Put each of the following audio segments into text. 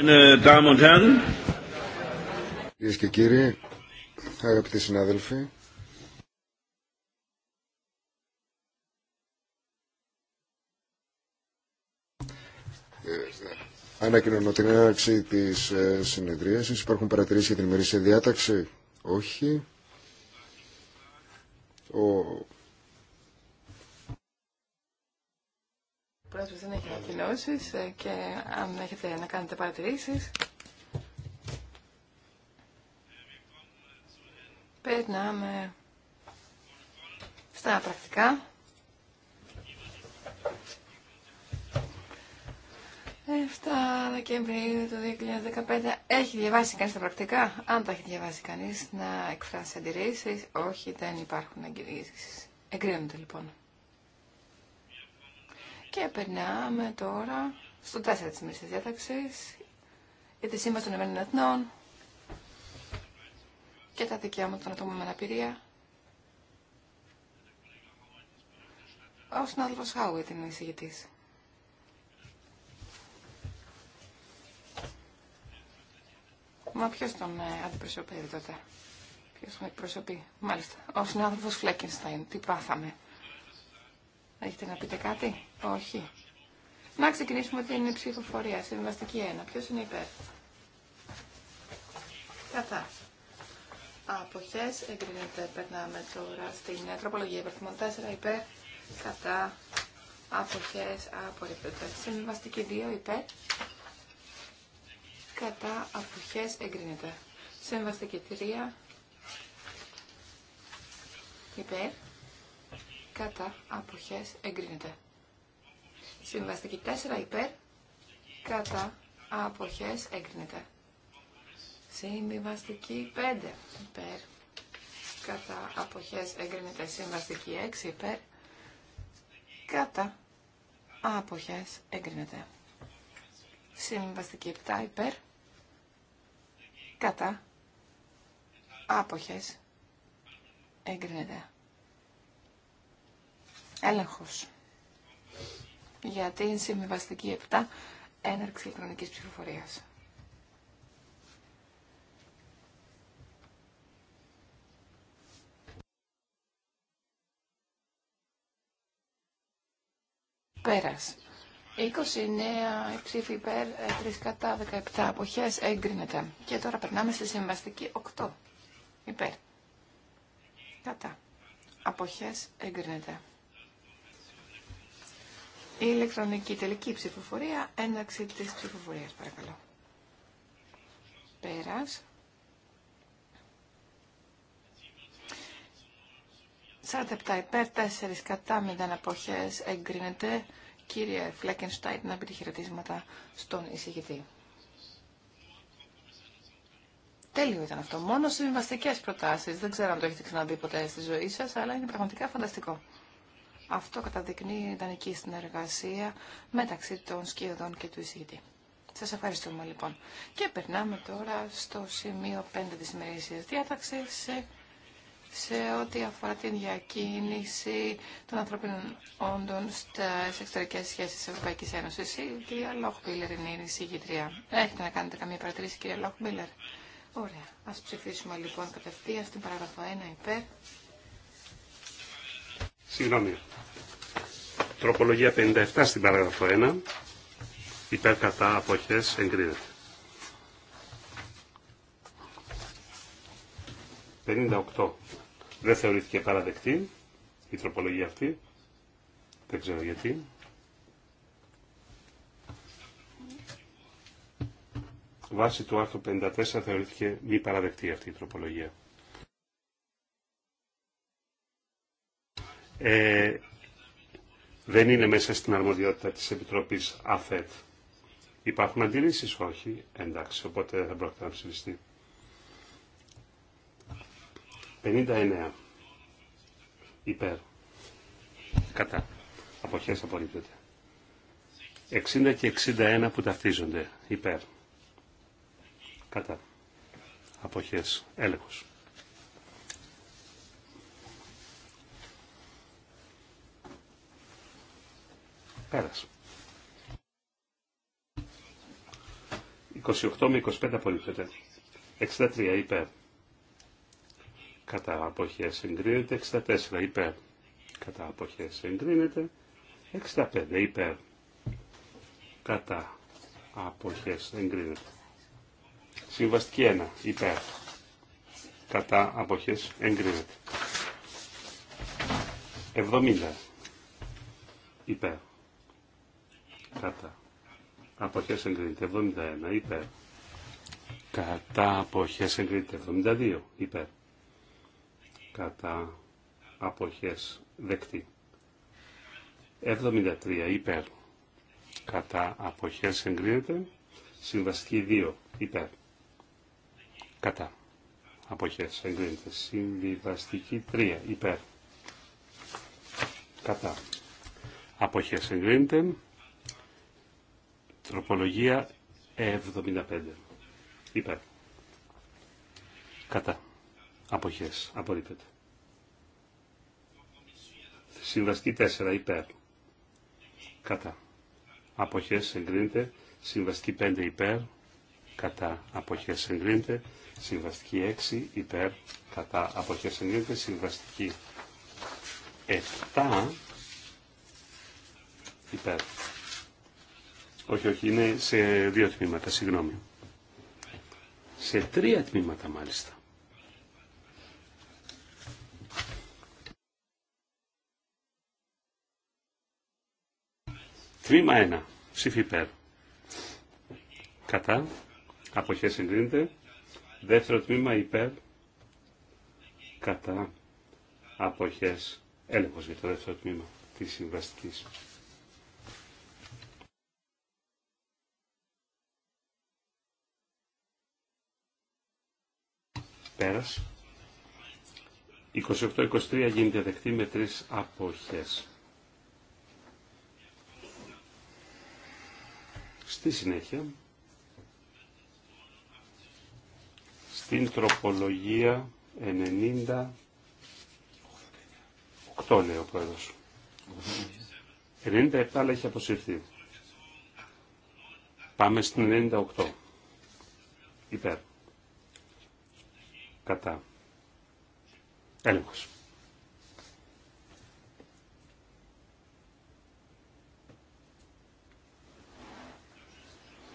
Κυρίε και κύριοι, αγαπητοί συνάδελφοι, ε, ανακοινώνω την έναρξη τη ε, συνεδρίαση. Υπάρχουν παρατηρήσει για την ημερήσια διάταξη. Όχι. Ο Πρόεδρος δεν έχει ανακοινώσει ε, και αν έχετε να κάνετε παρατηρήσει. Περνάμε στα πρακτικά. 7 Δεκεμβρίου του 2015. Έχει διαβάσει κανείς τα πρακτικά. Αν τα έχει διαβάσει κανείς να εκφράσει αντιρρήσεις. Όχι, δεν υπάρχουν εγκρίνσεις. Εγκρίνονται λοιπόν. Και περνάμε τώρα στο 4 της μέσης διάταξης για τη Σύμβαση των Ηνωμένων Εθνών και τα δικαιώματα των ατόμων με αναπηρία. Ο συνάδελφος Χάουιτ είναι ο εισηγητής. Μα ποιος τον ε, αντιπροσωπεύει τότε. Ποιος τον εκπροσωπεί. Μάλιστα. Ο συνάδελφος Φλέκενστάιν. Τι πάθαμε. Έχετε να πείτε κάτι? Όχι. Να ξεκινήσουμε την ψηφοφορία. Συμβαστική 1. Ποιος είναι υπέρ. Κατά. Αποχές εγκρίνεται. Περνάμε τώρα στην ε, τροπολογία υπερθυμών 4 υπέρ. Κατά. Αποχές απορρίπτεται. Συμβαστική 2 υπέρ. Κατά. Αποχές εγκρίνεται. Συμβαστική 3 υπέρ κατά αποχές εγκρίνεται. Συμβαστική 4 υπέρ κατά αποχές εγκρίνεται. Συμβαστική 5 υπέρ κατά αποχές εγκρίνεται. Συμβαστική 6 υπέρ κατά αποχές εγκρίνεται. Συμβαστική 7 υπέρ κατά αποχές εγκρίνεται. Έλεγχος. γιατί την συμβιβαστική 7, έναρξη ηλεκτρονικής ψηφοφορίας. Πέρας. 29 ψήφοι υπέρ, 3 ε, κατά, 17 αποχές, έγκρινεται. Και τώρα περνάμε στη συμβαστική 8. Υπέρ. Κατά. Αποχές, έγκρινεται. Η ηλεκτρονική τελική ψηφοφορία, έναρξη της ψηφοφορίας παρακαλώ. Πέρας. 47 υπέρ, 4 κατά, 0 αποχές εγκρίνεται. Κύριε Φλέκενστάιτ, να πείτε χαιρετίσματα στον εισηγητή. Τέλειο ήταν αυτό. Μόνο συμβιβαστικέ προτάσει. Δεν ξέρω αν το έχετε ξαναδεί ποτέ στη ζωή σα, αλλά είναι πραγματικά φανταστικό. Αυτό καταδεικνύει η ιδανική συνεργασία μεταξύ των σκιωδών και του εισηγητή. Σα ευχαριστούμε λοιπόν. Και περνάμε τώρα στο σημείο 5 τη ημερήσια διάταξη σε, σε ό,τι αφορά την διακίνηση των ανθρώπινων όντων στι εξωτερικέ σχέσει τη Ευρωπαϊκή Ένωση. Η κυρία Λόχμπίλερ είναι η εισηγητρία. Έχετε να κάνετε καμία παρατηρήση κυρία Λόχμπίλερ. Ωραία. Α ψηφίσουμε λοιπόν κατευθείαν στην παράγραφο 1 υπέρ. Συγγνώμη. Τροπολογία 57 στην παράγραφο 1. Υπέρ κατά αποχές εγκρίνεται. 58. Δεν θεωρήθηκε παραδεκτή η τροπολογία αυτή. Δεν ξέρω γιατί. Βάσει του άρθρου 54 θεωρήθηκε μη παραδεκτή αυτή η τροπολογία. ε, δεν είναι μέσα στην αρμοδιότητα της Επιτροπής ΑΦΕΤ. Υπάρχουν αντιρρήσεις, όχι. Εντάξει, οπότε δεν πρόκειται να ψηφιστεί. 59. Υπέρ. Κατά. Αποχές απορρίπτεται. 60 και 61 που ταυτίζονται. Υπέρ. Κατά. Αποχές. Έλεγχος. Πέρασε. 28 με 25 απορρίπτεται. 63 υπέρ. Κατά απόχέ εγκρίνεται. 64 υπέρ. Κατά αποχέ εγκρίνεται. 65 υπέρ. Κατά απόχέ εγκρίνεται. Συμβαστική 1 υπέρ. Κατά απόχε εγκρίνεται. 70 υπέρ. Κατά. Αποχές εγκρίνεται 71 υπέρ. Κατά αποχές εγκρίνεται 72 υπέρ. Κατά αποχές δεκτή. 73 υπέρ. Κατά αποχές εγκρίνεται. Συμβαστική 2 υπέρ. Κατά. Αποχές εγκρίνεται. Συμβιβαστική 3 υπέρ. Κατά. Αποχές εγκρίνεται. Τροπολογία 75. Υπέρ. Κατά. Αποχές. Απορρίπτεται. Συμβαστή 4. Υπέρ. Κατά. Αποχές εγκρίνεται. Συμβαστική 5 υπέρ. Κατά. Αποχές εγκρίνεται. Συμβαστική 6 υπέρ. Κατά. Αποχές εγκρίνεται. Συμβαστική 7 υπέρ. Όχι, όχι, είναι σε δύο τμήματα, συγγνώμη. Σε τρία τμήματα μάλιστα. Τμήμα 1. Ψήφι υπέρ. Κατά. Αποχές εγκρίνεται. Δεύτερο τμήμα υπέρ. Κατά. Αποχές. Έλεγχος για το δεύτερο τμήμα της συμβαστικής. Πέρας. 28-23 γίνεται δεκτή με τρεις αποχές. Στη συνέχεια, στην τροπολογία 98, λέει ο πρόεδρος. 97 αλλά έχει αποσυρθεί. Πάμε στην 98. Υπέρ κατά έλεγχος.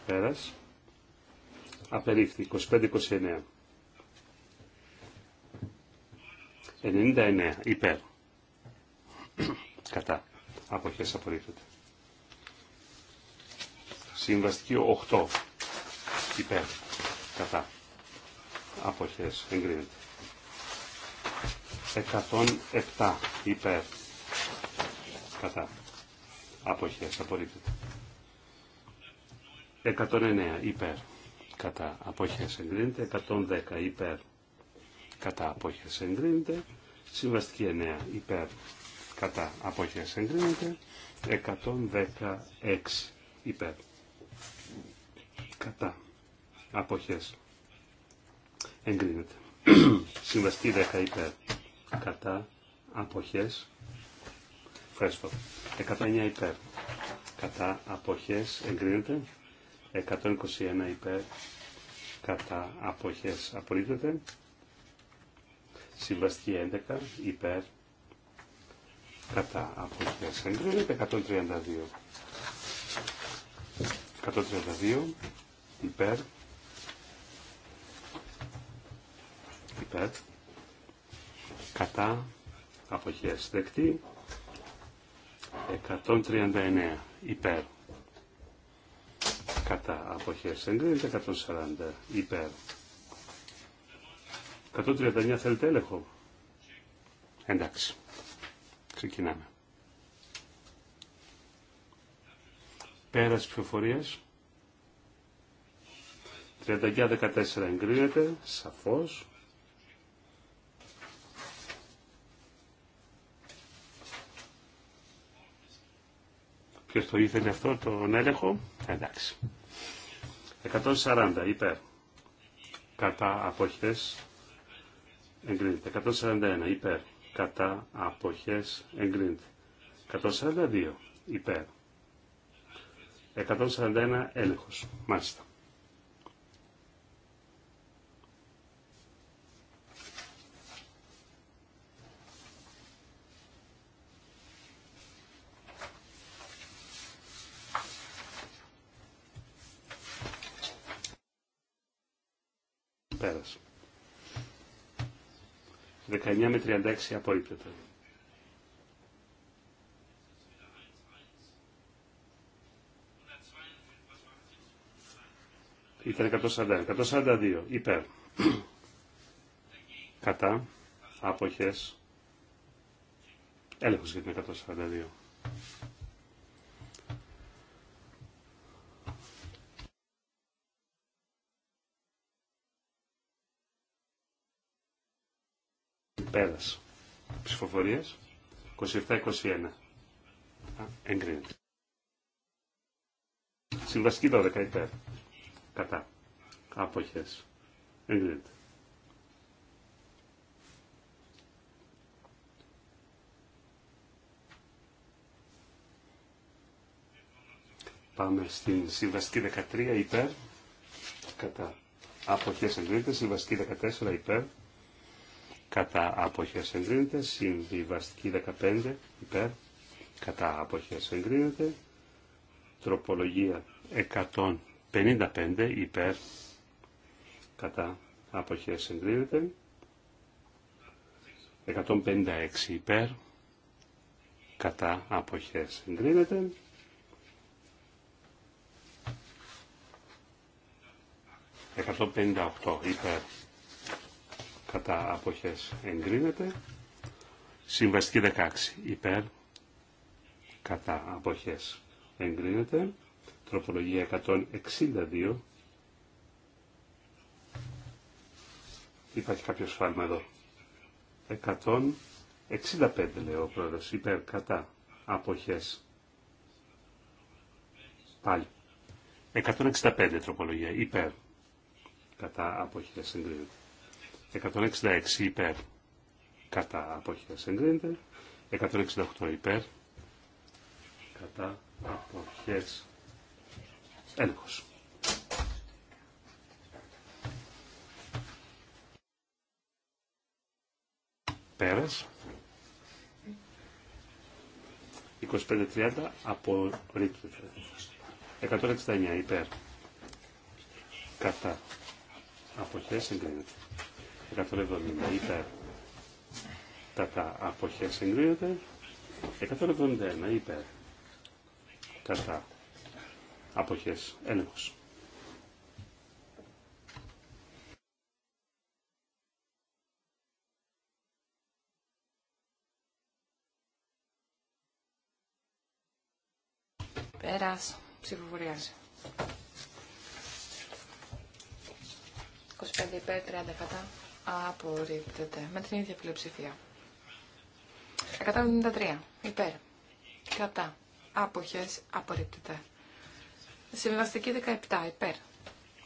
Πέρας. Απερίφθη. 25-29. 99. Υπέρ. Κατά. Αποχές απορρίφθεται. Συμβαστική 8. Υπέρ. Κατά αποχές εγκρίνεται 107 υπέρ κατά αποχές απορρίπτεται 109 υπέρ κατά αποχές εγκρίνεται 110 υπέρ κατά αποχές εγκρίνεται συμβαστική 9 υπέρ κατά αποχές εγκρίνεται 116 υπέρ κατά αποχές εγκρίνεται. Συμβαστή 10 υπέρ κατά αποχές φρέσκο. 109 υπέρ κατά αποχές εγκρίνεται. 121 υπέρ κατά αποχές απορρίπτεται. Συμβαστή 11 υπέρ κατά αποχές εγκρίνεται. 132 132 υπέρ υπέρ, κατά, αποχές δεκτή, 139 υπέρ, κατά, αποχές εγκρίνεται, 140 υπέρ. 139 θέλετε έλεγχο. Εντάξει. Ξεκινάμε. Πέρας ψηφοφορίας. 39-14 εγκρίνεται, σαφώς. Ποιος το ήθελε αυτό τον έλεγχο. Εντάξει. 140 υπέρ. Κατά αποχές εγκρίνεται. 141 υπέρ. Κατά αποχές εγκρίνεται. 142 υπέρ. 141 έλεγχος. Μάλιστα. 19 με 36 απορρίπτεται. Ήταν 141. 142. Υπέρ. Κατά. Αποχές. Έλεγχος για την 142. Πέρας. Ψηφοφορίες. 27-21. Εγκρίνεται. 12 υπέρ. Κατά. Αποχές. Εγκρίνεται. Πάμε στην συμβαστική 13 υπέρ. Κατά. Αποχές εγκρίνεται. Συμβαστική 14 υπέρ κατά απόχε εγκρίνεται, συμβιβαστική 15 υπέρ, κατά αποχέ εγκρίνεται, τροπολογία 155 υπέρ, κατά αποχέ εγκρίνεται, 156 υπέρ, κατά αποχέ εγκρίνεται, 158 υπέρ, κατά αποχές εγκρίνεται. Συμβαστική 16 υπέρ κατά αποχές εγκρίνεται. Τροπολογία 162. Υπάρχει κάποιο σφάλμα εδώ. 165 λέει ο πρόεδρος υπέρ κατά αποχές. Πάλι. 165 τροπολογία υπέρ κατά αποχές εγκρίνεται. 166 υπέρ κατά αποχές εγκρίνεται. 168 υπέρ κατά αποχές έλεγχος. Πέρας. 25-30 απορρίπτεται. 169 υπέρ. Κατά. Αποχές εγκρίνεται. 170 υπέρ κατά αποχές εγκρίνεται 171 υπέρ κατά αποχές έλεγχος. Πέρας ψηφοφοριάζει 25 υπέρ, 30 κατά. Απορρίπτεται. Με την ίδια πλειοψηφία. 173. Υπέρ. Κατά. Άποχες. Απορρίπτεται. Συμβαστική 17. Υπέρ.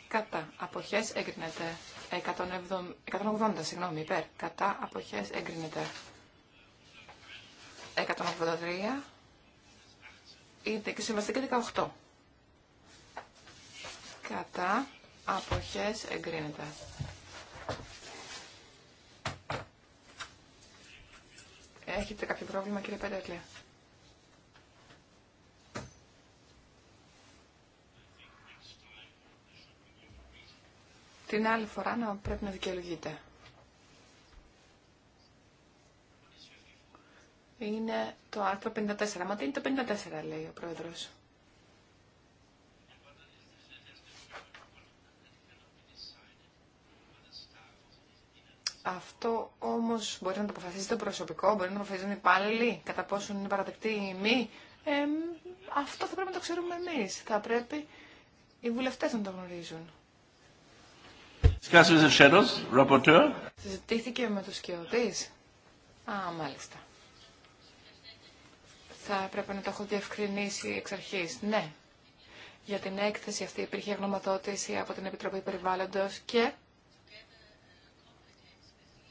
Κατά. Αποχές. Εγκρίνεται. 170, 180. Συγγνώμη. Υπέρ. Κατά. Αποχές. Εγκρίνεται. 183. Είναι και συμβαστική 18. Κατά. Αποχές. Εγκρίνεται. Έχετε κάποιο πρόβλημα κύριε Πέτακλε. Την άλλη φορά να πρέπει να δικαιολογείτε. Είναι το άρθρο 54. Μα τι είναι το 54 λέει ο πρόεδρος. Αυτό όμω μπορεί να το αποφασίζει το προσωπικό, μπορεί να το αποφασίζουν οι υπάλληλοι, κατά πόσο είναι παραδεκτοί ή μη. Ε, αυτό θα πρέπει να το ξέρουμε εμεί. Θα πρέπει οι βουλευτέ να το γνωρίζουν. Συζητήθηκε με τους σκιωτής. Α, μάλιστα. Θα έπρεπε να το έχω διευκρινίσει εξ αρχή. Ναι. Για την έκθεση αυτή υπήρχε γνωμοδότηση από την Επιτροπή Περιβάλλοντος και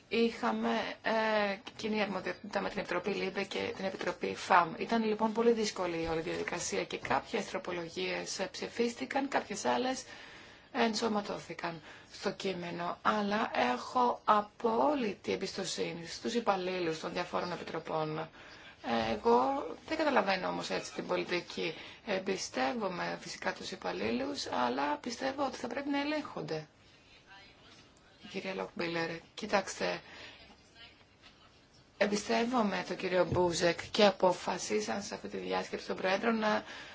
είχαμε ε, κοινή αρμοδιότητα με την Επιτροπή ΛΥΜΠΕ και την Επιτροπή ΦΑΜ. Ήταν λοιπόν πολύ δύσκολη η όλη διαδικασία και κάποιες τροπολογίες ε, ψηφίστηκαν, κάποιες άλλες ενσωματώθηκαν στο κείμενο. Αλλά έχω απόλυτη εμπιστοσύνη στους υπαλλήλου των διαφόρων επιτροπών. Εγώ δεν καταλαβαίνω όμως έτσι την πολιτική. Εμπιστεύομαι φυσικά τους υπαλλήλου, αλλά πιστεύω ότι θα πρέπει να ελέγχονται. Κύριε Λοκμπίλερ. Κοιτάξτε, εμπιστεύομαι τον κύριο Μπούζεκ και αποφασίσαν σε αυτή τη διάσκεψη των Προέδρων να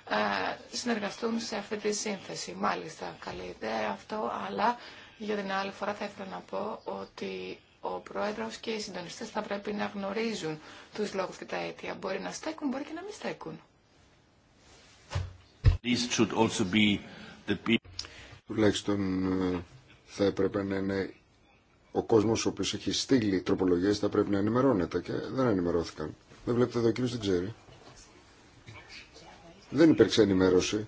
ε, συνεργαστούν σε αυτή τη σύνθεση. Μάλιστα, καλή ιδέα αυτό, αλλά για την άλλη φορά θα ήθελα να πω ότι ο Πρόεδρος και οι συντονιστές θα πρέπει να γνωρίζουν τους λόγους και τα αίτια. Μπορεί να στέκουν, μπορεί και να μην στέκουν. Ε, θα έπρεπε να είναι ο κόσμος ο οποίος έχει στείλει τροπολογίες θα πρέπει να ενημερώνεται και δεν ενημερώθηκαν. Δεν βλέπετε εδώ, ο κύριος δεν ξέρει. Δεν υπήρξε ενημέρωση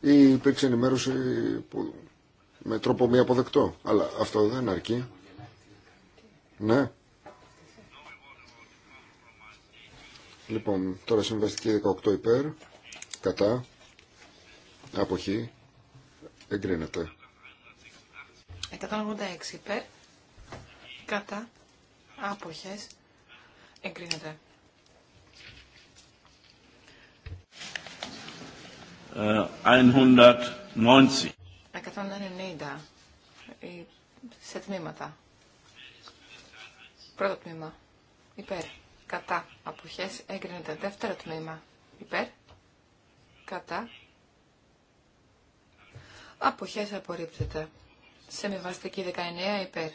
ή υπήρξε ενημέρωση με τρόπο μη αποδεκτό. Αλλά αυτό δεν αρκεί. Ναι. Λοιπόν, τώρα συμβαστική 18 υπέρ, κατά, αποχή, εγκρίνεται. 186 υπέρ, κατά άποχες εγκρίνεται. Uh, 190. 190 σε τμήματα. Πρώτο τμήμα. Υπέρ. Κατά. Αποχές έγκρινεται. Δεύτερο τμήμα. Υπέρ. Κατά. Αποχές απορρίπτεται. βαστική 19 υπέρ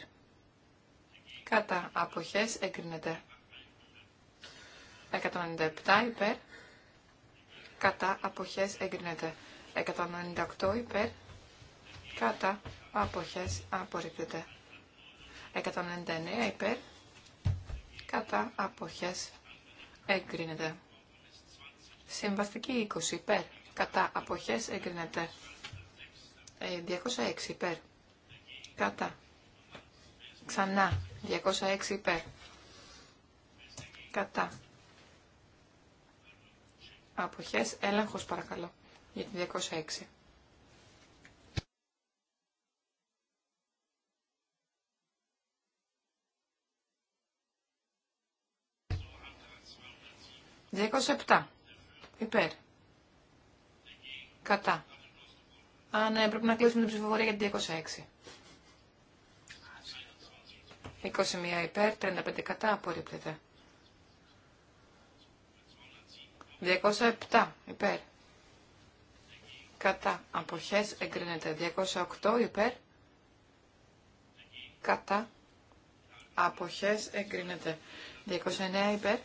κατά αποχές εγκρίνεται. 197 υπέρ, κατά αποχές εγκρίνεται. 198 υπέρ, κατά αποχές απορρίπτεται. 199 υπέρ, κατά αποχές εγκρίνεται. Συμβαστική 20 υπέρ, κατά αποχές εγκρίνεται. 206 ε, υπέρ, κατά Ξανά. 206 υπέρ. Κατά. Αποχές. Έλεγχος παρακαλώ. Για τη 206. επτά. Υπέρ. Κατά. Α, ναι, πρέπει να κλείσουμε την ψηφοφορία για την 206. 21 υπέρ, 35 κατά απορρίπτεται. 207 υπέρ. Κατά αποχές εγκρίνεται. 208 υπέρ. Κατά αποχές εγκρίνεται. 209 υπέρ.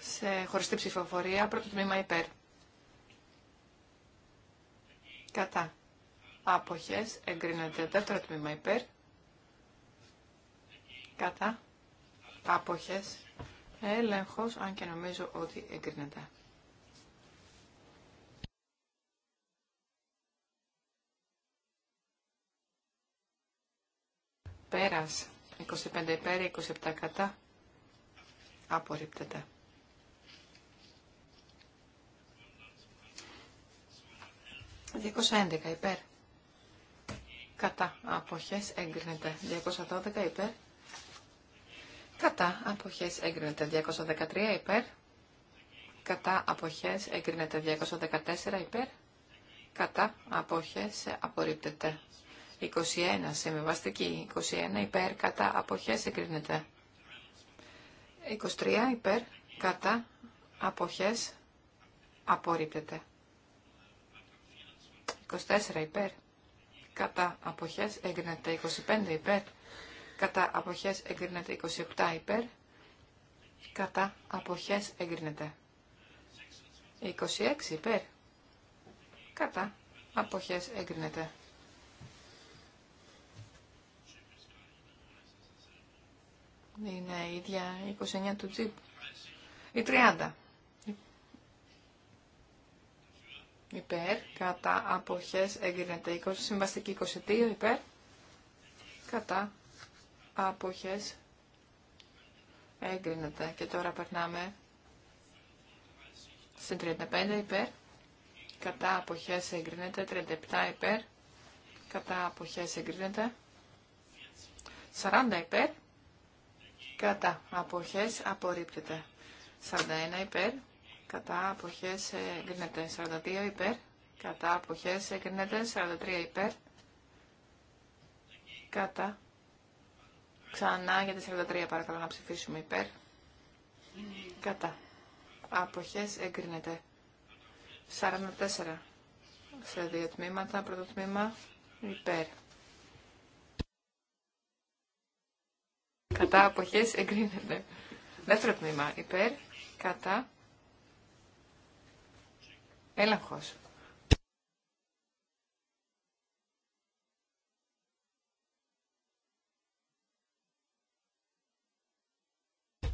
Σε χωριστή ψηφοφορία, πρώτο τμήμα υπέρ. Κατά αποχές εγκρίνεται. Δεύτερο τμήμα υπέρ κατά άποχες έλεγχος, αν και νομίζω ότι εγκρίνεται. Πέρας, 25 υπέρ, 27 κατά, απορρίπτεται. 211 υπέρ. Κατά. Αποχές εγκρίνεται. 212 υπέρ. Κατά αποχές εγκρίνεται 213 υπέρ. Κατά αποχές εγκρίνεται 214 υπέρ. Κατά αποχές απορρίπτεται. 21 συμβιβαστική. 21 υπέρ. Κατά αποχές εγκρίνεται. 23 υπέρ. Κατά αποχές απορρίπτεται. 24 υπέρ. Κατά αποχές εγκρίνεται. 25 υπέρ κατά αποχές εγκρίνεται 27 υπέρ, κατά αποχές εγκρίνεται 26 υπέρ, κατά αποχές εγκρίνεται. Είναι η ίδια 29 του τζιπ. Η 30. Υπέρ, κατά αποχές εγκρίνεται 20, συμβαστική 22 υπέρ, κατά Αποχές. Έγκρινεται. Και τώρα περνάμε στην 35 υπέρ. Κατά αποχές εγκρίνεται. 37 υπέρ. Κατά αποχές εγκρίνεται. 40 υπέρ. Κατά αποχές απορρίπτεται. 41 υπέρ. Κατά αποχές εγκρίνεται. 42 υπέρ. Κατά αποχές εγκρίνεται. 43 υπέρ. Κατά Ξανά για τα 43 παρακαλώ να ψηφίσουμε υπέρ. Κατά. Αποχές εγκρίνεται. 44. Σε δύο τμήματα. Πρώτο τμήμα υπέρ. Κατά αποχές εγκρίνεται. Δεύτερο τμήμα υπέρ. Κατά. Έλεγχος.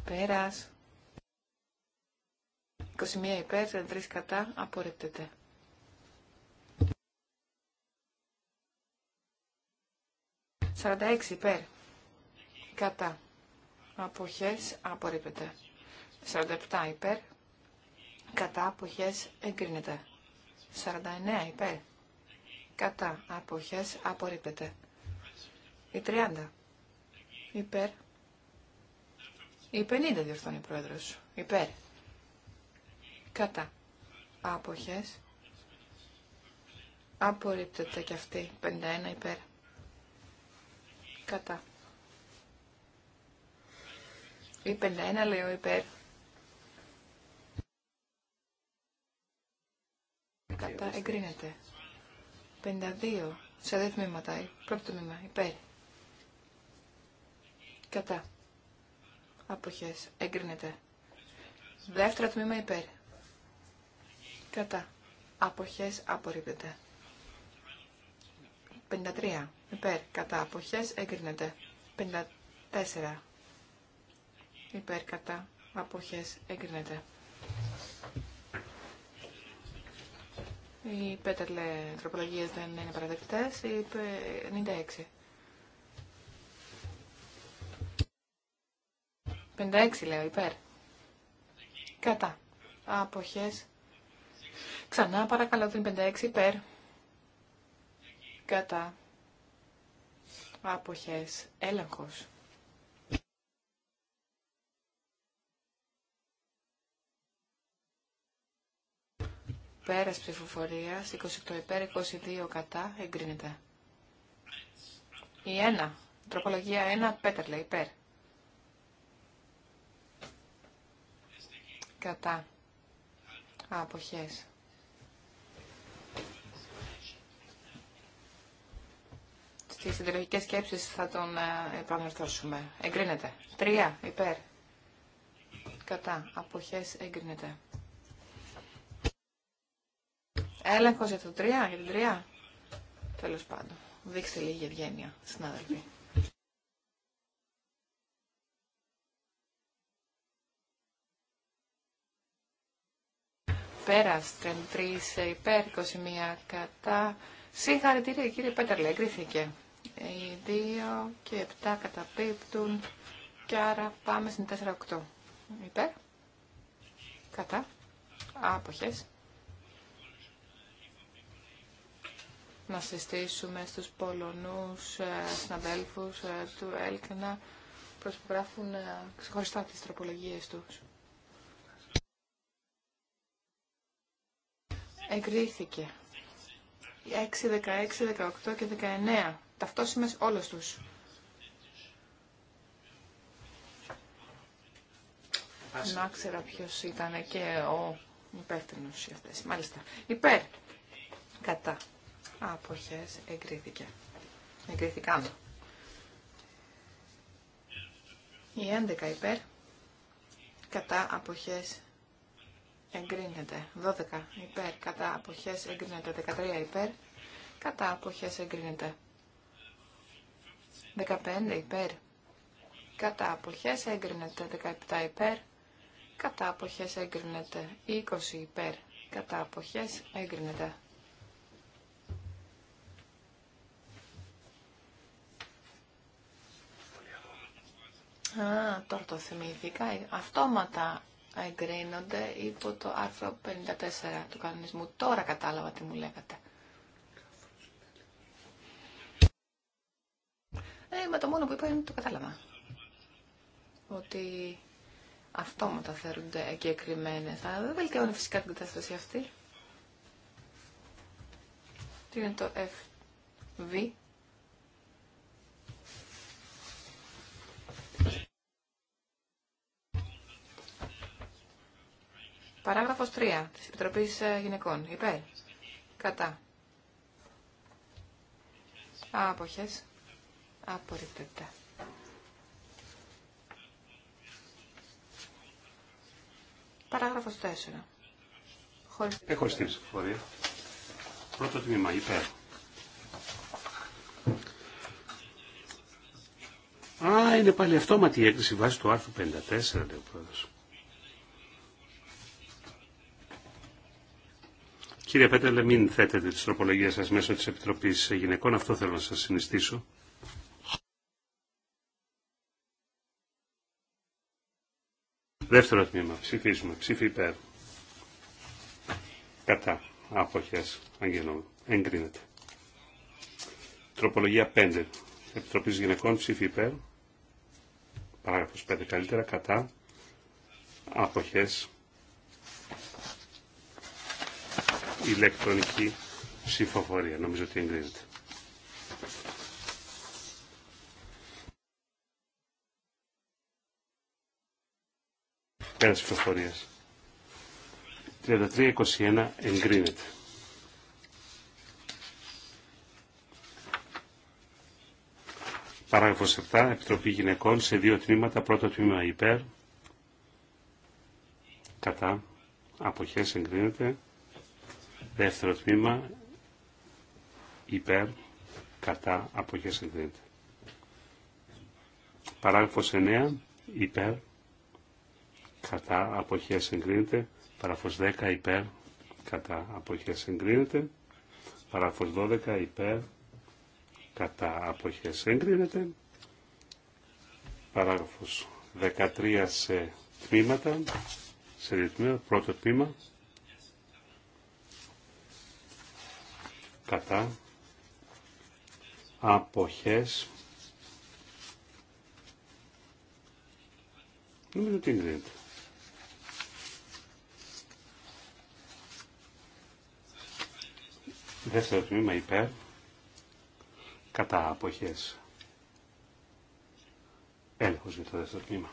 Πέρας. 21 υπέρ, 3 κατά, απορρίπτεται. 46 υπέρ. Κατά. Αποχές απορρίπτεται. 47 υπέρ. Κατά αποχές εγκρίνεται. 49 υπέρ. Κατά αποχές απορρίπτεται. Η 30 υπέρ. Η 50 διορθώνει ο πρόεδρος. Υπέρ. Κατά. Άποχες. Απορρίπτεται και αυτή. 51 υπέρ. Κατά. Η 51 λέω υπέρ. Κατά εγκρίνεται. 52 σε δύο τμήματα. Πρώτο τμήμα υπέρ. Κατά αποχές εγκρίνεται. Δεύτερο τμήμα υπέρ. Κατά. Αποχές απορρίπτεται. 53. Υπέρ. Κατά. Αποχές εγκρίνεται. 54. Υπέρ. Κατά. Αποχές εγκρίνεται. Οι πέταλε τροπολογίες δεν είναι παραδεκτές. Οι 96. 56 λέω υπέρ. Κατά. Αποχές. Ξανά παρακαλώ την 56 υπέρ. Κατά. Αποχές. Έλεγχος. Πέρας ψηφοφορίας, 28 υπέρ, 22 κατά, εγκρίνεται. Η 1, τροπολογία 1, πέτερλε, υπέρ. κατά αποχές. Στις συντηρητικές σκέψεις θα τον ε, επαναρθώσουμε. Εγκρίνεται. Τρία υπέρ κατά αποχές εγκρίνεται. Έλεγχος για το τρία. για την τρία. Τέλος πάντων. Δείξτε λίγη ευγένεια, συνάδελφοι. Πέρας 33 υπέρ 21 κατά. Συγχαρητήρια κύριε Πέτερλε, εγκρίθηκε. Οι 2 και 7 καταπίπτουν και άρα πάμε στην 4-8. Υπέρ. Κατά. Άποχες. Να συστήσουμε στους Πολωνούς ε, συναδέλφους ε, του ΕΛΚ να ε, ξεχωριστά τις τροπολογίες τους. εγκρίθηκε. 6, 16, 18 και 19. Ταυτόσιμες όλες τους. Να ξέρα ποιος ήταν και ο υπεύθυνος για αυτές. Μάλιστα. Υπέρ. Κατά. Αποχές εγκρίθηκε. Εγκρίθηκαν. Η 11 υπέρ. Κατά αποχές εγκρίνεται. 12 υπέρ κατά αποχές εγκρίνεται. 13 υπέρ κατά αποχές εγκρίνεται. 15 υπέρ κατά αποχές εγκρίνεται. 17 υπέρ κατά αποχές εγκρίνεται. 20 υπέρ κατά αποχές εγκρίνεται. Α, τώρα το θυμηθήκα. Ε, αυτόματα εγκρίνονται υπό το άρθρο 54 του κανονισμού. Τώρα κατάλαβα τι μου λέγατε. Ε, μα το μόνο που είπα είναι ότι το κατάλαβα. Ότι αυτόματα θεωρούνται εγκεκριμένε. Αλλά δεν βελτιώνει φυσικά την κατάσταση αυτή. Τι είναι το FV. Παράγραφος 3 της Επιτροπής ε, Γυναικών. Υπέρ. Κατά. Άποχες. Απορρίπτεται. Παράγραφος 4. Χωρίς... Έχω ε, στην ψηφορία. Πρώτο τμήμα. Υπέρ. Α, είναι πάλι αυτόματη η έκθεση βάσει του άρθρου 54, λέει ο πρόεδρος. Κύριε Πέτρελε, μην θέτετε τις τροπολογίες σας μέσω της Επιτροπής Γυναικών. Αυτό θέλω να σας συνιστήσω. Δεύτερο τμήμα. Ψηφίζουμε. Ψήφι υπέρ. Κατά. Αποχές. Αγγελό. Εγκρίνεται. Τροπολογία 5. Επιτροπής Γυναικών. Ψήφι υπέρ. Παράγραφος 5 καλύτερα. Κατά. Αποχές. ηλεκτρονική ψηφοφορία. Νομίζω ότι Πέρα Πέρας ψηφοφορίας. 33-21 εγκρίνεται. Παράγραφος 7. Επιτροπή γυναικών σε δύο τμήματα. Πρώτο τμήμα υπέρ. Κατά. Αποχές εγκρίνεται. Δεύτερο τμήμα υπέρ κατά αποχέ εγκρίνεται. Παράγραφο 9 υπέρ κατά αποχέ εγκρίνεται. Παράγραφο 10 υπέρ κατά αποχέ εγκρίνεται. Παράγραφο 12 υπέρ κατά αποχέ εγκρίνεται. Παράγραφο 13 σε τμήματα, σε δύο πρώτο τμήμα κατά αποχές νομίζω ότι εγκρίνεται δεύτερο τμήμα υπέρ κατά αποχές έλεγχος για το δεύτερο τμήμα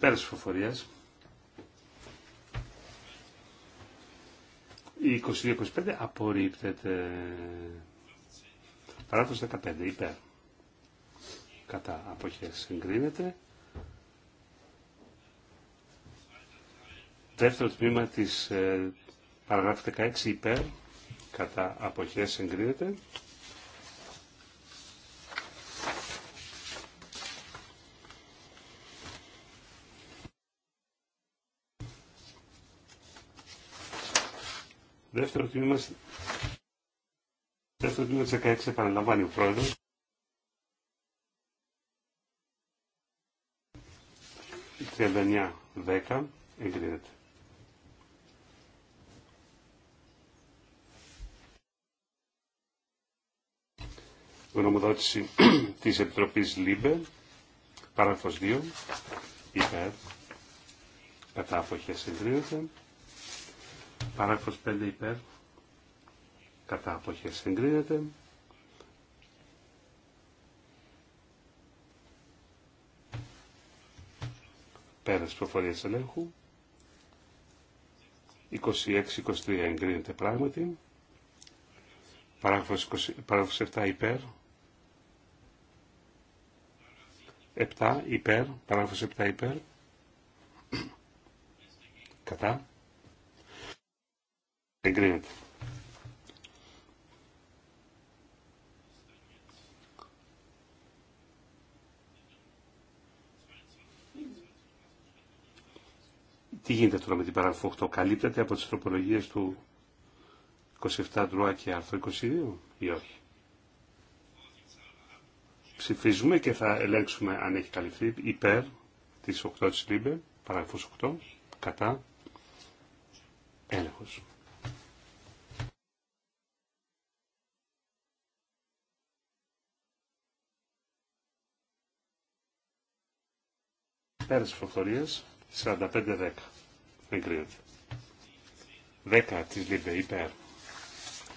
πέρας της φοφορίας Η 22-25 απορρίπτεται. Παράδοση 15 υπέρ. Κατά αποχές εγκρίνεται. Δεύτερο τμήμα της ε, παραγράφου 16 υπέρ. Κατά αποχές εγκρίνεται. Δεύτερο τμήμα, δεύτερο τμήμα της 16 επαναλαμβάνει ο πρόεδρος. Η 10 εγκρίνεται. Γνωμοδότηση της Επιτροπής ΛΥΜΠΕ, παράγραφος 2, υπέρ, κατά αποχές εγκρίνεται. Παράγραφος 5 υπέρ. Κατά αποχές εγκρίνεται. Πέρας προφορίας ελέγχου. 26-23 εγκρίνεται πράγματι. Παράγραφος, 20, 7 υπέρ. 7 υπέρ. Παράγραφος 7 υπέρ. Κατά. Τι γίνεται τώρα με την παραγωγή 8. Καλύπτεται από τις τροπολογίες του 27 Ντρουά και άρθρο 22 ή όχι. Ψηφίζουμε και θα ελέγξουμε αν έχει καλυφθεί υπέρ της 8 της Λίμπε, παραγωγή 8, κατά έλεγχος. Πέρας προφορίας 45-10. Εγκρίνεται. 10 της ΛΥΜΠΕ υπέρ.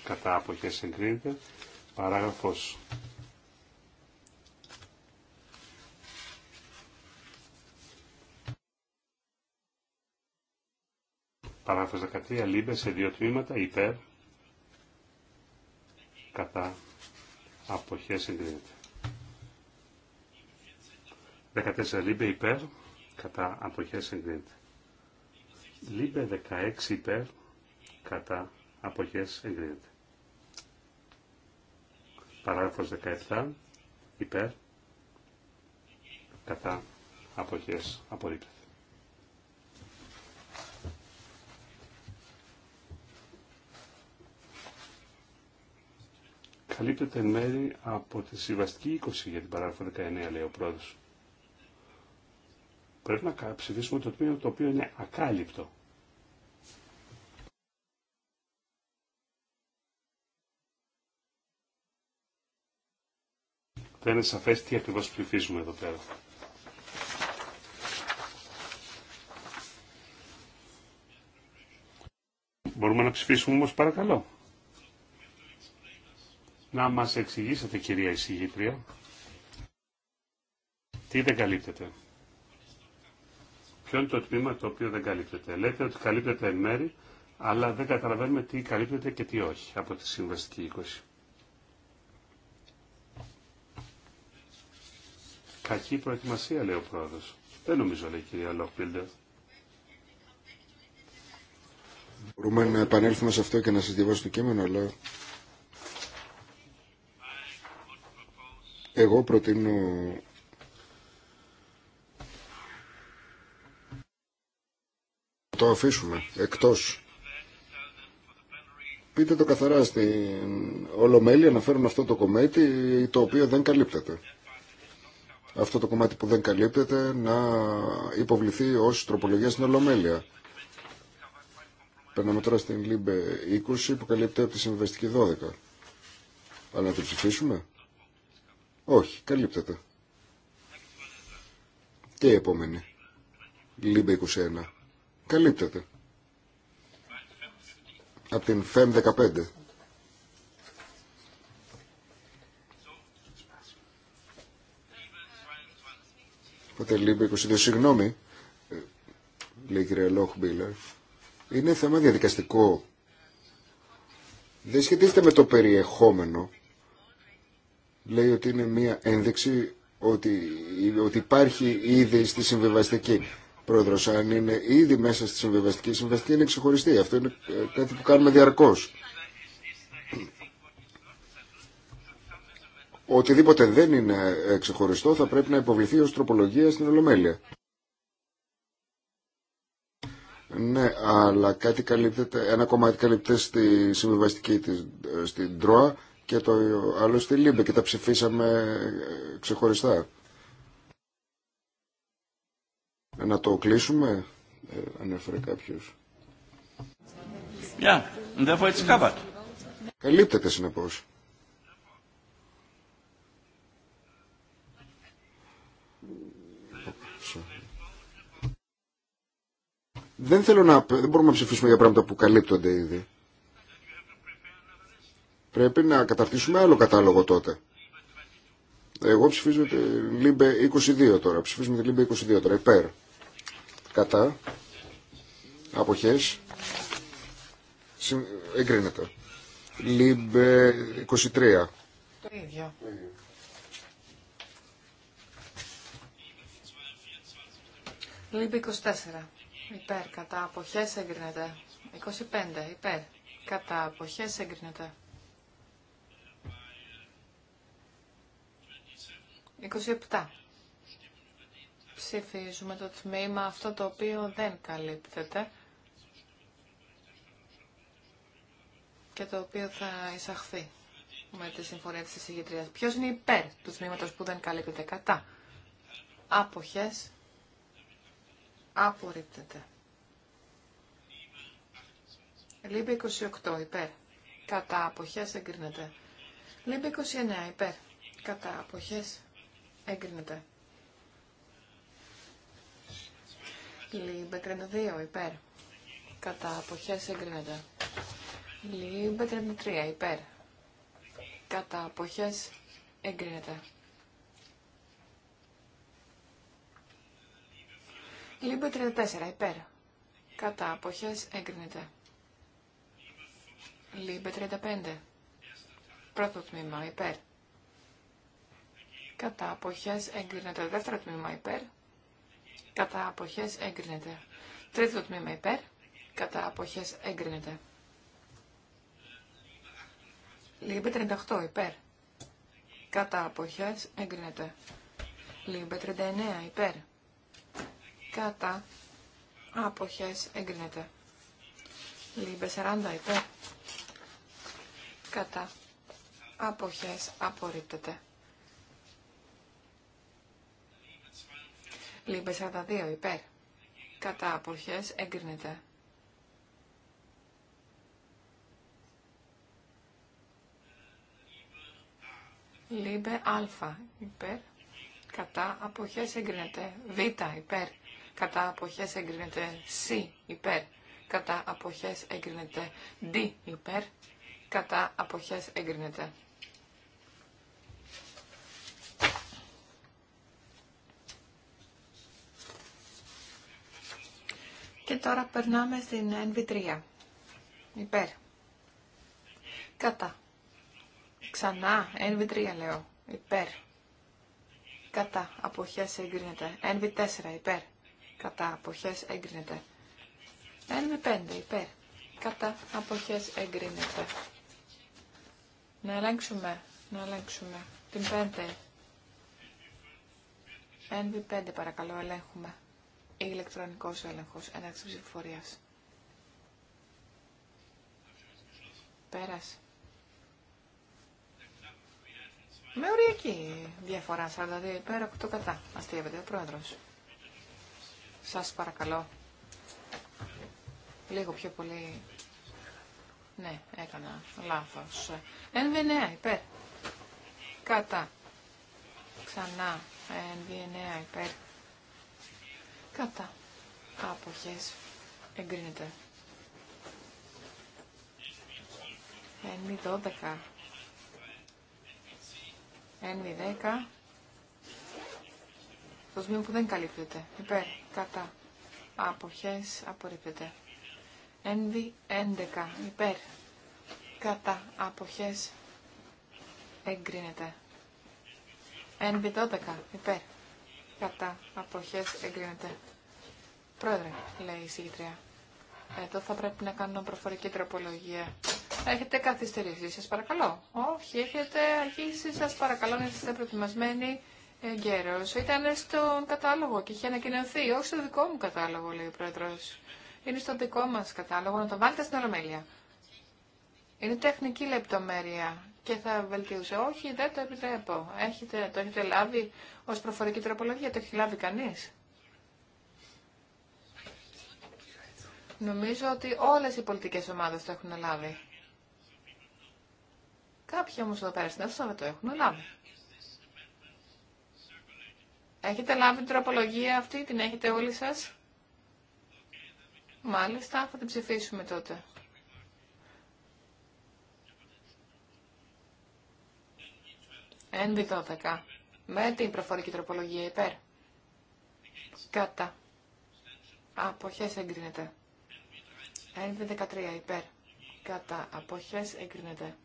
Κατά αποχές εγκρίνεται. Παράγραφος. Παράγραφος 13 ΛΥΜΠΕ σε δύο τμήματα υπέρ. Κατά αποχές εγκρίνεται. 14 λίμπε υπέρ κατά αποχές εγκρίνεται. Λίπε 16 υπέρ κατά αποχές εγκρίνεται. Παράγραφος 17 υπέρ κατά αποχές απορρίπτεται. Καλύπτεται μέρη από τη συμβαστική 20 για την παράγραφο 19, λέει ο πρόεδρος. Πρέπει να ψηφίσουμε το τμήμα το οποίο είναι ακάλυπτο. Δεν είναι σαφές τι ακριβώς ψηφίζουμε εδώ πέρα. Μπορούμε να ψηφίσουμε όμως παρακαλώ. Να μας εξηγήσετε κυρία εισηγήτρια. Τι δεν καλύπτεται. Ποιο είναι το τμήμα το οποίο δεν καλύπτεται. Λέτε ότι καλύπτεται εν μέρη, αλλά δεν καταλαβαίνουμε τι καλύπτεται και τι όχι από τη Συμβαστική 20. Κακή προετοιμασία, λέει ο πρόεδρος. Δεν νομίζω, λέει η κυρία Λόχπιλντερ. Μπορούμε να επανέλθουμε σε αυτό και να σας διαβάσω το κείμενο, αλλά... Εγώ προτείνω το αφήσουμε εκτός. Πείτε το καθαρά στην Ολομέλεια να φέρουν αυτό το κομμάτι το οποίο δεν καλύπτεται. Αυτό το κομμάτι που δεν καλύπτεται να υποβληθεί ως τροπολογία στην Ολομέλεια. Περνάμε τώρα στην ΛΥΜΠΕ 20 που καλύπτεται από τη Συμβεστική 12. Αλλά να την ψηφίσουμε. Όχι, καλύπτεται. Και η επόμενη. Λίμπε 21 καλύπτεται. Από την ΦΕΜ 15. Οπότε λίμπη 22, συγγνώμη, λέει κύριε Λόχ Μπίλερ, είναι θέμα διαδικαστικό. Δεν σχετίζεται με το περιεχόμενο. Λέει ότι είναι μία ένδειξη ότι, ότι υπάρχει ήδη στη συμβιβαστική. Πρόεδρος, αν είναι ήδη μέσα στη συμβιβαστική, η συμβιβαστική είναι ξεχωριστή. Αυτό είναι ε, κάτι που κάνουμε διαρκώς. Οτιδήποτε δεν είναι ε, ξεχωριστό θα πρέπει να υποβληθεί ως τροπολογία στην Ολομέλεια. Ναι, αλλά κάτι καλύπτεται, ένα κομμάτι καλύπτεται στη συμβιβαστική της, ε, στην ΤΡΟΑ και το άλλο στη ΛΥΜΠΕ και τα ψηφίσαμε ξεχωριστά. Να το κλείσουμε, ε, έφερε κάποιος. Yeah, Καλύπτεται συνεπώς. Δεν θέλω να... Δεν μπορούμε να ψηφίσουμε για πράγματα που καλύπτονται ήδη. Πρέπει να καταρτήσουμε άλλο κατάλογο τότε. Εγώ ψηφίζω τη ΛΥΜΠΕ 22 τώρα. Ψηφίζουμε τη ΛΥΜΠΕ 22 τώρα. Υπέρ κατά αποχές εγκρίνεται Λίμπ 23 το ίδιο ΛΥΜΠΕ 24 υπέρ κατά αποχές εγκρίνεται 25 υπέρ κατά αποχές εγκρίνεται 27 ψηφίζουμε το τμήμα αυτό το οποίο δεν καλύπτεται και το οποίο θα εισαχθεί με τη συμφωνία της εισηγητρίας. Ποιος είναι υπέρ του τμήματος που δεν καλύπτεται κατά. Άποχες. Απορρίπτεται. Λίμπη 28 υπέρ. Κατά αποχές εγκρίνεται. Λίμπη 29 υπέρ. Κατά αποχές εγκρίνεται. Λίμπε 32 υπέρ. Κατά αποχέ εγκρίνεται. Λίμπε 33 υπέρ. Κατά αποχέ εγκρίνεται. Λίμπε 34 υπέρ. Κατά αποχέ εγκρίνεται. Λίμπε 35. Πρώτο τμήμα υπέρ. Κατά αποχές εγκρίνεται. Δεύτερο τμήμα υπέρ κατά αποχές εγκρίνεται. Τρίτο τμήμα υπέρ, κατά αποχές εγκρίνεται. Λίμπε 38 υπέρ, κατά αποχές εγκρίνεται. Λίμπε 39 υπέρ, κατά αποχές εγκρίνεται. Λίμπε 40 υπέρ, κατά αποχές απορρίπτεται. Λίμπε 42 υπέρ. Κατά αποχές εγκρίνεται. Λίμπε α υπέρ. Κατά αποχές εγκρίνεται. Β υπέρ. Κατά αποχές εγκρίνεται. Σ υπέρ. Κατά αποχές εγκρίνεται. Δ υπέρ. Κατά αποχές εγκρίνεται. Και τώρα περνάμε στην NV3. Υπέρ. Κατά. Ξανά, NV3 λέω. Υπέρ. Κατά. Αποχές εγκρίνεται. NV4 υπέρ. Κατά. Αποχές εγκρίνεται. NV5 υπέρ. Κατά. Αποχές εγκρίνεται. Να ελέγξουμε. Να ελέγξουμε. Την 5. NV5 παρακαλώ ελέγχουμε ηλεκτρονικός έλεγχος έναρξη ψηφοφορίας. Πέρας. Με οριακή διαφορά, πέρα από το κατά. Αστείευεται ο πρόεδρος. Σας παρακαλώ. Λίγο πιο πολύ... Ναι, έκανα Ενδυνέα, υπέρ. Κατά. Ενδυνέα, υπέρ. Κατά. Αποχές. Εγκρίνεται. Ένμι 12. Ένμι 10. Το σημείο που δεν καλύπτεται. Υπέρ. Κατά. Αποχές. Απορρίπτεται. Ένβι 11. Υπέρ. Κατά. Αποχές. Εγκρίνεται. Ένβι 12. Υπέρ. Κατά. Αποχές. Εγκρίνεται. Πρόεδρε, λέει η συγγητρία, εδώ θα πρέπει να κάνω προφορική τροπολογία. Έχετε καθυστερήσει, σα παρακαλώ. Όχι, έχετε αρχίσει, σα παρακαλώ να είστε προετοιμασμένοι γέρο. Ήταν στον κατάλογο και είχε ανακοινωθεί, όχι στο δικό μου κατάλογο, λέει ο πρόεδρο. Είναι στο δικό μα κατάλογο, να το βάλετε στην ολομέλεια. Είναι τεχνική λεπτομέρεια και θα βελτιούσε. Όχι, δεν το επιτρέπω. Έχετε, το έχετε λάβει ω προφορική τροπολογία, το έχει λάβει κανεί. Νομίζω ότι όλες οι πολιτικές ομάδες το έχουν λάβει. Κάποιοι όμως εδώ πέρα στην αίθουσα δεν το έχουν λάβει. Έχετε λάβει την τροπολογία αυτή, την έχετε όλοι σας. Μάλιστα, θα την ψηφίσουμε τότε. NB12. Με την προφορική τροπολογία υπέρ. Κατά. Αποχές εγκρίνεται. 13 υπέρ. Κατά αποχές εγκρίνεται.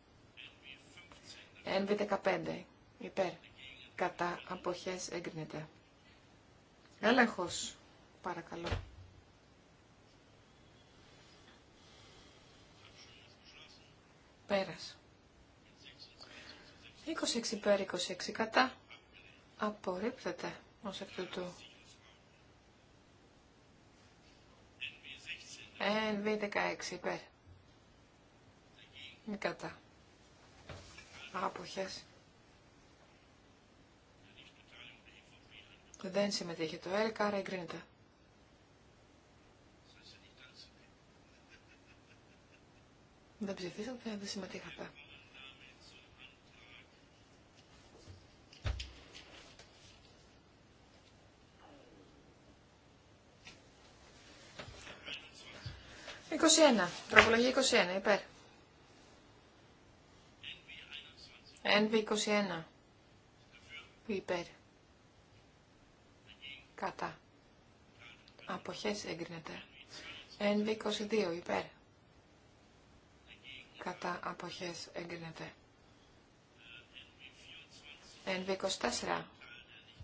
Ένβη υπέρ. Κατά αποχές εγκρίνεται. Έλεγχος. Παρακαλώ. Πέρας. 26 υπέρ, 26 κατά. Απορρίπτεται ως εκ τούτου. NV16 υπέρ. Μη κατά. Άποχες. Δεν συμμετείχε το ΕΛΚ, άρα εγκρίνεται. Δεν ψηφίσατε, δεν συμμετείχατε. 21. Τροπολογία 21. Υπέρ. nv 21. Υπέρ. Κατά. Αποχές έγκρινεται. έγκρινεται. 22. Υπέρ. Κατά. Αποχές έγκρινεται. έγκρινεται. 24.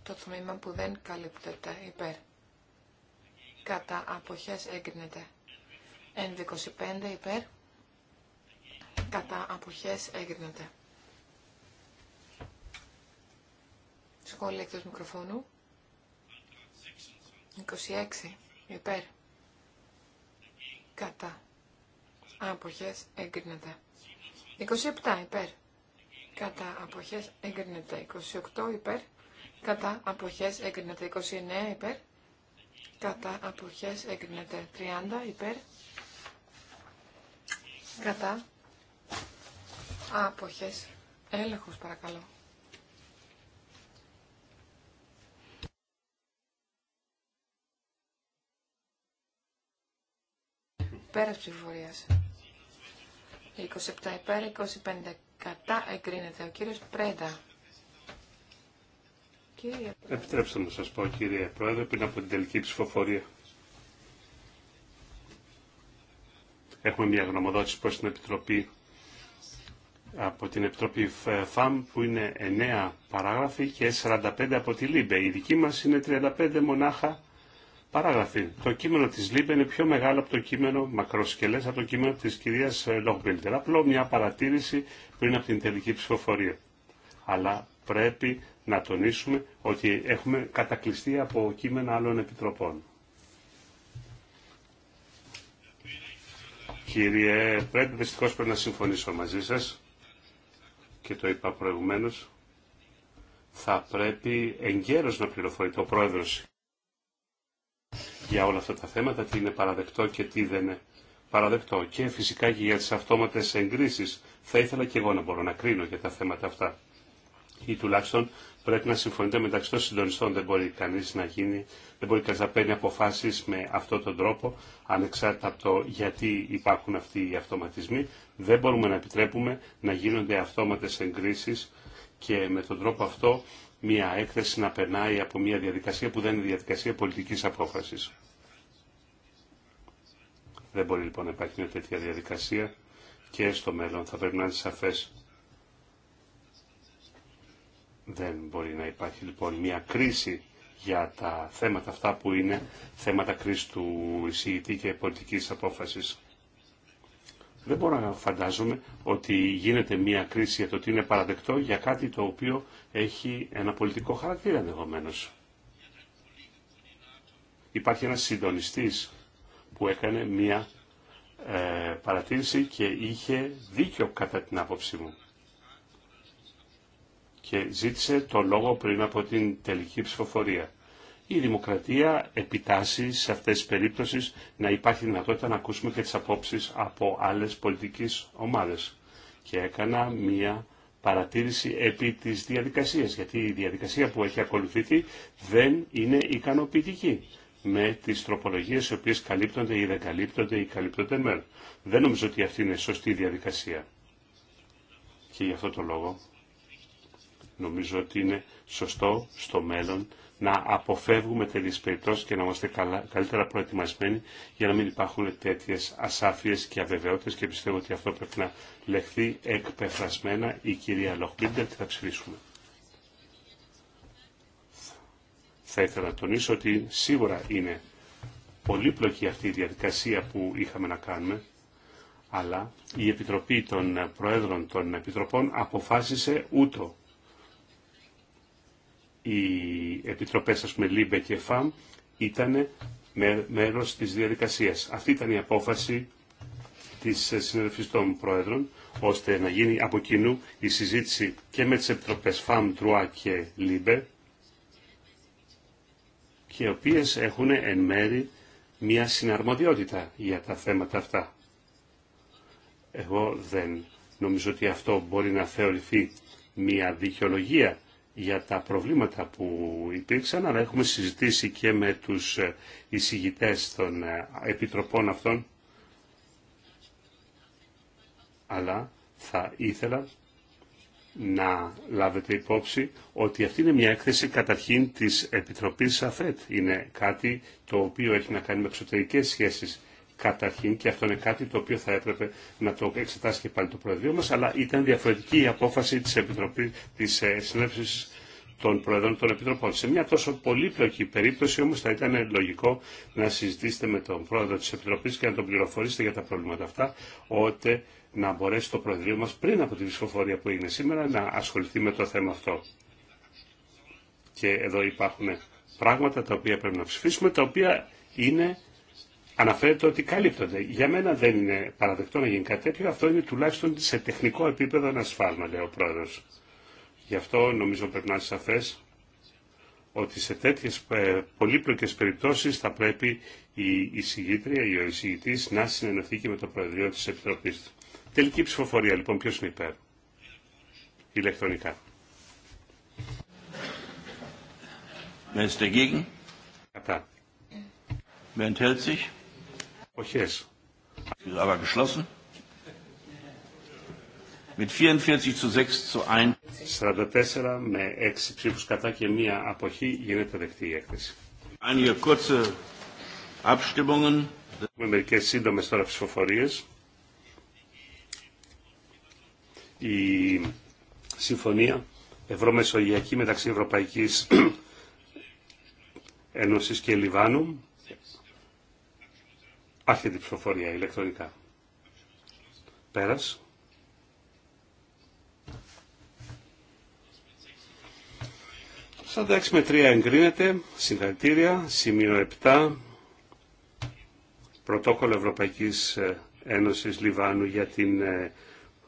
Το τμήμα που δεν καλύπτεται. Υπέρ. Κατά. Αποχές έγκρινεται. 25 υπέρ. Κατά αποχές έγκρινεται. Σχόλια εκτός μικροφώνου. 26 υπέρ. Κατά. Αποχές έγκρινεται. 27 υπέρ. Κατά αποχές έγκρινεται. 28 υπέρ. Κατά αποχές έγκρινεται. 29 υπέρ. Κατά αποχές έγκρινεται. 30 υπέρ. Κατά. Άποχες. Έλεγχος παρακαλώ. Πέρας ψηφοφορίας. 27 υπέρ, 25 κατά εγκρίνεται. Ο κύριος Πρέντα. Επιτρέψτε μου να σας πω κύριε Πρόεδρε, πριν από την τελική ψηφοφορία. Έχουμε μια γνωμοδότηση προς την Επιτροπή από την Επιτροπή ΦΑΜ που είναι 9 παράγραφοι και 45 από τη ΛΥΜΠΕ. Η δική μας είναι 35 μονάχα παράγραφοι. Το κείμενο της ΛΥΜΠΕ είναι πιο μεγάλο από το κείμενο μακροσκελές από το κείμενο της κυρίας Λόγμπιλτερ. Απλό μια παρατήρηση πριν από την τελική ψηφοφορία. Αλλά πρέπει να τονίσουμε ότι έχουμε κατακλειστεί από κείμενα άλλων επιτροπών. Κύριε πρέπει δυστυχώς πρέπει να συμφωνήσω μαζί σας και το είπα προηγουμένω, Θα πρέπει εγκαίρως να πληροφορεί το πρόεδρος για όλα αυτά τα θέματα, τι είναι παραδεκτό και τι δεν είναι παραδεκτό. Και φυσικά και για τις αυτόματες εγκρίσεις θα ήθελα και εγώ να μπορώ να κρίνω για τα θέματα αυτά ή τουλάχιστον πρέπει να συμφωνείτε μεταξύ των συντονιστών. Δεν μπορεί κανείς να γίνει, δεν μπορεί να παίρνει αποφάσεις με αυτόν τον τρόπο, ανεξάρτητα από το γιατί υπάρχουν αυτοί οι αυτοματισμοί. Δεν μπορούμε να επιτρέπουμε να γίνονται αυτόματες εγκρίσεις και με τον τρόπο αυτό μια έκθεση να περνάει από μια διαδικασία που δεν είναι διαδικασία πολιτικής απόφασης. Δεν μπορεί λοιπόν να υπάρχει μια τέτοια διαδικασία και στο μέλλον θα πρέπει να είναι σαφές δεν μπορεί να υπάρχει λοιπόν μια κρίση για τα θέματα αυτά που είναι θέματα κρίση του εισηγητή και πολιτικής απόφασης. Δεν μπορώ να φαντάζομαι ότι γίνεται μια κρίση για το ότι είναι παραδεκτό για κάτι το οποίο έχει ένα πολιτικό χαρακτήρα ενδεχομένω. Υπάρχει ένας συντονιστής που έκανε μια ε, παρατήρηση και είχε δίκιο κατά την άποψή μου και ζήτησε το λόγο πριν από την τελική ψηφοφορία. Η δημοκρατία επιτάσσει σε αυτές τις περίπτωσεις να υπάρχει δυνατότητα να ακούσουμε και τις απόψεις από άλλες πολιτικές ομάδες. Και έκανα μία παρατήρηση επί της διαδικασίας, γιατί η διαδικασία που έχει ακολουθεί δεν είναι ικανοποιητική με τις τροπολογίες οι οποίες καλύπτονται ή δεν καλύπτονται ή καλύπτονται μέρ. Δεν νομίζω ότι αυτή είναι σωστή διαδικασία. Και γι' αυτό το λόγο Νομίζω ότι είναι σωστό στο μέλλον να αποφεύγουμε τέτοιες περιπτώσεις και να είμαστε καλύτερα προετοιμασμένοι για να μην υπάρχουν τέτοιες ασάφειες και αβεβαιότητες και πιστεύω ότι αυτό πρέπει να λεχθεί εκπεφρασμένα η κυρία Λοχμπίντερ και θα ψηφίσουμε. Θα ήθελα να τονίσω ότι σίγουρα είναι πολύπλοκη αυτή η διαδικασία που είχαμε να κάνουμε αλλά η Επιτροπή των Προέδρων των Επιτροπών αποφάσισε ούτω οι επιτροπές, ας πούμε, ΛΥΜΠΕ και ΦΑΜ, ήταν μέρος της διαδικασίας. Αυτή ήταν η απόφαση της συνεδροφής των Πρόεδρων, ώστε να γίνει από κοινού η συζήτηση και με τις επιτροπές ΦΑΜ, ΤΡΟΑ και ΛΥΜΠΕ, και οι οποίες έχουν εν μέρη μια συναρμοδιότητα για τα θέματα αυτά. Εγώ δεν νομίζω ότι αυτό μπορεί να θεωρηθεί μια δικαιολογία για τα προβλήματα που υπήρξαν, αλλά έχουμε συζητήσει και με τους ε, εισηγητές των ε, επιτροπών αυτών. Αλλά θα ήθελα να λάβετε υπόψη ότι αυτή είναι μια έκθεση καταρχήν της Επιτροπής ΑΦΕΤ. Είναι κάτι το οποίο έχει να κάνει με εξωτερικές σχέσεις καταρχήν και αυτό είναι κάτι το οποίο θα έπρεπε να το εξετάσει και πάλι το Προεδρείο μας, αλλά ήταν διαφορετική η απόφαση της, Επιτροπής, της ε, των Προεδρών των Επιτροπών. Σε μια τόσο πολύπλοκη περίπτωση όμως θα ήταν λογικό να συζητήσετε με τον Πρόεδρο της Επιτροπής και να τον πληροφορήσετε για τα προβλήματα αυτά, ώστε να μπορέσει το Προεδρείο μας πριν από τη ψηφοφορία που έγινε σήμερα να ασχοληθεί με το θέμα αυτό. Και εδώ υπάρχουν πράγματα τα οποία πρέπει να ψηφίσουμε, τα οποία είναι αναφέρεται ότι καλύπτονται. Για μένα δεν είναι παραδεκτό να γίνει κάτι τέτοιο. Αυτό είναι τουλάχιστον σε τεχνικό επίπεδο ένα σφάλμα, λέει ο πρόεδρο. Γι' αυτό νομίζω πρέπει να είναι σαφέ ότι σε τέτοιες ε, πολύπλοκες περιπτώσεις θα πρέπει η εισηγήτρια ή ο εισηγητής να συνενωθεί και με το Προεδρείο της Επιτροπής του. Τελική ψηφοφορία λοιπόν, ποιος είναι υπέρ. Ηλεκτρονικά. Wer dagegen? Wer enthält sich? Αποχές. Aber geschlossen. Mit 44 zu 6 zu 1. 44 με 6 ψήφους κατά και μία αποχή γίνεται δεκτή η έκθεση. Einige kurze Abstimmungen. Με μερικές σύντομες τώρα ψηφοφορίες. Η συμφωνία ευρωμεσογειακή μεταξύ Ευρωπαϊκής Ένωσης και Λιβάνου Άρχεται την ψηφοφορία ηλεκτρονικά. Πέρας. Σαν τα 6 με 3 εγκρίνεται, συγχαρητήρια, σημείο 7, πρωτόκολλο Ευρωπαϊκής ε, Ένωσης Λιβάνου για την ε,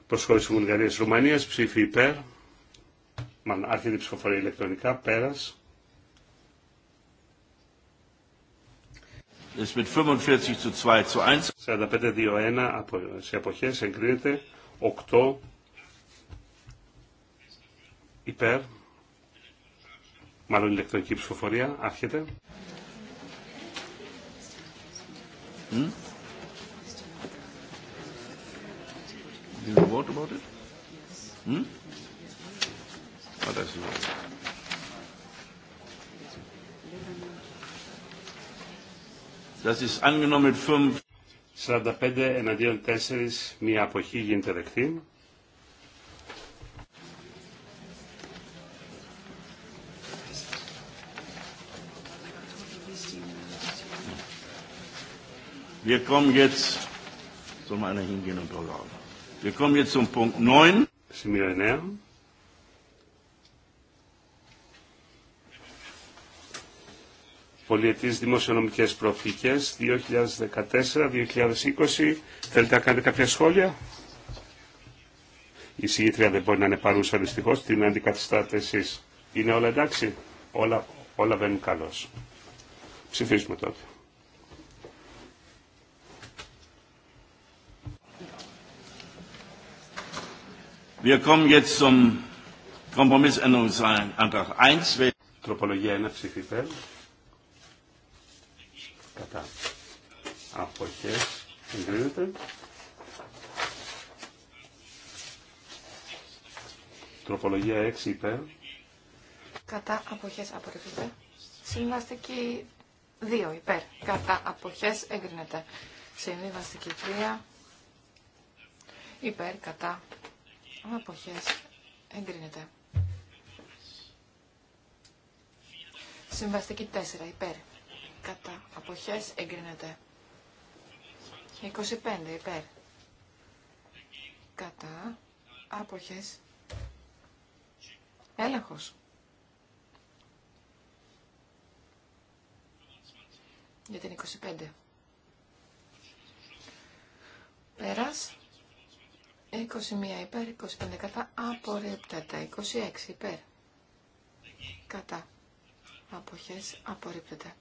προσχώρηση Βουλγαρίας Ρουμανίας, ψήφι υπέρ, μάλλον άρχεται ψηφοφορία ηλεκτρονικά, πέρας. 45 2 1. σε αποχές εγκρίνεται 8 υπέρ. Μάλλον ηλεκτρονική ψηφοφορία. Άρχεται. Mm? Hm? Do about it? Hm? Ah, Das ist angenommen 45 εναντίον 4, μία αποχή γίνεται δεκτή. Wir kommen jetzt, zu meiner hingehen und drauf Wir kommen jetzt zum Punkt 9. 9. πολιετής δημοσιονομικές προοπτικές 2014-2020. Θέλετε να κάνετε κάποια σχόλια. Η συγγήτρια δεν μπορεί να είναι παρούσα δυστυχώς, την αντικαθιστάτε εσείς. Είναι όλα εντάξει, όλα, όλα βαίνουν καλώς. Ψηφίσουμε τότε. Wir kommen jetzt zum Kompromissänderungsantrag 1. Τροπολογία 1 ψηφιπέρ κατά αποχές εγκρίνεται. Τροπολογία 6 υπέρ. Κατά αποχές απορρίφεται Συμβαστική 2 υπέρ. Κατά αποχές εγκρίνεται. Συμβαστική 3 υπέρ. Κατά αποχές εγκρίνεται. Συμβαστική 4 υπέρ κατά αποχές εγκρίνεται. 25 υπέρ κατά άποχες έλεγχος. Για την 25. Πέρας. 21 υπέρ, 25 κατά, απορρίπτεται. 26 υπέρ, κατά, αποχές, απορρίπτεται.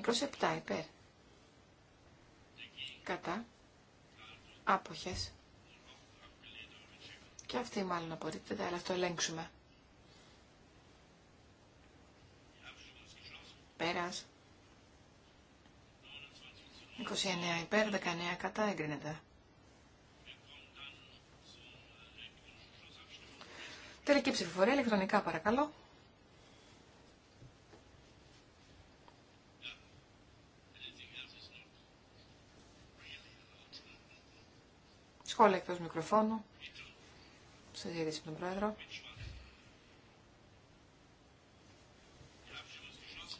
27 υπέρ. Κατά. Άποχες. Και αυτή μάλλον απορρίπτεται, αλλά αυτό ελέγξουμε. Πέρας. 29 υπέρ, 19 κατά, εγκρίνεται. Τελική ψηφοφορία, ηλεκτρονικά παρακαλώ. Σχόλια εκτός μικροφώνου. Σε διαδίση με τον Πρόεδρο.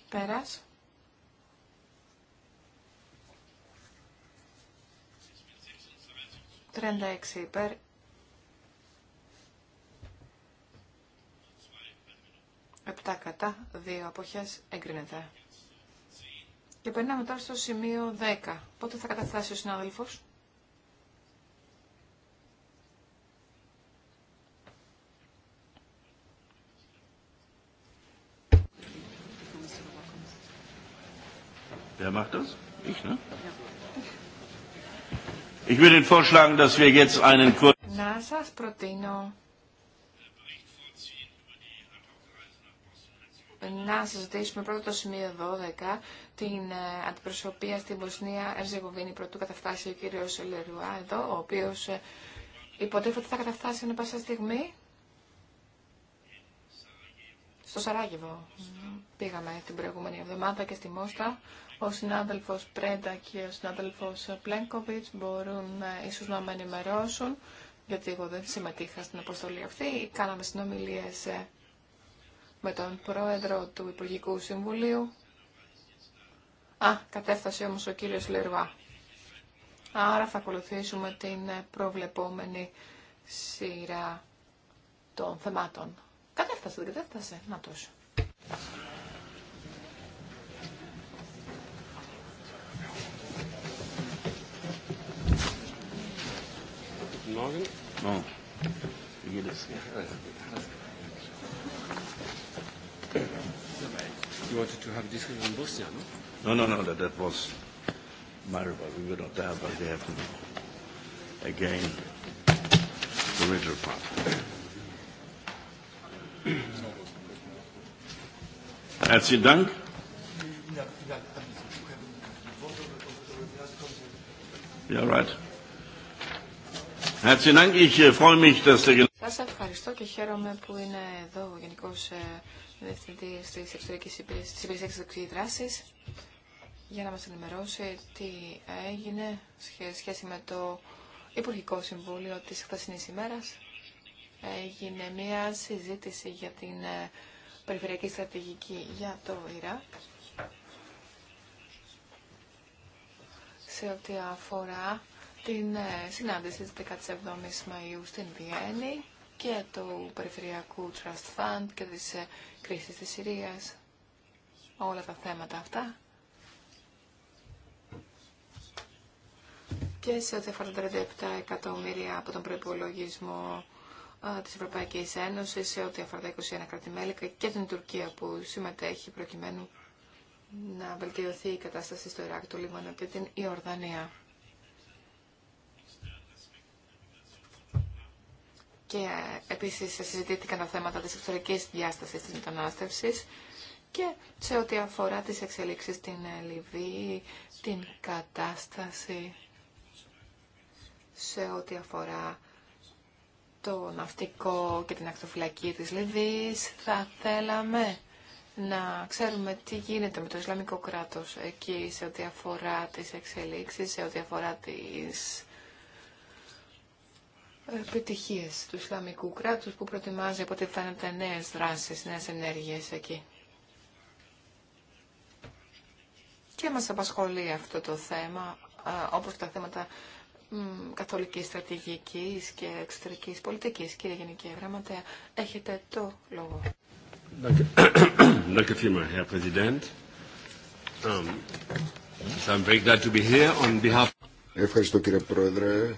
Πέρας. 36 έξι υπέρ. Επτά κατά, δύο αποχές, εγκρίνεται. Και περνάμε τώρα στο σημείο 10. Πότε θα καταθέσει ο συνάδελφος. Wer macht das? Ich, ne? Ich würde vorschlagen, dass wir jetzt einen kurzen... Να σας προτείνω να συζητήσουμε πρώτα το σημείο 12, την ε, αντιπροσωπεία στην Βοσνία Ερζεγοβίνη, πρωτού καταφτάσει ο κύριος Λερουά εδώ, ο οποίος ε, υποτίθεται θα καταφτάσει ανά πάσα στιγμή στο Σαράγεβο. Πήγαμε την προηγούμενη εβδομάδα και στη Μόστα. Ο συνάδελφος Πρέντα και ο συνάδελφος Πλένκοβιτς μπορούν ίσως να με ενημερώσουν, γιατί εγώ δεν συμμετείχα στην αποστολή αυτή. Κάναμε συνομιλίες ε, με τον πρόεδρο του Υπουργικού Συμβουλίου. Α, κατέφτασε όμως ο κύριος Λερουά. Άρα θα ακολουθήσουμε την ε, προβλεπόμενη σειρά των θεμάτων. Κατέφτασε, δεν κατέφτασε. Να τόσο. You wanted to have a discussion in Bosnia, no? No, no, no, that, that was Maribor. We were not there, but they have to again the original part. Herzlichen äh, Σα ευχαριστώ και χαίρομαι που είναι εδώ ο Γενικό ε, Διευθυντή τη Εξωτερική Υπηρεσία Εξωτερική Δράση για να μα ενημερώσει τι έγινε σε σχέση με το Υπουργικό Συμβούλιο τη χθεσινή ημέρα έγινε μια συζήτηση για την ε, περιφερειακή στρατηγική για το Ιράκ σε ό,τι αφορά την ε, συνάντηση της 17ης Μαΐου στην Βιέννη και του Περιφερειακού Trust Fund και της ε, κρίσης της Συρίας. Όλα τα θέματα αυτά. Και σε ό,τι αφορά τα 37 εκατομμύρια από τον προϋπολογισμό της Ευρωπαϊκής Ένωσης σε ό,τι αφορά τα 21 κράτη-μέλη και την Τουρκία που συμμετέχει προκειμένου να βελτιωθεί η κατάσταση στο Ιράκ, το Λίβανο και την Ιορδανία. Και επίσης συζητήθηκαν τα θέματα της εξωτερικής διάστασης της μετανάστευσης και σε ό,τι αφορά τις εξελίξεις στην Λιβύη, την κατάσταση σε ό,τι αφορά το ναυτικό και την ακτοφυλακή της Λιβύης. Θα θέλαμε να ξέρουμε τι γίνεται με το Ισλαμικό κράτος εκεί σε ό,τι αφορά τις εξελίξεις, σε ό,τι αφορά τις επιτυχίες του Ισλαμικού κράτους που προτιμάζει από ό,τι φαίνεται νέες δράσεις, νέες ενέργειες εκεί. Και μας απασχολεί αυτό το θέμα, ε, όπως τα θέματα Καθολική στρατηγική και εξωτερική πολιτική. Κύριε Γενική Γραμματέα, έχετε το λόγο. Ähm, Ευχαριστώ κύριε Πρόεδρε.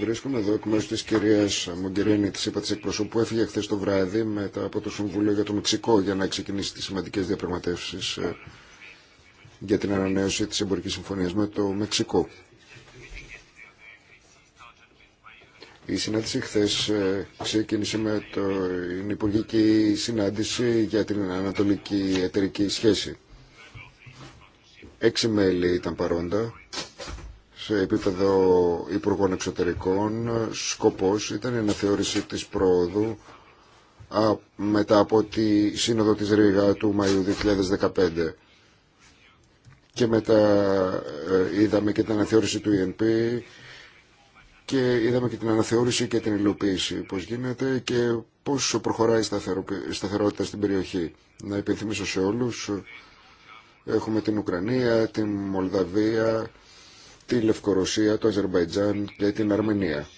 Βρίσκομαι εδώ εκ μέρου τη κυρία Μογκερίνη, τη είπα τη εκπροσώπου, που έφυγε χθε το βράδυ μετά από το Συμβούλιο για το Μεξικό για να ξεκινήσει τι σημαντικέ διαπραγματεύσει ε, για την ανανέωση τη εμπορική συμφωνία με το Μεξικό. Η συνάντηση χθε ε, ξεκίνησε με την Υπουργική Συνάντηση για την Ανατολική Εταιρική Σχέση. Έξι μέλη ήταν παρόντα σε επίπεδο Υπουργών Εξωτερικών. Σκοπός ήταν η αναθεώρηση της πρόοδου μετά από τη Σύνοδο της Ρήγα του Μαΐου 2015. Και μετά ε, είδαμε και την αναθεώρηση του ΕΝΠ e και είδαμε και την αναθεώρηση και την υλοποίηση πώς γίνεται και πώς προχωράει η σταθερότητα στην περιοχή. Να υπενθυμίσω σε όλους, έχουμε την Ουκρανία, την Μολδαβία, τη Λευκορωσία, το Αζερβαϊτζάν και την Αρμενία.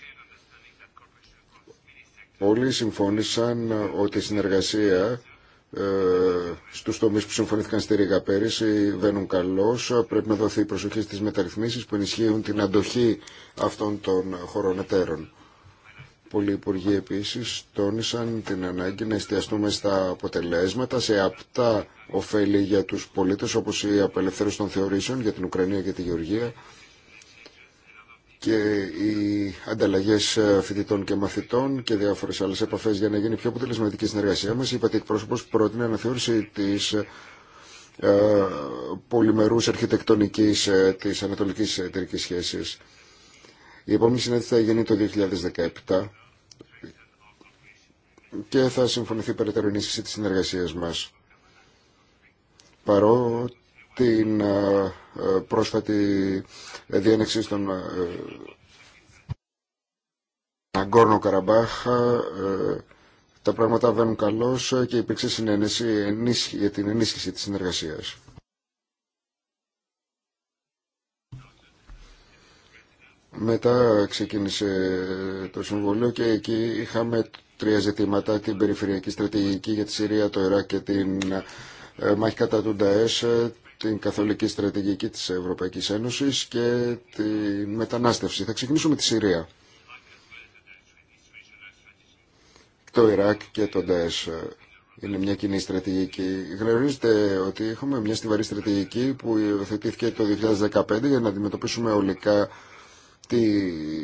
Όλοι συμφώνησαν ότι η συνεργασία ε, στους τομείς που συμφωνήθηκαν στη Ρήγα πέρυσι βαίνουν καλώς. Πρέπει να δοθεί προσοχή στις μεταρρυθμίσεις που ενισχύουν την αντοχή αυτών των χωρών εταίρων. Πολλοί υπουργοί επίσης τόνισαν την ανάγκη να εστιαστούμε στα αποτελέσματα, σε απτά ωφέλη για τους πολίτες όπως η απελευθέρωση των θεωρήσεων για την Ουκρανία και τη Γεωργία και οι ανταλλαγέ ε, φοιτητών και μαθητών και διάφορε άλλε επαφέ για να γίνει πιο αποτελεσματική συνεργασία μα. Είπατε εκπρόσωπο πρότεινε αναθεώρηση τη ε, πολυμερού αρχιτεκτονική ε, ε τη ανατολική εταιρική σχέση. Η επόμενη συνέντευξη θα γίνει το 2017 και θα συμφωνηθεί περαιτέρω ενίσχυση της συνεργασία μας. Παρό ε, ε, πρόσφατη ε, διένεξη στον ε, Αγκόρνο Καραμπάχ τα πράγματα βαίνουν καλώς και υπήρξε συνένεση για την ενίσχυση της συνεργασίας. Μετά ξεκίνησε το Συμβουλίο και εκεί είχαμε τρία ζητήματα, την περιφερειακή στρατηγική για τη Συρία, το Ιράκ και την μάχη κατά του Νταές, την καθολική στρατηγική της Ευρωπαϊκής Ένωσης και τη μετανάστευση. Θα ξεκινήσουμε τη Συρία. Το Ιράκ και το ΝΤΕΣ ε, είναι μια κοινή στρατηγική. Γνωρίζετε ότι έχουμε μια στιβαρή στρατηγική που υιοθετήθηκε το 2015 για να αντιμετωπίσουμε ολικά τη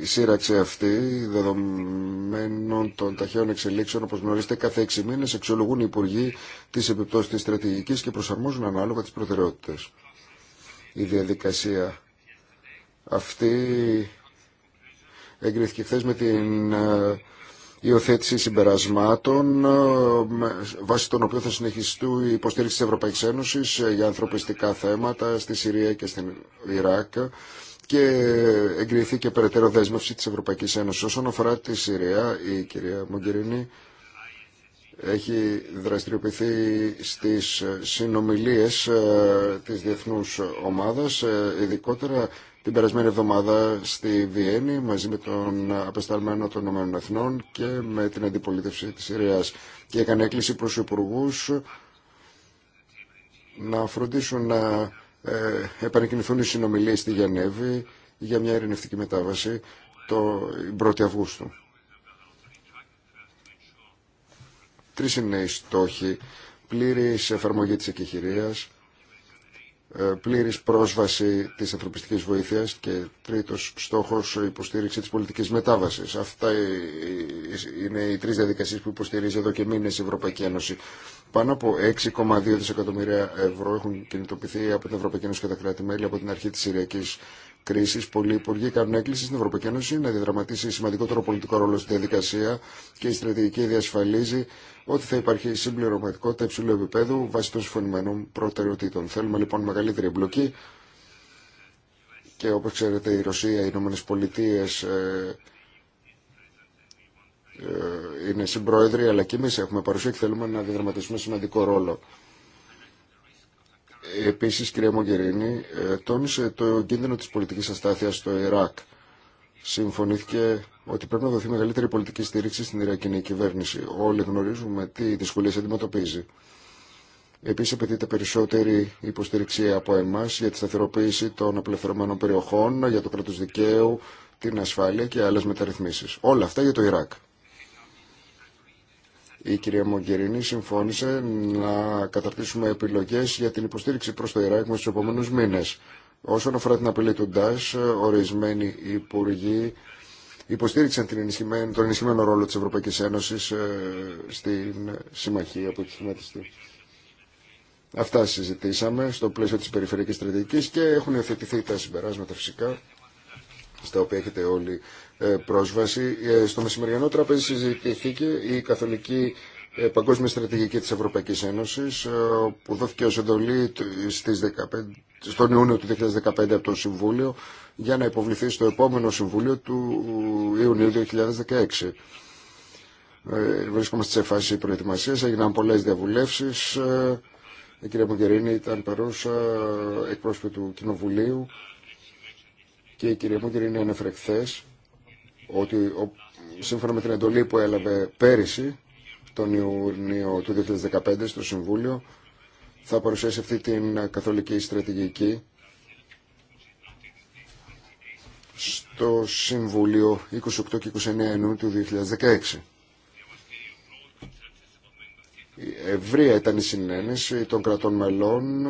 σύραξη αυτή δεδομένων των ταχαίων εξελίξεων, όπως γνωρίζετε, κάθε έξι μήνες εξολογούν οι υπουργοί τις επιπτώσεις της στρατηγικής και προσαρμόζουν ανάλογα τις προτεραιότητες. Η διαδικασία αυτή εγκρίθηκε χθε με την ε, υιοθέτηση συμπερασμάτων ε, βάσει των οποίων θα συνεχιστούν η υποστήριξη της Ευρωπαϊκής Ένωσης ε, για ανθρωπιστικά θέματα στη Συρία και στην Ιράκ και εγκριθεί και περαιτέρω δέσμευση της Ευρωπαϊκής Ένωσης. Όσον αφορά τη Συρία, η κυρία Μογκερίνη έχει δραστηριοποιηθεί στις συνομιλίες ε, της Διεθνούς Ομάδας, ε, ειδικότερα την περασμένη εβδομάδα στη Βιέννη μαζί με τον απεσταλμένο των ΟΕΕ και με την αντιπολίτευση της Συρίας και έκανε έκκληση προς υπουργού να φροντίσουν να ε, επανεκκινηθούν οι συνομιλίε στη Γενέβη για μια ειρηνευτική μετάβαση το 1η Αυγούστου. Τρεις είναι οι στόχοι. Πλήρης εφαρμογή της εκεχηρίας, ε, πλήρης πρόσβαση της ανθρωπιστικής βοήθειας και τρίτος στόχος υποστήριξη της πολιτικής μετάβασης. Αυτά είναι οι τρεις διαδικασίες που υποστηρίζει εδώ και μήνες η Ευρωπαϊκή Ένωση. Πάνω από 6,2 δισεκατομμύρια ευρώ έχουν κινητοποιηθεί από την Ευρωπαϊκή Ένωση και τα κράτη-μέλη από την αρχή τη Συριακή κρίση. Πολλοί υπουργοί κάνουν έκκληση στην Ευρωπαϊκή Ένωση να διαδραματίσει σημαντικότερο πολιτικό ρόλο στη διαδικασία και η στρατηγική διασφαλίζει ότι θα υπάρχει συμπληρωματικότητα υψηλού επίπεδου βάσει των συμφωνημένων προτεραιοτήτων. Θέλουμε λοιπόν μεγαλύτερη εμπλοκή και όπω ξέρετε η Ρωσία, οι Ηνωμένε Πολιτείε ε, ε, είναι συμπρόεδροι, αλλά και εμείς έχουμε παρουσία και θέλουμε να διδραματίσουμε σημαντικό ρόλο. Επίσης, κυρία Μογκερίνη, ε, τόνισε το κίνδυνο της πολιτικής αστάθειας στο Ιράκ. Συμφωνήθηκε ότι πρέπει να δοθεί μεγαλύτερη πολιτική στήριξη στην Ιρακινή κυβέρνηση. Όλοι γνωρίζουμε τι δυσκολίες αντιμετωπίζει. Επίσης, απαιτείται περισσότερη υποστήριξη από εμάς για τη σταθεροποίηση των απελευθερωμένων περιοχών, για το κράτος δικαίου, την ασφάλεια και άλλες μεταρρυθμίσεις. Όλα αυτά για το Ιράκ. Η κυρία Μογκερίνη συμφώνησε να καταρτήσουμε επιλογές για την υποστήριξη προς το Ιράκ με του επόμενους μήνες. Όσον αφορά την απειλή του Ντάς, ορισμένοι υπουργοί υποστήριξαν την ενισχυμένη, τον ενισχυμένο ρόλο της Ευρωπαϊκής Ένωσης ε, στην συμμαχία που έχει σχηματιστεί. Αυτά συζητήσαμε στο πλαίσιο της περιφερειακής στρατηγικής και έχουν υιοθετηθεί τα συμπεράσματα φυσικά στα οποία έχετε όλοι ε, πρόσβαση. Ε, στο μεσημεριανό τραπέζι συζητήθηκε η καθολική ε, παγκόσμια στρατηγική της Ευρωπαϊκής Ένωσης που δόθηκε ως εντολή στις 15, στον Ιούνιο του 2015 από το Συμβούλιο για να υποβληθεί στο επόμενο Συμβούλιο του Ιουνίου 2016. Βρίσκομαστε σε φάση προετοιμασίας, έγιναν πολλές διαβουλεύσεις. Η κυρία Μογκερίνη ήταν παρούσα εκπρόσωπη του Κοινοβουλίου και η κυρία Μογκερίνη ανέφερε χθε ότι σύμφωνα με την εντολή που έλαβε πέρυσι, τον Ιούνιο του 2015 στο Συμβούλιο, θα παρουσιάσει αυτή την καθολική στρατηγική στο Συμβούλιο 28 και 29 Ιανουαρίου του 2016. Ευρία ήταν η συνένεση των κρατών μελών.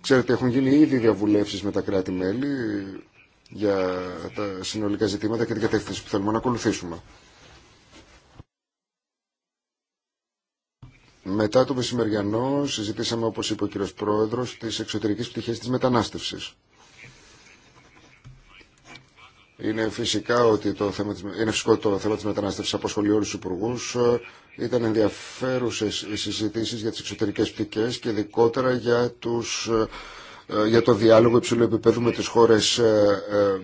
Ξέρετε, έχουν γίνει ήδη διαβουλεύσεις με τα κράτη-μέλη για τα συνολικά ζητήματα και την κατεύθυνση που θέλουμε να ακολουθήσουμε. Μετά το μεσημεριανό συζητήσαμε, όπως είπε ο κύριος Πρόεδρος, τις εξωτερικές πτυχές της μετανάστευσης. Είναι, φυσικά ότι το θέμα της, είναι φυσικό το θέμα της μετανάστευσης απασχολεί όλους τους υπουργού. Ήταν ενδιαφέρουσες οι συζητήσεις για τις εξωτερικές πτυχές και ειδικότερα για τους ε, για το διάλογο υψηλού επίπεδου με τις χώρες ε, ε,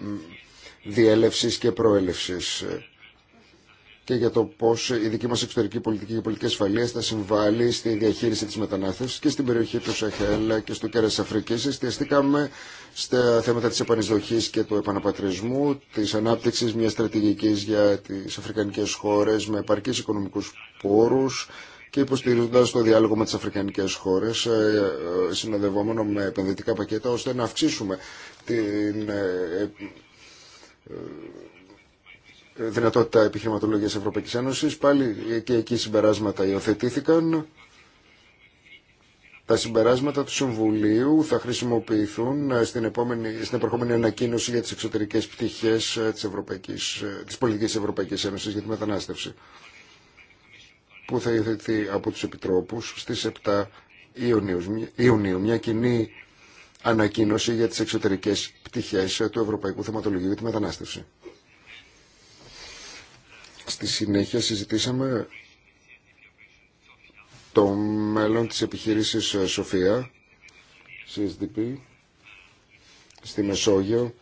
διέλευσης και προέλευσης και για το πώς η δική μας εξωτερική πολιτική και πολιτική ασφαλεία θα συμβάλλει στη διαχείριση της μετανάστευσης και στην περιοχή του Σαχέλ και στο κέρας της Αφρικής. Εστιαστήκαμε στα θέματα της επανεισδοχής και του επαναπατρισμού, της ανάπτυξης μιας στρατηγικής για τις αφρικανικές χώρες με επαρκείς οικονομικούς πόρους, και υποστηρίζοντα το διάλογο με τι αφρικανικέ χώρε, ε, ε, συνοδευόμενο με επενδυτικά πακέτα, ώστε να αυξήσουμε την ε, δυνατότητα επιχειρηματολογία Ευρωπαϊκή Ένωση. Πάλι και εκεί συμπεράσματα υιοθετήθηκαν. Τα συμπεράσματα του Συμβουλίου θα χρησιμοποιηθούν στην, επόμενη, στην επερχόμενη ανακοίνωση για τις εξωτερικές πτυχές της, Ευρωπαϊκής, της πολιτικής Ευρωπαϊκής Ένωσης για τη μετανάστευση που θα υιοθετηθεί από τους Επιτρόπους στις 7 Ιουνίου, μια κοινή ανακοίνωση για τις εξωτερικές πτυχές του Ευρωπαϊκού Θεματολογίου για τη Μετανάστευση. Στη συνέχεια συζητήσαμε το μέλλον της επιχείρησης ε, Σοφία, CSDP, στη Μεσόγειο,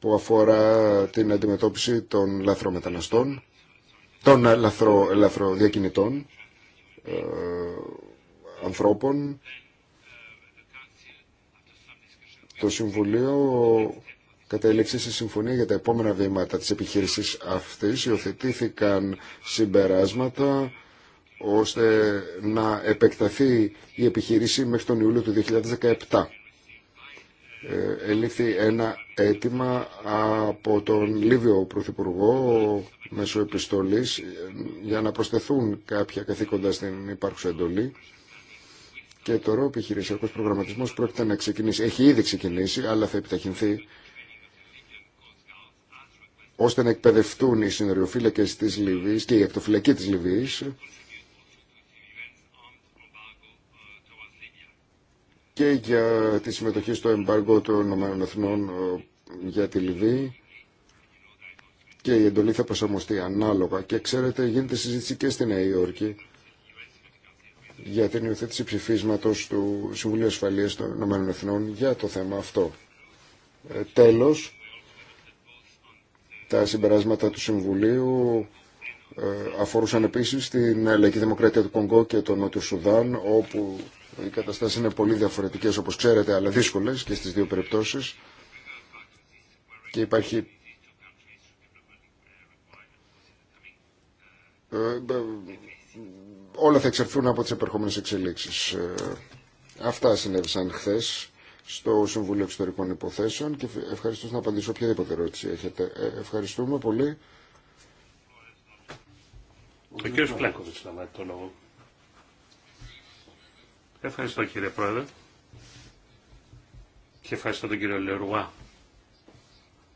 που αφορά την αντιμετώπιση των λαθρομεταναστών των ελαφρο, ελαφροδιακινητών ε, ανθρώπων. Το Συμβουλίο κατέληξε σε συμφωνία για τα επόμενα βήματα της επιχείρησης αυτής. Υιοθετήθηκαν συμπεράσματα ώστε να επεκταθεί η επιχείρηση μέχρι τον Ιούλιο του 2017. Ε, ελήφθη ένα αίτημα από τον Λίβιο Πρωθυπουργό μέσω επιστολής για να προσθεθούν κάποια καθήκοντα στην υπάρχουσα εντολή και τώρα ο επιχειρησιακό προγραμματισμό πρόκειται να ξεκινήσει. Έχει ήδη ξεκινήσει, αλλά θα επιταχυνθεί ώστε να εκπαιδευτούν οι συνοριοφύλακε τη Λιβύη και η ακτοφυλακή τη Λιβύη και για τη συμμετοχή στο εμπάργκο των ΗΠΑ ε, για τη Λιβύη και η εντολή θα προσαρμοστεί ανάλογα. Και ξέρετε, γίνεται συζήτηση και στην Νέα Υόρκη για την υιοθέτηση ψηφίσματος του Συμβουλίου Ασφαλείας των ΗΠΑ για το θέμα αυτό. Ε, τέλος, τα συμπεράσματα του Συμβουλίου ε, αφορούσαν επίσης την Λαϊκή Δημοκρατία του Κονγκό και τον Νότιο Σουδάν, όπου οι καταστάσει είναι πολύ διαφορετικέ, όπω ξέρετε αλλά δύσκολε και στι δύο περιπτώσει. και υπάρχει ε, ε, όλα θα εξερθούν από τις επερχόμενες εξελίξεις. Ε, αυτά συνέβησαν χθες στο Συμβούλιο Εξωτερικών Υποθέσεων και ευχαριστώ να απαντήσω οποιαδήποτε ερώτηση έχετε. Ευχαριστούμε πολύ. Ο κ. Ευχαριστώ κύριε Πρόεδρε και ευχαριστώ τον κύριο Λερουά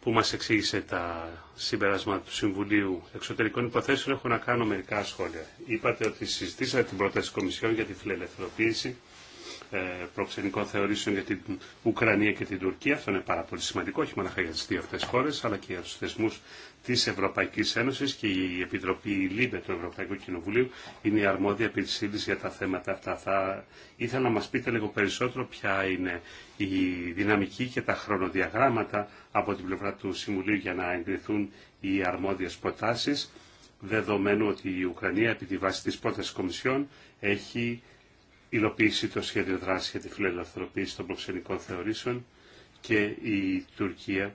που μας εξήγησε τα συμπεράσματα του Συμβουλίου Εξωτερικών Υποθέσεων. Έχω να κάνω μερικά σχόλια. Είπατε ότι συζητήσατε την πρόταση της Κομισιόν για τη φιλελευθεροποίηση ε, προξενικών θεωρήσεων για την Ουκρανία και την Τουρκία. Αυτό είναι πάρα πολύ σημαντικό, όχι μόνο για τι δύο αυτέ χώρε, αλλά και για του θεσμού της Ευρωπαϊκής Ένωσης και η Επιτροπή ΛΥΜΕ του Ευρωπαϊκού Κοινοβουλίου είναι η αρμόδια επισήλης για τα θέματα αυτά. Θα ήθελα να μας πείτε λίγο περισσότερο ποια είναι η δυναμική και τα χρονοδιαγράμματα από την πλευρά του Συμβουλίου για να εγκριθούν οι αρμόδιες προτάσεις, δεδομένου ότι η Ουκρανία επί τη βάση της πρώτης Κομισιόν έχει υλοποιήσει το σχέδιο δράση για τη φιλελευθερωποίηση των προξενικών θεωρήσεων και η Τουρκία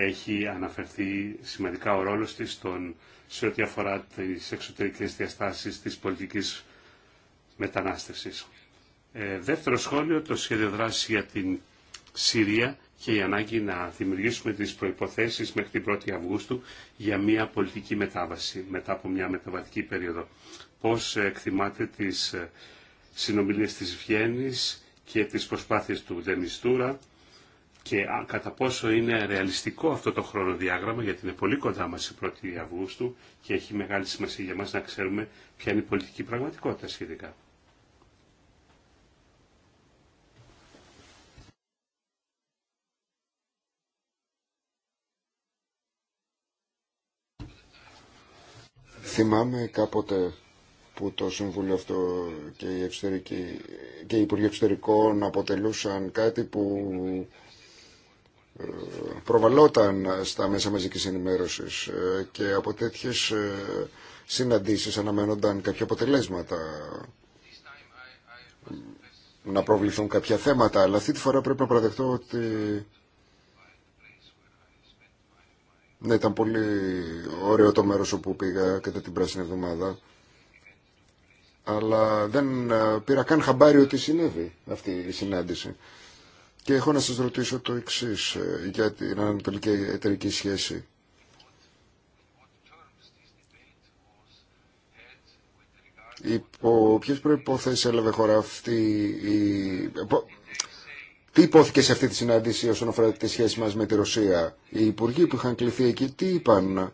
έχει αναφερθεί σημαντικά ο ρόλος της στον, σε ό,τι αφορά τις εξωτερικές διαστάσεις της πολιτικής μετανάστευσης. Ε, δεύτερο σχόλιο, το σχέδιο δράση για την Συρία και η ανάγκη να δημιουργήσουμε τις προϋποθέσεις μέχρι την 1η Αυγούστου για μια πολιτική μετάβαση μετά από μια μεταβατική περίοδο. Πώς ε, εκτιμάτε τις ε, συνομιλίες της Βιέννης και τις προσπάθειες του Δεμιστούρα και κατά πόσο είναι ρεαλιστικό αυτό το χρονοδιάγραμμα, γιατί είναι πολύ κοντά μας η 1η Αυγούστου και έχει μεγάλη σημασία για μας να ξέρουμε ποια είναι η πολιτική πραγματικότητα σχετικά. Θυμάμαι κάποτε που το Συμβούλιο αυτό και η, εξωτερική, και η Εξωτερικών αποτελούσαν κάτι που προβαλόταν στα μέσα μαζικής ενημέρωσης ε, και από τέτοιες ε, συναντήσεις αναμένονταν κάποια αποτελέσματα να προβληθούν κάποια θέματα αλλά αυτή τη φορά πρέπει να παραδεχτώ ότι ναι, ήταν πολύ ωραίο το μέρος όπου πήγα κατά την πράσινη εβδομάδα αλλά δεν ε, πήρα καν χαμπάρι ότι συνέβη αυτή η συνάντηση. Και έχω να σας ρωτήσω το εξή ε, για την ανατολική εταιρική σχέση. Υπό ποιες προποθέσει έλαβε χώρα αυτή η... Τι υπόθηκε σε αυτή τη συνάντηση όσον αφορά τη σχέση μας με τη Ρωσία. Οι υπουργοί που είχαν κληθεί εκεί τι είπαν.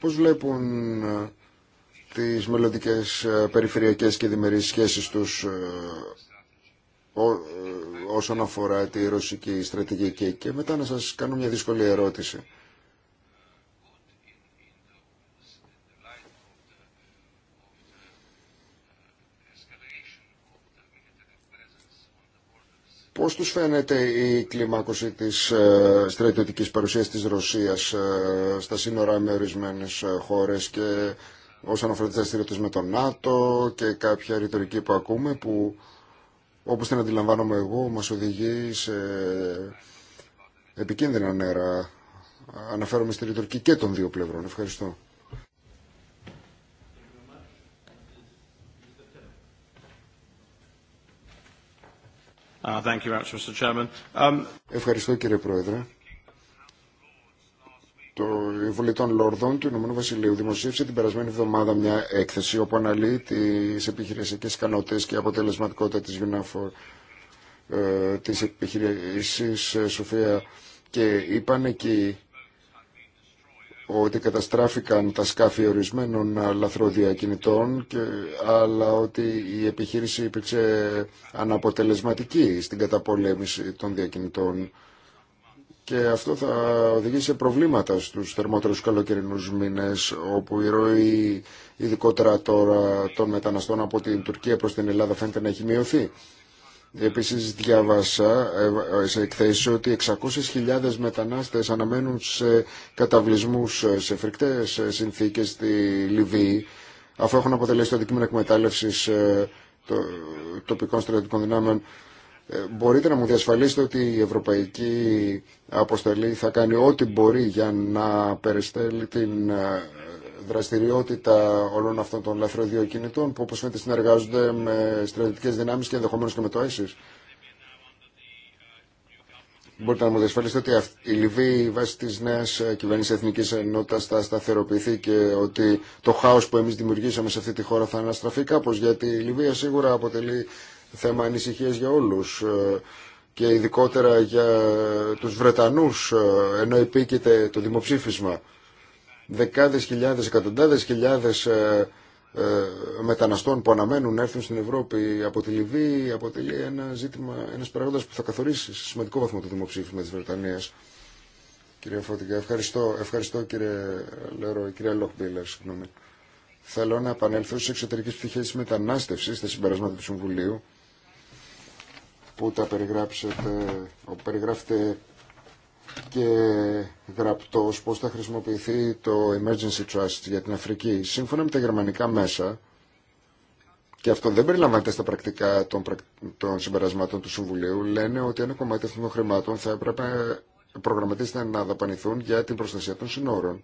Πώς βλέπουν ε, τις μελλοντικές ε, περιφερειακές και διμερείς σχέσεις τους ε, όσον αφορά τη ρωσική στρατηγική. Και μετά να σας κάνω μια δύσκολη ερώτηση. Πώς τους φαίνεται η κλιμάκωση της ε, στρατιωτικής παρουσίας της Ρωσίας ε, στα σύνορα με ορισμένε χώρες και όσον αφορά τις δραστηριότητες με τον ΝΑΤΟ και κάποια ρητορική που ακούμε που όπως την αντιλαμβάνομαι εγώ, μας οδηγεί σε επικίνδυνα νερά. Αναφέρομαι στη ρητορική και των δύο πλευρών. Ευχαριστώ. Uh, thank you, Mr. Um... Ευχαριστώ κύριε Πρόεδρε το Βουλή των Λόρδων του Ηνωμένου Βασιλείου δημοσίευσε την περασμένη εβδομάδα μια έκθεση όπου αναλύει τι επιχειρησιακέ ικανότητε και αποτελεσματικότητα της UNAFOR ε, της επιχειρήσης ε, Σοφία και είπαν εκεί ότι καταστράφηκαν τα σκάφη ορισμένων λαθροδιακινητών και, αλλά ότι η επιχείρηση υπήρξε αναποτελεσματική στην καταπολέμηση των διακινητών και αυτό θα οδηγήσει σε προβλήματα στους θερμότερους καλοκαιρινούς μήνες όπου η ροή ειδικότερα τώρα των μεταναστών από την Τουρκία προς την Ελλάδα φαίνεται να έχει μειωθεί. Επίσης διάβασα ε, σε εκθέσεις ότι 600.000 μετανάστες αναμένουν σε καταβλισμούς, σε φρικτές συνθήκες στη Λιβύη αφού έχουν αποτελέσει το αντικείμενο εκμετάλλευσης ε, τοπικών στρατιωτικών δυνάμεων ε, μπορείτε να μου διασφαλίσετε ότι η Ευρωπαϊκή Αποστολή θα κάνει ό,τι μπορεί για να περιστέλει την ε, δραστηριότητα όλων αυτών των λαθροδιοκινητών που όπως φαίνεται συνεργάζονται με στρατιωτικές δυνάμεις και ενδεχομένως και με το ISIS. Μπορείτε να μου διασφαλίσετε ότι η Λιβύη βάσει της νέας ε, κυβέρνησης εθνικής ενότητας θα σταθεροποιηθεί και ότι το χάος που εμείς δημιουργήσαμε σε αυτή τη χώρα θα αναστραφεί κάπως γιατί η Λιβύη σίγουρα αποτελεί θέμα ανησυχίας για όλους ε, και ειδικότερα για τους Βρετανούς ε, ενώ επίκειται το δημοψήφισμα. Δεκάδες χιλιάδες, εκατοντάδες χιλιάδες ε, μεταναστών που αναμένουν να έρθουν στην Ευρώπη από τη Λιβύη αποτελεί ένα ζήτημα, ένας παράγοντας που θα καθορίσει σε σημαντικό βαθμό το δημοψήφισμα της Βρετανίας. Κύριε Φώτηκα, ευχαριστώ, ευχαριστώ κύριε Λέρο, κύριε Λόχμπίλερ, συγγνώμη. Θέλω να επανέλθω στι εξωτερικέ πτυχέ τη μετανάστευση στα συμπεράσματα του Συμβουλίου που τα περιγράψετε, περιγράφετε και γραπτός πώς θα χρησιμοποιηθεί το Emergency Trust για την Αφρική. Σύμφωνα με τα γερμανικά μέσα, και αυτό δεν περιλαμβάνεται στα πρακτικά των, συμπερασμάτων του Συμβουλίου, λένε ότι ένα κομμάτι αυτών των χρημάτων θα έπρεπε προγραμματίστε να δαπανηθούν για την προστασία των συνόρων.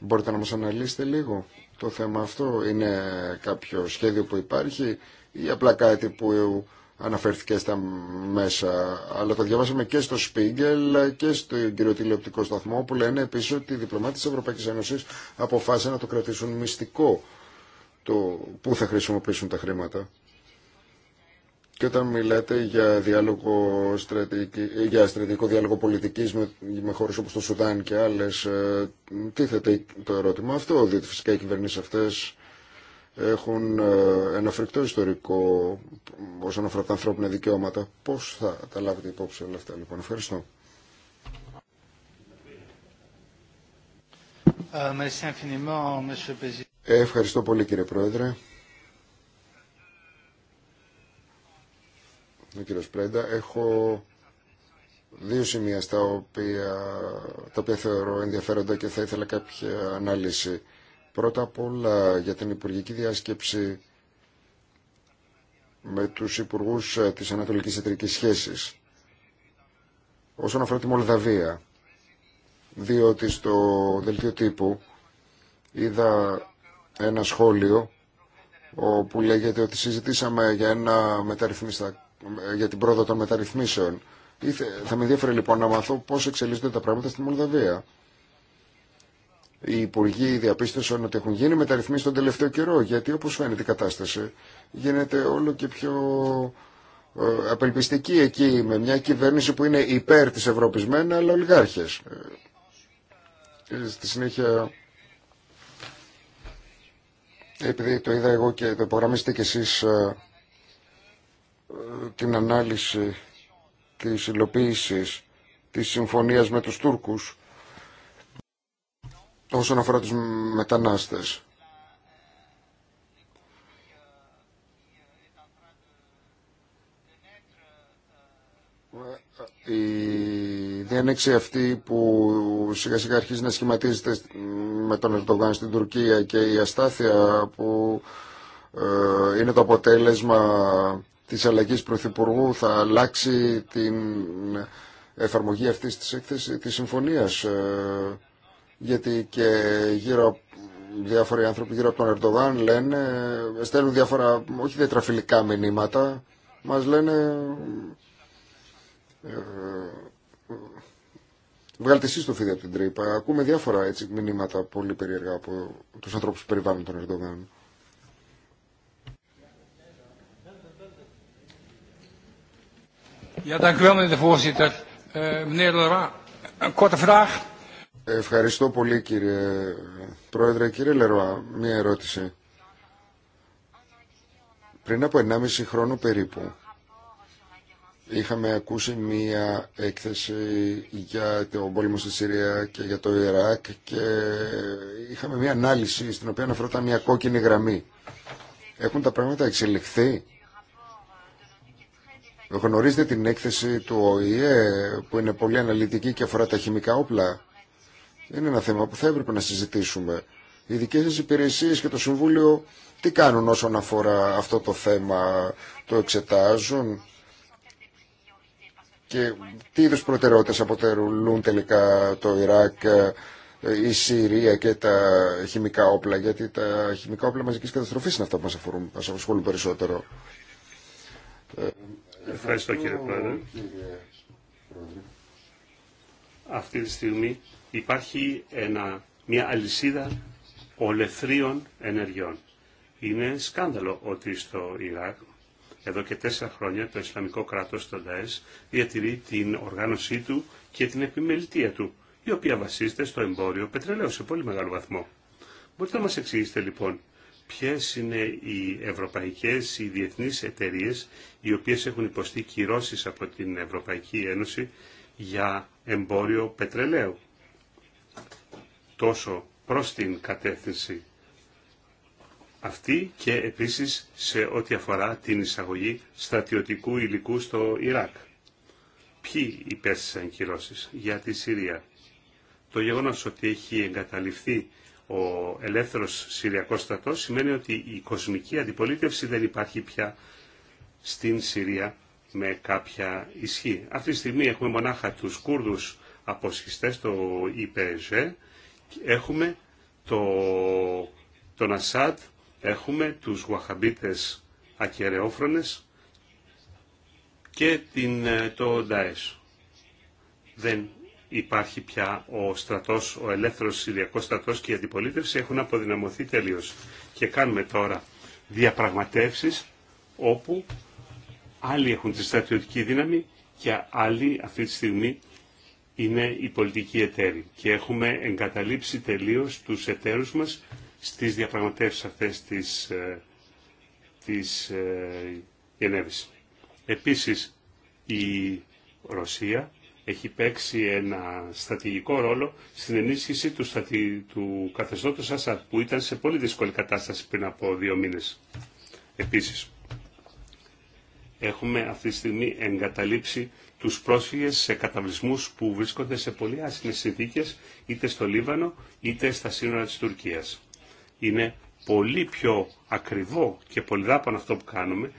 Μπορείτε να μας αναλύσετε λίγο το θέμα αυτό. Είναι κάποιο σχέδιο που υπάρχει ή απλά κάτι που αναφέρθηκε στα μέσα. Αλλά το διαβάσαμε και στο Σπίγκελ και στο κύριο τηλεοπτικό σταθμό που λένε επίσης ότι οι διπλωμάτες της Ευρωπαϊκής Ένωσης αποφάσισαν να το κρατήσουν μυστικό το πού θα χρησιμοποιήσουν τα χρήματα. Και όταν μιλάτε για, διάλογο για στρατηγικό διάλογο πολιτικής με, με χώρες όπως το Σουδάν και άλλες, ε, τίθεται το ερώτημα αυτό, διότι φυσικά οι κυβερνήσεις αυτές έχουν ε, ένα φρικτό ιστορικό όσον αφορά τα ανθρώπινα δικαιώματα. Πώς θα τα λάβετε υπόψη όλα αυτά λοιπόν. Ευχαριστώ. Ε, ε, ευχαριστώ πολύ κύριε Πρόεδρε. Ο κύριος Πρέντα, έχω δύο σημεία στα οποία, τα οποία θεωρώ ενδιαφέροντα και θα ήθελα κάποια ανάλυση. Πρώτα απ' όλα για την Υπουργική Διάσκεψη με τους Υπουργούς ε, της Ανατολικής Εταιρικής Σχέσης όσον αφορά τη Μολδαβία διότι στο δελτίο τύπου είδα ένα σχόλιο όπου λέγεται ότι συζητήσαμε για, ένα για την πρόοδο των μεταρρυθμίσεων. Θα με ενδιαφέρει λοιπόν να μάθω πώς εξελίσσονται τα πράγματα στη Μολδαβία οι υπουργοί διαπίστωσαν ότι έχουν γίνει μεταρρυθμίσει τον τελευταίο καιρό, γιατί όπως φαίνεται η κατάσταση γίνεται όλο και πιο ε, απελπιστική εκεί με μια κυβέρνηση που είναι υπέρ της Ευρώπης μένα, αλλά ολιγάρχε. Ε, στη συνέχεια, επειδή το είδα εγώ και το υπογραμμίσετε κι εσείς ε, την ανάλυση της υλοποίησης της συμφωνίας με τους Τούρκους, όσον αφορά τους μετανάστες. Ε, η διένεξη αυτή που σιγά σιγά αρχίζει να σχηματίζεται με τον Ερντογάν στην Τουρκία και η αστάθεια που ε, είναι το αποτέλεσμα της αλλαγής Πρωθυπουργού θα αλλάξει την εφαρμογή αυτής της, έκθεσης, της συμφωνίας ε, γιατί και γύρω διάφοροι άνθρωποι γύρω από τον Ερντογάν λένε, στέλνουν διάφορα όχι διατραφιλικά μηνύματα, μας λένε ε, ε, βγάλτε εσείς το φίδι από την τρύπα. Ακούμε διάφορα έτσι, μηνύματα πολύ περίεργα από τους ανθρώπους που περιβάλλουν τον Ερντογάν. Ja, dank wel, meneer de voorzitter. Eh, meneer Ευχαριστώ πολύ κύριε Πρόεδρε. Κύριε Λερουά, μία ερώτηση. Πριν από 1,5 χρόνο περίπου είχαμε ακούσει μία έκθεση για τον πόλεμο στη Συρία και για το Ιράκ και είχαμε μία ανάλυση στην οποία αναφερόταν μία κόκκινη γραμμή. Έχουν τα πράγματα εξελιχθεί. Γνωρίζετε την έκθεση του ΟΗΕ που είναι πολύ αναλυτική και αφορά τα χημικά όπλα είναι ένα θέμα που θα έπρεπε να συζητήσουμε. Οι ειδικέ υπηρεσίε και το Συμβούλιο τι κάνουν όσον αφορά αυτό το θέμα, το εξετάζουν και τι είδου προτεραιότητε αποτελούν τελικά το Ιράκ, η Συρία και τα χημικά όπλα, γιατί τα χημικά όπλα μαζικής καταστροφής είναι αυτά που μα αφορούν, μα απασχολούν περισσότερο. Ε, ευχαριστώ κύριε Πρόεδρε. Αυτή τη στιγμή υπάρχει ένα, μια αλυσίδα ολεθρίων ενεργειών. Είναι σκάνδαλο ότι στο Ιράκ εδώ και τέσσερα χρόνια το Ισλαμικό κράτος, το ΝΤΑΕΣ, διατηρεί την οργάνωσή του και την επιμελητία του, η οποία βασίζεται στο εμπόριο πετρελαίου σε πολύ μεγάλο βαθμό. Μπορείτε να μας εξηγήσετε λοιπόν ποιες είναι οι ευρωπαϊκές, οι διεθνείς εταιρείε οι οποίες έχουν υποστεί κυρώσεις από την Ευρωπαϊκή Ένωση για εμπόριο πετρελαίου τόσο προς την κατεύθυνση αυτή και επίσης σε ό,τι αφορά την εισαγωγή στρατιωτικού υλικού στο Ιράκ. Ποιοι υπέστησαν κυρώσεις για τη Συρία. Το γεγονός ότι έχει εγκαταληφθεί ο ελεύθερος Συριακός στρατός σημαίνει ότι η κοσμική αντιπολίτευση δεν υπάρχει πια στην Συρία με κάποια ισχύ. Αυτή τη στιγμή έχουμε μονάχα τους Κούρδους αποσχιστές, το ΙΠΕΖΕ, Έχουμε το, τον Ασάντ, έχουμε τους Γουαχαμπίτες ακεραιόφρονες και την, ε, το Ντάες. Δεν υπάρχει πια ο στρατός, ο ελεύθερος Συριακός στρατός και η αντιπολίτευση έχουν αποδυναμωθεί τελείως. Και κάνουμε τώρα διαπραγματεύσεις όπου άλλοι έχουν τη στρατιωτική δύναμη και άλλοι αυτή τη στιγμή είναι η πολιτική εταίροι και έχουμε εγκαταλείψει τελείως τους εταίρους μας στις διαπραγματεύσεις αυτές της, ε, της ε, Γενέβης. Επίσης η Ρωσία έχει παίξει ένα στρατηγικό ρόλο στην ενίσχυση του, καθεστώτου του καθεστώτος που ήταν σε πολύ δύσκολη κατάσταση πριν από δύο μήνες. Επίσης, έχουμε αυτή τη στιγμή εγκαταλείψει τους πρόσφυγες σε καταβλισμούς που βρίσκονται σε πολύ άσχημες συνθήκε είτε στο Λίβανο είτε στα σύνορα της Τουρκίας. Είναι πολύ πιο ακριβό και πολυδάπανο αυτό που κάνουμε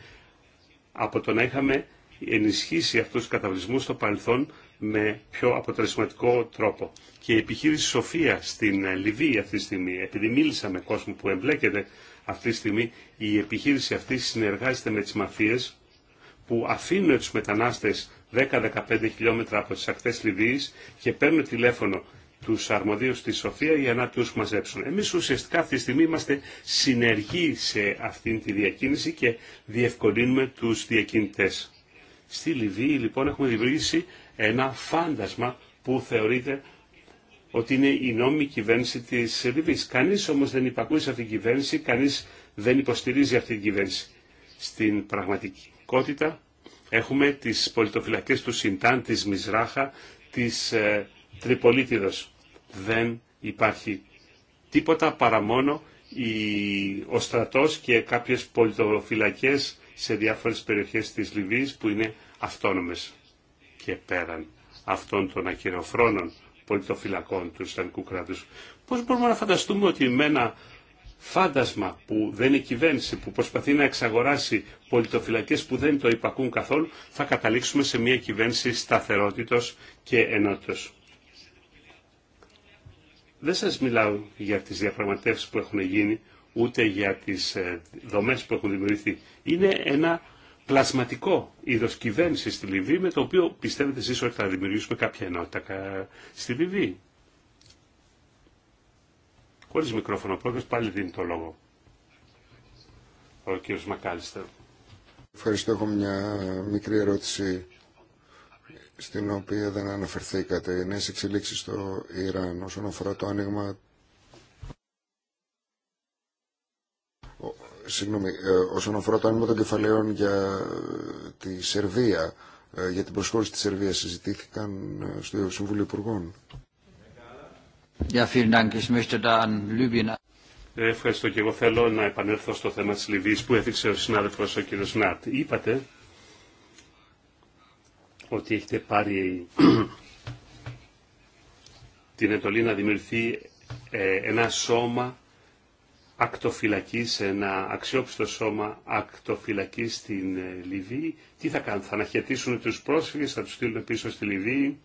από το να είχαμε ενισχύσει αυτούς τους καταβλισμούς στο παρελθόν με πιο αποτελεσματικό τρόπο. Και η επιχείρηση Σοφία στην Λιβύη αυτή τη στιγμή, επειδή μίλησα με κόσμο που εμπλέκεται αυτή τη στιγμή, η επιχείρηση αυτή συνεργάζεται με τις μαφίες που αφήνουν τους μετανάστες 10-15 χιλιόμετρα από τις ακτές Λιβύης και παίρνουν τηλέφωνο τους αρμοδίους στη Σοφία για να τους μαζέψουν. Εμείς ουσιαστικά αυτή τη στιγμή είμαστε συνεργοί σε αυτήν τη διακίνηση και διευκολύνουμε τους διακινητές. Στη Λιβύη λοιπόν έχουμε δημιουργήσει ένα φάντασμα που θεωρείται ότι είναι η νόμιμη κυβέρνηση της Λιβύης. Κανείς όμως δεν υπακούει σε αυτήν την κυβέρνηση, κανείς δεν υποστηρίζει αυτήν την κυβέρνηση. Στην πραγματικότητα Έχουμε τις πολιτοφυλακές του Σιντάν, της Μισράχα, της ε, Τριπολίτιδος. Δεν υπάρχει τίποτα παρά μόνο η, ο στρατός και κάποιες πολιτοφυλακές σε διάφορες περιοχές της Λιβύης που είναι αυτόνομες και πέραν αυτών των ακυροφρόνων πολιτοφυλακών του Ισλαμικού κράτους. Πώς μπορούμε να φανταστούμε ότι με ένα φάντασμα που δεν είναι κυβέρνηση, που προσπαθεί να εξαγοράσει πολιτοφυλακές που δεν το υπακούν καθόλου, θα καταλήξουμε σε μια κυβέρνηση σταθερότητος και ενότητος. Δεν σας μιλάω για τις διαφραγματεύσεις που έχουν γίνει, ούτε για τις ε, δομές που έχουν δημιουργηθεί. Είναι ένα πλασματικό είδο κυβέρνηση στη Λιβύη, με το οποίο πιστεύετε εσεί ότι θα δημιουργήσουμε κάποια ενότητα στη Λιβύη. Χωρίς μικρόφωνο πρόεδρος, πάλι δίνει το λόγο. Ο κύριος Μακάλιστερ. Ευχαριστώ. Έχω μια μικρή ερώτηση στην οποία δεν αναφερθήκατε. Οι νέες εξελίξεις στο Ιράν όσον αφορά το άνοιγμα Συγγνώμη, ε, όσον αφορά το άνοιγμα των κεφαλαίων για ε, τη Σερβία, ε, για την προσχώρηση της Σερβίας συζητήθηκαν στο Συμβούλιο Υπουργών. Ε, ευχαριστώ και εγώ θέλω να επανέλθω στο θέμα της Λιβύης που έθιξε ο συνάδελφος ο κ. Νάτ. Είπατε ότι έχετε πάρει την εντολή να δημιουργηθεί ε, ένα σώμα ακτοφυλακής, ένα αξιόπιστο σώμα ακτοφυλακής στην ε, Λιβύη. Τι θα κάνουν, θα αναχαιτήσουν τους πρόσφυγες, θα τους στείλουν πίσω στη Λιβύη.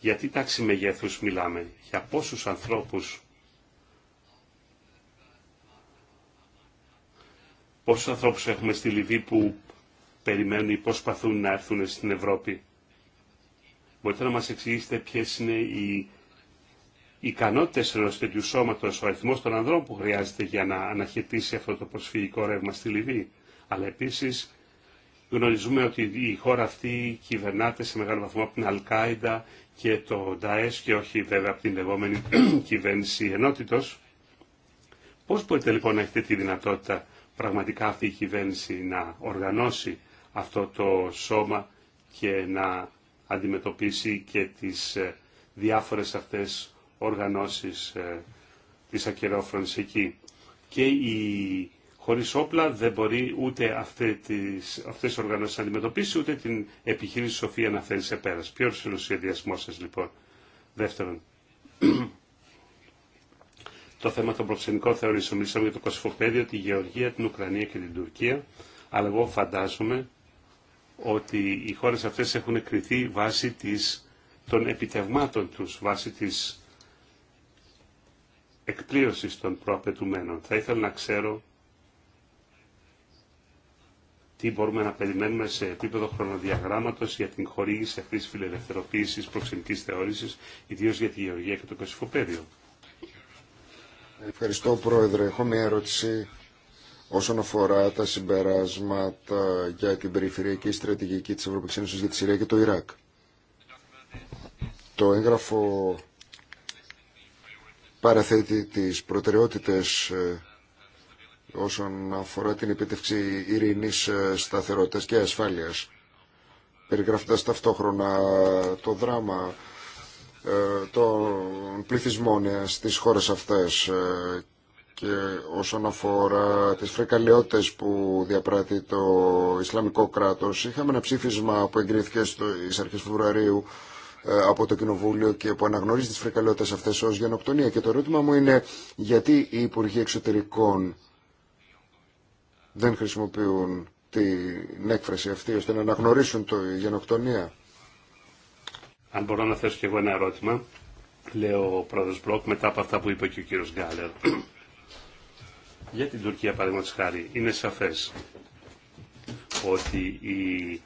Για τι τάξη μεγέθους μιλάμε, για πόσους ανθρώπους, πόσους ανθρώπους έχουμε στη Λιβύη που περιμένουν ή προσπαθούν να έρθουν στην Ευρώπη. Μπορείτε να μας εξηγήσετε ποιες είναι οι ικανότητες ενός τέτοιου σώματος, ο αριθμός των ανδρών που χρειάζεται για να αναχαιτήσει αυτό το προσφυγικό ρεύμα στη Λιβύη. Αλλά επίσης γνωρίζουμε ότι η χώρα αυτή κυβερνάται σε μεγάλο βαθμό από την Αλκάιντα και το ΝΤΑΕΣ και όχι βέβαια από την λεγόμενη κυβέρνηση ενότητος. Πώς μπορείτε λοιπόν να έχετε τη δυνατότητα πραγματικά αυτή η κυβέρνηση να οργανώσει αυτό το σώμα και να αντιμετωπίσει και τις ε, διάφορες αυτές οργανώσεις ε, της ακερόφρονης εκεί. Και η Χωρίς όπλα δεν μπορεί ούτε αυτέ τις, αυτές οργανώσεις να αντιμετωπίσει, ούτε την επιχείρηση σοφία να φέρει σε πέρας. Ποιο είναι ο σχεδιασμό σα, λοιπόν. Δεύτερον, το θέμα των προξενικών θεωρήσεων. Μιλήσαμε για το Κωσυφοπαίδιο, τη Γεωργία, την Ουκρανία και την Τουρκία. Αλλά εγώ φαντάζομαι ότι οι χώρες αυτές έχουν κριθεί βάσει της, των επιτευμάτων τους, βάσει της εκπλήρωσης των προαπαιτουμένων. Θα ήθελα να ξέρω τι μπορούμε να περιμένουμε σε επίπεδο χρονοδιαγράμματος για την χορήγηση αυτής της φιλελευθεροποίησης προξενικής θεώρησης, ιδίως για τη Γεωργία και το Κωσυφοπέδιο. Ευχαριστώ Πρόεδρε. Έχω μια ερώτηση όσον αφορά τα συμπεράσματα για την περιφερειακή στρατηγική της Ευρωπαϊκής Ένωσης για τη Συρία και το Ιράκ. Το έγγραφο παραθέτει τις προτεραιότητες ε, όσον αφορά την επίτευξη ειρήνης, ε, σταθερότητας και ασφάλειας. Περιγράφοντας ταυτόχρονα το δράμα ε, των πληθυσμών ε, στις χώρες αυτές και όσον αφορά τις φρεκαλαιότητες που διαπράττει το Ισλαμικό κράτος. Είχαμε ένα ψήφισμα που εγκρίθηκε στις αρχές Φεβρουαρίου από το Κοινοβούλιο και που αναγνωρίζει τις φρικαλαιότητες αυτές ως γενοκτονία. Και το ερώτημα μου είναι γιατί οι Υπουργοί Εξωτερικών δεν χρησιμοποιούν την έκφραση αυτή ώστε να αναγνωρίσουν το γενοκτονία. Αν μπορώ να θέσω κι εγώ ένα ερώτημα, λέω ο πρόεδρος Μπλοκ μετά από αυτά που είπε και ο κύριος Γκάλερ. Για την Τουρκία παραδείγματο χάρη είναι σαφές ότι η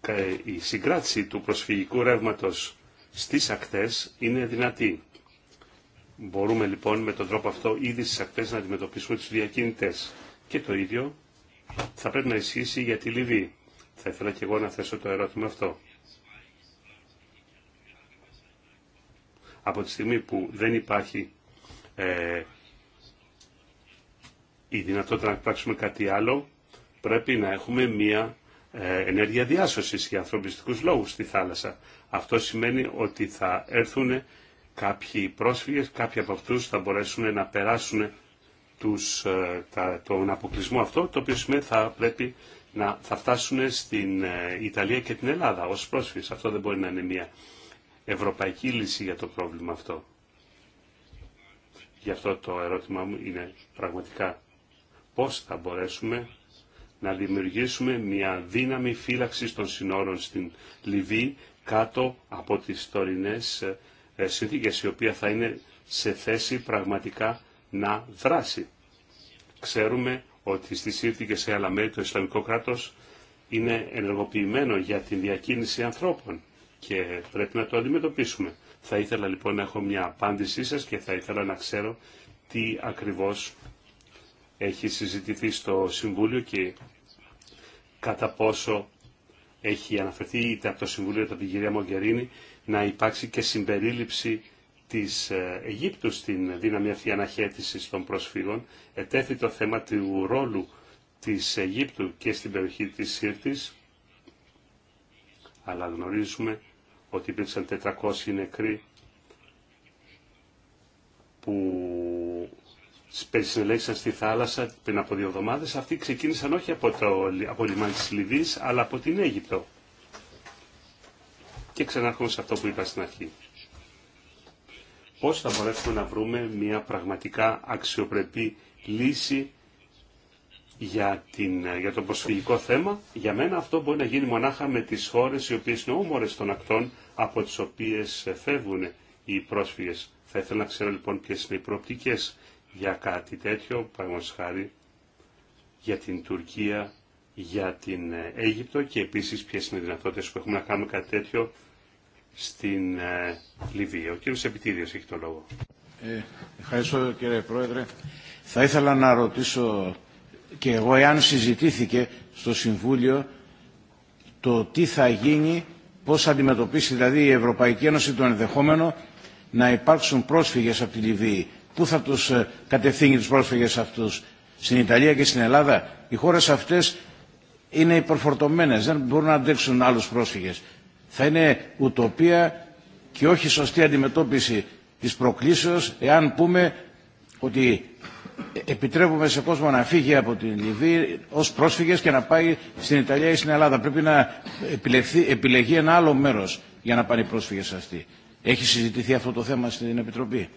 ε, η συγκράτηση του προσφυγικού ρεύματος στις ακτές είναι δυνατή. Μπορούμε λοιπόν με τον τρόπο αυτό ήδη στις ακτές να αντιμετωπίσουμε τους διακινητές. Και το ίδιο θα πρέπει να ισχύσει για τη Λιβύη. Θα ήθελα και εγώ να θέσω το ερώτημα αυτό. Από τη στιγμή που δεν υπάρχει ε, η δυνατότητα να πράξουμε κάτι άλλο, πρέπει να έχουμε μία ε, ενέργεια διάσωσης για ανθρωπιστικούς λόγους στη θάλασσα. Αυτό σημαίνει ότι θα έρθουν κάποιοι πρόσφυγες, κάποιοι από αυτούς θα μπορέσουν να περάσουν τους, ε, τα, τον αποκλεισμό αυτό, το οποίο σημαίνει θα πρέπει να θα φτάσουν στην ε, Ιταλία και την Ελλάδα ως πρόσφυγες. Αυτό δεν μπορεί να είναι μια ευρωπαϊκή λύση για το πρόβλημα αυτό. Γι' αυτό το ερώτημά μου είναι πραγματικά πώς θα μπορέσουμε να δημιουργήσουμε μια δύναμη φύλαξη των συνόρων στην Λιβύη κάτω από τις τωρινές ε, ε, συνθήκε η οποία θα είναι σε θέση πραγματικά να δράσει. Ξέρουμε ότι στη σύνθηκε σε άλλα μέρη το Ισλαμικό κράτος είναι ενεργοποιημένο για την διακίνηση ανθρώπων και πρέπει να το αντιμετωπίσουμε. Θα ήθελα λοιπόν να έχω μια απάντησή σας και θα ήθελα να ξέρω τι ακριβώς έχει συζητηθεί στο Συμβούλιο και κατά πόσο έχει αναφερθεί είτε από το Συμβούλιο είτε από την κυρία Μογκερίνη να υπάρξει και συμπερίληψη της ε, Αιγύπτου στην δύναμη αυτή αναχέτησης των προσφύγων. Ετέθη το θέμα του ρόλου της Αιγύπτου και στην περιοχή της Σύρτης, αλλά γνωρίζουμε ότι υπήρξαν 400 νεκροί που συνελέγησαν στη θάλασσα πριν από δύο εβδομάδες. Αυτοί ξεκίνησαν όχι από το από λιμάνι της Λιβύης, αλλά από την Αίγυπτο. Και ξανάρχομαι σε αυτό που είπα στην αρχή. Πώς θα μπορέσουμε να βρούμε μια πραγματικά αξιοπρεπή λύση για, την, για το προσφυγικό θέμα. Για μένα αυτό μπορεί να γίνει μονάχα με τις χώρες οι οποίες είναι όμορες των ακτών από τις οποίες φεύγουν οι πρόσφυγες. Θα ήθελα να ξέρω λοιπόν ποιες είναι οι προοπτικές για κάτι τέτοιο, παραδείγματος χάρη για την Τουρκία, για την Αίγυπτο και επίσης ποιες είναι οι δυνατότητες που έχουμε να κάνουμε κάτι τέτοιο στην ε, Λιβύη. Ο κύριος Επιτήριος έχει το λόγο. Ε, ευχαριστώ κύριε Πρόεδρε. Θα ήθελα να ρωτήσω και εγώ εάν συζητήθηκε στο Συμβούλιο το τι θα γίνει, πώς αντιμετωπίσει δηλαδή η Ευρωπαϊκή Ένωση το ενδεχόμενο να υπάρξουν πρόσφυγες από τη Λιβύη. Πού θα τους ε, κατευθύνει τους πρόσφυγες αυτούς, στην Ιταλία και στην Ελλάδα. Οι χώρες αυτές είναι υπερφορτωμένες, δεν μπορούν να αντέξουν άλλους πρόσφυγες θα είναι ουτοπία και όχι σωστή αντιμετώπιση της προκλήσεως εάν πούμε ότι επιτρέπουμε σε κόσμο να φύγει από την Λιβύη ως πρόσφυγες και να πάει στην Ιταλία ή στην Ελλάδα. Πρέπει να επιλεγεί ένα άλλο μέρος για να πάνε οι πρόσφυγες αυτοί. Έχει συζητηθεί αυτό το θέμα στην Επιτροπή.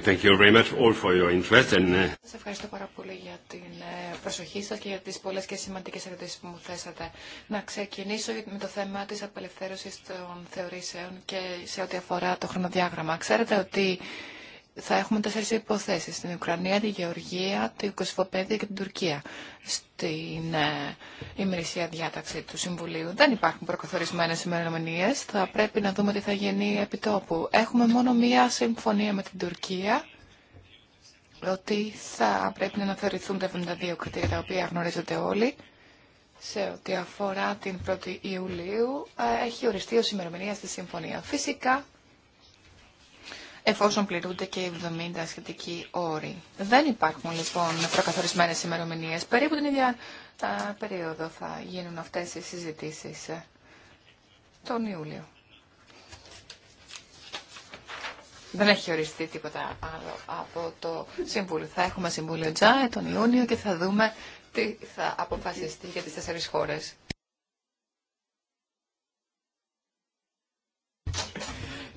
thank you very much all for your interest and... Uh, σας ευχαριστώ πάρα πολύ για την ε, προσοχή σας και για τις πολλές και σημαντικές ερωτήσεις που μου θέσατε. Να ξεκινήσω με το θέμα της απελευθέρωσης των θεωρήσεων και σε ό,τι αφορά το χρονοδιάγραμμα. Ξέρετε ότι θα έχουμε τέσσερις υποθέσεις. Στην Ουκρανία, τη Γεωργία, το Κοσμοπέδη και την Τουρκία. Στην ε, ημερησία διάταξη του Συμβουλίου δεν υπάρχουν προκαθορισμένες ημερομηνίε. Θα πρέπει να δούμε τι θα γίνει επί τόπου. Έχουμε μόνο μία συμφωνία με την Τουρκία ότι θα πρέπει να αναθεωρηθούν τα 72 κριτήρια τα οποία γνωρίζετε όλοι σε ό,τι αφορά την 1η Ιουλίου ε, έχει οριστεί ως ημερομηνία στη Συμφωνία. Φυσικά εφόσον πληρούνται και οι 70 σχετικοί όροι. Δεν υπάρχουν λοιπόν προκαθορισμένες ημερομηνίε. Περίπου την ίδια περίοδο θα γίνουν αυτές οι συζητήσεις ε, τον Ιούλιο. Δεν έχει οριστεί τίποτα άλλο από το Συμβούλιο. Θα έχουμε Συμβούλιο Τζάε τον Ιούνιο και θα δούμε τι θα αποφασιστεί για τις τέσσερις χώρες.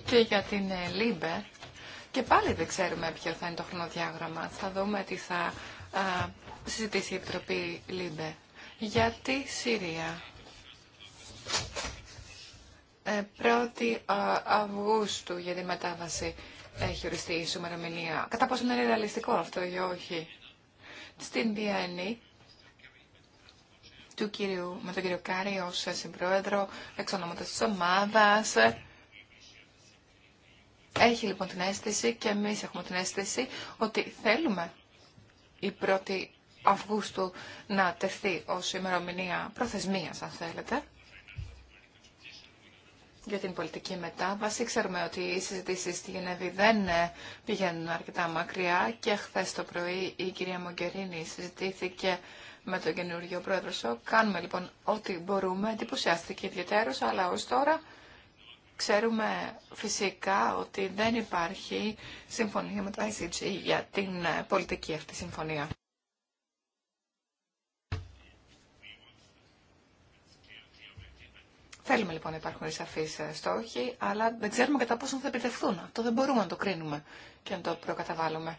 Και για την ε, Λίμπερ. Και πάλι δεν ξέρουμε ποιο θα είναι το χρονοδιάγραμμα. Θα δούμε τι θα α, συζητήσει η Επιτροπή ΛΥΜΠΕ. Για τη Συρία. Ε, 1η Αυγούστου για τη μετάβαση έχει οριστεί η ημερομηνία. Κατά πόσο είναι ρεαλιστικό αυτό ή όχι. Στην Βιέννη του κύριου, με τον κύριο Κάρι ως συμπρόεδρο εξ ονόματος της ομάδας έχει λοιπόν την αίσθηση και εμείς έχουμε την αίσθηση ότι θέλουμε η 1η Αυγούστου να τεθεί ως ημερομηνία προθεσμίας, αν θέλετε, για την πολιτική μετάβαση. Ξέρουμε ότι οι συζητήσει στη Γενέβη δεν ε, πηγαίνουν αρκετά μακριά και χθε το πρωί η κυρία Μογκερίνη συζητήθηκε με τον καινούργιο πρόεδρο Κάνουμε λοιπόν ό,τι μπορούμε. Εντυπωσιάστηκε ιδιαίτερω, αλλά ω τώρα Ξέρουμε φυσικά ότι δεν υπάρχει συμφωνία με το ICG για την ε, πολιτική αυτή συμφωνία. Θέλουμε λοιπόν να υπάρχουν σαφεί ε, στόχοι, αλλά δεν ξέρουμε κατά πόσο θα επιτευχθούν. Αυτό δεν μπορούμε να το κρίνουμε και να το προκαταβάλουμε.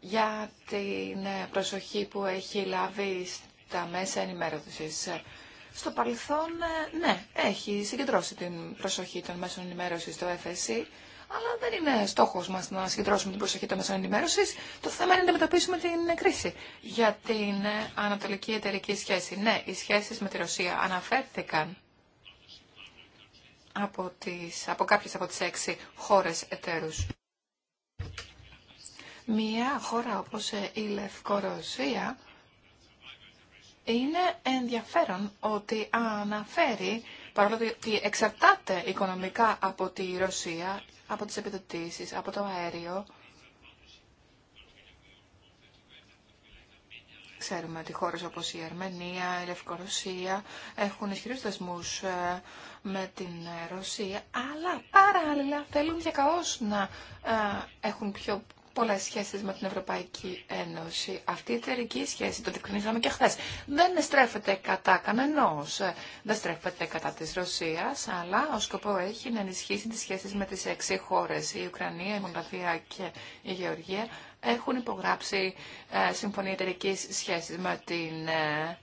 Για την ε, προσοχή που έχει λάβει στα μέσα ενημέρωση. Στο παρελθόν, ε, ναι, έχει συγκεντρώσει την προσοχή των μέσων ενημέρωση στο FSC, αλλά δεν είναι στόχος μας να συγκεντρώσουμε την προσοχή των μέσων ενημέρωση Το θέμα είναι να αντιμετωπίσουμε την κρίση. Για την ε, ανατολική εταιρική σχέση, ναι, οι σχέσεις με τη Ρωσία αναφέρθηκαν από, τις, από κάποιες από τις έξι χώρες εταίρους. Μία χώρα όπως ε, η Λευκορωσία είναι ενδιαφέρον ότι αναφέρει, παρόλο ότι εξαρτάται οικονομικά από τη Ρωσία, από τις επιδοτήσεις, από το αέριο, Ξέρουμε ότι χώρες όπως η Αρμενία, η Λευκορωσία έχουν ισχυρούς δεσμούς ε, με την Ρωσία, αλλά παράλληλα θέλουν διακαώς να ε, έχουν πιο πολλέ σχέσει με την Ευρωπαϊκή Ένωση. Αυτή η εταιρική σχέση, το διευκρινίσαμε και χθε, δεν στρέφεται κατά κανενό. Δεν στρέφεται κατά τη Ρωσία, αλλά ο σκοπό έχει να ενισχύσει τι σχέσει με τι έξι χώρε. Η Ουκρανία, η Μολδαβία και η Γεωργία έχουν υπογράψει ε, συμφωνία εταιρική σχέση με την ε,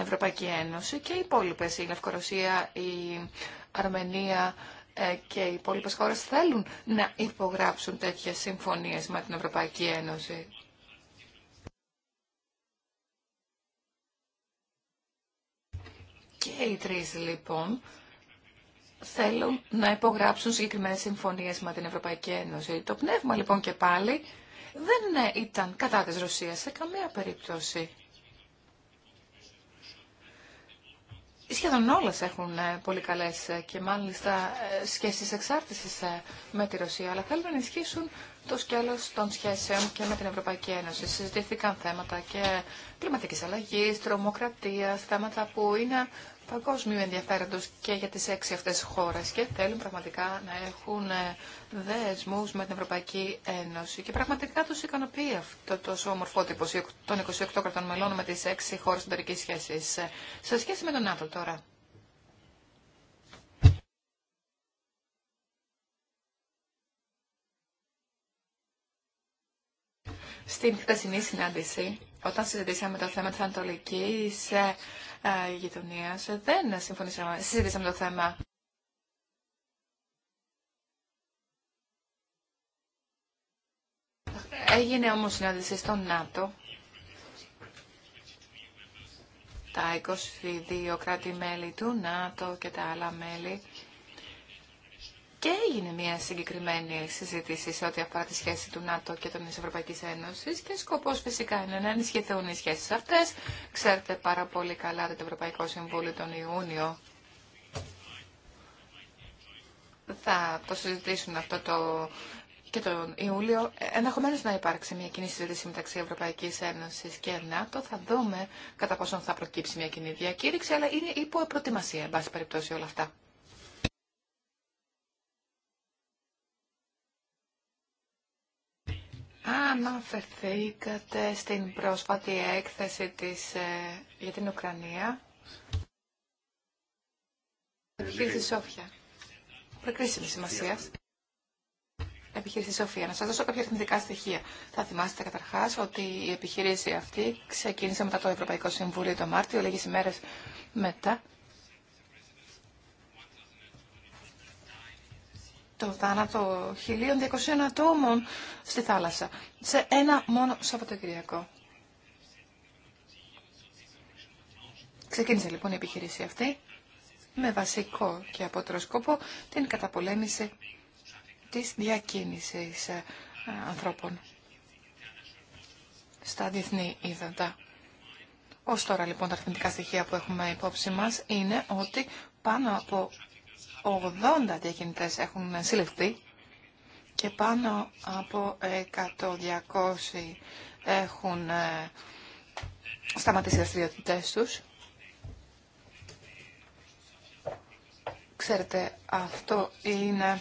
Ευρωπαϊκή Ένωση και οι υπόλοιπε, η Λευκορωσία, η Αρμενία, ε, και οι υπόλοιπε χώρε θέλουν να υπογράψουν τέτοιε συμφωνίε με την Ευρωπαϊκή Ένωση. Και οι τρει λοιπόν θέλουν να υπογράψουν συγκεκριμένες συμφωνίες με την Ευρωπαϊκή Ένωση. Το πνεύμα λοιπόν και πάλι δεν ε, ήταν κατά της Ρωσίας σε καμία περίπτωση. Σχεδόν όλε έχουν ε, πολύ καλές ε, και μάλιστα ε, σχέσεις εξάρτησης με τη Ρωσία, αλλά θέλουν να ενισχύσουν το σκέλος των σχέσεων και με την Ευρωπαϊκή Ένωση. Συζητήθηκαν θέματα και κλιματική αλλαγή, τρομοκρατία, θέματα που είναι παγκόσμιου ενδιαφέροντος και για τις έξι αυτές χώρες και θέλουν πραγματικά να έχουν ε, δεσμούς με την Ευρωπαϊκή Ένωση. Και πραγματικά τους ικανοποιεί αυτό τόσο όμορφο τύπο των 28 κρατών μελών με τις έξι χώρες εταιρικής σχέσης. Ε, σε σχέση με τον ΝΑΤΟ τώρα. Στην χτεσινή συνάντηση, όταν συζητήσαμε το θέμα της Ανατολικής ε, ε, γειτονία δεν συμφωνήσαμε, συζήτησαμε το θέμα. Έγινε όμως συνάντηση στο ΝΑΤΟ. Τα 22 κράτη-μέλη του ΝΑΤΟ και τα άλλα μέλη και έγινε μια συγκεκριμένη συζήτηση σε ό,τι αφορά τη σχέση του ΝΑΤΟ και των Ευρωπαϊκής Ένωσης και σκοπό φυσικά είναι να ενισχυθούν οι σχέσει αυτέ. Ξέρετε πάρα πολύ καλά ότι το Ευρωπαϊκό Συμβούλιο τον Ιούνιο θα το συζητήσουν αυτό το και τον Ιούλιο, ενδεχομένω να υπάρξει μια κοινή συζήτηση μεταξύ Ευρωπαϊκή Ένωση και ΝΑΤΟ. Θα δούμε κατά πόσον θα προκύψει μια κοινή διακήρυξη, αλλά είναι υπό προετοιμασία, εν πάση περιπτώσει, όλα αυτά. Αναφερθήκατε στην πρόσφατη έκθεση της, ε, για την Ουκρανία Επιχείρηση Σόφια. Προκρίσιμη σημασία. Επιχείρηση Σόφια. Να σα δώσω κάποια εθνικά στοιχεία. Θα θυμάστε καταρχά ότι η επιχείρηση αυτή ξεκίνησε μετά το Ευρωπαϊκό Συμβούλιο το Μάρτιο, λίγε ημέρε μετά το θάνατο 1200 ατόμων στη θάλασσα σε ένα μόνο Σαββατοκυριακό. Ξεκίνησε λοιπόν η επιχείρηση αυτή με βασικό και απότερο σκόπο την καταπολέμηση της διακίνησης ε, ανθρώπων στα διεθνή ίδαντα. Ως τώρα λοιπόν τα αριθμητικά στοιχεία που έχουμε υπόψη μας είναι ότι πάνω από 80 διακινητές έχουν συλληφθεί και πάνω από 100-200 έχουν ε, σταματήσει τις τους. Ξέρετε, αυτό είναι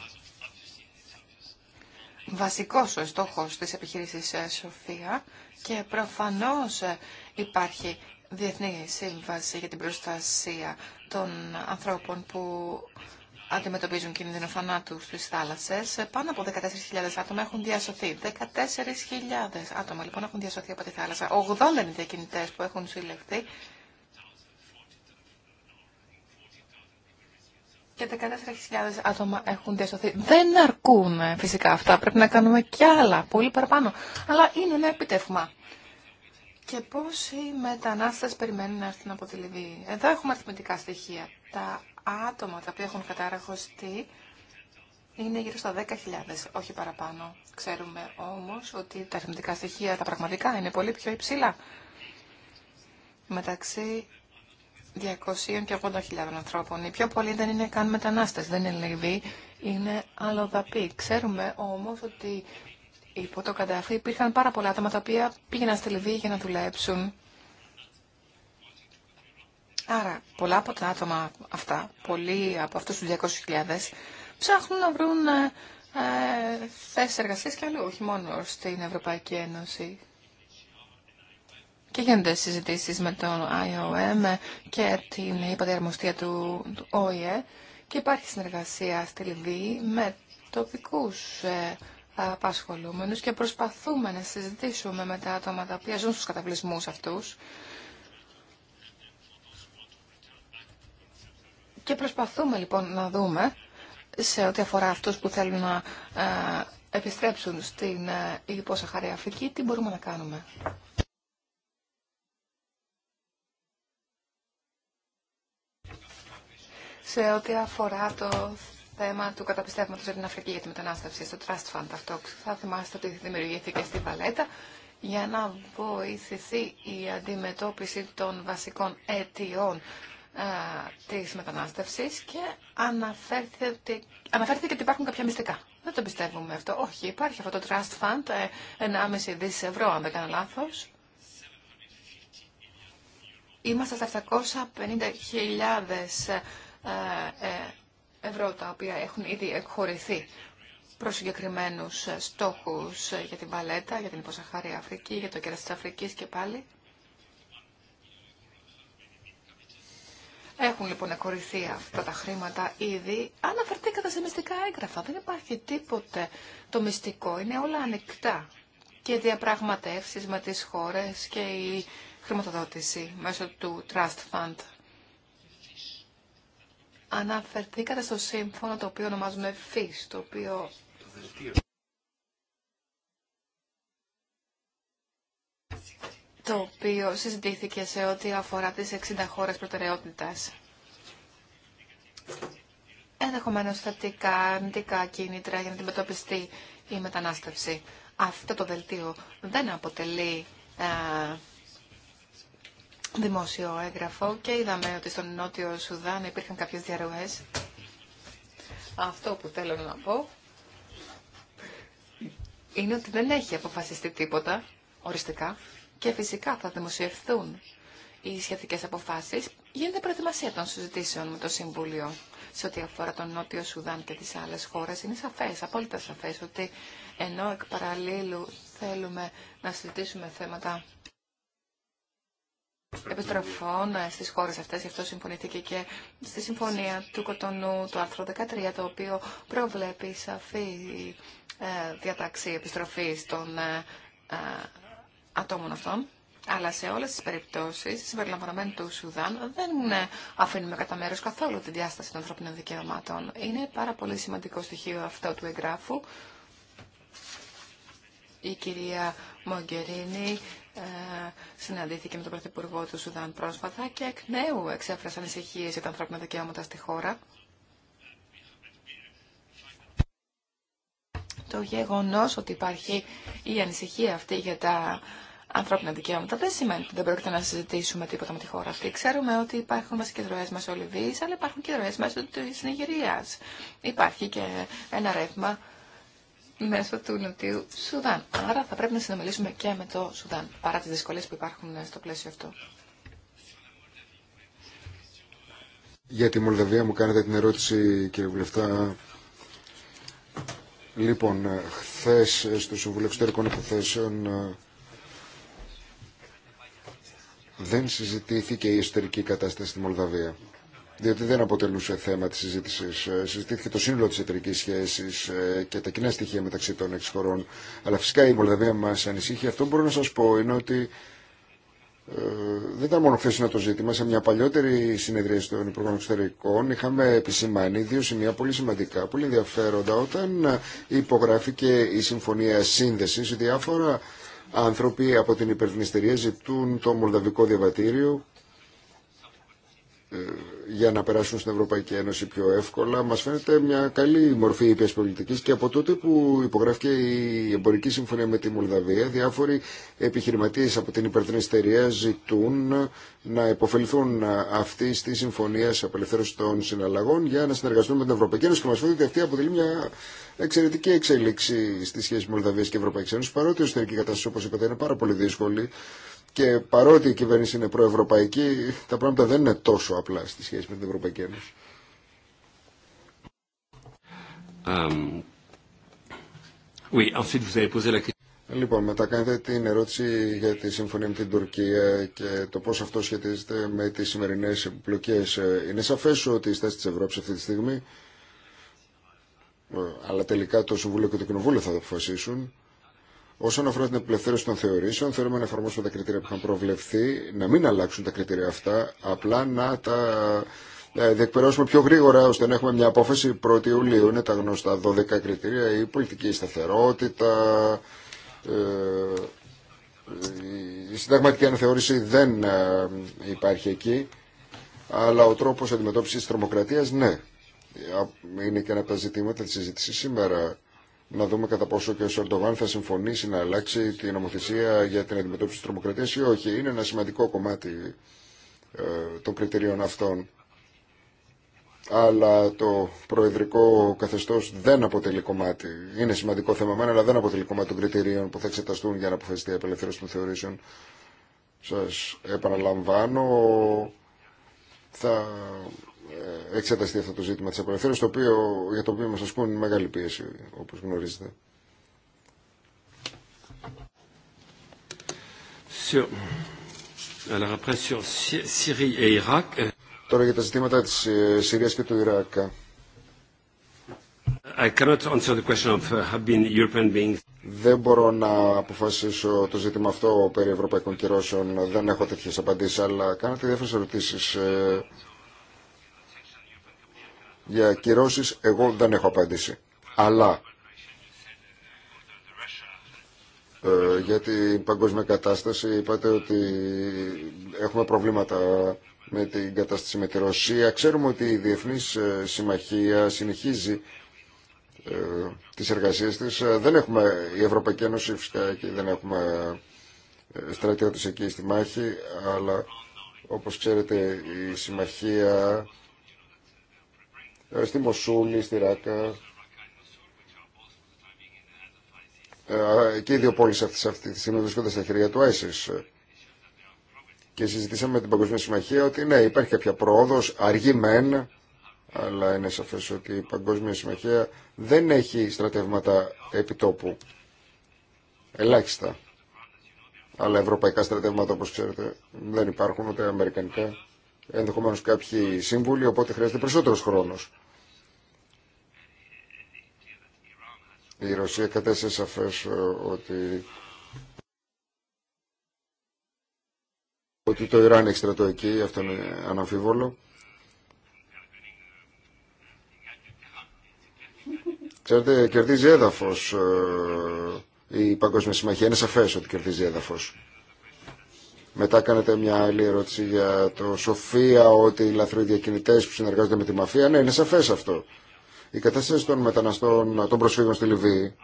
βασικός ο στόχος της επιχείρησης ε, Σοφία και προφανώς ε, υπάρχει Διεθνή Σύμβαση για την Προστασία των Ανθρώπων που αντιμετωπίζουν κίνδυνο θανάτου στι θάλασσε. Πάνω από 14.000 άτομα έχουν διασωθεί. 14.000 άτομα λοιπόν έχουν διασωθεί από τη θάλασσα. 80 είναι διακινητέ που έχουν συλλεχθεί. Και 14.000 άτομα έχουν διασωθεί. Δεν αρκούν ε, φυσικά αυτά. Πρέπει να κάνουμε κι άλλα, πολύ παραπάνω. Αλλά είναι ένα επιτεύγμα και πόσοι μετανάστες περιμένουν να έρθουν από τη Λιβύη. Εδώ έχουμε αριθμητικά στοιχεία. Τα άτομα τα οποία έχουν κατάραχωστεί είναι γύρω στα 10.000, όχι παραπάνω. Ξέρουμε όμως ότι τα αριθμητικά στοιχεία, τα πραγματικά, είναι πολύ πιο υψηλά. Μεταξύ 200 και 80.000 ανθρώπων. Οι πιο πολλοί δεν είναι καν μετανάστες, δεν είναι Λιβύη, είναι αλλοδαποί. Ξέρουμε όμως ότι υπό το Καντάφη υπήρχαν πάρα πολλά άτομα τα οποία πήγαιναν στη Λιβύη για να δουλέψουν. Άρα, πολλά από τα άτομα αυτά, πολλοί από αυτούς τους 200.000, ψάχνουν να βρουν ε, ε, θέσεις εργασίας και αλλού, όχι μόνο στην Ευρωπαϊκή Ένωση. Και γίνονται συζητήσεις με τον IOM και την υπαδιαρμοστία του, του ΟΗΕ και υπάρχει συνεργασία στη Λιβύη με τοπικούς ε, απασχολούμενους και προσπαθούμε να συζητήσουμε με τα άτομα τα οποία ζουν στους καταβλισμούς αυτούς και προσπαθούμε λοιπόν να δούμε σε ό,τι αφορά αυτούς που θέλουν να ε, επιστρέψουν στην ε, υπόσαχαρη Αφρική, τι μπορούμε να κάνουμε. Σε ό,τι αφορά το θέμα του καταπιστεύματος για την Αφρική για τη μετανάστευση στο Trust Fund. Αυτό θα θυμάστε ότι δημιουργήθηκε στη Βαλέτα για να βοηθηθεί η αντιμετώπιση των βασικών αιτιών α, της μετανάστευσης και αναφέρθηκε ότι, αναφέρθηκε ότι υπάρχουν κάποια μυστικά. Δεν το πιστεύουμε αυτό. Όχι, υπάρχει αυτό το Trust Fund, 1,5 ε, δις ευρώ αν δεν κάνω λάθος. Είμαστε στα 750.000 ε, ε ευρώ τα οποία έχουν ήδη εκχωρηθεί προ συγκεκριμένου στόχου για την Παλέτα, για την Υποσαχάρη Αφρική, για το κέρα τη Αφρική και πάλι. Έχουν λοιπόν εκχωρηθεί αυτά τα χρήματα ήδη. Αναφερθήκατε σε μυστικά έγγραφα. Δεν υπάρχει τίποτε το μυστικό. Είναι όλα ανοιχτά. Και διαπραγματεύσεις με τις χώρες και η χρηματοδότηση μέσω του Trust Fund. Αναφερθήκατε στο σύμφωνο το οποίο ονομάζουμε ΦΙΣ, το οποίο... Το οποίο συζητήθηκε σε ό,τι αφορά τις 60 χώρες προτεραιότητας. Ενδεχομένω θετικά, αρνητικά κίνητρα για να αντιμετωπιστεί η μετανάστευση. Αυτό το δελτίο δεν αποτελεί ε, δημόσιο έγγραφο και είδαμε ότι στον Νότιο Σουδάν υπήρχαν κάποιες διαρροές. Αυτό που θέλω να πω είναι ότι δεν έχει αποφασιστεί τίποτα οριστικά και φυσικά θα δημοσιευθούν οι σχετικές αποφάσεις. Γίνεται προετοιμασία των συζητήσεων με το Συμβούλιο σε ό,τι αφορά τον Νότιο Σουδάν και τις άλλες χώρες. Είναι σαφές, απόλυτα σαφές, ότι ενώ εκ παραλίλου θέλουμε να συζητήσουμε θέματα επιστροφών ε, στις χώρες αυτές. Γι' αυτό συμφωνήθηκε και στη Συμφωνία του Κοτονού του άρθρο 13, το οποίο προβλέπει σαφή ε, διαταξή επιστροφής των ε, ατόμων αυτών. Αλλά σε όλες τις περιπτώσεις, συμπεριλαμβανομένου του Σουδάν, δεν αφήνουμε κατά μέρος καθόλου τη διάσταση των ανθρωπίνων δικαιωμάτων. Είναι πάρα πολύ σημαντικό στοιχείο αυτό του εγγράφου. Η κυρία Μογκερίνη ε, συναντήθηκε με τον Πρωθυπουργό του Σουδάν πρόσφατα και εκ νέου εξέφρασε ανησυχίε για τα ανθρώπινα δικαιώματα στη χώρα. Το γεγονό ότι υπάρχει η ανησυχία αυτή για τα ανθρώπινα δικαιώματα δεν σημαίνει ότι δεν πρόκειται να συζητήσουμε τίποτα με τη χώρα αυτή. Ξέρουμε ότι υπάρχουν βασικέ ροέ μέσω Λιβύη, αλλά υπάρχουν και ροέ μέσω τη Νιγηρία. Υπάρχει και ένα ρεύμα μέσω του Νοτιού Σουδάν. Άρα θα πρέπει να συνομιλήσουμε και με το Σουδάν, παρά τις δυσκολίες που υπάρχουν στο πλαίσιο αυτό. Για τη Μολδαβία μου κάνετε την ερώτηση, κύριε Βουλευτά. Λοιπόν, χθε στο Συμβούλιο Εξωτερικών Υποθέσεων δεν συζητήθηκε η εσωτερική κατάσταση στη Μολδαβία διότι δεν αποτελούσε θέμα τη συζήτηση, ε, Συζητήθηκε το σύνολο τη εταιρική σχέση ε, και τα κοινά στοιχεία μεταξύ των έξι χωρών. Αλλά φυσικά η Μολδαβία μα ανησύχει. Αυτό που μπορώ να σα πω είναι ότι ε, δεν ήταν μόνο χθε το ζήτημα. Σε μια παλιότερη συνεδρία των Υπουργών Εξωτερικών είχαμε επισημάνει δύο σημεία πολύ σημαντικά, πολύ ενδιαφέροντα. Όταν υπογράφηκε η Συμφωνία Σύνδεσης, διάφορα άνθρωποι από την υπερδνηστερία ζητούν το Μολδαβικό Διαβατήριο για να περάσουν στην Ευρωπαϊκή Ένωση πιο εύκολα. Μας φαίνεται μια καλή μορφή ήπιας πολιτικής και από τότε που υπογράφηκε η εμπορική συμφωνία με τη Μολδαβία διάφοροι επιχειρηματίες από την υπερτρινιστερία ζητούν να υποφεληθούν αυτή τη συμφωνία απελευθέρωση των συναλλαγών για να συνεργαστούν με την Ευρωπαϊκή Ένωση και μας φαίνεται ότι αυτή αποτελεί μια εξαιρετική εξέλιξη στη σχέση Μολδαβίας και Ευρωπαϊκής Ένωσης παρότι η εσωτερική κατάσταση όπως είπατε είναι πάρα πολύ δύσκολη και παρότι η κυβέρνηση είναι προευρωπαϊκή, τα πράγματα δεν είναι τόσο απλά στη σχέση με την Ευρωπαϊκή Ένωση. Λοιπόν, μετά κάνετε την ερώτηση για τη συμφωνία με την Τουρκία και το πώς αυτό σχετίζεται με τις σημερινές εμπλοκές. Ε, είναι σαφές ότι η στάση της Ευρώπης αυτή τη στιγμή, ε, αλλά τελικά το Συμβούλιο και το Κοινοβούλιο θα το αποφασίσουν, Όσον αφορά την απελευθέρωση των θεωρήσεων, θέλουμε να εφαρμόσουμε τα κριτήρια που είχαν προβλεφθεί, να μην αλλάξουν τα κριτήρια αυτά, απλά να τα ε, διεκπαιρεώσουμε πιο γρήγορα ώστε να έχουμε μια απόφαση 1η Ιουλίου. Είναι τα γνωστά 12 κριτήρια, η πολιτική σταθερότητα, ε, η συνταγματική αναθεώρηση δεν ε, υπάρχει εκεί, αλλά ο τρόπος αντιμετώπισης της τρομοκρατίας ναι. Είναι και ένα από τα ζητήματα της συζήτησης σήμερα να δούμε κατά πόσο και ο Σερντογάν θα συμφωνήσει να αλλάξει την νομοθεσία για την αντιμετώπιση της τρομοκρατίας ή όχι. Είναι ένα σημαντικό κομμάτι ε, των κριτηρίων αυτών. Αλλά το προεδρικό καθεστώς δεν αποτελεί κομμάτι. Είναι σημαντικό θέμα μένα, αλλά δεν αποτελεί κομμάτι των κριτηρίων που θα εξεταστούν για να αποφασιστεί η απελευθέρωση των θεωρήσεων. Σας επαναλαμβάνω, θα εξεταστεί αυτό το ζήτημα της απελευθέρωσης, το οποίο, για το οποίο μας ασκούν μεγάλη πίεση, όπως γνωρίζετε. Euh, Τώρα για τα ζητήματα της ε, Συρίας και του Ιράκ. I cannot answer the question of uh, been European beings. Δεν μπορώ να αποφασίσω το ζήτημα αυτό περί ευρωπαϊκών κυρώσεων. Δεν έχω τέτοιε απαντήσεις, αλλά κάνατε διάφορε ερωτήσει ε, για κυρώσεις εγώ δεν έχω απάντηση. Αλλά ε, για την παγκόσμια κατάσταση είπατε ότι έχουμε προβλήματα με την κατάσταση με τη Ρωσία. Ξέρουμε ότι η Διεθνής ε, Συμμαχία συνεχίζει ε, τις εργασίες της. Ε, δεν έχουμε η Ευρωπαϊκή Ένωση φυσικά και δεν έχουμε ε, στρατιώτες εκεί στη μάχη, αλλά όπως ξέρετε η Συμμαχία ε, στη Μοσούλη, στη Ράκα. Ε, και οι δύο πόλεις αυτές αυτή τη στιγμή βρίσκονται στα χέρια του ΆΙΣΙΣ. Και συζητήσαμε με την Παγκοσμία Συμμαχία ότι ναι, υπάρχει κάποια πρόοδος, αργή μεν, αλλά είναι σαφές ότι η Παγκόσμια Συμμαχία δεν έχει στρατεύματα επιτόπου. Ελάχιστα. Αλλά ευρωπαϊκά στρατεύματα, όπως ξέρετε, δεν υπάρχουν ούτε αμερικανικά. Ενδεχομένως κάποιοι σύμβουλοι, οπότε χρειάζεται περισσότερο χρόνος. Η Ρωσία κατέστησε σαφέ ε, ότι ότι το Ιράν έχει εκεί, αυτό είναι αναμφίβολο. Ξέρετε, κερδίζει έδαφο ε, η Παγκόσμια Συμμαχία. Είναι σαφέ ότι κερδίζει έδαφο. Μετά κάνετε μια άλλη ερώτηση για το Σοφία, ότι οι διακινητέ που συνεργάζονται με τη μαφία. Ναι, είναι σαφές αυτό. Η κατάσταση των μεταναστών, των προσφύγων στη Λιβύη,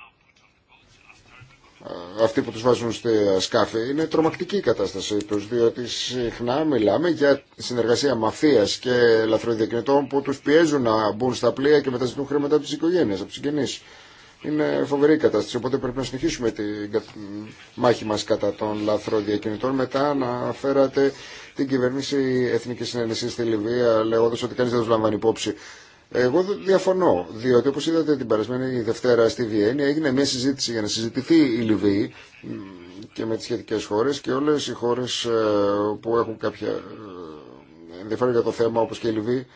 αυτοί που τους βάζουν στη σκάφη, είναι τρομακτική η κατάσταση τους, διότι συχνά μιλάμε για συνεργασία μαφίας και λαθροδιακινητών που τους πιέζουν να μπουν στα πλοία και μεταζητούν χρήματα από τις οικογένειες, από τους συγγενείς. Είναι φοβερή η κατάσταση, οπότε πρέπει να συνεχίσουμε τη μάχη μας κατά των λαθροδιακινητών. Μετά να αναφέρατε την κυβέρνηση Εθνικής Συνένεσης στη Λιβύη, λέγοντας ότι κανείς δεν τους λαμβάνει υπόψη. Εγώ διαφωνώ, διότι όπως είδατε την περασμένη Δευτέρα στη Βιέννη έγινε μια συζήτηση για να συζητηθεί η Λιβύη και με τις σχετικές χώρες και όλες οι χώρες ε, που έχουν κάποια ε, ενδιαφέρον για το θέμα όπως και η Λιβύη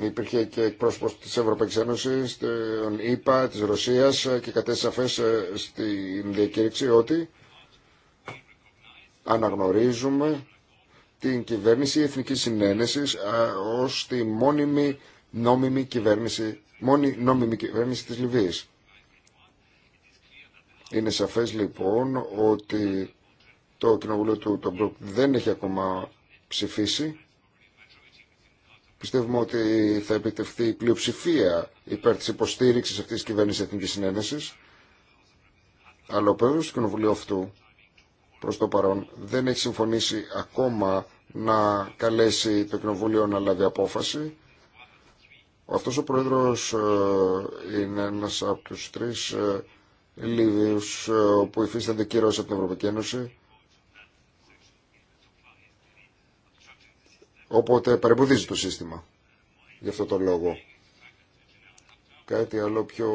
Υπήρχε και εκπρόσωπο τη Ευρωπαϊκή Ένωση, των ΗΠΑ, τη Ρωσία ε, και κατέστησε σαφέ στην διακήρυξη ότι αναγνωρίζουμε την κυβέρνηση εθνικής συνένεσης ως τη μόνιμη νόμιμη κυβέρνηση, μόνη νόμιμη κυβέρνηση της Λιβύης. Είναι σαφές λοιπόν ότι το κοινοβούλιο του το δεν έχει ακόμα ψηφίσει. Πιστεύουμε ότι θα επιτευχθεί η πλειοψηφία υπέρ της υποστήριξης αυτής της κυβέρνησης Εθνικής Συνένεσης. Αλλά ο πρόεδρος του κοινοβουλίου αυτού προς το παρόν δεν έχει συμφωνήσει ακόμα να καλέσει το Κοινοβούλιο να λάβει απόφαση. Αυτός ο πρόεδρος ε, είναι ένας από τους τρεις ε, Λίβιους ε, που υφίστανται κυρώσει από την Ευρωπαϊκή Ένωση. Οπότε παρεμποδίζει το σύστημα γι' αυτό το λόγο. Κάτι άλλο πιο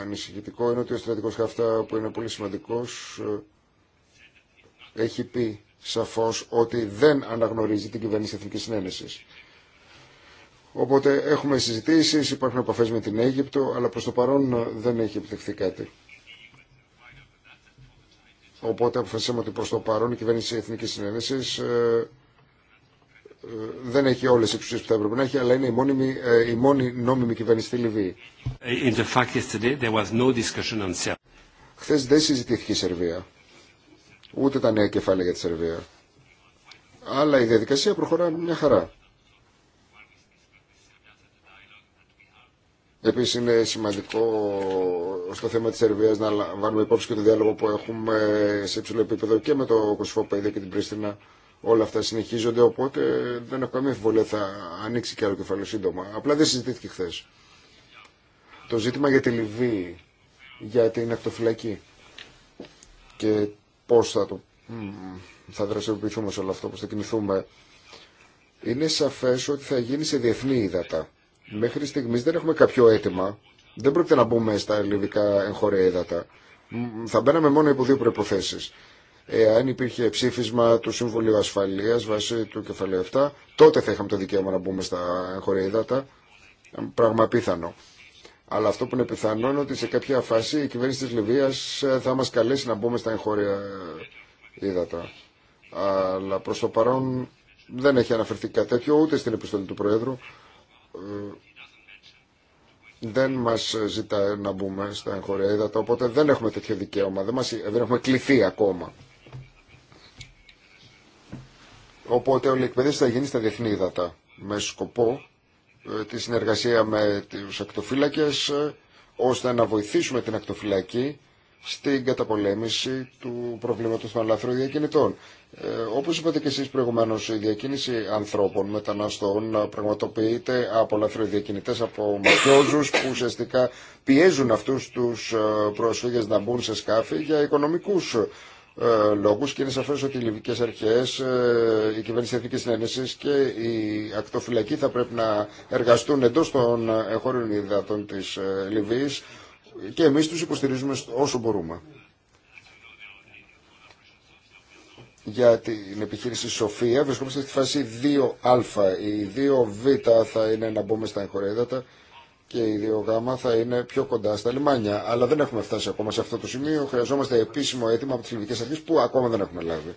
ανησυχητικό είναι ότι ο στρατηγός Χαφτά που είναι πολύ σημαντικός έχει πει σαφώς ότι δεν αναγνωρίζει την κυβέρνηση Εθνικής Συνένεσης. Οπότε έχουμε συζητήσεις, υπάρχουν επαφές με την Αίγυπτο, αλλά προς το παρόν δεν έχει επιτευχθεί κάτι. Οπότε αποφασίσαμε ότι προς το παρόν η κυβέρνηση Εθνικής Συνένεσης ε, ε, δεν έχει όλες τις εξουσίες που θα έπρεπε να έχει, αλλά είναι η ε, μόνη, νόμιμη κυβέρνηση στη Λιβύη. δεν συζητήθηκε η Σερβία ούτε τα νέα κεφάλαια για τη Σερβία. Αλλά η διαδικασία προχωρά μια χαρά. Επίση είναι σημαντικό στο θέμα της Σερβίας να βάλουμε υπόψη και το διάλογο που έχουμε σε υψηλό επίπεδο και με το Κωσφοπέδιο και την Πρίστινα. Όλα αυτά συνεχίζονται, οπότε δεν έχω καμία αμφιβολία θα ανοίξει και άλλο κεφάλαιο σύντομα. Απλά δεν συζητήθηκε χθε. Το ζήτημα για τη Λιβύη, για την ακτοφυλακή και πώς θα, το, θα δραστηριοποιηθούμε σε όλο αυτό, πώς θα κινηθούμε. Είναι σαφές ότι θα γίνει σε διεθνή ύδατα. Μέχρι στιγμής δεν έχουμε κάποιο αίτημα. Δεν πρόκειται να μπούμε στα ελληνικά εγχωρία ύδατα. Θα μπαίναμε μόνο υπό δύο προϋποθέσεις. Εάν υπήρχε ψήφισμα του Συμβουλίου Ασφαλείας βάσει του κεφαλαίου 7, τότε θα είχαμε το δικαίωμα να μπούμε στα εγχωρία ύδατα. Πράγμα πιθανό. Αλλά αυτό που είναι πιθανό είναι ότι σε κάποια φάση η κυβέρνηση της Λιβύας ε, θα μας καλέσει να μπούμε στα εγχώρια ύδατα. Αλλά προς το παρόν δεν έχει αναφερθεί κάτι τέτοιο ούτε στην επιστολή του Προέδρου. Ε, δεν μας ζητά να μπούμε στα εγχώρια ύδατα, οπότε δεν έχουμε τέτοιο δικαίωμα, δεν, μας, δεν έχουμε κληθεί ακόμα. Οπότε όλη η εκπαίδευση θα γίνει στα διεθνή ύδατα με σκοπό ε, τη συνεργασία με τους ακτοφύλακες ε, ώστε να βοηθήσουμε την ακτοφυλακή στην καταπολέμηση του προβλήματος των λαθροδιακινητών. Ε, όπως είπατε και εσείς προηγουμένως, η διακίνηση ανθρώπων μεταναστών ε, πραγματοποιείται από λαθροδιακινητές, από μαφιόζους που ουσιαστικά πιέζουν αυτούς τους πρόσφυγες να μπουν σε σκάφη για οικονομικούς ε, λόγους και είναι σαφές ότι οι λιβικές αρχές, ε, η κυβέρνηση Εθνικής Συνένεσης και η ακτοφυλακοί θα πρέπει να εργαστούν εντός των εγχώριων υδατών της ε, Λιβύης και εμείς τους υποστηρίζουμε όσο μπορούμε. για την επιχείρηση Σοφία. Βρισκόμαστε στη φάση 2α. Η 2β θα είναι να μπούμε στα εγχωρέδατα και η 2Γ θα είναι πιο κοντά στα λιμάνια. Αλλά δεν έχουμε φτάσει ακόμα σε αυτό το σημείο. Χρειαζόμαστε επίσημο αίτημα από τι ελληνικέ αρχέ που ακόμα δεν έχουμε λάβει.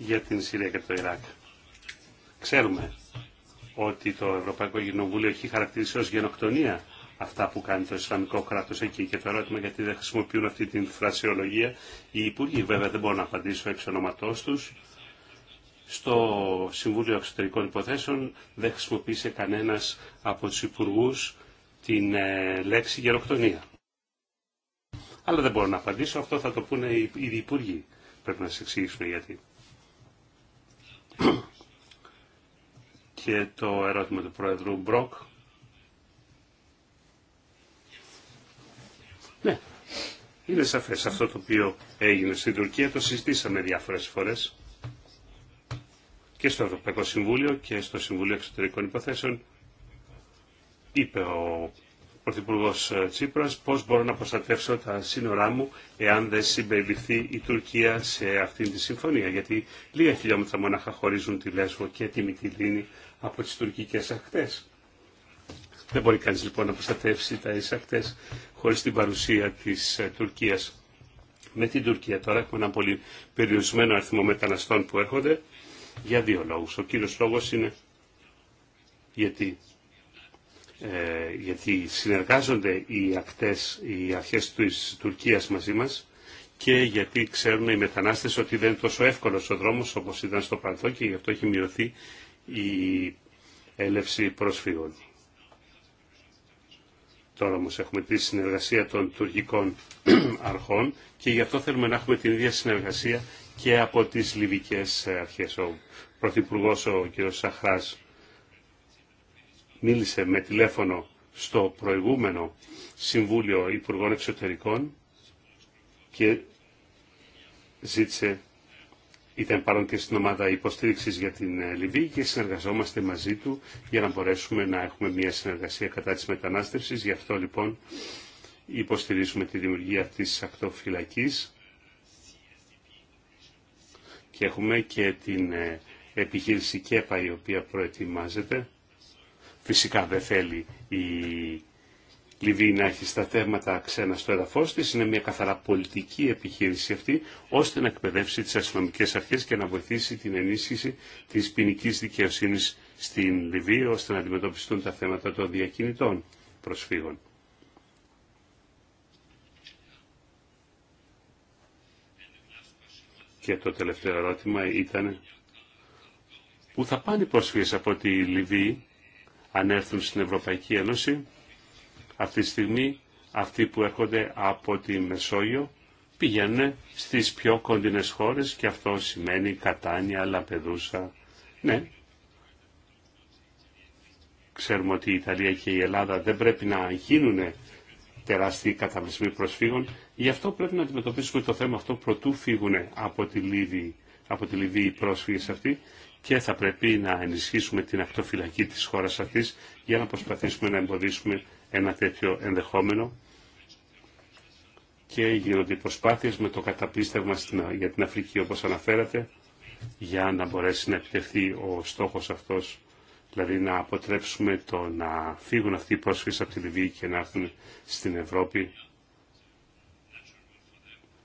Για την Συρία και το Ιράκ. Ξέρουμε ότι το Ευρωπαϊκό Κοινοβούλιο έχει χαρακτηρίσει ως γενοκτονία αυτά που κάνει το Ισλαμικό κράτο εκεί και το ερώτημα γιατί δεν χρησιμοποιούν αυτή την φρασιολογία. Οι υπουργοί βέβαια δεν μπορούν να απαντήσουν εξ ονοματό του στο Συμβούλιο Εξωτερικών Υποθέσεων δεν χρησιμοποίησε κανένας από τους υπουργού την ε, λέξη γεροκτονία. Αλλά δεν μπορώ να απαντήσω, αυτό θα το πούνε οι υπουργοί. Πρέπει να σας εξηγήσουμε γιατί. Και το ερώτημα του Πρόεδρου Μπροκ. Ναι, είναι σαφές αυτό το οποίο έγινε στην Τουρκία, το συζητήσαμε διάφορες φορές και στο Ευρωπαϊκό Συμβούλιο και στο Συμβουλίο Εξωτερικών Υποθέσεων είπε ο Πρωθυπουργό ε, Τσίπρα πώ μπορώ να προστατεύσω τα σύνορά μου εάν δεν συμπεριληφθεί η Τουρκία σε αυτήν τη συμφωνία. Γιατί λίγα χιλιόμετρα μονάχα χωρίζουν τη Λέσβο και τη Μυτιλίνη από τι τουρκικέ ακτέ. Δεν μπορεί κανεί λοιπόν να προστατεύσει τα εισακτέ χωρί την παρουσία τη ε, Τουρκία. Με την Τουρκία τώρα έχουμε ένα πολύ περιορισμένο αριθμό μεταναστών που έρχονται για δύο λόγους. Ο κύριος λόγος είναι γιατί, ε, γιατί συνεργάζονται οι, ακτές, οι αρχές της Τουρκίας μαζί μας και γιατί ξέρουν οι μετανάστες ότι δεν είναι τόσο εύκολος ο δρόμος όπως ήταν στο παρελθόν και γι' αυτό έχει μειωθεί η έλευση προσφύγων. Τώρα όμως έχουμε τη συνεργασία των τουρκικών αρχών και γι' αυτό θέλουμε να έχουμε την ίδια συνεργασία και από τις Λιβικές ε, αρχές. Ο Πρωθυπουργός ο κ. Σαχράς μίλησε με τηλέφωνο στο προηγούμενο Συμβούλιο Υπουργών Εξωτερικών και ζήτησε, ήταν παρόν και στην ομάδα υποστήριξης για την ε, Λιβύη και συνεργαζόμαστε μαζί του για να μπορέσουμε να έχουμε μια συνεργασία κατά της μετανάστευσης. Γι' αυτό λοιπόν υποστηρίζουμε τη δημιουργία αυτής της ακτοφυλακής και έχουμε και την ε, επιχείρηση ΚΕΠΑ η οποία προετοιμάζεται. Φυσικά δεν θέλει η Λιβύη να έχει στα θέματα ξένα στο έδαφο τη. Είναι μια καθαρά πολιτική επιχείρηση αυτή, ώστε να εκπαιδεύσει τι αστυνομικέ αρχέ και να βοηθήσει την ενίσχυση τη ποινική δικαιοσύνη στην Λιβύη, ώστε να αντιμετωπιστούν τα θέματα των διακινητών προσφύγων. Και το τελευταίο ερώτημα ήταν που θα πάνε οι πρόσφυγες από τη Λιβύη αν έρθουν στην Ευρωπαϊκή Ένωση. Αυτή τη στιγμή αυτοί που έρχονται από τη Μεσόγειο πηγαίνουν στις πιο κοντινές χώρες και αυτό σημαίνει Κατάνια, Λαπεδούσα. Ναι, ξέρουμε ότι η Ιταλία και η Ελλάδα δεν πρέπει να γίνουν τεράστιοι καταβλισμοί προσφύγων. Γι' αυτό πρέπει να αντιμετωπίσουμε το θέμα αυτό προτού φύγουν από τη Λίβη, από τη Λιβύη οι πρόσφυγες αυτοί και θα πρέπει να ενισχύσουμε την ακτοφυλακή της χώρας αυτής για να προσπαθήσουμε να εμποδίσουμε ένα τέτοιο ενδεχόμενο και γίνονται οι προσπάθειες με το καταπίστευμα για την Αφρική όπως αναφέρατε για να μπορέσει να επιτευχθεί ο στόχος αυτός δηλαδή να αποτρέψουμε το να φύγουν αυτοί οι πρόσφυγες από τη Λιβύη και να έρθουν στην Ευρώπη,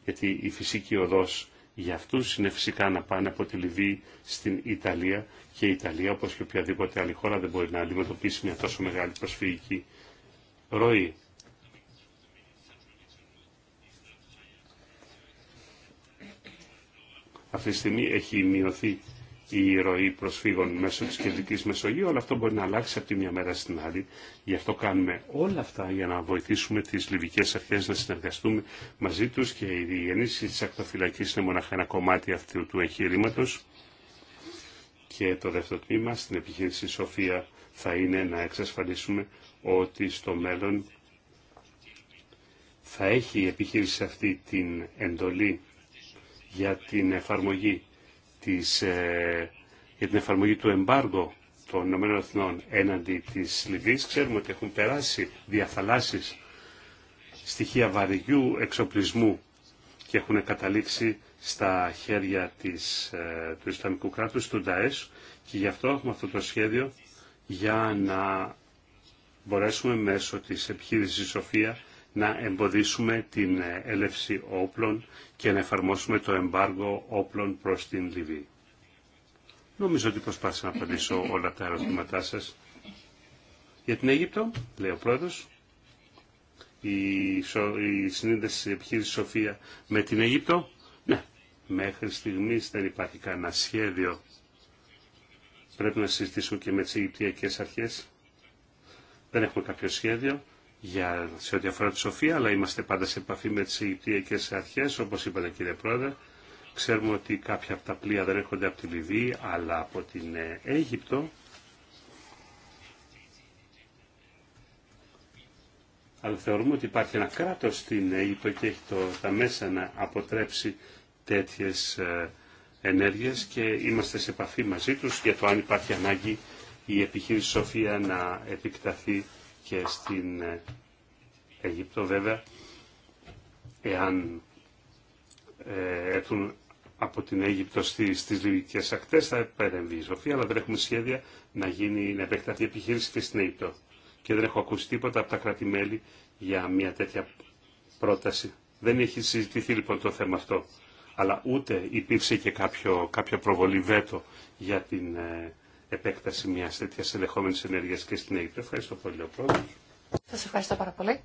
γιατί η φυσική οδός για αυτούς είναι φυσικά να πάνε από τη Λιβύη στην Ιταλία και η Ιταλία, όπως και οποιαδήποτε άλλη χώρα, δεν μπορεί να αντιμετωπίσει μια τόσο μεγάλη προσφυγική ροή. Αυτή τη στιγμή έχει μειωθεί η ροή προσφύγων μέσω της κεντρικής Μεσογείου, αλλά αυτό μπορεί να αλλάξει από τη μια μέρα στην άλλη. Γι' αυτό κάνουμε όλα αυτά για να βοηθήσουμε τις λιβικές αρχές να συνεργαστούμε μαζί τους και η διεγενήση της ακτοφυλακής είναι μοναχα ένα κομμάτι αυτού του εγχείρηματο. Και το δεύτερο τμήμα στην επιχείρηση Σοφία θα είναι να εξασφαλίσουμε ότι στο μέλλον θα έχει η επιχείρηση αυτή την εντολή για την εφαρμογή της, ε, για την εφαρμογή του εμπάργου των ΗΠΑ έναντι της Λιβύης. Ξέρουμε ότι έχουν περάσει διαθαλάσσεις στοιχεία βαριού εξοπλισμού και έχουν καταλήξει στα χέρια της, ε, του Ισλαμικού κράτους, του ΝΤΑΕΣ και γι' αυτό έχουμε αυτό το σχέδιο για να μπορέσουμε μέσω της επιχείρησης Σοφία να εμποδίσουμε την ε, έλευση όπλων και να εφαρμόσουμε το εμπάργο όπλων προς την Λιβύη. Νομίζω ότι προσπάθησα να απαντήσω όλα τα ερωτήματά σας. Για την Αίγυπτο, λέει ο πρόεδρος, η συνέντευξη επιχείρηση Σοφία με την Αίγυπτο, ναι, μέχρι στιγμής δεν υπάρχει κανένα σχέδιο. Πρέπει να συζητήσουμε και με τις Αιγυπτιακές αρχές. Δεν έχουμε κάποιο σχέδιο για, σε ό,τι αφορά τη Σοφία, αλλά είμαστε πάντα σε επαφή με τις Αιγυπτιακές αρχές, όπως είπατε κύριε Πρόεδρε. Ξέρουμε ότι κάποια από τα πλοία δεν έρχονται από τη Λιβύη, αλλά από την ε, Αίγυπτο. Αλλά θεωρούμε ότι υπάρχει ένα κράτος στην Αίγυπτο και έχει το, τα μέσα να αποτρέψει τέτοιες ε, ενέργειες και είμαστε σε επαφή μαζί τους για το αν υπάρχει ανάγκη η επιχείρηση Σοφία να επεκταθεί και στην ε, Αιγύπτο βέβαια εάν ε, έρθουν από την Αίγυπτο στις λιβικές ακτές θα παρεμβεί η Σοφία, αλλά δεν έχουμε σχέδια να, γίνει, να επεκταθεί επιχείρηση και στην Αίγυπτο. Και δεν έχω ακούσει τίποτα από τα κράτη-μέλη για μια τέτοια πρόταση. Δεν έχει συζητηθεί λοιπόν το θέμα αυτό. Αλλά ούτε υπήρξε και κάποιο, κάποια προβολή βέτο για την ε, επέκταση μια τέτοια ενδεχόμενη ενέργεια και στην Αίγυπτο. Ευχαριστώ πολύ, ο ευχαριστώ πάρα πολύ.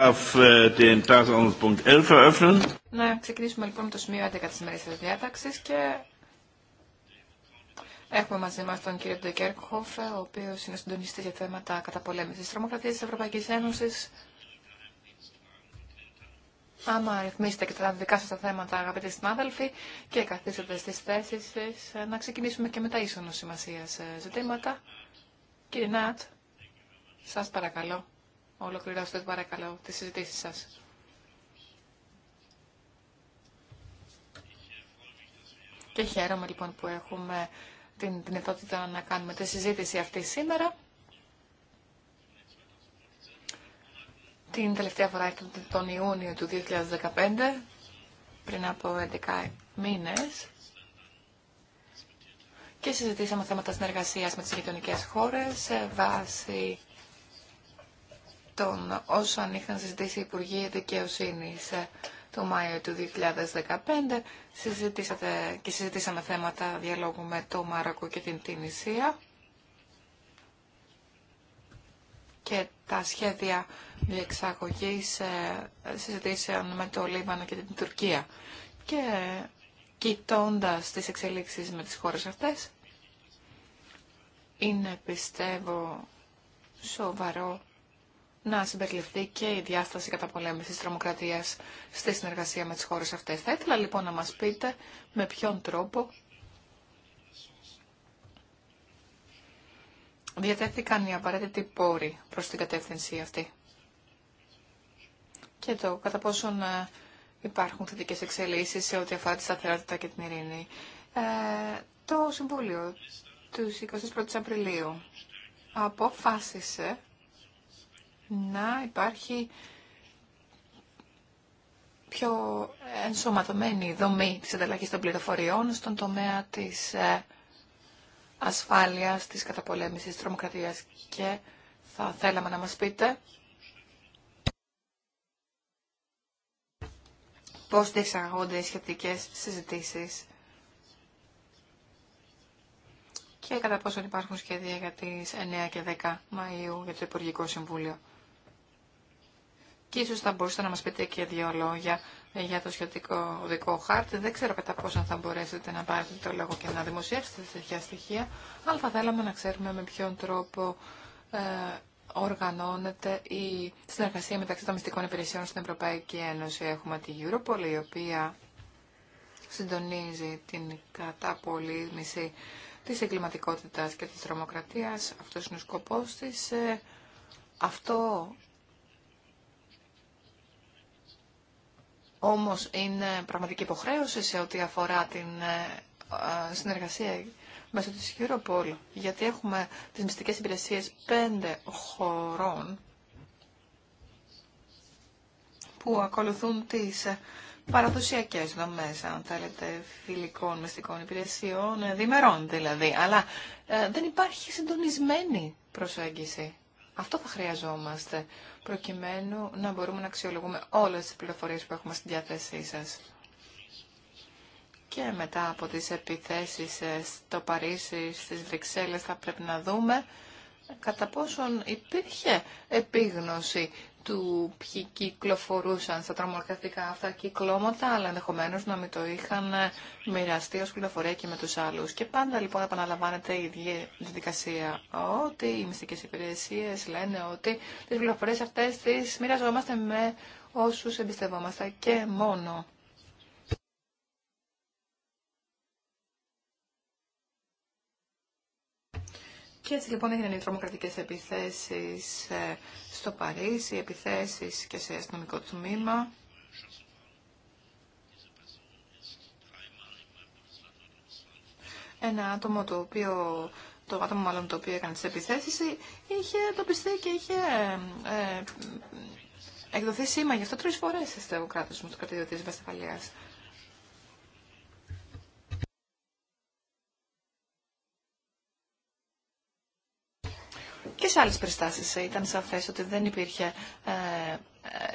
Äh, να ξεκινήσουμε λοιπόν με το σημείο 11 της ημέρας της διάταξης και έχουμε μαζί μας τον κύριο Ντεκέρκοφε, ο οποίος είναι συντονιστής για θέματα καταπολέμησης της τρομοκρατίας της Ευρωπαϊκής Ένωσης. Άμα αριθμίσετε και τα δικά σας τα θέματα, αγαπητοί συνάδελφοι, και καθίσετε στις θέσεις σας, ε, να ξεκινήσουμε και με τα ίσονο σημασία ε, ζητήματα. Κύριε Νάτ, σας παρακαλώ. Ολοκληρώστε παρακαλώ τις συζητήσεις σας. Και χαίρομαι λοιπόν που έχουμε την δυνατότητα να κάνουμε τη συζήτηση αυτή σήμερα. Την τελευταία φορά ήταν τον Ιούνιο του 2015, πριν από 11 μήνες. Και συζητήσαμε θέματα συνεργασίας με τις γειτονικέ χώρες, βάση των όσων είχαν συζητήσει οι Υπουργοί Δικαιοσύνη ε, το Μάιο του 2015. Συζητήσατε και συζητήσαμε θέματα διαλόγου με το Μαρακό και την Τινησία και τα σχέδια διεξαγωγής ε, συζητήσεων με το Λίβανο και την Τουρκία. Και κοιτώντας τις εξελίξεις με τις χώρες αυτές, είναι πιστεύω σοβαρό να συμπεριληφθεί και η διάσταση καταπολέμησης της τρομοκρατία στη συνεργασία με τι χώρε αυτέ. Θα ήθελα λοιπόν να μα πείτε με ποιον τρόπο διατέθηκαν οι απαραίτητοι πόροι προς την κατεύθυνση αυτή. Και το κατά πόσον ε, υπάρχουν θετικές εξελίσεις σε ό,τι αφορά τη σταθερότητα και την ειρήνη. Ε, το Συμβούλιο του 21 Απριλίου αποφάσισε να υπάρχει πιο ενσωματωμένη δομή της ανταλλαγής των πληροφοριών στον τομέα της ε, ασφάλειας, της καταπολέμησης της τρομοκρατίας και θα θέλαμε να μας πείτε πώς διεξαγόνται οι σχετικές συζητήσεις και κατά πόσο υπάρχουν σχέδια για τις 9 και 10 Μαΐου για το Υπουργικό Συμβούλιο και ίσως θα μπορούσατε να μας πείτε και δύο λόγια για το σχετικό δικό χάρτη. Δεν ξέρω κατά πόσο θα μπορέσετε να πάρετε το λόγο και να δημοσιεύσετε τέτοια στοιχεία, αλλά θα θέλαμε να ξέρουμε με ποιον τρόπο ε, οργανώνεται η συνεργασία μεταξύ των μυστικών υπηρεσιών στην Ευρωπαϊκή Ένωση. Έχουμε τη Europol, η οποία συντονίζει την καταπολίμηση της εγκληματικότητας και της τρομοκρατίας. Αυτός είναι ο σκοπός της. Ε, αυτό Όμως είναι πραγματική υποχρέωση σε ό,τι αφορά την ε, ε, συνεργασία μέσω της Europol, γιατί έχουμε τις μυστικές υπηρεσίες πέντε χωρών που ακολουθούν τις ε, παραδοσιακές δομές, αν θέλετε, φιλικών μυστικών υπηρεσιών, διμερών δηλαδή, αλλά δεν υπάρχει συντονισμένη προσέγγιση. Αυτό θα χρειαζόμαστε, προκειμένου να μπορούμε να αξιολογούμε όλες τις πληροφορίες που έχουμε στη διάθεσή σας. Και μετά από τις επιθέσεις ε, στο Παρίσι, στις Βρυξέλλες, θα πρέπει να δούμε κατά πόσον υπήρχε επίγνωση του ποιοι κυκλοφορούσαν στα τρομοκρατικά αυτά κυκλώματα, αλλά ενδεχομένω να μην το είχαν μοιραστεί ω πληροφορία και με του άλλου. Και πάντα λοιπόν επαναλαμβάνεται η ίδια διαδικασία ότι οι μυστικέ υπηρεσίε λένε ότι τι πληροφορίε αυτέ τι μοιραζόμαστε με όσου εμπιστευόμαστε και μόνο. Και έτσι λοιπόν έγιναν οι τρομοκρατικές επιθέσεις ε, στο Παρίσι, επιθέσεις και σε αστυνομικό τμήμα. Ένα άτομο το οποίο, το άτομο μάλλον το οποίο έκανε τις επιθέσεις, ε, είχε εντοπιστεί και είχε ε, εκδοθεί σήμα γι' αυτό τρεις φορές στο κράτος μου, στο κρατήριο της Βασταφαλίας. Άλλε περιστάσει ήταν σαφέ ότι δεν υπήρχε ε,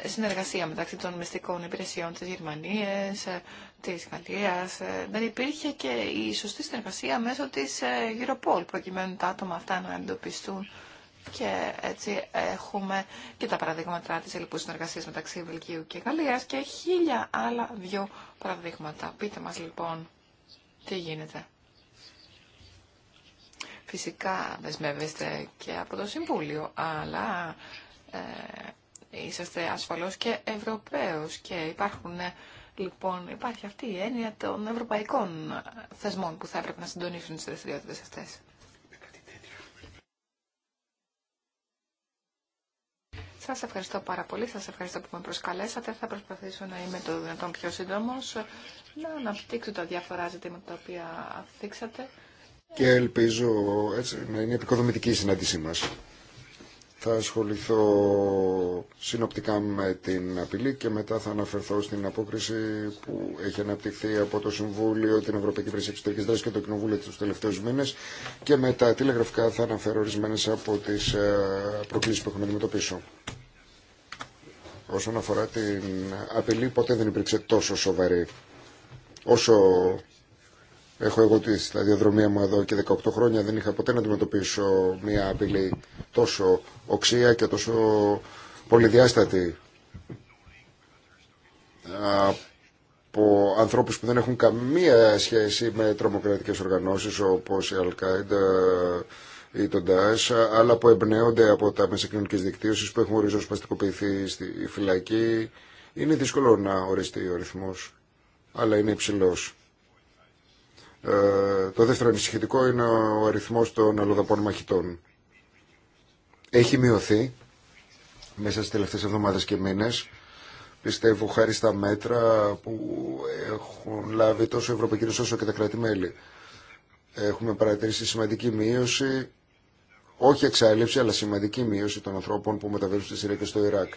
ε, συνεργασία μεταξύ των μυστικών υπηρεσιών της Γερμανίας, ε, της Γαλλία. Δεν υπήρχε και η σωστή συνεργασία μέσω της Europol προκειμένου τα άτομα αυτά να εντοπιστούν και έτσι έχουμε και τα παραδείγματα τη ελληπού συνεργασία μεταξύ Βελγίου και Γαλλία και χίλια άλλα δυο παραδείγματα. Πείτε μα λοιπόν τι γίνεται. Φυσικά δεσμεύεστε και από το Συμβούλιο, αλλά ε, είσαστε ασφαλώς και Ευρωπαίος και υπάρχουν, ε, λοιπόν, υπάρχει αυτή η έννοια των ευρωπαϊκών ε, θεσμών που θα έπρεπε να συντονίσουν τις δραστηριότητες αυτές. Σας ευχαριστώ πάρα πολύ, σας ευχαριστώ που με προσκαλέσατε. Θα προσπαθήσω να είμαι το δυνατόν πιο σύντομος, να αναπτύξω τα διάφορα ζητήματα τα οποία θίξατε και ελπίζω έτσι, να είναι επικοδομητική η συνάντησή μας. Θα ασχοληθώ συνοπτικά με την απειλή και μετά θα αναφερθώ στην απόκριση που έχει αναπτυχθεί από το Συμβούλιο, την Ευρωπαϊκή Υπηρεσία Εξωτερική Δράση και το Κοινοβούλιο του τελευταίου μήνε. Και μετά τηλεγραφικά θα αναφέρω ορισμένε από τι ε, προκλήσει που έχουμε να Όσον αφορά την απειλή, ποτέ δεν υπήρξε τόσο σοβαρή όσο Έχω εγώ τη σταδιοδρομία μου εδώ και 18 χρόνια δεν είχα ποτέ να αντιμετωπίσω μια απειλή τόσο οξία και τόσο πολυδιάστατη από ανθρώπους που δεν έχουν καμία σχέση με τρομοκρατικές οργανώσεις όπως η Al-Qaeda ή τον ΤΑΣ, αλλά που εμπνέονται από τα μέσα κοινωνικής δικτύωσης που έχουν ριζοσπαστικοποιηθεί στη φυλακή. Είναι δύσκολο να οριστεί ο ρυθμός, αλλά είναι υψηλός. Ε, το δεύτερο ανησυχητικό είναι ο αριθμός των αλλοδαπών μαχητών. Έχει μειωθεί μέσα στις τελευταίες εβδομάδες και μήνες. Πιστεύω χάρη στα μέτρα που έχουν λάβει τόσο η Ευρωπαϊκή όσο και τα κράτη-μέλη. Έχουμε παρατηρήσει σημαντική μείωση, όχι εξάλληψη, αλλά σημαντική μείωση των ανθρώπων που μεταβαίνουν στη Συρία και στο Ιράκ.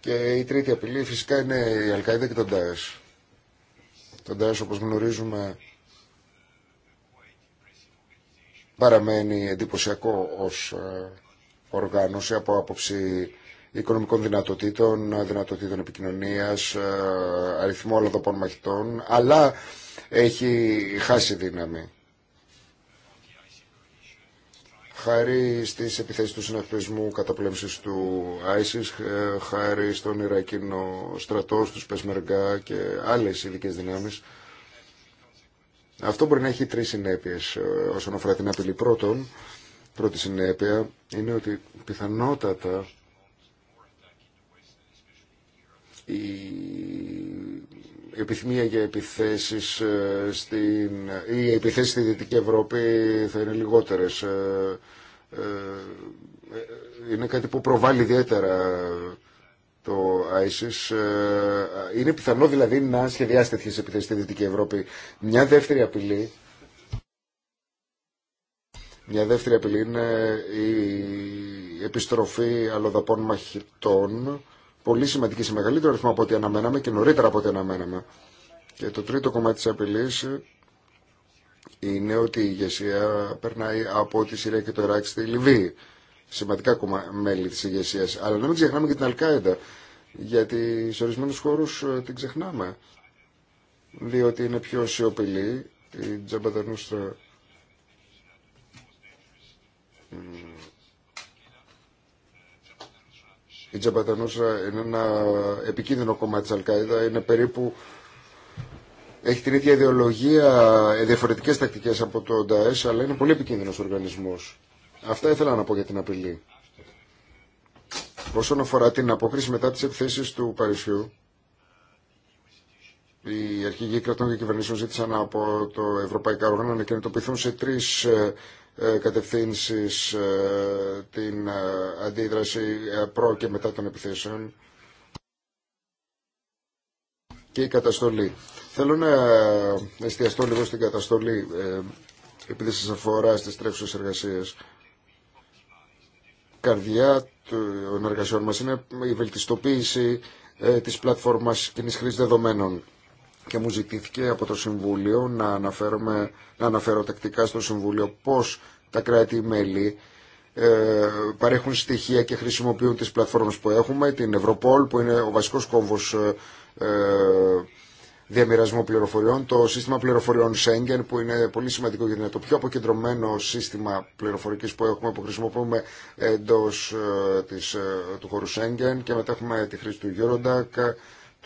Και η τρίτη απειλή φυσικά είναι η Αλκάιδα και τον Τάες το ΝΤΑΕΣ όπως γνωρίζουμε παραμένει εντυπωσιακό ως ε, οργάνωση από άποψη οικονομικών δυνατοτήτων, δυνατοτήτων επικοινωνίας, ε, αριθμό αλλοδοπών μαχητών, αλλά έχει χάσει δύναμη χάρη στις επιθέσεις του συναθλισμού καταπλέμψης του ISIS, ε, χάρη στον Ιρακίνο στρατό, στους Πεσμεργά και άλλες ειδικέ δυνάμεις. Αυτό μπορεί να έχει τρεις συνέπειες ε, όσον αφορά την απειλή. Πρώτον, πρώτη συνέπεια είναι ότι πιθανότατα επιθυμία για επιθέσεις ε, στην, η επιθέσεις στη Δυτική Ευρώπη θα είναι λιγότερες. Ε, ε, είναι κάτι που προβάλλει ιδιαίτερα το ISIS. Είναι πιθανό δηλαδή να σχεδιάσει τέτοιες επιθέσεις στη Δυτική Ευρώπη. Μια δεύτερη απειλή μια δεύτερη απειλή είναι η επιστροφή αλλοδαπών μαχητών πολύ σημαντική σε μεγαλύτερο ρυθμό από ό,τι αναμέναμε και νωρίτερα από ό,τι αναμέναμε. Και το τρίτο κομμάτι της απειλής είναι ότι η ηγεσία περνάει από τη Συρία και το Ιράκ στη Λιβύη. Σημαντικά μέλη της ηγεσία. Αλλά να μην ξεχνάμε και την Αλκάιντα, γιατί σε ορισμένου χώρου ε, την ξεχνάμε. Διότι είναι πιο σιωπηλή η Τζαμπατανούστρα Η Τζαμπατανούσα είναι ένα επικίνδυνο κομμάτι της Αλκάιδα, είναι περίπου... Έχει την ίδια ιδεολογία, ε, διαφορετικές τακτικές από το ΝΤΑΕΣ, αλλά είναι πολύ επικίνδυνος οργανισμός. Αυτά ήθελα να πω για την απειλή. Όσον αφορά την απόκριση μετά τις επιθέσεις του Παρισιού, οι αρχηγοί κρατών και κυβερνήσεων ζήτησαν από το Ευρωπαϊκό Όργανο να κινητοποιηθούν σε τρεις ε, ε, κατευθύνσεις, ε, την ε, αντίδραση προ και μετά των επιθέσεων και η καταστολή. Θέλω να εστιαστώ λίγο στην καταστολή επειδή σας αφορά στις εργασία. εργασίες. Καρδιά των εργασιών μας είναι η βελτιστοποίηση της πλατφόρμας κοινής χρήσης δεδομένων και μου ζητήθηκε από το Συμβούλιο να, αναφέρομαι, να αναφέρω τακτικά στο Συμβούλιο πώς τα κράτη-μέλη ε, παρέχουν στοιχεία και χρησιμοποιούν τις πλατφόρμες που έχουμε, την Ευρωπόλ που είναι ο βασικός κόμβος ε, ε διαμοιρασμού πληροφοριών, το σύστημα πληροφοριών Schengen που είναι πολύ σημαντικό γιατί είναι το πιο αποκεντρωμένο σύστημα πληροφορικής που έχουμε που χρησιμοποιούμε εντός ε, της, ε, του χώρου Schengen και μετά έχουμε τη χρήση του Eurodac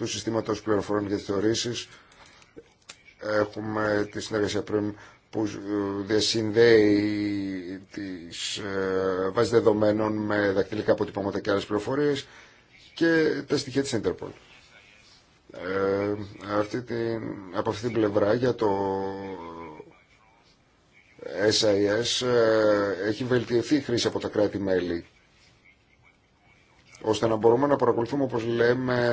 του συστήματος πληροφορών για τις θεωρήσεις. Έχουμε τη συνεργασία πριν που διασυνδέει τις ε, βάσεις δεδομένων με δακτυλικά αποτυπώματα και άλλες πληροφορίες και τα στοιχεία της Interpol. Ε, αυτή την, από αυτή την πλευρά για το SIS ε, έχει βελτιωθεί η χρήση από τα κράτη-μέλη ώστε να μπορούμε να παρακολουθούμε όπως λέμε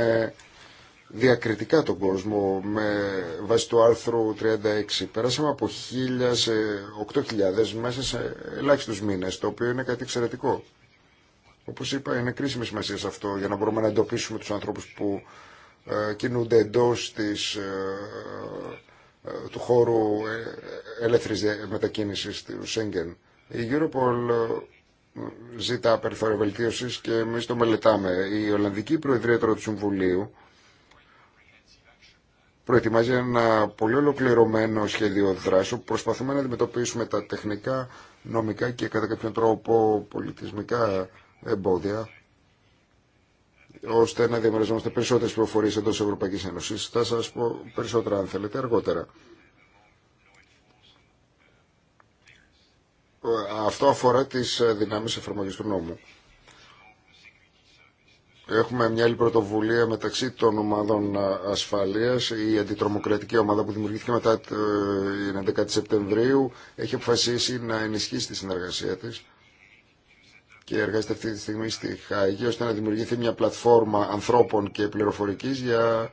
διακριτικά τον κόσμο με βάση του άρθρου 36. Πέρασαμε από 1.000 σε 8.000 μέσα σε ελάχιστου μήνες, το οποίο είναι κάτι εξαιρετικό. Όπως είπα, είναι κρίσιμη σημασία σε αυτό για να μπορούμε να εντοπίσουμε τους ανθρώπους που ε, κινούνται εντό της, ε, ε, του χώρου ελεύθερη μετακίνηση του Σέγγεν. Η Europol ζητά περιθώρια βελτίωση και εμεί το μελετάμε. Η Ολλανδική Προεδρία του Συμβουλίου προετοιμάζει ένα πολύ ολοκληρωμένο σχέδιο δράσης προσπαθούμε να αντιμετωπίσουμε τα τεχνικά, νομικά και κατά κάποιον τρόπο πολιτισμικά εμπόδια ώστε να διαμεριζόμαστε περισσότερες πληροφορίες εντός Ευρωπαϊκής Ένωσης. Θα σας πω περισσότερα αν θέλετε αργότερα. Αυτό αφορά τις δυνάμεις εφαρμογής του νόμου. Έχουμε μια άλλη πρωτοβουλία μεταξύ των ομάδων ε, ασφαλείας. Η αντιτρομοκρατική ομάδα που δημιουργήθηκε μετά ε, την 11η Σεπτεμβρίου έχει αποφασίσει να ενισχύσει τη συνεργασία της και εργάζεται αυτή τη στιγμή στη Χάγη ώστε να δημιουργηθεί μια πλατφόρμα ανθρώπων και πληροφορικής για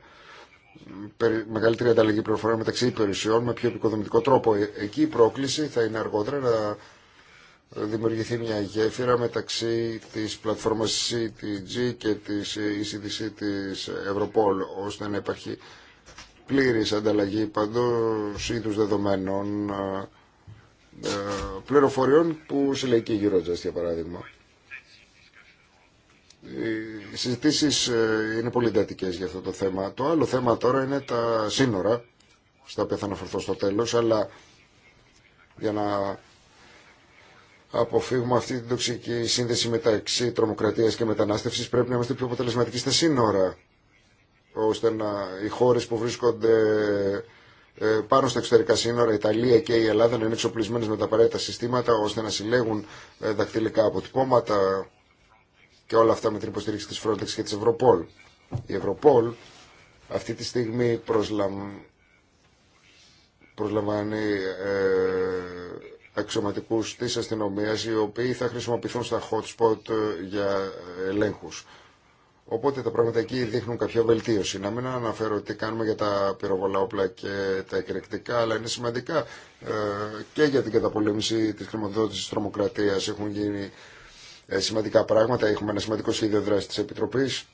μεγαλύτερη ανταλλαγή πληροφοριών μεταξύ υπηρεσιών με πιο επικοδομητικό τρόπο. Ε, εκεί η πρόκληση θα είναι αργότερα να δημιουργηθεί μια γέφυρα μεταξύ της πλατφόρμας CTG και της ECDC της Ευρωπόλ ώστε να υπάρχει πλήρης ανταλλαγή παντός είδους δεδομένων ε, πληροφοριών που συλλεγεί η Eurojust για παράδειγμα. Οι συζητήσει ε, είναι πολύ εντατικές για αυτό το θέμα. Το άλλο θέμα τώρα είναι τα σύνορα, στα οποία θα αναφερθώ στο τέλος, αλλά για να αποφύγουμε αυτή την τοξική σύνδεση μεταξύ τρομοκρατίας και μετανάστευσης πρέπει να είμαστε πιο αποτελεσματικοί στα σύνορα ώστε να, οι χώρες που βρίσκονται ε, πάνω στα εξωτερικά σύνορα, η Ιταλία και η Ελλάδα να είναι εξοπλισμένε με τα απαραίτητα συστήματα ώστε να συλλέγουν ε, δακτυλικά αποτυπώματα και όλα αυτά με την υποστήριξη της Frontex και της Ευρωπόλ. Η Ευρωπόλ αυτή τη στιγμή προσλαμ... προσλαμβάνει ε αξιωματικούς της αστυνομίας οι οποίοι θα χρησιμοποιηθούν στα hot spot ε, για ελέγχους. Οπότε τα πράγματα εκεί δείχνουν κάποια βελτίωση. Να μην αναφέρω τι κάνουμε για τα πυροβολά όπλα και τα εκρηκτικά, αλλά είναι σημαντικά ε, και για την καταπολέμηση της χρηματοδότηση τη τρομοκρατίας. Έχουν γίνει ε, σημαντικά πράγματα. Έχουμε ένα σημαντικό σχέδιο δράση της Επιτροπής,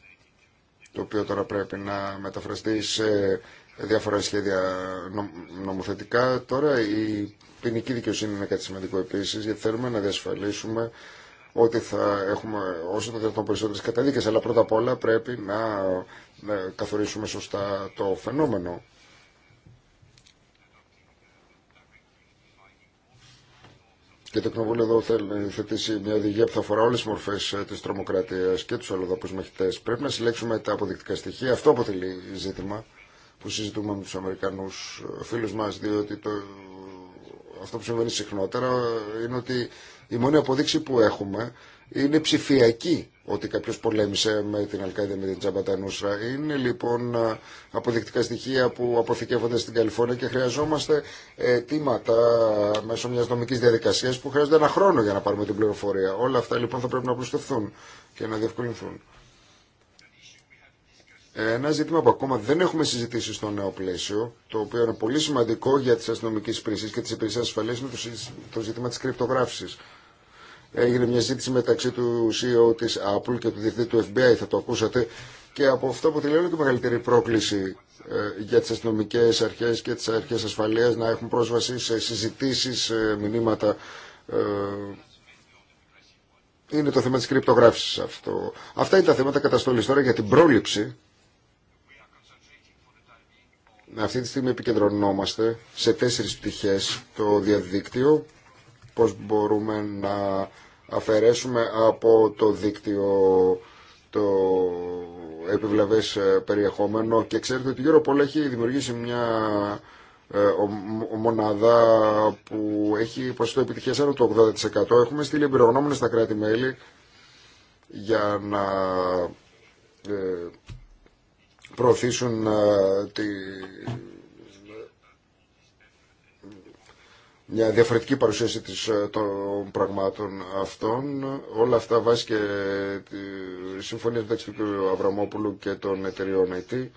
το οποίο τώρα πρέπει να μεταφραστεί σε διάφορα σχέδια νομοθετικά. Τώρα η ποινική δικαιοσύνη είναι κάτι σημαντικό επίση, γιατί θέλουμε να διασφαλίσουμε ότι θα έχουμε όσο το δυνατόν περισσότερε καταδίκε. Αλλά πρώτα απ' όλα πρέπει να καθορίσουμε σωστά το φαινόμενο. Και το Κοινοβούλιο εδώ θέλει να θετήσει μια οδηγία που θα αφορά όλε τι μορφέ ε, τη τρομοκρατία και του αλλοδαπού μαχητέ. Πρέπει να συλλέξουμε τα αποδεικτικά στοιχεία. Αυτό αποτελεί ζήτημα που συζητούμε με τους Αμερικανούς ε, φίλους μας, διότι το, αυτό που συμβαίνει συχνότερα είναι ότι η μόνη αποδείξη που έχουμε είναι ψηφιακή ότι κάποιος πολέμησε με την Αλκάιδα με την Τζαμπατανούσρα. Είναι λοιπόν ε, αποδεικτικά στοιχεία που αποθηκεύονται στην Καλιφόρνια και χρειαζόμαστε ε, αιτήματα μέσω μιας νομικής διαδικασίας που χρειάζεται ένα χρόνο για να πάρουμε την πληροφορία. Όλα αυτά λοιπόν θα πρέπει να προσθεθούν και να διευκολυνθούν. Ένα ζήτημα που ακόμα δεν έχουμε συζητήσει στο νέο πλαίσιο, το οποίο είναι πολύ σημαντικό για τι αστυνομικέ υπηρεσίε και τι υπηρεσίε ασφαλεία, είναι το ζήτημα τη κρυπτογράφηση. Έγινε μια ζήτηση μεταξύ του CEO τη Apple και του διευθυντή του FBI, θα το ακούσατε, και από αυτό αποτελεί όλο και μεγαλύτερη πρόκληση ε, για τι αστυνομικέ αρχέ και τι αρχέ ασφαλεία να έχουν πρόσβαση σε συζητήσει, μηνύματα ε, είναι το θέμα τη κρυπτογράφηση αυτό. Αυτά είναι τα θέματα καταστολή τώρα για την πρόληψη. Αυτή τη στιγμή επικεντρωνόμαστε σε τέσσερις πτυχές το διαδίκτυο, πώς μπορούμε να αφαιρέσουμε από το δίκτυο το επιβλαβές ε, περιεχόμενο και ξέρετε ότι η Europol έχει δημιουργήσει μια ε, μονάδα που έχει ποσοστό επιτυχίας άνω του 80%. Έχουμε στείλει εμπειρογνώμονες στα κράτη-μέλη για να ε, προωθήσουν ε, τη... μια διαφορετική παρουσίαση της, ε, των πραγμάτων αυτών. Όλα αυτά βάσει και τη συμφωνία μεταξύ του Αβραμόπουλου και των εταιριών IT.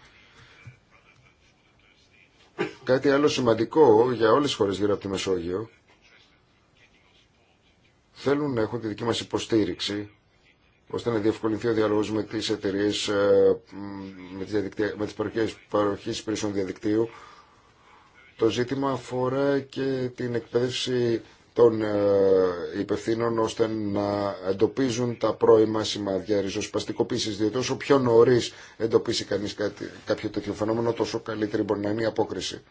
Κάτι άλλο σημαντικό για όλες τις χώρες γύρω από τη Μεσόγειο θέλουν να έχουν τη δική μας υποστήριξη ώστε να διευκολυνθεί ο διαλόγο με τις εταιρείε, ε, με τις, παροχέ υπηρεσιών διαδικτύου. Το ζήτημα αφορά και την εκπαίδευση των ε, υπευθύνων ώστε να εντοπίζουν τα πρώιμα σημάδια ριζοσπαστικοποίηση. Διότι όσο πιο νωρί εντοπίσει κανεί κάποιο τέτοιο φαινόμενο, τόσο καλύτερη μπορεί να είναι η απόκριση.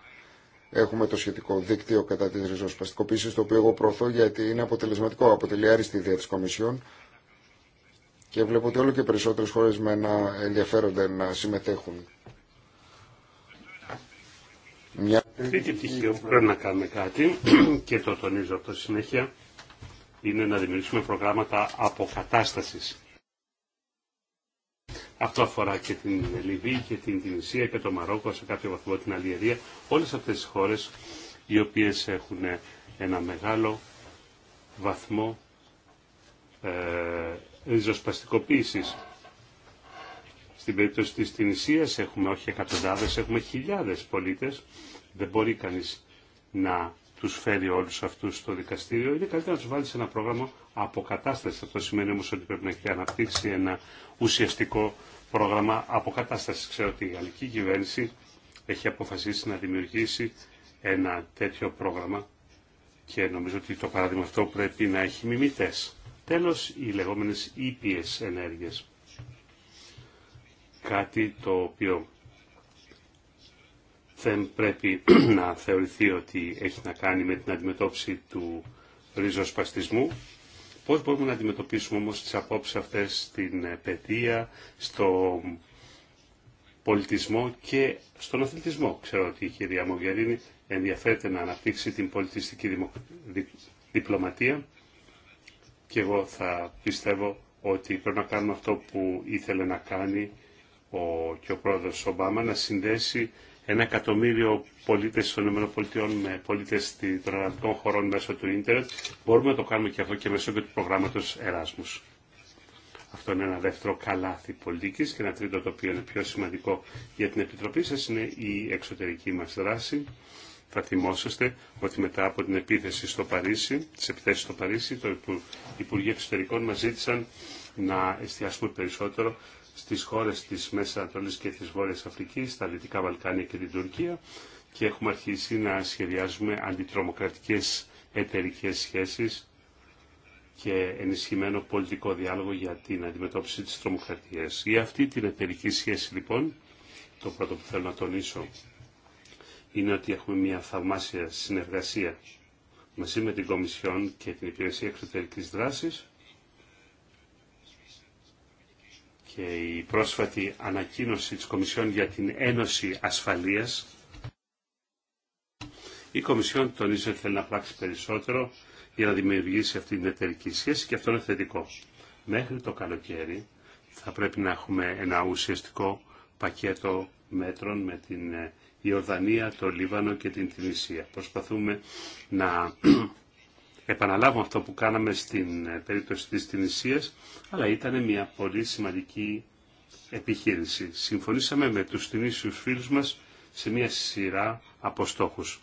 Έχουμε το σχετικό δίκτυο κατά τη ριζοσπαστικοποίηση, το οποίο εγώ προωθώ γιατί είναι αποτελεσματικό. Αποτελεί άριστη ιδέα τη Κομισιόν και βλέπω ότι όλο και περισσότερες χώρες με ένα ενδιαφέρονται να συμμετέχουν. Μια... Τρίτη πτυχή που πρέπει να κάνουμε κάτι και το τονίζω αυτό συνέχεια είναι να δημιουργήσουμε προγράμματα αποκατάστασης. Αυτό αφορά και την Λιβύη και την Τινησία και το Μαρόκο, σε κάποιο βαθμό την Αλγερία. Όλες αυτές τις χώρες οι οποίες έχουν ένα μεγάλο βαθμό ε, ριζοσπαστικοποίησης. Στην περίπτωση τη Τινησίας έχουμε όχι εκατοντάδες, έχουμε χιλιάδες πολίτες. Δεν μπορεί κανείς να του φέρει όλους αυτούς στο δικαστήριο. Είναι καλύτερα να του βάλει σε ένα πρόγραμμα αποκατάσταση. Αυτό σημαίνει όμω ότι πρέπει να έχει αναπτύξει ένα ουσιαστικό πρόγραμμα αποκατάσταση. Ξέρω ότι η γαλλική κυβέρνηση έχει αποφασίσει να δημιουργήσει ένα τέτοιο πρόγραμμα και νομίζω ότι το παράδειγμα αυτό πρέπει να έχει μιμητές. Τέλος, οι λεγόμενες ήπιες ενέργειες. Κάτι το οποίο δεν πρέπει να θεωρηθεί ότι έχει να κάνει με την αντιμετώπιση του ριζοσπαστισμού. Πώς μπορούμε να αντιμετωπίσουμε όμως τις απόψεις αυτές στην παιδεία, στο πολιτισμό και στον αθλητισμό. Ξέρω ότι η κυρία Μογγερίνη ενδιαφέρεται να αναπτύξει την πολιτιστική διπλωματία και εγώ θα πιστεύω ότι πρέπει να κάνουμε αυτό που ήθελε να κάνει ο, και ο πρόεδρος Ομπάμα, να συνδέσει ένα εκατομμύριο πολίτες των ΗΠΑ με πολίτες των αραβικών χωρών μέσω του ίντερνετ. Μπορούμε να το κάνουμε και αυτό και μέσω και του προγράμματος Εράσμους. Αυτό είναι ένα δεύτερο καλάθι πολιτικής και ένα τρίτο το οποίο είναι πιο σημαντικό για την Επιτροπή σας είναι η εξωτερική μας δράση. Θα θυμόσαστε ότι μετά από την επίθεση στο Παρίσι, τις επιθέσεις στο Παρίσι, το Υπουργείο Εξωτερικών μας ζήτησαν να εστιάσουμε περισσότερο στις χώρες της Μέσης Ανατολής και της Βόρειας Αφρικής, τα Δυτικά Βαλκάνια και την Τουρκία και έχουμε αρχίσει να σχεδιάζουμε αντιτρομοκρατικές εταιρικέ σχέσεις και ενισχυμένο πολιτικό διάλογο για την αντιμετώπιση της τρομοκρατίας. Για αυτή την εταιρική σχέση λοιπόν, το πρώτο που θέλω να τονίσω είναι ότι έχουμε μια θαυμάσια συνεργασία μαζί με την Κομισιόν και την Υπηρεσία Εξωτερικής Δράσης και η πρόσφατη ανακοίνωση της Κομισιόν για την Ένωση Ασφαλείας. Η Κομισιόν τονίζει ότι θέλει να πράξει περισσότερο για να δημιουργήσει αυτή την εταιρική σχέση και αυτό είναι θετικό. Μέχρι το καλοκαίρι θα πρέπει να έχουμε ένα ουσιαστικό πακέτο μέτρων με την ε, η Ιορδανία, το Λίβανο και την Τινησία. Προσπαθούμε να επαναλάβουμε αυτό που κάναμε στην ε, περίπτωση της Τινησίας, αλλά ήταν μια πολύ σημαντική επιχείρηση. Συμφωνήσαμε με τους Τινήσιους φίλους μας σε μια σειρά από στόχους.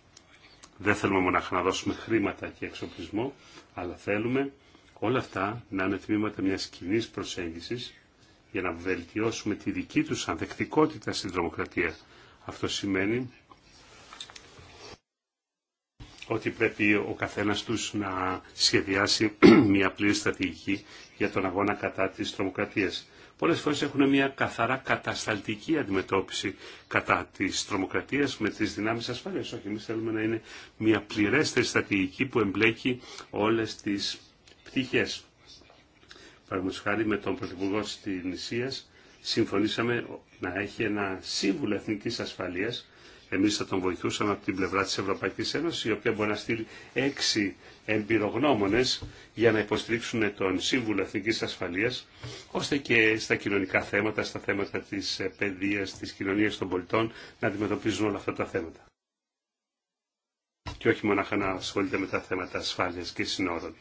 Δεν θέλουμε μόνο να δώσουμε χρήματα και εξοπλισμό, αλλά θέλουμε όλα αυτά να είναι τμήματα μιας κοινή προσέγγισης για να βελτιώσουμε τη δική τους ανθεκτικότητα στην τρομοκρατία αυτό σημαίνει ότι πρέπει ο καθένας τους να σχεδιάσει μια πλήρη στρατηγική για τον αγώνα κατά της τρομοκρατίας. Πολλές φορές έχουν μια καθαρά κατασταλτική αντιμετώπιση κατά της τρομοκρατίας με τις δυνάμεις ασφαλείας. Όχι, εμείς θέλουμε να είναι μια πληρέστερη στρατηγική που εμπλέκει όλες τις πτυχές. Παραδείγματος χάρη με τον Πρωθυπουργό της Νησίας συμφωνήσαμε να έχει ένα σύμβουλο εθνική ασφαλείας. Εμεί θα τον βοηθούσαμε από την πλευρά τη Ευρωπαϊκή Ένωση, η οποία μπορεί να στείλει έξι εμπειρογνώμονε για να υποστηρίξουν τον Σύμβουλο εθνική Ασφαλείας, ώστε και στα κοινωνικά θέματα, στα θέματα τη ε, παιδεία, τη κοινωνία των πολιτών, να αντιμετωπίζουν όλα αυτά τα θέματα. Και όχι μονάχα να ασχολείται με τα θέματα ασφάλεια και συνόρων.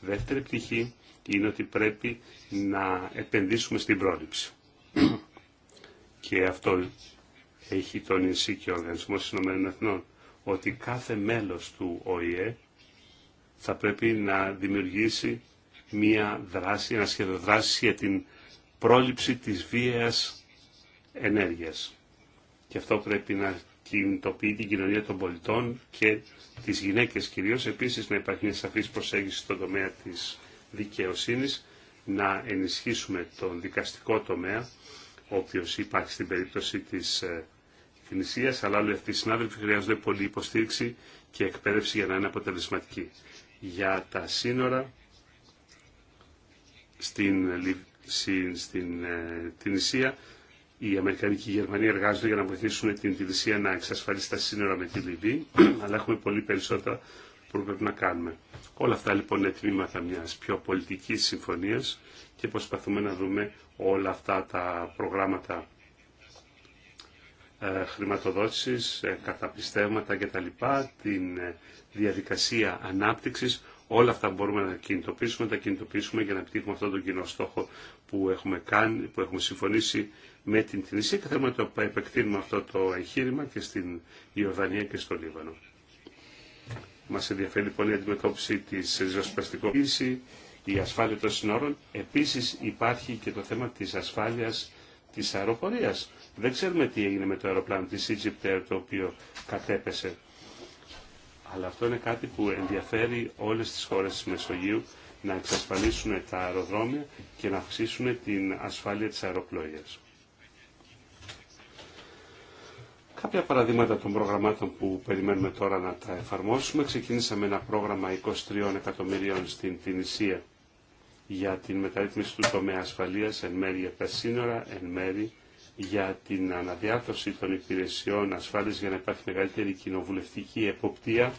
Δεύτερη πτυχή είναι ότι πρέπει να επενδύσουμε στην πρόληψη και αυτό έχει τονίσει και ο Οργανισμός Εθνών ότι κάθε μέλος του ΟΗΕ θα πρέπει να δημιουργήσει μία δράση, ένα σχέδιο δράση για την πρόληψη της βίας ενέργειας. Και αυτό πρέπει να κινητοποιεί την κοινωνία των πολιτών και τις γυναίκες κυρίως. Επίσης να υπάρχει μια σαφής προσέγγιση στον τομέα της δικαιοσύνης να ενισχύσουμε τον δικαστικό τομέα, ο οποίος υπάρχει στην περίπτωση της Θυνησίας, ε, αλλά όλοι αυτοί οι συνάδελφοι χρειάζονται πολύ υποστήριξη και εκπαίδευση για να είναι αποτελεσματικοί. Για τα σύνορα στην, στην, στην ε, Ισία, οι Αμερικανοί και οι Γερμανοί εργάζονται για να βοηθήσουν την Τινησία να εξασφαλίσει τα σύνορα με τη Λιβύη, αλλά έχουμε πολύ περισσότερα που πρέπει να κάνουμε. Όλα αυτά λοιπόν είναι τμήματα μιας πιο πολιτικής συμφωνίας και προσπαθούμε να δούμε όλα αυτά τα προγράμματα ε, χρηματοδότησης, ε, καταπιστεύματα κτλ, την ε, διαδικασία ανάπτυξης, όλα αυτά μπορούμε να κινητοποιήσουμε, τα κινητοποιήσουμε για να επιτύχουμε αυτόν τον κοινό στόχο που έχουμε, κάνει, που έχουμε συμφωνήσει με την Τινησία και θέλουμε να το επεκτείνουμε αυτό το εγχείρημα και στην Ιορδανία και στο Λίβανο. Μα ενδιαφέρει πολύ η αντιμετώπιση της ριζοσπαστικοποίησης, η ασφάλεια των συνόρων. Επίσης υπάρχει και το θέμα της ασφάλειας της αεροπορίας. Δεν ξέρουμε τι έγινε με το αεροπλάνο της Egypt το οποίο κατέπεσε. Αλλά αυτό είναι κάτι που ενδιαφέρει όλες τις χώρες τη Μεσογείου να εξασφαλίσουν τα αεροδρόμια και να αυξήσουν την ασφάλεια της αεροπλοίας. Κάποια παραδείγματα των προγραμμάτων που περιμένουμε τώρα να τα εφαρμόσουμε. Ξεκίνησαμε ένα πρόγραμμα 23 εκατομμυρίων στην Τινησία για την μεταρρύθμιση του τομέα ασφαλείας, εν μέρη για τα σύνορα, εν μέρη για την αναδιάρθρωση των υπηρεσιών ασφάλειας για να υπάρχει μεγαλύτερη κοινοβουλευτική εποπτεία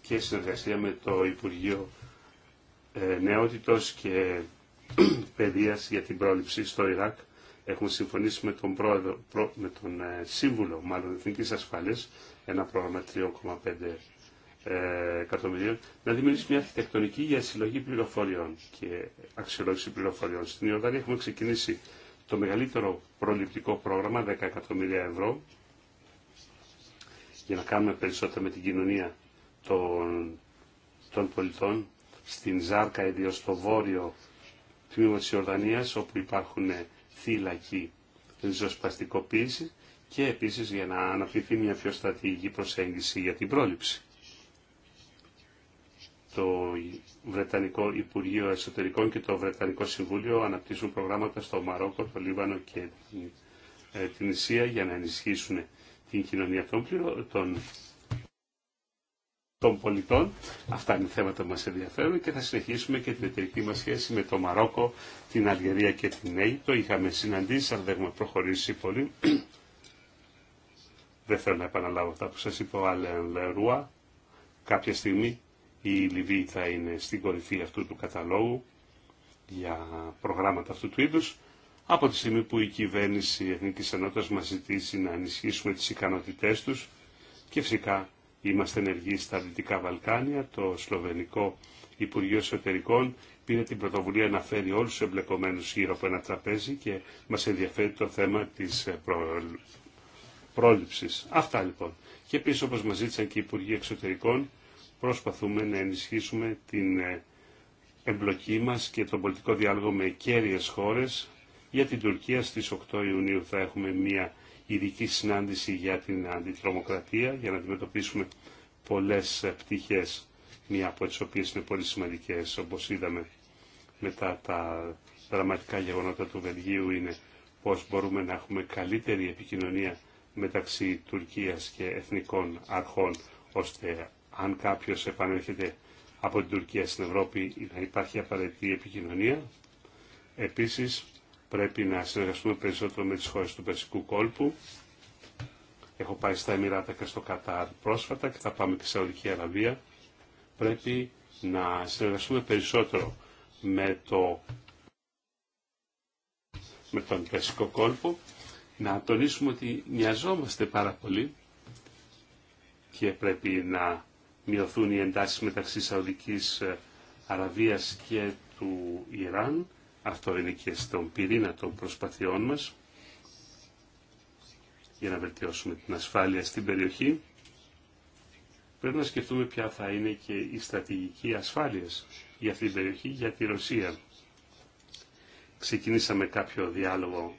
και συνεργασία με το Υπουργείο ε, Νεότητος και Παιδείας για την πρόληψη στο Ιράκ Έχουμε συμφωνήσει με τον, με τον ε, Σύμβουλο μάλλον Εθνικής Ασφάλειας ένα πρόγραμμα 3,5 ε, εκατομμυρίων να δημιουργήσει μια αρχιτεκτονική για συλλογή πληροφοριών και αξιολόγηση πληροφοριών. Στην Ιορδανία έχουμε ξεκινήσει το μεγαλύτερο προληπτικό πρόγραμμα, 10 εκατομμύρια ευρώ, για να κάνουμε περισσότερο με την κοινωνία των, πολιτών. Στην Ζάρκα, ιδίω στο βόρειο τμήμα της Ιορδανίας, όπου υπάρχουν ε, Φυλακή ριζοσπαστικοποίηση και επίσης για να αναπτυχθεί μια πιο στρατηγική προσέγγιση για την πρόληψη. Το Βρετανικό Υπουργείο Εσωτερικών και το Βρετανικό Συμβούλιο αναπτύσσουν προγράμματα στο Μαρόκο, το Λίβανο και την ε, Ισία για να ενισχύσουν την κοινωνία των, των πολιτών. Αυτά είναι θέματα που μας ενδιαφέρουν και θα συνεχίσουμε και την εταιρική μας σχέση με το Μαρόκο την Αλγερία και την Αίγυπτο. Είχαμε συναντήσει, αλλά δεν έχουμε προχωρήσει πολύ. δεν θέλω να επαναλάβω αυτά που σα είπα ο Αλέν Λερούα. Κάποια στιγμή η Λιβύη θα είναι στην κορυφή αυτού του καταλόγου για προγράμματα αυτού του είδου. Από τη στιγμή που η κυβέρνηση Εθνική Ενότητα μας ζητήσει να ενισχύσουμε τι ικανότητέ τους και φυσικά είμαστε ενεργοί στα Δυτικά Βαλκάνια, το Σλοβενικό Υπουργείο Εσωτερικών πήρε την πρωτοβουλία να φέρει όλους τους εμπλεκομένους γύρω από ένα τραπέζι και μας ενδιαφέρει το θέμα της ε, προ... πρόληψης. Αυτά λοιπόν. Και επίσης όπως μας ζήτησαν και οι Υπουργοί Εξωτερικών προσπαθούμε να ενισχύσουμε την ε, εμπλοκή μας και τον πολιτικό διάλογο με κέρυες χώρες. Για την Τουρκία στις 8 Ιουνίου θα έχουμε μια ειδική συνάντηση για την αντιτρομοκρατία για να αντιμετωπίσουμε πολλές ε, πτυχές μία από τις οποίες είναι πολύ σημαντικές, όπως είδαμε μετά τα δραματικά γεγονότα του Βελγίου, είναι πώς μπορούμε να έχουμε καλύτερη επικοινωνία μεταξύ Τουρκίας και εθνικών αρχών, ώστε αν κάποιος επανέρχεται από την Τουρκία στην Ευρώπη να υπάρχει απαραίτητη επικοινωνία. Επίσης, πρέπει να συνεργαστούμε περισσότερο με τις χώρες του Περσικού κόλπου. Έχω πάει στα Εμμυράτα και στο Κατάρ πρόσφατα και θα πάμε και σε Αραβία πρέπει να συνεργαστούμε περισσότερο με, το, με τον κλασικό κόλπο, να τονίσουμε ότι μοιαζόμαστε πάρα πολύ και πρέπει να μειωθούν οι εντάσεις μεταξύ Σαουδικής ε, Αραβίας και του Ιράν. Αυτό είναι και στον πυρήνα των προσπαθειών μας για να βελτιώσουμε την ασφάλεια στην περιοχή. Πρέπει να σκεφτούμε ποια θα είναι και η στρατηγική ασφάλειας για αυτή την περιοχή, για τη Ρωσία. Ξεκινήσαμε κάποιο διάλογο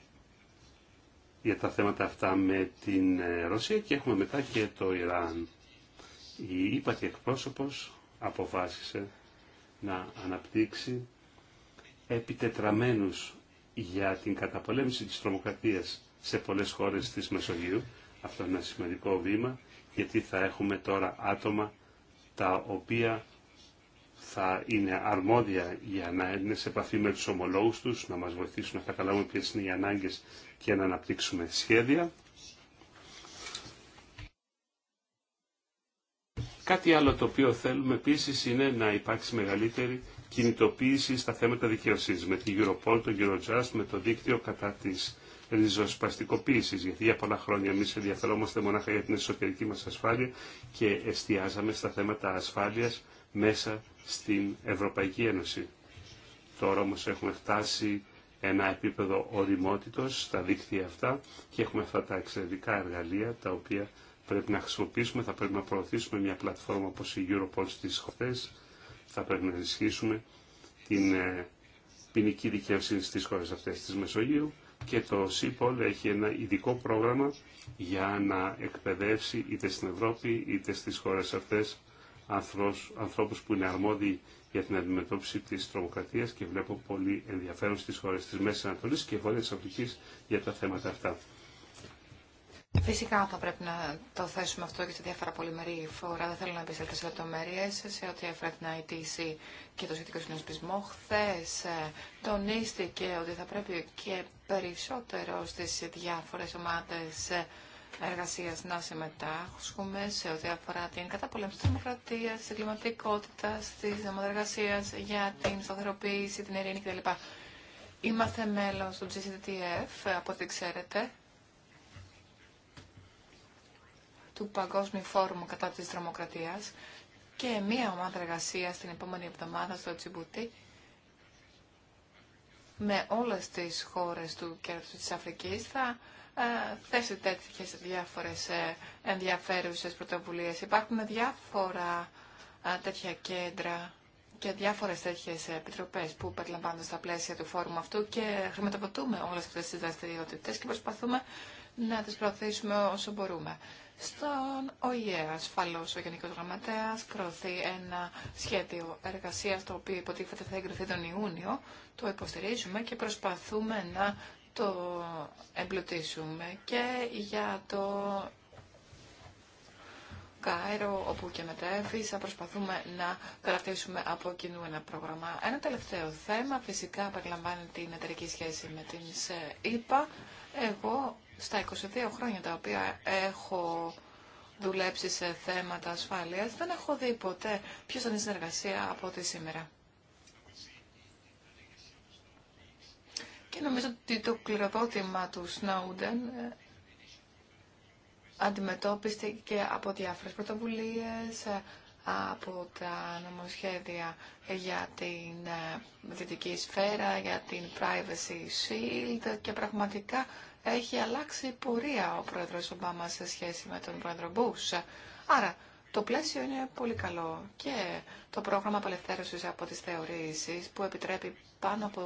για τα θέματα αυτά με την ε, Ρωσία και έχουμε μετά και το Ιράν. Η ύπατη εκπρόσωπος αποφάσισε να αναπτύξει επιτετραμένους για την καταπολέμηση της τρομοκρατίας σε πολλές χώρες της Μεσογείου. Αυτό είναι ένα σημαντικό βήμα γιατί θα έχουμε τώρα άτομα τα οποία θα είναι αρμόδια για να είναι σε επαφή με τους ομολόγους τους, να μας βοηθήσουν να καταλάβουμε ποιες είναι οι ανάγκες και να αναπτύξουμε σχέδια. Κάτι άλλο το οποίο θέλουμε επίσης είναι να υπάρξει μεγαλύτερη κινητοποίηση στα θέματα δικαιοσύνης με την Europol, το Eurojust, με το δίκτυο κατά της ριζοσπαστικοποίηση. γιατί για πολλά χρόνια εμεί ενδιαφερόμαστε μονάχα για την εσωτερική μα ασφάλεια και εστιάζαμε στα θέματα ασφάλεια μέσα στην Ευρωπαϊκή Ένωση. Τώρα όμω έχουμε φτάσει ένα επίπεδο οριμότητος στα δίκτυα αυτά και έχουμε αυτά τα εξαιρετικά εργαλεία τα οποία πρέπει να χρησιμοποιήσουμε, θα πρέπει να προωθήσουμε μια πλατφόρμα όπω η Europol στι χώρες, θα πρέπει να ενισχύσουμε την ε, ποινική δικαιοσύνη στις χώρες αυτές της Μεσογείου και το ΣΥΠΟΛ έχει ένα ειδικό πρόγραμμα για να εκπαιδεύσει είτε στην Ευρώπη είτε στις χώρες αυτές ανθρώπους που είναι αρμόδιοι για την αντιμετώπιση της τρομοκρατίας και βλέπω πολύ ενδιαφέρον στις χώρες της Μέσης Ανατολής και Βόρειας Αφρικής για τα θέματα αυτά. Φυσικά θα πρέπει να το θέσουμε αυτό και σε διάφορα πολυμερή φορά. Δεν θέλω να επιστρέψω σε λεπτομέρειε σε ό,τι αφορά την ITC και το σχετικό συνασπισμό. Χθε ε, τονίστηκε ότι θα πρέπει και περισσότερο στι διάφορε ομάδε εργασία να συμμετάσχουμε σε ό,τι αφορά την καταπολέμηση τη δημοκρατία, τη εγκληματικότητα, τη δημοκρατία για την σταθεροποίηση, την ειρήνη κτλ. Είμαστε μέλο του GCDTF, από ό,τι ξέρετε. του Παγκόσμιου Φόρουμου κατά της Δρομοκρατίας και μία ομάδα εργασία την επόμενη εβδομάδα στο Τσιμπούτι με όλες τις χώρες του κέρδου της Αφρικής θα ε, θέσει τέτοιες διάφορες ε, ενδιαφέρουσες πρωτοβουλίες. Υπάρχουν διάφορα ε, τέτοια κέντρα και διάφορες τέτοιες επιτροπές που περιλαμβάνονται στα πλαίσια του φόρουμ αυτού και χρηματοδοτούμε όλες αυτές τις δραστηριότητε και προσπαθούμε να τις προωθήσουμε όσο μπορούμε. Στον ΟΗΕ, ασφαλώ, ο Γενικό Γραμματέα προωθεί ένα σχέδιο εργασία το οποίο υποτίθεται θα εγκριθεί τον Ιούνιο. Το υποστηρίζουμε και προσπαθούμε να το εμπλουτίσουμε και για το Κάιρο, όπου και μετέβει, προσπαθούμε να κρατήσουμε από κοινού ένα πρόγραμμα. Ένα τελευταίο θέμα, φυσικά, περιλαμβάνει την εταιρική σχέση με την ΣΕΙΠΑ. Εγώ στα 22 χρόνια τα οποία έχω δουλέψει σε θέματα ασφάλειας, δεν έχω δει ποτέ σαν η συνεργασία από ό,τι σήμερα. Και νομίζω ότι το κληροδότημα του Σνόουντεν ε, και από διάφορες πρωτοβουλίες, ε, από τα νομοσχέδια για την ε, δυτική σφαίρα, για την Privacy Shield και πραγματικά έχει αλλάξει πορεία ο πρόεδρος Ομπάμα σε σχέση με τον πρόεδρο Μπούς. Άρα το πλαίσιο είναι πολύ καλό και το πρόγραμμα απελευθέρωσης από τις θεωρήσεις που επιτρέπει πάνω από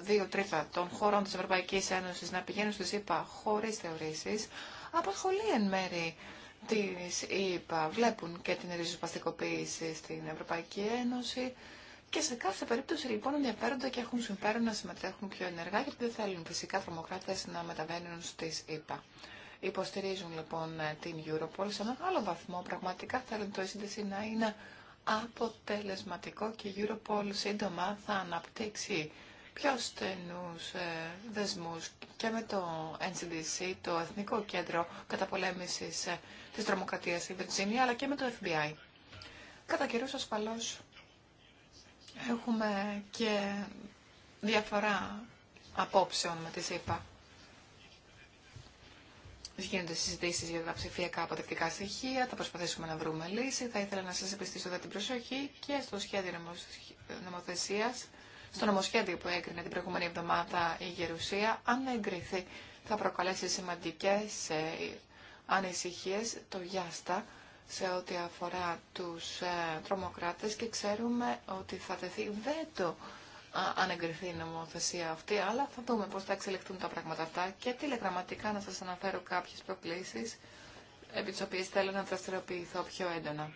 δύο τρίτα των χωρών της Ευρωπαϊκής Ένωσης να πηγαίνουν στις ΗΠΑ χωρίς θεωρήσεις απασχολεί εν μέρη τις ΗΠΑ. Βλέπουν και την ριζοσπαστικοποίηση στην Ευρωπαϊκή Ένωση και σε κάθε περίπτωση λοιπόν ενδιαφέρονται και έχουν συμφέρον να συμμετέχουν πιο ενεργά γιατί δεν θέλουν φυσικά τρομοκράτε να μεταβαίνουν στι ΕΠΑ. Υποστηρίζουν λοιπόν την Europol σε μεγάλο βαθμό. Πραγματικά θέλουν το σύνδεση e να είναι αποτελεσματικό και η Europol σύντομα θα αναπτύξει πιο στενούς ε, δεσμούς και με το NCDC, το Εθνικό Κέντρο Καταπολέμησης ε, της Τρομοκρατίας στη Βιρτζίνια, αλλά και με το FBI. Κατά καιρούς ασφαλώς Έχουμε και διαφορά απόψεων με τη ΣΥΠΑ. Γίνονται συζητήσει για τα ψηφιακά αποτεκτικά στοιχεία, θα προσπαθήσουμε να βρούμε λύση. Θα ήθελα να σα επιστήσω εδώ την προσοχή και στο σχέδιο νομοθεσία, στο νομοσχέδιο που έκρινε την προηγούμενη εβδομάδα η Γερουσία, αν εγκριθεί, θα προκαλέσει σημαντικέ ε, ανησυχίε το Γιάστα σε ό,τι αφορά τους ε, τρομοκράτες και ξέρουμε ότι θα τεθεί βέτο αν εγκριθεί η νομοθεσία αυτή, αλλά θα δούμε πώς θα εξελιχθούν τα πράγματα αυτά και τηλεγραμματικά να σας αναφέρω κάποιες προκλήσεις επί τις οποίες θέλω να δραστηριοποιηθώ πιο έντονα.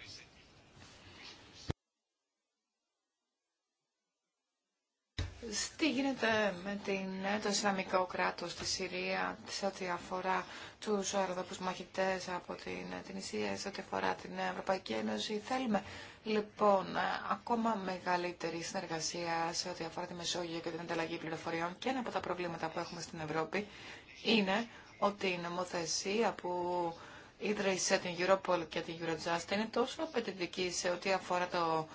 Τι γίνεται με την, το Ισλαμικό κράτος στη Συρία σε ό,τι αφορά τους αεροδόπους μαχητές από την, την Ισία, σε ό,τι αφορά την Ευρωπαϊκή Ένωση. Θέλουμε λοιπόν ακόμα μεγαλύτερη συνεργασία σε ό,τι αφορά τη Μεσόγειο και την ανταλλαγή πληροφοριών και ένα από τα προβλήματα που έχουμε στην Ευρώπη είναι ότι η νομοθεσία που ίδρυσε την Europol και την Eurojust είναι τόσο απαιτητική σε ό,τι αφορά το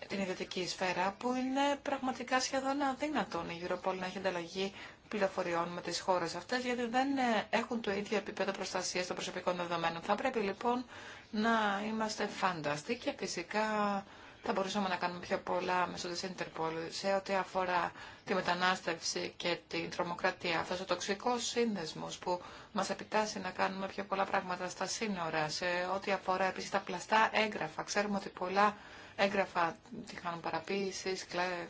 ε, την ιδιωτική σφαίρα που είναι πραγματικά σχεδόν αδύνατον η Europol να έχει ανταλλαγή πληροφοριών με τις χώρες αυτές γιατί δεν ε, έχουν το ίδιο επίπεδο προστασίας των προσωπικών δεδομένων. Θα πρέπει λοιπόν να είμαστε φανταστοί και φυσικά θα μπορούσαμε να κάνουμε πιο πολλά μέσω της Interpol σε ό,τι αφορά τη μετανάστευση και την τρομοκρατία. Αυτός ο τοξικός σύνδεσμος που μας επιτάσσει να κάνουμε πιο πολλά πράγματα στα σύνορα, σε ό,τι αφορά επίσης τα πλαστά έγγραφα. Ξέρουμε ότι πολλά έγγραφα τη χάνουν παραποίηση,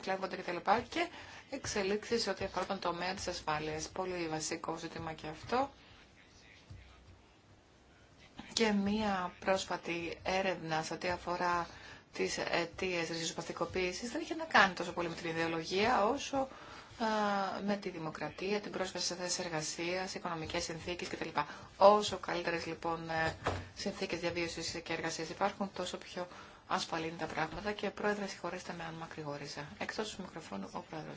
κλέβονται κτλ. και εξελίξει σε ό,τι αφορά τον τομέα τη ασφάλεια. Πολύ βασικό ζήτημα και αυτό. Και μία πρόσφατη έρευνα σε ό,τι αφορά τι αιτίε ριζοσπαστικοποίηση δεν είχε να κάνει τόσο πολύ με την ιδεολογία όσο με τη δημοκρατία, την πρόσβαση σε θέσει εργασία, οικονομικέ συνθήκε κτλ. Όσο καλύτερε λοιπόν συνθήκε διαβίωση και εργασία υπάρχουν, τόσο πιο ασφαλή είναι τα πράγματα και πρόεδρε συγχωρέστε με αν μακρηγορίζα. Εκτός του μικροφώνου ο πρόεδρο.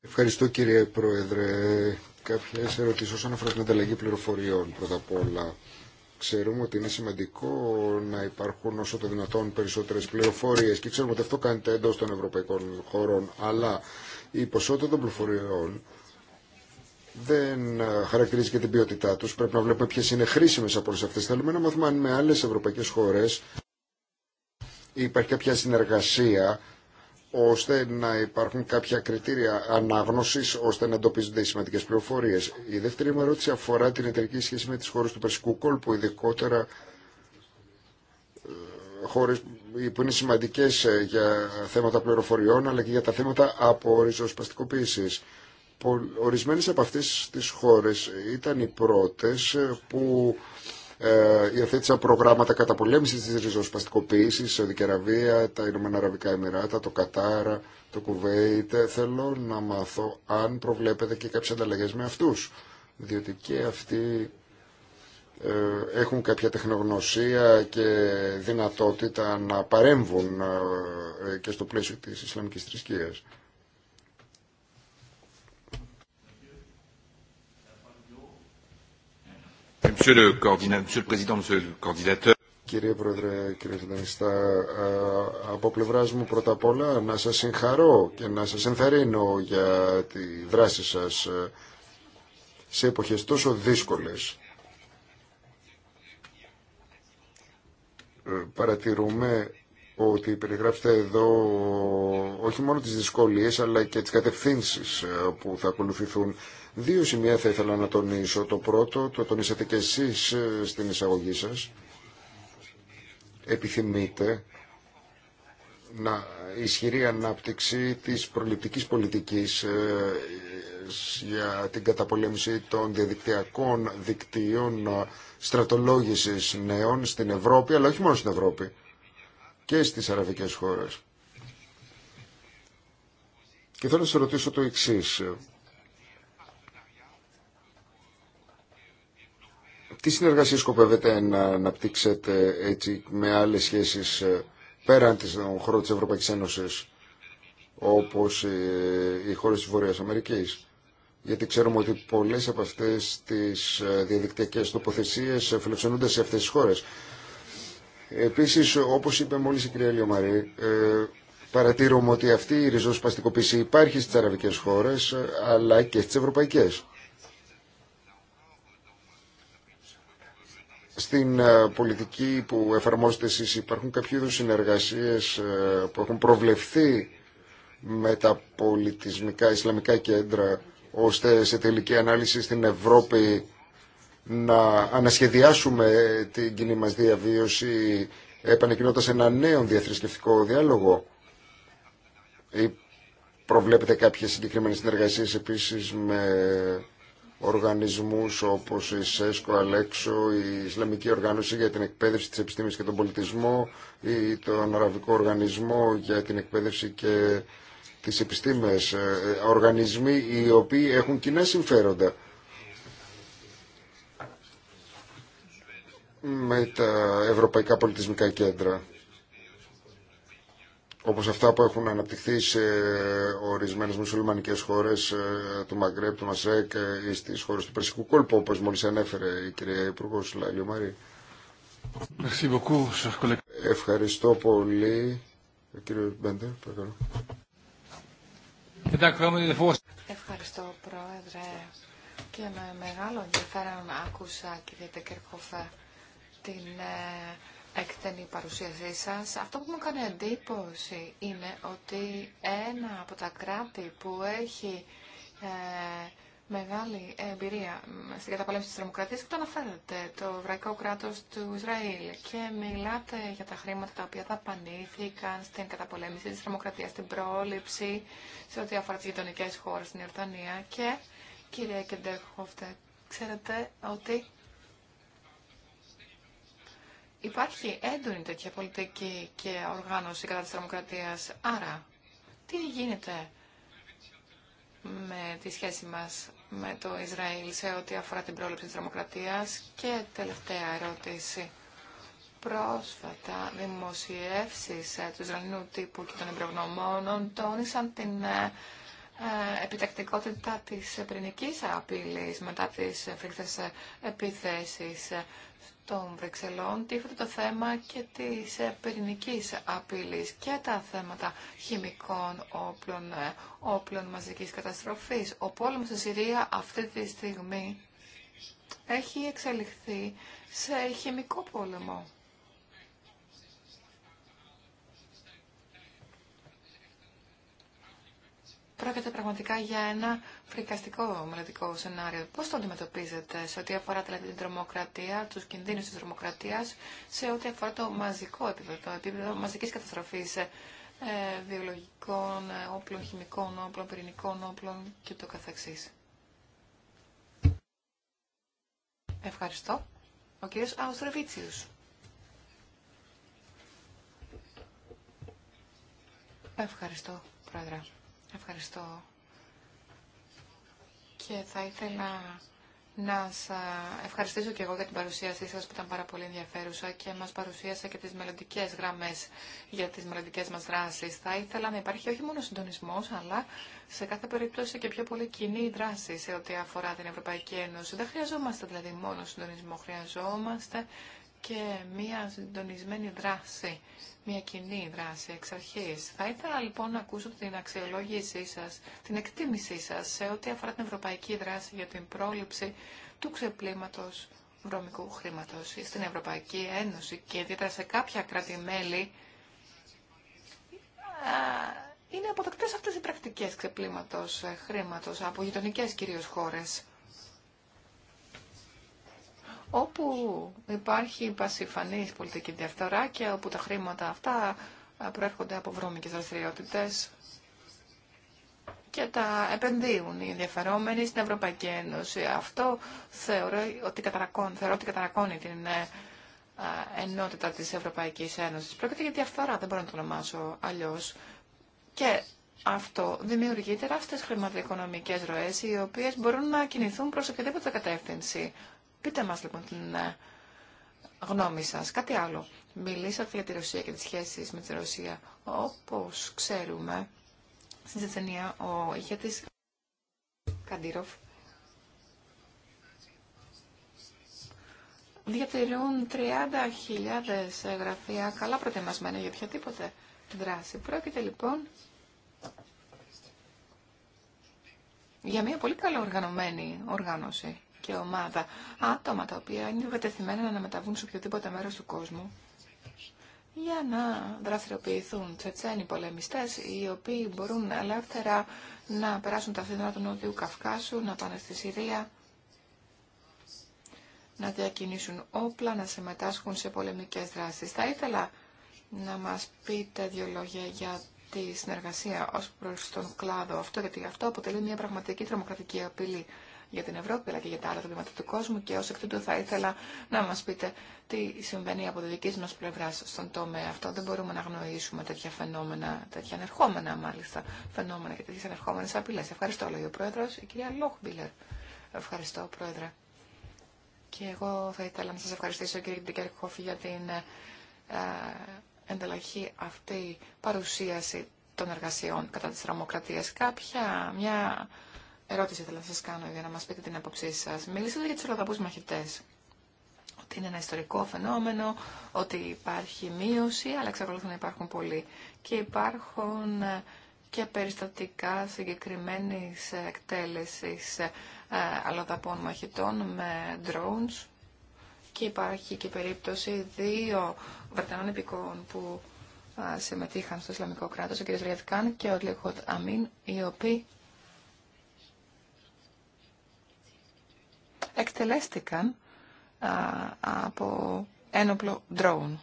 Ευχαριστώ κύριε Πρόεδρε. Κάποιε ερωτήσει όσον αφορά την ανταλλαγή πληροφοριών πρώτα απ' όλα. Ξέρουμε ότι είναι σημαντικό να υπάρχουν όσο το δυνατόν περισσότερες πληροφορίε. και ξέρουμε ότι αυτό κάνετε εντό των ευρωπαϊκών χωρών, αλλά η ποσότητα των πληροφοριών δεν ε, χαρακτηρίζει και την ποιότητά τους. Πρέπει να βλέπουμε ποιες είναι χρήσιμες από όλες αυτές. Θέλουμε να μάθουμε αν με άλλες ευρωπαϊκές χώρες υπάρχει κάποια συνεργασία ώστε να υπάρχουν κάποια κριτήρια ανάγνωσης ώστε να εντοπίζονται οι σημαντικές πληροφορίες. Η δεύτερη μου ερώτηση αφορά την εταιρική σχέση με τις χώρες του Περσικού κόλπου, ειδικότερα ε, χώρες που είναι σημαντικές ε, για θέματα πληροφοριών αλλά και για τα θέματα από Ορισμένες από αυτές τις χώρες ήταν οι πρώτες που ε, υιοθέτησαν προγράμματα καταπολέμησης της ριζοσπαστικοποίησης, η Σαουδική τα Ηνωμένα Αραβικά Εμμυράτα, το Κατάρα, το Κουβέιτ. Θέλω να μάθω αν προβλέπετε και κάποιες ανταλλαγές με αυτούς, διότι και αυτοί ε, έχουν κάποια τεχνογνωσία και δυνατότητα να παρέμβουν ε, ε, και στο πλαίσιο της Ισλαμικής θρησκείας. Κύριε Πρόεδρε, κύριε Συντονιστά, από πλευρά μου πρώτα απ' όλα να σας συγχαρώ και να σας ενθαρρύνω για τη δράση σας ε, σε εποχές τόσο δύσκολες. Ε, παρατηρούμε ότι περιγράψετε εδώ όχι μόνο τις δυσκολίες αλλά και τις κατευθύνσεις ε, που θα ακολουθηθούν Δύο σημεία θα ήθελα να τονίσω. Το πρώτο, το τονίσατε και εσείς ε, στην εισαγωγή σας. Επιθυμείτε να ισχυρή ανάπτυξη της προληπτικής πολιτικής ε, για την καταπολέμηση των διαδικτυακών δικτύων ε, στρατολόγησης νέων στην Ευρώπη, αλλά όχι μόνο στην Ευρώπη, και στις αραβικές χώρες. Και θέλω να σας ρωτήσω το εξής. Τι συνεργασία σκοπεύετε να αναπτύξετε έτσι με άλλες σχέσεις ε, πέραν των χώρου της ε, Ευρωπαϊκή Ένωση, όπως ε, οι χώρες της Βορειάς Αμερικής. Γιατί ξέρουμε ότι πολλές από αυτές τις διαδικτυακές τοποθεσίες φιλοξενούνται σε αυτές τις χώρες. Επίσης, όπως είπε μόλις η κυρία Λιωμαρή, παρατήρουμε ότι αυτή η ριζοσπαστικοποίηση υπάρχει στις αραβικές χώρες αλλά και στις ευρωπαϊκές. στην ε, πολιτική που εφαρμόζετε εσείς υπάρχουν κάποιο είδους συνεργασίες ε, που έχουν προβλεφθεί με τα πολιτισμικά Ισλαμικά κέντρα ώστε σε τελική ανάλυση στην Ευρώπη να ανασχεδιάσουμε την κοινή μας διαβίωση επανεκκινώντας ένα νέο διαθρησκευτικό διάλογο ή προβλέπετε κάποιες συγκεκριμένες συνεργασίες επίσης με οργανισμούς όπως η ΣΕΣΚΟ, Αλέξο, η Ισλαμική Οργάνωση για την Εκπαίδευση της Επιστήμης και τον Πολιτισμό ή τον Αραβικό Οργανισμό για την Εκπαίδευση και τις Επιστήμες. Ε, οργανισμοί οι οποίοι έχουν κοινά συμφέροντα. με τα ευρωπαϊκά πολιτισμικά κέντρα όπως αυτά που έχουν αναπτυχθεί σε ορισμένες μουσουλμανικές χώρες ε, του Μαγκρέπ, του Μασέκ ε, ή στις χώρες του Περσικού κόλπου, όπως μόλις ανέφερε η κυρία Υπουργός Λαλίου Μαρή. Ευχαριστώ πολύ. Κύριε Μπέντερ, παρακαλώ. Ευχαριστώ, Πρόεδρε. Και με μεγάλο ενδιαφέρον άκουσα, κύριε Τεκερκόφε, την ε, εκτενή παρουσίασή σας. Αυτό που μου κάνει εντύπωση είναι ότι ένα από τα κράτη που έχει ε, μεγάλη εμπειρία στην καταπολέμηση της τρομοκρατίας, το αναφέρετε, το Βραϊκό κράτος του Ισραήλ. Και μιλάτε για τα χρήματα τα οποία δαπανήθηκαν στην καταπολέμηση της τρομοκρατίας, στην πρόληψη, σε ό,τι αφορά τις γειτονικές χώρες στην Ιορτανία. Και, κύριε Κεντέχοφτε, ξέρετε ότι Υπάρχει έντονη τέτοια πολιτική και οργάνωση κατά της τρομοκρατίας. Άρα, τι γίνεται με τη σχέση μας με το Ισραήλ σε ό,τι αφορά την πρόληψη της τρομοκρατίας. Και τελευταία ερώτηση. Πρόσφατα δημοσιεύσεις ε, του Ισραηλινού τύπου και των εμπρογνωμόνων τόνισαν την ε, ε, επιτακτικότητα της πυρηνικής απειλής μετά τις φρικτές επιθέσεις των Βρυξελών τίθεται το θέμα και της ε, πυρηνικής απειλής και τα θέματα χημικών όπλων, ε, όπλων μαζικής καταστροφής. Ο πόλεμος στη Συρία αυτή τη στιγμή έχει εξελιχθεί σε χημικό πόλεμο. Πρόκειται πραγματικά για ένα φρικαστικό μελλοντικό σενάριο. Πώς το αντιμετωπίζετε σε ό,τι αφορά δηλαδή, την τρομοκρατία, του κινδύνους της τρομοκρατία, σε ό,τι αφορά το μαζικό επίπεδο, το επίπεδο μαζική καταστροφή ε, βιολογικών ε, όπλων, χημικών όπλων, πυρηνικών όπλων και το καθεξής. Ευχαριστώ. Ο κ. Αουστροβίτσιους. Ευχαριστώ, Πρόεδρε. Ευχαριστώ και θα ήθελα να σα ευχαριστήσω και εγώ για την παρουσίασή σα που ήταν πάρα πολύ ενδιαφέρουσα και μας παρουσίασε και τις μελλοντικέ γραμμές για τις μελλοντικέ μας δράσεις. Θα ήθελα να υπάρχει όχι μόνο συντονισμό, αλλά σε κάθε περίπτωση και πιο πολύ κοινή δράση σε ό,τι αφορά την Ευρωπαϊκή Ένωση. Δεν χρειαζόμαστε δηλαδή μόνο συντονισμό, χρειαζόμαστε και μία συντονισμένη δράση, μία κοινή δράση εξ αρχής. Θα ήθελα λοιπόν να ακούσω την αξιολόγησή σας, την εκτίμησή σας σε ό,τι αφορά την ευρωπαϊκή δράση για την πρόληψη του ξεπλήματος βρώμικου χρήματος στην Ευρωπαϊκή Ένωση και ιδιαίτερα σε κάποια κράτη-μέλη είναι αποδεκτές αυτές οι πρακτικές ξεπλήματος ε, χρήματος από γειτονικέ κυρίως χώρες όπου υπάρχει πασιφανής πολιτική διαφθορά και όπου τα χρήματα αυτά προέρχονται από βρώμικες δραστηριότητε και τα επενδύουν οι ενδιαφερόμενοι στην Ευρωπαϊκή Ένωση. Αυτό θεωρώ ότι καταρακώνει, θεωρώ ότι καταρακώνει την ε, ε, ενότητα της Ευρωπαϊκής Ένωσης. Πρόκειται για διαφθορά, δεν μπορώ να το ονομάσω αλλιώς. Και αυτό δημιουργεί τεράστιε χρηματοοικονομικέ ροέ, οι οποίε μπορούν να κινηθούν προ οποιαδήποτε κατεύθυνση. Πείτε μας λοιπόν την ε, γνώμη σας. Κάτι άλλο. Μιλήσατε για τη Ρωσία και τις σχέσεις με τη Ρωσία. Όπως ξέρουμε, στην Τσετσενία ο ηγέτης Καντήροφ διατηρούν 30.000 γραφεία καλά προετοιμασμένα για οποιαδήποτε δράση. Πρόκειται λοιπόν για μια πολύ καλά οργανωμένη οργάνωση και ομάδα. Άτομα τα οποία είναι βετεθειμένα να μεταβούν σε οποιοδήποτε μέρος του κόσμου για να δραστηριοποιηθούν τσετσένοι πολεμιστές οι οποίοι μπορούν ελεύθερα να περάσουν τα σύνορα του Νότιου Καυκάσου, να πάνε στη Συρία, να διακινήσουν όπλα, να συμμετάσχουν σε πολεμικές δράσεις. Θα ήθελα να μας πείτε δύο λόγια για τη συνεργασία ως προς τον κλάδο αυτό, γιατί αυτό αποτελεί μια πραγματική τρομοκρατική απειλή για την Ευρώπη αλλά και για τα άλλα τμήματα του κόσμου και ως εκ τούτου θα ήθελα να μας πείτε τι συμβαίνει από τη δική μας πλευρά στον τομέα αυτό. Δεν μπορούμε να γνωρίσουμε τέτοια φαινόμενα, τέτοια ανερχόμενα μάλιστα φαινόμενα και τέτοιες ανερχόμενες απειλές. Ευχαριστώ, λέει ο Πρόεδρος, η κυρία Λόχμπιλερ. Ευχαριστώ, Πρόεδρε. Και εγώ θα ήθελα να σας ευχαριστήσω, κύριε Ντικερκόφ, για την ε, ενταλλαχή αυτή παρουσίαση των εργασιών κατά της τρομοκρατίας. Κάποια, μια ερώτηση θέλω να σας κάνω για να μας πείτε την άποψή σας. Μιλήσατε για του αλλοδαπούς μαχητές. Ότι είναι ένα ιστορικό φαινόμενο, ότι υπάρχει μείωση, αλλά εξακολουθούν να υπάρχουν πολλοί. Και υπάρχουν ε, και περιστατικά συγκεκριμένες εκτέλεση ε, αλλοδαπών μαχητών με drones. Και υπάρχει και περίπτωση δύο Βρετανών επικών που ε, συμμετείχαν στο Ισλαμικό κράτο ο κ. Ριαδικάν και ο Λιχότ Αμίν, οι οποίοι εκτελέστηκαν από ένοπλο ντρόουν.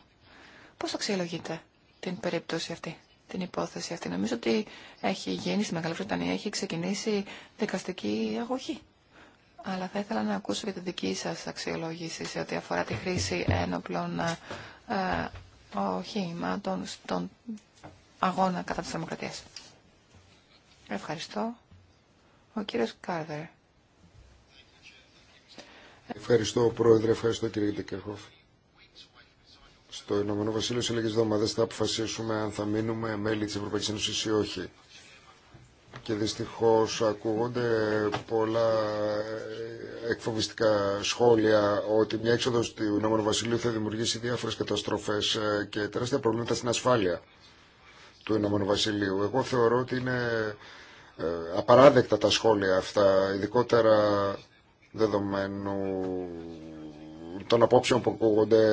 Πώς αξιολογείτε την περίπτωση αυτή, την υπόθεση αυτή. Νομίζω ότι έχει γίνει στη Μεγάλη Βρετανία, έχει ξεκινήσει δικαστική αγωγή. Αλλά θα ήθελα να ακούσω και τη δική σας αξιολόγηση σε ό,τι αφορά τη χρήση ένοπλων ε, οχήματων στον αγώνα κατά της δημοκρατίας. Ευχαριστώ. Ο κύριος Κάρδερ. Ευχαριστώ, Πρόεδρε. Ευχαριστώ, κύριε Τεκερχόφ. Στο Ηνωμένο Βασίλειο σε λίγε εβδομάδε θα αποφασίσουμε αν θα μείνουμε μέλη τη Ευρωπαϊκή Ένωση ή όχι. Και δυστυχώ ακούγονται πολλά ε, εκφοβιστικά σχόλια ότι μια έξοδο του Ηνωμένου Βασιλείου θα δημιουργήσει διάφορε καταστροφέ ε, και τεράστια προβλήματα στην ασφάλεια του Ηνωμένου Βασιλείου. Εγώ θεωρώ ότι είναι ε, απαράδεκτα τα σχόλια αυτά, ειδικότερα δεδομένου των απόψεων που ακούγονται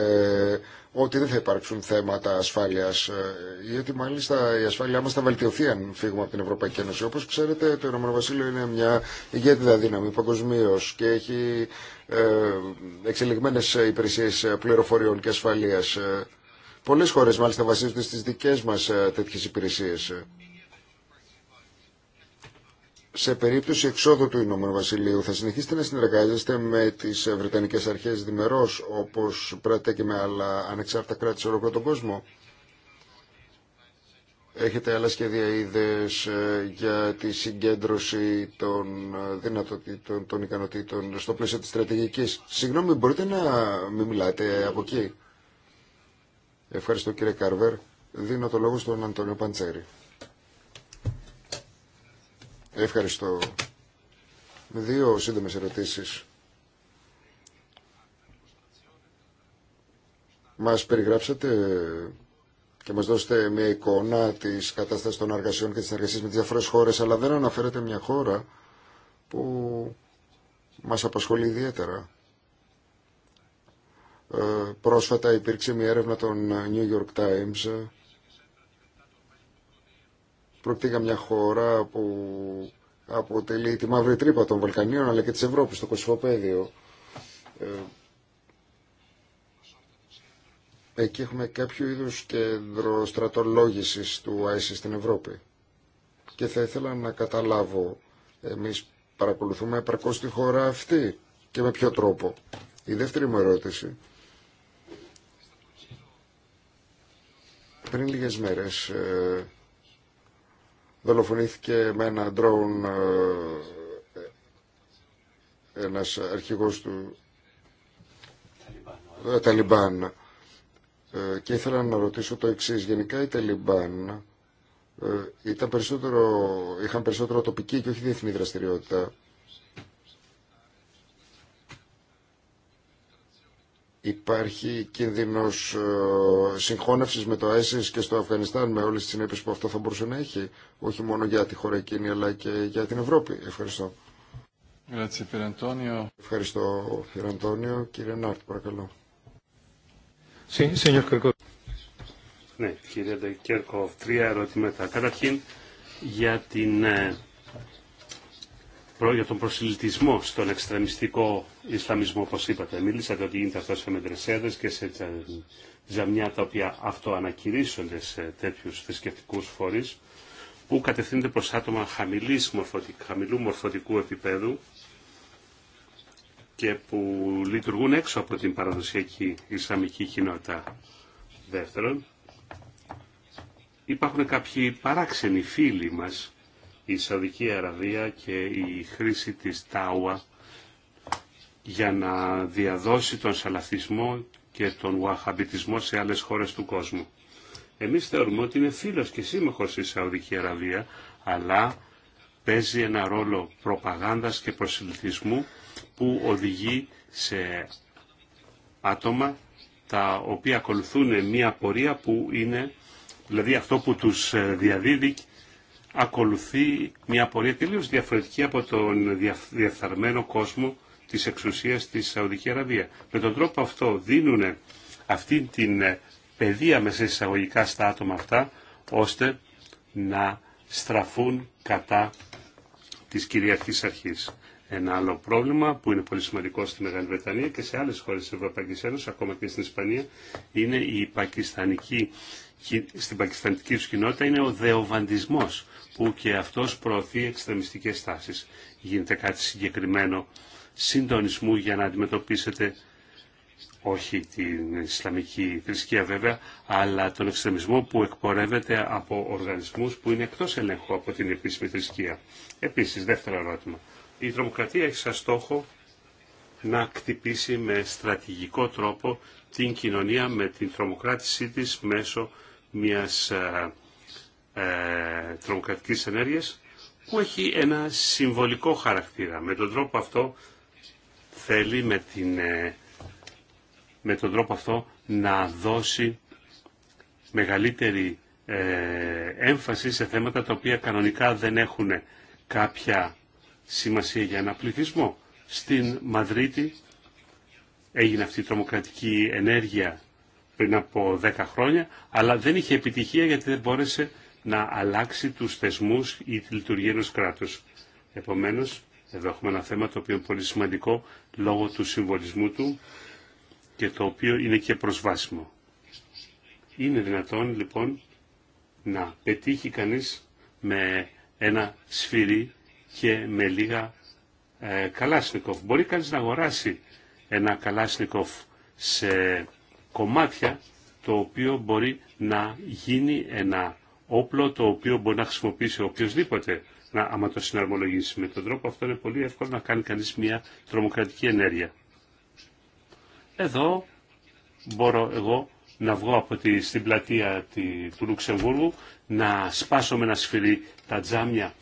ότι δεν θα υπάρξουν θέματα ασφάλεια. Ε, γιατί μάλιστα η ασφάλειά μα θα βελτιωθεί αν φύγουμε από την Ευρωπαϊκή Ένωση. Όπω ξέρετε, το Ηνωμένο Βασίλειο είναι μια ηγέτιδα δύναμη παγκοσμίω και έχει ε, εξελιγμένε υπηρεσίε πληροφοριών και ασφαλεία. Ε, Πολλέ χώρε μάλιστα βασίζονται στι δικέ μα τέτοιε υπηρεσίε σε περίπτωση εξόδου του Ηνωμένου Βασιλείου θα συνεχίσετε να συνεργάζεστε με τις Βρετανικές Αρχές διμερώς όπως πράτετε και με άλλα ανεξάρτητα κράτη σε όλο τον κόσμο. Έχετε άλλα σχέδια είδες ε, για τη συγκέντρωση των ε, δυνατοτήτων, των ικανοτήτων στο πλαίσιο της στρατηγικής. Συγγνώμη, μπορείτε να μην μιλάτε από εκεί. Ευχαριστώ κύριε Καρβέρ. Δίνω το λόγο στον Αντώνιο Παντσέρη. Ευχαριστώ. Δύο σύντομες ερωτήσεις. Μας περιγράψατε και μας δώσετε μια εικόνα της κατάστασης των εργασιών και της εργασίας με τις διαφορές χώρες, αλλά δεν αναφέρετε μια χώρα που μας απασχολεί ιδιαίτερα. Ε, πρόσφατα υπήρξε μια έρευνα των New York Times Πρόκειται μια χώρα που αποτελεί τη μαύρη τρύπα των Βαλκανίων αλλά και της Ευρώπης, το Κωσυφοπαίδιο. Ε, εκεί έχουμε κάποιο είδους κέντρο στρατολόγησης του ΆΕΣΙ στην Ευρώπη. Και θα ήθελα να καταλάβω, εμείς παρακολουθούμε επαρκώς τη χώρα αυτή και με ποιο τρόπο. Η δεύτερη μου ερώτηση. Πριν λίγες μέρες ε, δολοφονήθηκε με ένα ντρόουν ε, ένας αρχηγός του Ταλιμπάν. Ναι. Ε, και ήθελα να ρωτήσω το εξής. Γενικά οι Ταλιμπάν ε, ήταν περισσότερο, είχαν περισσότερο τοπική και όχι διεθνή δραστηριότητα. Υπάρχει κίνδυνος ε, συγχώνευσης με το ΑΕΣΙΣ και στο Αφγανιστάν με όλες τις συνέπειες που αυτό θα μπορούσε να έχει, όχι μόνο για τη χώρα εκείνη αλλά και για την Ευρώπη. Ευχαριστώ. Ευχαριστώ, κύριε Αντώνιο. Κύριε Νάρτ, παρακαλώ. Ναι, κύριε Κέρκοφ, τρία ερωτήματα. Καταρχήν, για την ε, για τον προσυλλητισμό στον εξτρεμιστικό Ισλαμισμό, όπω είπατε. Μίλησατε ότι γίνεται αυτό σε μετρεσέδε και σε τζαμιά τα οποία αυτοανακηρύσσονται σε τέτοιου θρησκευτικού φορεί, που κατευθύνονται προ άτομα χαμηλής χαμηλού μορφωτικού επίπεδου και που λειτουργούν έξω από την παραδοσιακή Ισλαμική κοινότητα. Δεύτερον, υπάρχουν κάποιοι παράξενοι φίλοι μας η Σαουδική Αραβία και η χρήση της Τάουα για να διαδώσει τον σαλαφισμό και τον ουαχαμπιτισμό σε άλλες χώρες του κόσμου. Εμείς θεωρούμε ότι είναι φίλος και σύμμαχος η Σαουδική Αραβία, αλλά παίζει ένα ρόλο προπαγάνδας και προσελθισμού που οδηγεί σε άτομα τα οποία ακολουθούν μια πορεία που είναι, δηλαδή αυτό που τους διαδίδει ακολουθεί μια πορεία τελείως διαφορετική από τον διαφθαρμένο κόσμο της εξουσίας της Σαουδική Αραβία. Με τον τρόπο αυτό δίνουν αυτή την ε, παιδεία μέσα εισαγωγικά στα άτομα αυτά, ώστε να στραφούν κατά της κυριαρχής αρχής. Ένα άλλο πρόβλημα που είναι πολύ σημαντικό στη Μεγάλη Βρετανία και σε άλλες χώρες της Ευρωπαϊκής Ένωσης, ακόμα και στην Ισπανία, είναι η πακιστανική, στην πακιστανική του κοινότητα είναι ο δεοβαντισμός που και αυτός προωθεί εξτρεμιστικές τάσεις. Γίνεται κάτι συγκεκριμένο συντονισμού για να αντιμετωπίσετε όχι την Ισλαμική θρησκεία βέβαια, αλλά τον εξτρεμισμό που εκπορεύεται από οργανισμούς που είναι εκτός ελέγχου από την επίσημη θρησκεία. Επίσης, δεύτερο ερώτημα. Η τρομοκρατία έχει σαν στόχο να κτυπήσει με στρατηγικό τρόπο την κοινωνία με την τρομοκράτησή της μέσω μιας ε, ε, τρομοκρατικής ενέργειας που έχει ένα συμβολικό χαρακτήρα. Με τον τρόπο αυτό θέλει με, ε, τον τρόπο αυτό να δώσει μεγαλύτερη ε, έμφαση σε θέματα τα οποία κανονικά δεν έχουν κάποια σημασία για ένα πληθυσμό. Στην Μαδρίτη έγινε αυτή η τρομοκρατική ενέργεια πριν από 10 χρόνια, αλλά δεν είχε επιτυχία γιατί δεν μπόρεσε να αλλάξει τους θεσμούς ή τη λειτουργία ενός κράτους. Επομένως, εδώ έχουμε ένα θέμα το οποίο είναι πολύ σημαντικό λόγω του συμβολισμού του και το οποίο είναι και προσβάσιμο. Είναι δυνατόν λοιπόν να πετύχει κανείς με ένα σφυρί και με λίγα ε, καλάσνικοφ. Μπορεί κανείς να αγοράσει ένα καλάσνικοφ σε κομμάτια το οποίο μπορεί να γίνει ένα όπλο το οποίο μπορεί να χρησιμοποιήσει οποιοδήποτε να, άμα το συναρμολογήσει. Με τον τρόπο αυτό είναι πολύ εύκολο να κάνει κανείς μια τρομοκρατική ενέργεια. Εδώ μπορώ εγώ να βγω από τη, στην πλατεία τη, του Λουξεμβούργου, να σπάσω με ένα σφυρί τα τζάμια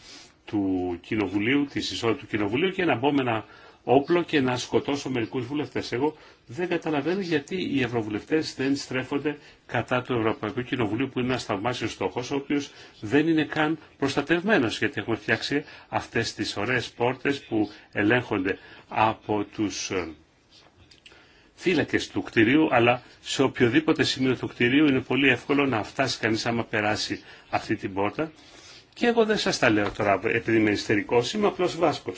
του κοινοβουλίου, της εισόδου του κοινοβουλίου και να μπω με ένα όπλο και να σκοτώσω μερικούς βουλευτές. Εγώ δεν καταλαβαίνω γιατί οι ευρωβουλευτέ δεν στρέφονται κατά του Ευρωπαϊκού Κοινοβουλίου, που είναι ένα θαυμάσιο στόχο, ο οποίο δεν είναι καν προστατευμένο, γιατί έχουμε φτιάξει αυτέ τι ωραίε πόρτε που ελέγχονται από του ε, φύλακε του κτηρίου, αλλά σε οποιοδήποτε σημείο του κτηρίου είναι πολύ εύκολο να φτάσει κανεί άμα περάσει αυτή την πόρτα. Και εγώ δεν σα τα λέω τώρα επειδή είμαι ιστερικό, είμαι απλό Βάσκο.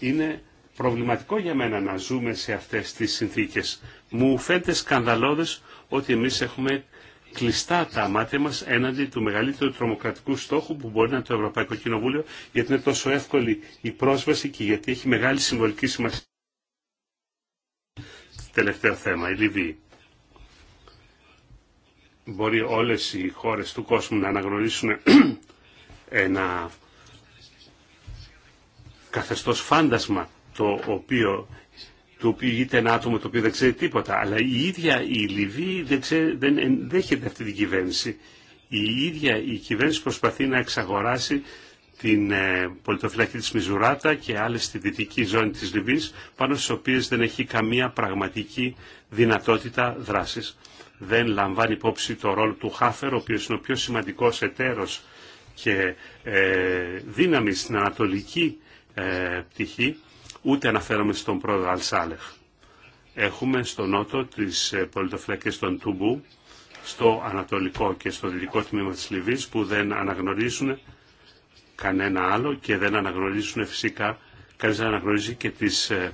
Είναι προβληματικό για μένα να ζούμε σε αυτές τις συνθήκες. Μου φαίνεται σκανδαλώδες ότι εμείς έχουμε κλειστά τα μάτια μας έναντι του μεγαλύτερου τρομοκρατικού στόχου που μπορεί να είναι το Ευρωπαϊκό Κοινοβούλιο γιατί είναι τόσο εύκολη η πρόσβαση και γιατί έχει μεγάλη συμβολική σημασία. Τελευταίο θέμα, η Λιβύη. Μπορεί όλες οι χώρες του κόσμου να αναγνωρίσουν ένα καθεστώς φάντασμα το οποίο του οποίου είτε ένα άτομο το οποίο δεν ξέρει τίποτα. Αλλά η ίδια η Λιβύη δεν, ξέρει, δεν ενδέχεται αυτή την κυβέρνηση. Η ίδια η κυβέρνηση προσπαθεί να εξαγοράσει την ε, πολιτοφυλακή της Μιζουράτα και άλλες στη δυτική ζώνη της Λιβύης, πάνω στις οποίες δεν έχει καμία πραγματική δυνατότητα δράσης. Δεν λαμβάνει υπόψη το ρόλο του Χάφερ, ο οποίος είναι ο πιο σημαντικός εταίρος και ε, δύναμη στην ανατολική ε, πτυχή, ούτε αναφέρομαι στον πρόεδρο Αλσάλεχ. Έχουμε στο νότο τις ε, πολιτοφυλακές των Τούμπου, στο ανατολικό και στο δυτικό τμήμα της Λιβύης που δεν αναγνωρίζουν κανένα άλλο και δεν αναγνωρίζουν φυσικά, κανείς δεν αναγνωρίζει και τις ε,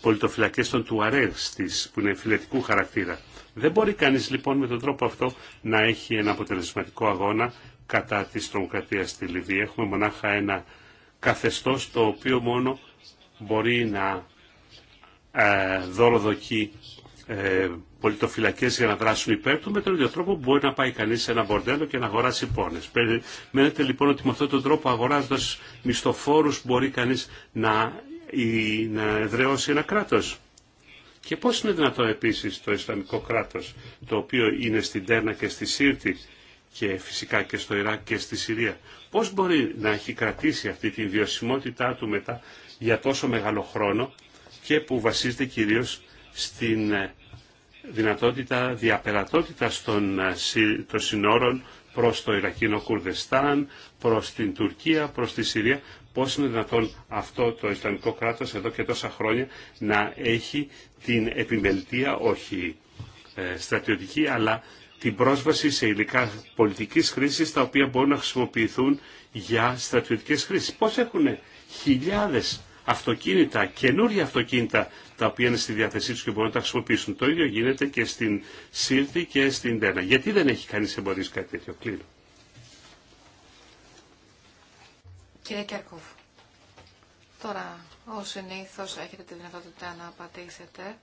πολιτοφυλακές των Τουαρέγς που είναι φυλετικού χαρακτήρα. Δεν μπορεί κανείς λοιπόν με τον τρόπο αυτό να έχει ένα αποτελεσματικό αγώνα κατά της τρομοκρατίας στη Λιβύη. Έχουμε μονάχα ένα καθεστώς το οποίο μόνο μπορεί να ε, δωροδοκεί ε, πολιτοφυλακές για να δράσουν υπέρ του, με τον ίδιο τρόπο μπορεί να πάει κανεί σε ένα μπορντέλο και να αγοράσει πόνες. Μένετε λοιπόν ότι με αυτόν τον τρόπο αγοράζοντα μισθοφόρου μπορεί κανεί να, ή, να εδραιώσει ένα κράτο. Και πώς είναι δυνατόν επίσης το Ισλαμικό κράτος, το οποίο είναι στην Τέρνα και στη Σύρτη και φυσικά και στο Ιράκ και στη Συρία, πώς μπορεί να έχει κρατήσει αυτή τη βιωσιμότητά του μετά για τόσο μεγάλο χρόνο και που βασίζεται κυρίως στην ε, δυνατότητα διαπερατότητας των, ε, των συνόρων προς το Ιρακίνο Κουρδεστάν, προς την Τουρκία, προς τη Συρία. Πώς είναι δυνατόν αυτό το Ισλαμικό κράτος εδώ και τόσα χρόνια να έχει την επιμελητία, όχι ε, στρατιωτική, αλλά την πρόσβαση σε υλικά πολιτικής χρήσης, τα οποία μπορούν να χρησιμοποιηθούν για στρατιωτικές χρήσεις. Πώς έχουν χιλιάδες αυτοκίνητα, καινούργια αυτοκίνητα τα οποία είναι στη διάθεσή τους και μπορούν να τα χρησιμοποιήσουν. Το ίδιο γίνεται και στην Σύρτη και στην Τένα. Γιατί δεν έχει κάνει εμπορίσει κάτι τέτοιο. Κλείνω. Κύριε Κέρκοφ, τώρα ω συνήθω έχετε τη δυνατότητα να απαντήσετε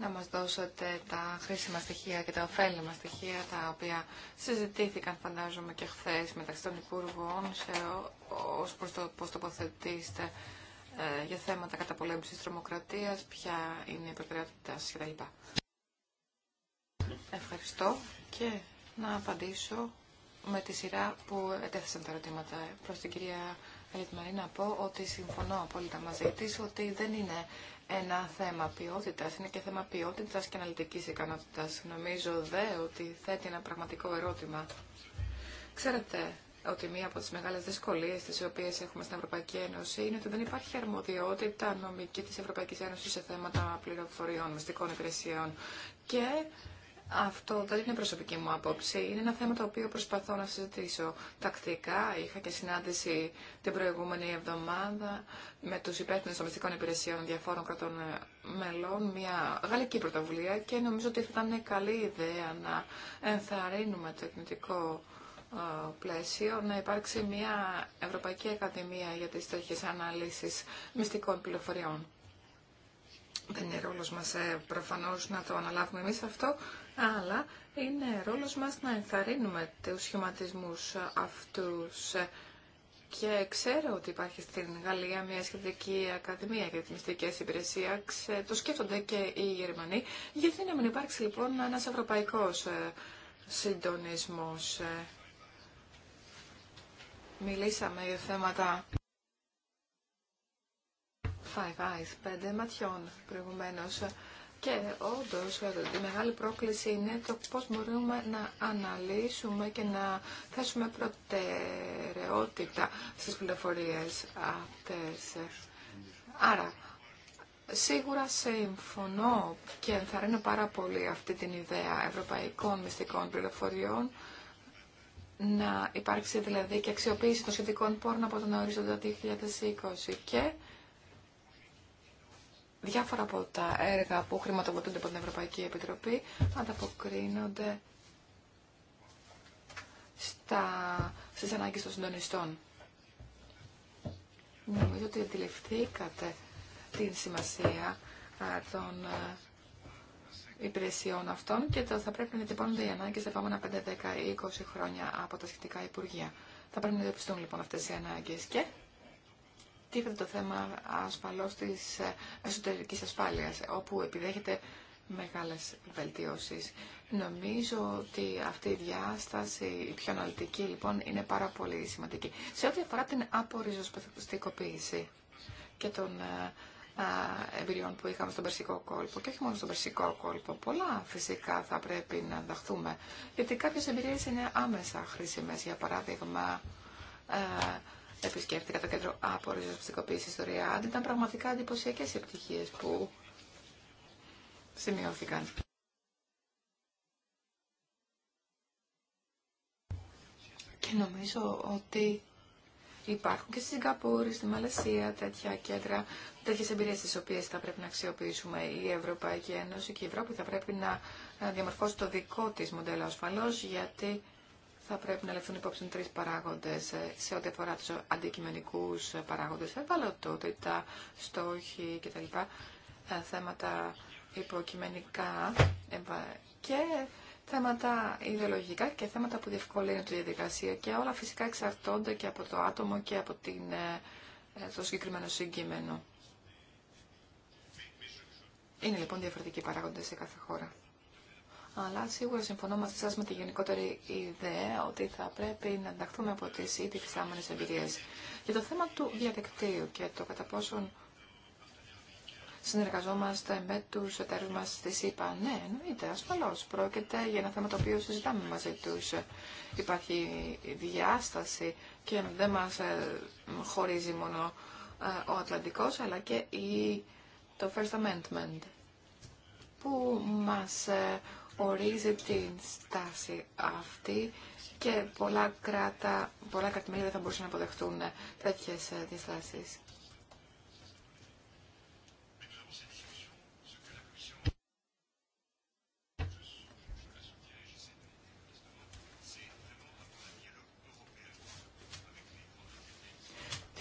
να μας δώσετε τα χρήσιμα στοιχεία και τα ωφέλιμα στοιχεία τα οποία συζητήθηκαν φαντάζομαι και χθε μεταξύ των Υπουργών σε, ως προς το πώς τοποθετήσετε ε, για θέματα καταπολέμησης τρομοκρατίας, ποια είναι η προτεραιότητα σας κτλ. Ευχαριστώ και να απαντήσω με τη σειρά που ετέθησαν τα ερωτήματα προς την κυρία Μαρή να πω ότι συμφωνώ απόλυτα μαζί της ότι δεν είναι ένα θέμα ποιότητας, είναι και θέμα ποιότητας και αναλυτικής ικανότητα. Νομίζω δε ότι θέτει ένα πραγματικό ερώτημα. Ξέρετε ότι μία από τις μεγάλες δυσκολίες τι οποίε έχουμε στην Ευρωπαϊκή Ένωση είναι ότι δεν υπάρχει αρμοδιότητα νομική τη Ευρωπαϊκή Ένωση σε θέματα πληροφοριών, μυστικών υπηρεσιών και αυτό δεν είναι προσωπική μου απόψη. Είναι ένα θέμα το οποίο προσπαθώ να συζητήσω τακτικά. Είχα και συνάντηση την προηγούμενη εβδομάδα με τους υπεύθυνους των μυστικών υπηρεσιών διαφόρων κρατών ε, μελών, μια γαλλική πρωτοβουλία και νομίζω ότι θα ήταν καλή ιδέα να ενθαρρύνουμε το εκνητικό ε, πλαίσιο να υπάρξει μια Ευρωπαϊκή Ακαδημία για τις τέτοιες αναλύσεις μυστικών πληροφοριών. Δεν είναι ρόλος μας ε, προφανώς να το αναλάβουμε εμείς αυτό, αλλά είναι ρόλος μας να ενθαρρύνουμε τους σχηματισμούς αυτούς. Και ξέρω ότι υπάρχει στην Γαλλία μια σχετική ακαδημία για τις μυστικές υπηρεσίες. Ε, το σκέφτονται και οι Γερμανοί. Γιατί να μην υπάρξει λοιπόν ένας ευρωπαϊκός ε, συντονισμός. Ε. Μιλήσαμε για θέματα Five Eyes, πέντε ματιών προηγουμένως. Και όντω η μεγάλη πρόκληση είναι το πώ μπορούμε να αναλύσουμε και να θέσουμε προτεραιότητα στι πληροφορίε αυτέ. Άρα, σίγουρα συμφωνώ και ενθαρρύνω πάρα πολύ αυτή την ιδέα ευρωπαϊκών μυστικών πληροφοριών να υπάρξει δηλαδή και αξιοποίηση των σχετικών πόρων από τον ορίζοντα 2020 και διάφορα από τα έργα που χρηματοδοτούνται από την Ευρωπαϊκή Επιτροπή ανταποκρίνονται στα, στις ανάγκες των συντονιστών. Νομίζω ότι αντιληφθήκατε την σημασία ε, των ε, υπηρεσιών αυτών και το θα πρέπει να τυπώνονται οι ανάγκες τα επόμενα 5, 10 ή 20 χρόνια από τα σχετικά Υπουργεία. Θα πρέπει να διαπιστούν λοιπόν αυτές οι ανάγκες και τίθεται το θέμα ασφαλώς της εσωτερικής ασφάλειας, όπου επιδέχεται μεγάλες βελτιώσεις. Νομίζω ότι αυτή η διάσταση, η πιο αναλυτική λοιπόν, είναι πάρα πολύ σημαντική. Σε ό,τι αφορά την απορριζοσπαστικοποίηση και των ε, εμπειριών που είχαμε στον Περσικό κόλπο και όχι μόνο στον Περσικό κόλπο. Πολλά φυσικά θα πρέπει να ενταχθούμε. γιατί κάποιες εμπειρίες είναι άμεσα χρήσιμες. Για παράδειγμα, ε, επισκέφτηκα το κέντρο απορριζοσπαστικοποίηση στο Ριάντ. Ήταν πραγματικά εντυπωσιακέ οι επιτυχίε που σημειώθηκαν. Και νομίζω ότι υπάρχουν και στη Σιγκαπούρη, στη Μαλαισία τέτοια κέντρα, τέτοιε εμπειρίε τι οποίε θα πρέπει να αξιοποιήσουμε η Ευρωπαϊκή Ένωση και η Ευρώπη θα πρέπει να διαμορφώσει το δικό τη μοντέλο ασφαλώ, γιατί θα πρέπει να λεφθούν υπόψη τρεις παράγοντες ε, σε ό,τι αφορά του αντικειμενικούς παράγοντε, ευαλωτότητα, στόχοι κτλ. Ε, θέματα υποκειμενικά και θέματα ιδεολογικά και θέματα που διευκολύνουν τη διαδικασία και όλα φυσικά εξαρτώνται και από το άτομο και από την, ε, το συγκεκριμένο συγκείμενο. Είναι λοιπόν διαφορετικοί παράγοντες σε κάθε χώρα αλλά σίγουρα συμφωνώ μαζί σας με τη γενικότερη ιδέα ότι θα πρέπει να ενταχθούμε από τις ήδη φυσάμενε εμπειρίε. Για το θέμα του διαδικτύου και το κατά πόσον συνεργαζόμαστε με του εταίρου μα στη ΣΥΠΑ. Ναι, εννοείται, ασφαλώ. Πρόκειται για ένα θέμα το οποίο συζητάμε μαζί του Υπάρχει διάσταση και δεν μα ε, χωρίζει μόνο ε, ο Ατλαντικό, αλλά και το First Amendment που μας ε, ορίζει την στάση αυτή και πολλά, κράτα, πολλά κρατημέρια δεν θα μπορούσαν να αποδεχτούν τέτοιες ε, Τι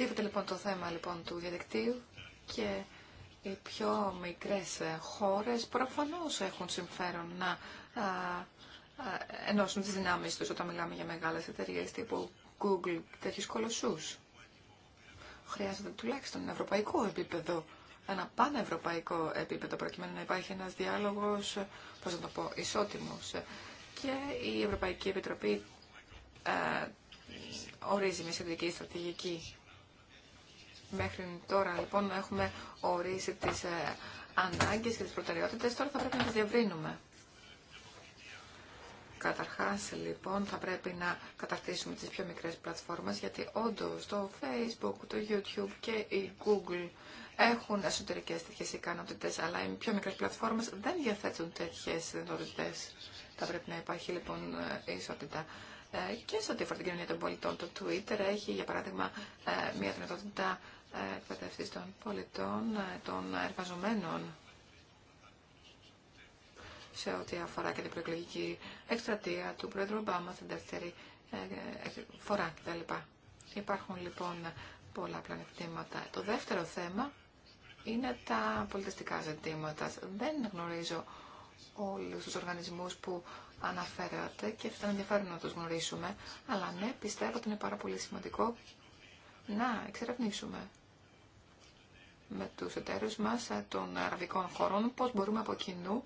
Τίθεται λοιπόν το θέμα λοιπόν του διαδικτύου και οι πιο μικρές ε, χώρες προφανώς έχουν συμφέρον να ενώσουν τις δυνάμεις τους όταν μιλάμε για μεγάλες εταιρείες τύπου Google και τέτοιους κολοσσούς. Χρειάζεται τουλάχιστον ευρωπαϊκό επίπεδο, ένα πανευρωπαϊκό επίπεδο, προκειμένου να υπάρχει ένας διάλογος, πώς να το πω, ισότιμος. Και η Ευρωπαϊκή Επιτροπή α, ε, ορίζει μια σχετική στρατηγική Μέχρι τώρα λοιπόν έχουμε ορίσει τις ε, ανάγκες και τις προτεραιότητες, τώρα θα πρέπει να τις διευρύνουμε. Καταρχάς, λοιπόν, θα πρέπει να καταρτήσουμε τις πιο μικρές πλατφόρμες, γιατί όντως το Facebook, το YouTube και η Google έχουν εσωτερικές τέτοιες ικανότητες, αλλά οι πιο μικρές πλατφόρμες δεν διαθέτουν τέτοιες δυνατότητες. Θα πρέπει να υπάρχει, λοιπόν, ε, ισότητα. Ε, και στο διαφορετική κοινωνία των πολιτών. Το Twitter έχει, για παράδειγμα, ε, μια δυνατότητα ε, εκπαιδευτή των πολιτών, των εργαζομένων σε ό,τι αφορά και την προεκλογική εκστρατεία του Πρόεδρου Ομπάμα στην δεύτερη φορά κτλ. Υπάρχουν λοιπόν πολλά πλανεκτήματα. Το δεύτερο θέμα είναι τα πολιτιστικά ζητήματα. Δεν γνωρίζω όλους τους οργανισμούς που αναφέρατε και θα ενδιαφέρον να τους γνωρίσουμε. Αλλά ναι, πιστεύω ότι είναι πάρα πολύ σημαντικό να εξερευνήσουμε με τους εταίρους μας ε, των αραβικών χωρών πώς μπορούμε από κοινού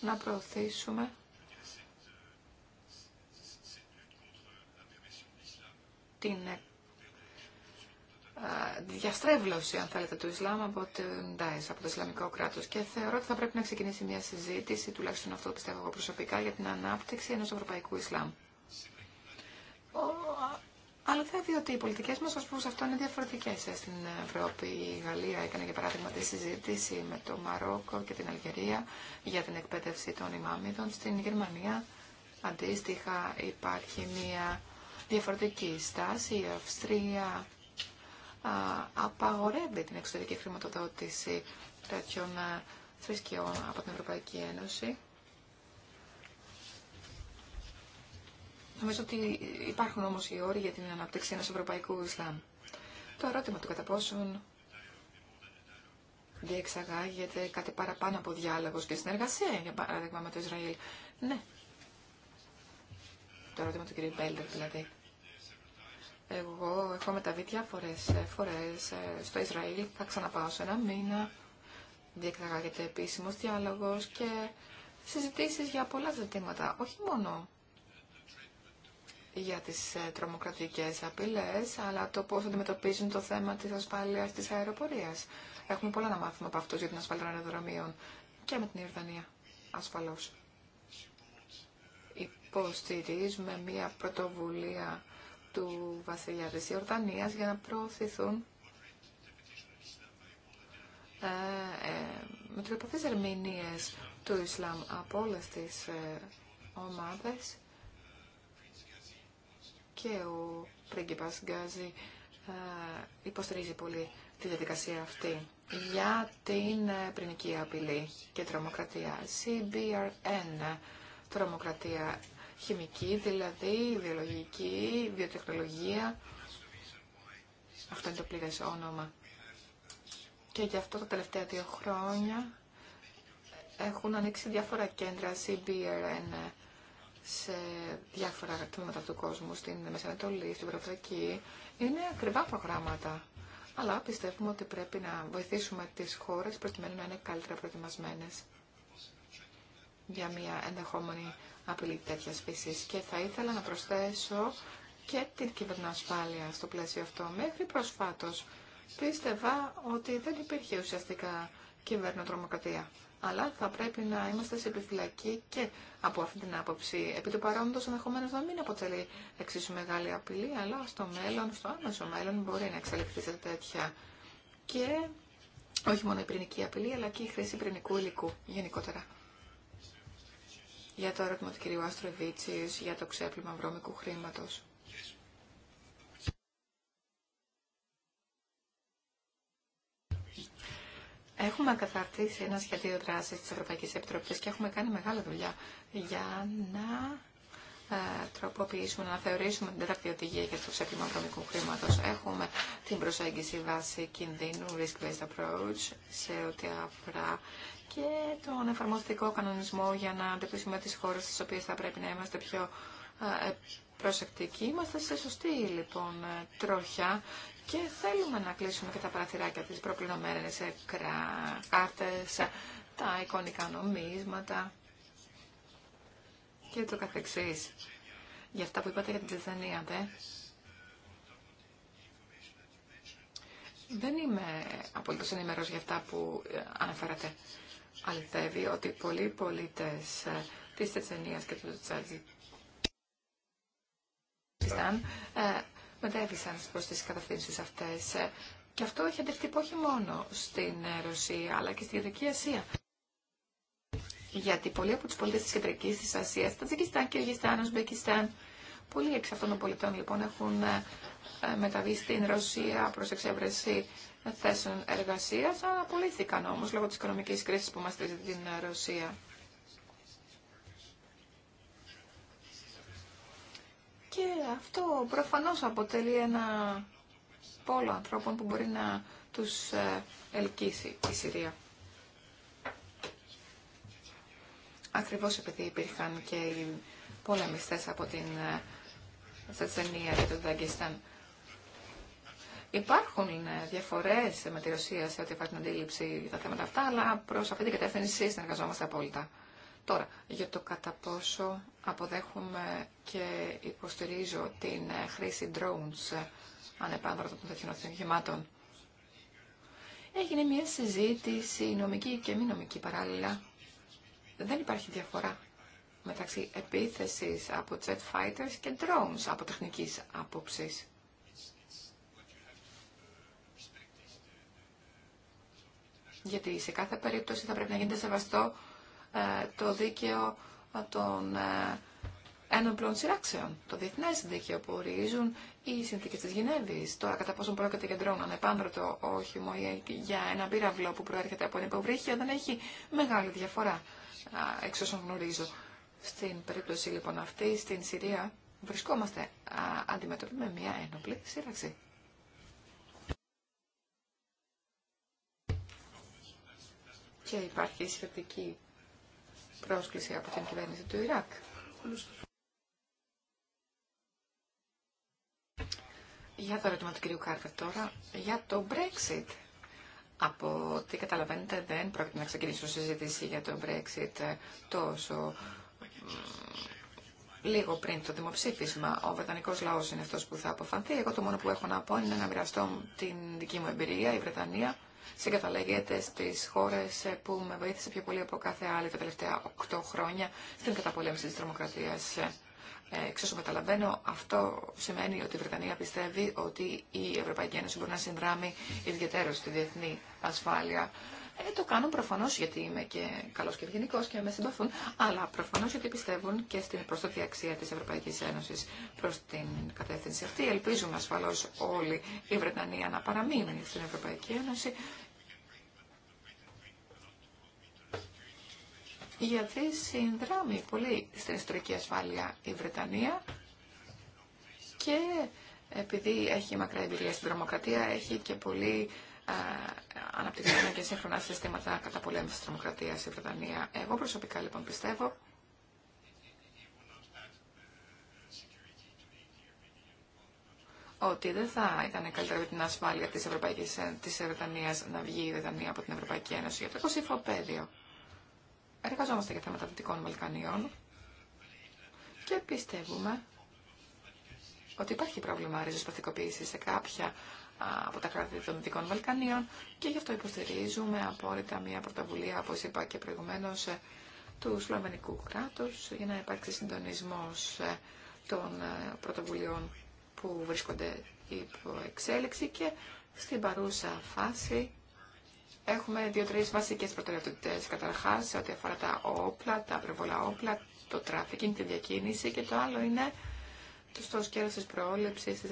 να προωθήσουμε την διαστρέβλωση, αν θέλετε, του Ισλάμ από από το Ισλαμικό κράτο Και θεωρώ ότι θα πρέπει να ξεκινήσει μια συζήτηση, τουλάχιστον αυτό πιστεύω εγώ προσωπικά, για την ανάπτυξη ενό ευρωπαϊκού Ισλάμ. Αλλά θα διότι οι πολιτικές μας πούμε σε αυτό είναι διαφορετικέ ε, στην Ευρώπη. Η Γαλλία έκανε για παράδειγμα τη συζήτηση με το Μαρόκο και την Αλγερία για την εκπαίδευση των ημάμιδων. Στην Γερμανία αντίστοιχα υπάρχει μια διαφορετική στάση. Η Αυστρία απαγορεύει την εξωτερική χρηματοδότηση τέτοιων θρησκειών από την Ευρωπαϊκή Ένωση. Νομίζω ότι υπάρχουν όμως οι όροι για την αναπτύξη ενός Ευρωπαϊκού Ισλάμ. Το ερώτημα του κατά πόσον διεξαγάγεται κάτι παραπάνω από διάλογος και συνεργασία, για παράδειγμα με το Ισραήλ. Ναι. Το ερώτημα του κ. Μπέλτερ δηλαδή. Εγώ έχω μεταβεί διάφορες ε, φορές ε, στο Ισραήλ. Θα ξαναπάω σε ένα μήνα. Διεκταγάγεται επίσημο διάλογο και συζητήσεις για πολλά ζητήματα. Όχι μόνο για τις ε, τρομοκρατικές απειλές, αλλά το πώς αντιμετωπίζουν το θέμα της ασφάλειας της αεροπορίας. Έχουμε πολλά να μάθουμε από αυτούς για την ασφάλεια των αεροδρομίων και με την Ιορδανία, ασφαλώς. Υποστηρίζουμε μία πρωτοβουλία του βασιλιά της Ιορδανίας για να προωθηθούν ε, ε, με του Ισλάμ από όλες τις ε, ομάδες και ο πρίγκιπας Γκάζη ε, υποστηρίζει πολύ τη διαδικασία αυτή για την ε, πρινική απειλή και τρομοκρατία. CBRN, τρομοκρατία χημική δηλαδή, βιολογική, βιοτεχνολογία. Αυτό είναι το πλήρες όνομα. Και γι' αυτό τα τελευταία δύο χρόνια έχουν ανοίξει διάφορα κέντρα CBRN σε διάφορα τμήματα του κόσμου, στην Μεσανατολή, στην Ευρωπαϊκή. Είναι ακριβά προγράμματα. Αλλά πιστεύουμε ότι πρέπει να βοηθήσουμε τις χώρες προκειμένου να είναι καλύτερα προετοιμασμένες για μια ενδεχόμενη απειλή τέτοια φύση. Και θα ήθελα να προσθέσω και την κυβερνοασφάλεια στο πλαίσιο αυτό. Μέχρι προσφάτω πίστευα ότι δεν υπήρχε ουσιαστικά κυβερνοτρομοκρατία. Αλλά θα πρέπει να είμαστε σε επιφυλακή και από αυτή την άποψη. Επί του παρόντο ενδεχομένω να μην αποτελεί εξίσου μεγάλη απειλή, αλλά στο μέλλον, στο άμεσο μέλλον, μπορεί να εξελιχθεί σε τέτοια. Και όχι μόνο η πυρηνική απειλή, αλλά και η χρήση πυρηνικού υλικού γενικότερα για το ερώτημα του κυρίου Άστροβίτσης για το ξέπλυμα βρώμικου χρήματος. Έχουμε καταρτήσει ένα σχέδιο δράση τη Ευρωπαϊκή Επιτροπή και έχουμε κάνει μεγάλη δουλειά για να ε, τροποποιήσουμε, να θεωρήσουμε την τέταρτη οδηγία για το ξέπλυμα βρωμικού χρήματο. Έχουμε την προσέγγιση βάση κινδύνου, risk-based approach, σε ό,τι αφορά και τον εφαρμοστικό κανονισμό για να αντεπίσουμε τις χώρες στις οποίες θα πρέπει να είμαστε πιο ε, προσεκτικοί. Είμαστε σε σωστή λοιπόν ε, τροχιά και θέλουμε να κλείσουμε και τα παραθυράκια της προπληρωμένες ε, κάρτες, τα εικονικά νομίσματα και το καθεξής. Για αυτά που είπατε για την Τζεζανία, δε. Δεν είμαι απολύτως ενημερός για αυτά που αναφέρατε αληθεύει ότι πολλοί πολίτες ε, της Τσετσενίας και του Τζαζιστάν ε, μετέβησαν προς τις κατευθύνσεις αυτές. Ε, και αυτό έχει αντιχτυπώ όχι μόνο στην Ρωσία, αλλά και στη Κεντρική Ασία. Γιατί πολλοί από τους πολίτες της Κεντρικής της Ασίας, Τατζικιστάν, Κυργιστάν, Ουσμπεκιστάν, πολλοί εξ αυτών των πολιτών λοιπόν έχουν μεταβεί στην Ρωσία προς εξέβρεση θέσεων εργασία αλλά απολύθηκαν όμω λόγω της οικονομική κρίσης που μας την Ρωσία. Και αυτό προφανώς αποτελεί ένα πόλο ανθρώπων που μπορεί να τους ε, ελκύσει η Συρία. Ακριβώς επειδή υπήρχαν και οι πολεμιστές από την Τσετσενία ε, και τον Δαγκιστάν. Υπάρχουν διαφορέ με τη Ρωσία σε ό,τι αφορά την αντίληψη για τα θέματα αυτά, αλλά προ αυτή την κατεύθυνση συνεργαζόμαστε απόλυτα. Τώρα, για το κατά πόσο αποδέχομαι και υποστηρίζω την χρήση drones ανεπάνδρωτων των τέτοιων ατυχημάτων. Έγινε μια συζήτηση νομική και μη νομική παράλληλα. Δεν υπάρχει διαφορά μεταξύ επίθεσης από jet fighters και drones από τεχνικής άποψης. Γιατί σε κάθε περίπτωση θα πρέπει να γίνεται σεβαστό ε, το δίκαιο των ε, ένοπλων σειράξεων, το διεθνέ δίκαιο που ορίζουν οι συνθήκε τη Γενέβη. Τώρα, κατά πόσο πρόκειται για ντρόν, ανεπάνδρωτο όχημο ή για ένα πύραυλο που προέρχεται από ένα υποβρύχιο, δεν έχει μεγάλη διαφορά, εξ όσων γνωρίζω. Στην περίπτωση λοιπόν αυτή, στην Συρία, βρισκόμαστε αντιμετωπίζουμε μια ένοπλη σύραξη. και υπάρχει σχετική πρόσκληση από την κυβέρνηση του Ιράκ. Για το ερώτημα του κυρίου Κάρπερ τώρα, για το Brexit. Από ό,τι καταλαβαίνετε δεν πρόκειται να ξεκινήσω συζήτηση για το Brexit τόσο λίγο πριν το δημοψήφισμα. Ο Βρετανικός λαός είναι αυτός που θα αποφανθεί. Εγώ το μόνο που έχω να πω είναι να μοιραστώ την δική μου εμπειρία. Η Βρετανία συγκαταλέγεται στις χώρες που με βοήθησε πιο πολύ από κάθε άλλη τα τελευταία 8 χρόνια στην καταπολέμηση της τρομοκρατία. Ε, εξ όσων καταλαβαίνω, αυτό σημαίνει ότι η Βρετανία πιστεύει ότι η Ευρωπαϊκή Ένωση μπορεί να συνδράμει ιδιαίτερο στη διεθνή ασφάλεια ε, το κάνουν προφανώ γιατί είμαι και καλό και ευγενικό και με συμπαθούν, αλλά προφανώ γιατί πιστεύουν και στην προσθέτη αξία τη Ευρωπαϊκή Ένωση προ την κατεύθυνση αυτή. Ελπίζουμε ασφαλώ όλοι η Βρετανία να παραμείνει στην Ευρωπαϊκή Ένωση. γιατί συνδράμει πολύ στην ιστορική ασφάλεια η Βρετανία και επειδή έχει μακρά εμπειρία στην τρομοκρατία, έχει και πολύ αναπτυχθούν και σύγχρονα συστήματα κατά πολέμηση της τρομοκρατίας στη Βρετανία. Εγώ προσωπικά λοιπόν πιστεύω ότι δεν θα ήταν καλύτερο για την ασφάλεια της, Ευρωπαϊκής, της Βρετανίας να βγει η Βρετανία από την Ευρωπαϊκή Ένωση. Για το κοσυφοπαίδιο εργαζόμαστε για θέματα Δυτικών Βαλκανίων και πιστεύουμε ότι υπάρχει πρόβλημα ριζοσπαθικοποίηση σε κάποια από τα κράτη των Δυτικών Βαλκανίων και γι' αυτό υποστηρίζουμε απόλυτα μια πρωτοβουλία, όπως είπα και προηγουμένως, ε, του Σλοβενικού κράτους για να υπάρξει συντονισμός ε, των ε, πρωτοβουλειών που βρίσκονται υπό εξέλιξη και στην παρούσα φάση έχουμε δύο-τρεις βασικές προτεραιότητες. Καταρχάς, σε ό,τι αφορά τα όπλα, τα προβολά όπλα, το τράφικινγκ, τη διακίνηση και το άλλο είναι το στόχο κέρδο της πρόληψης, της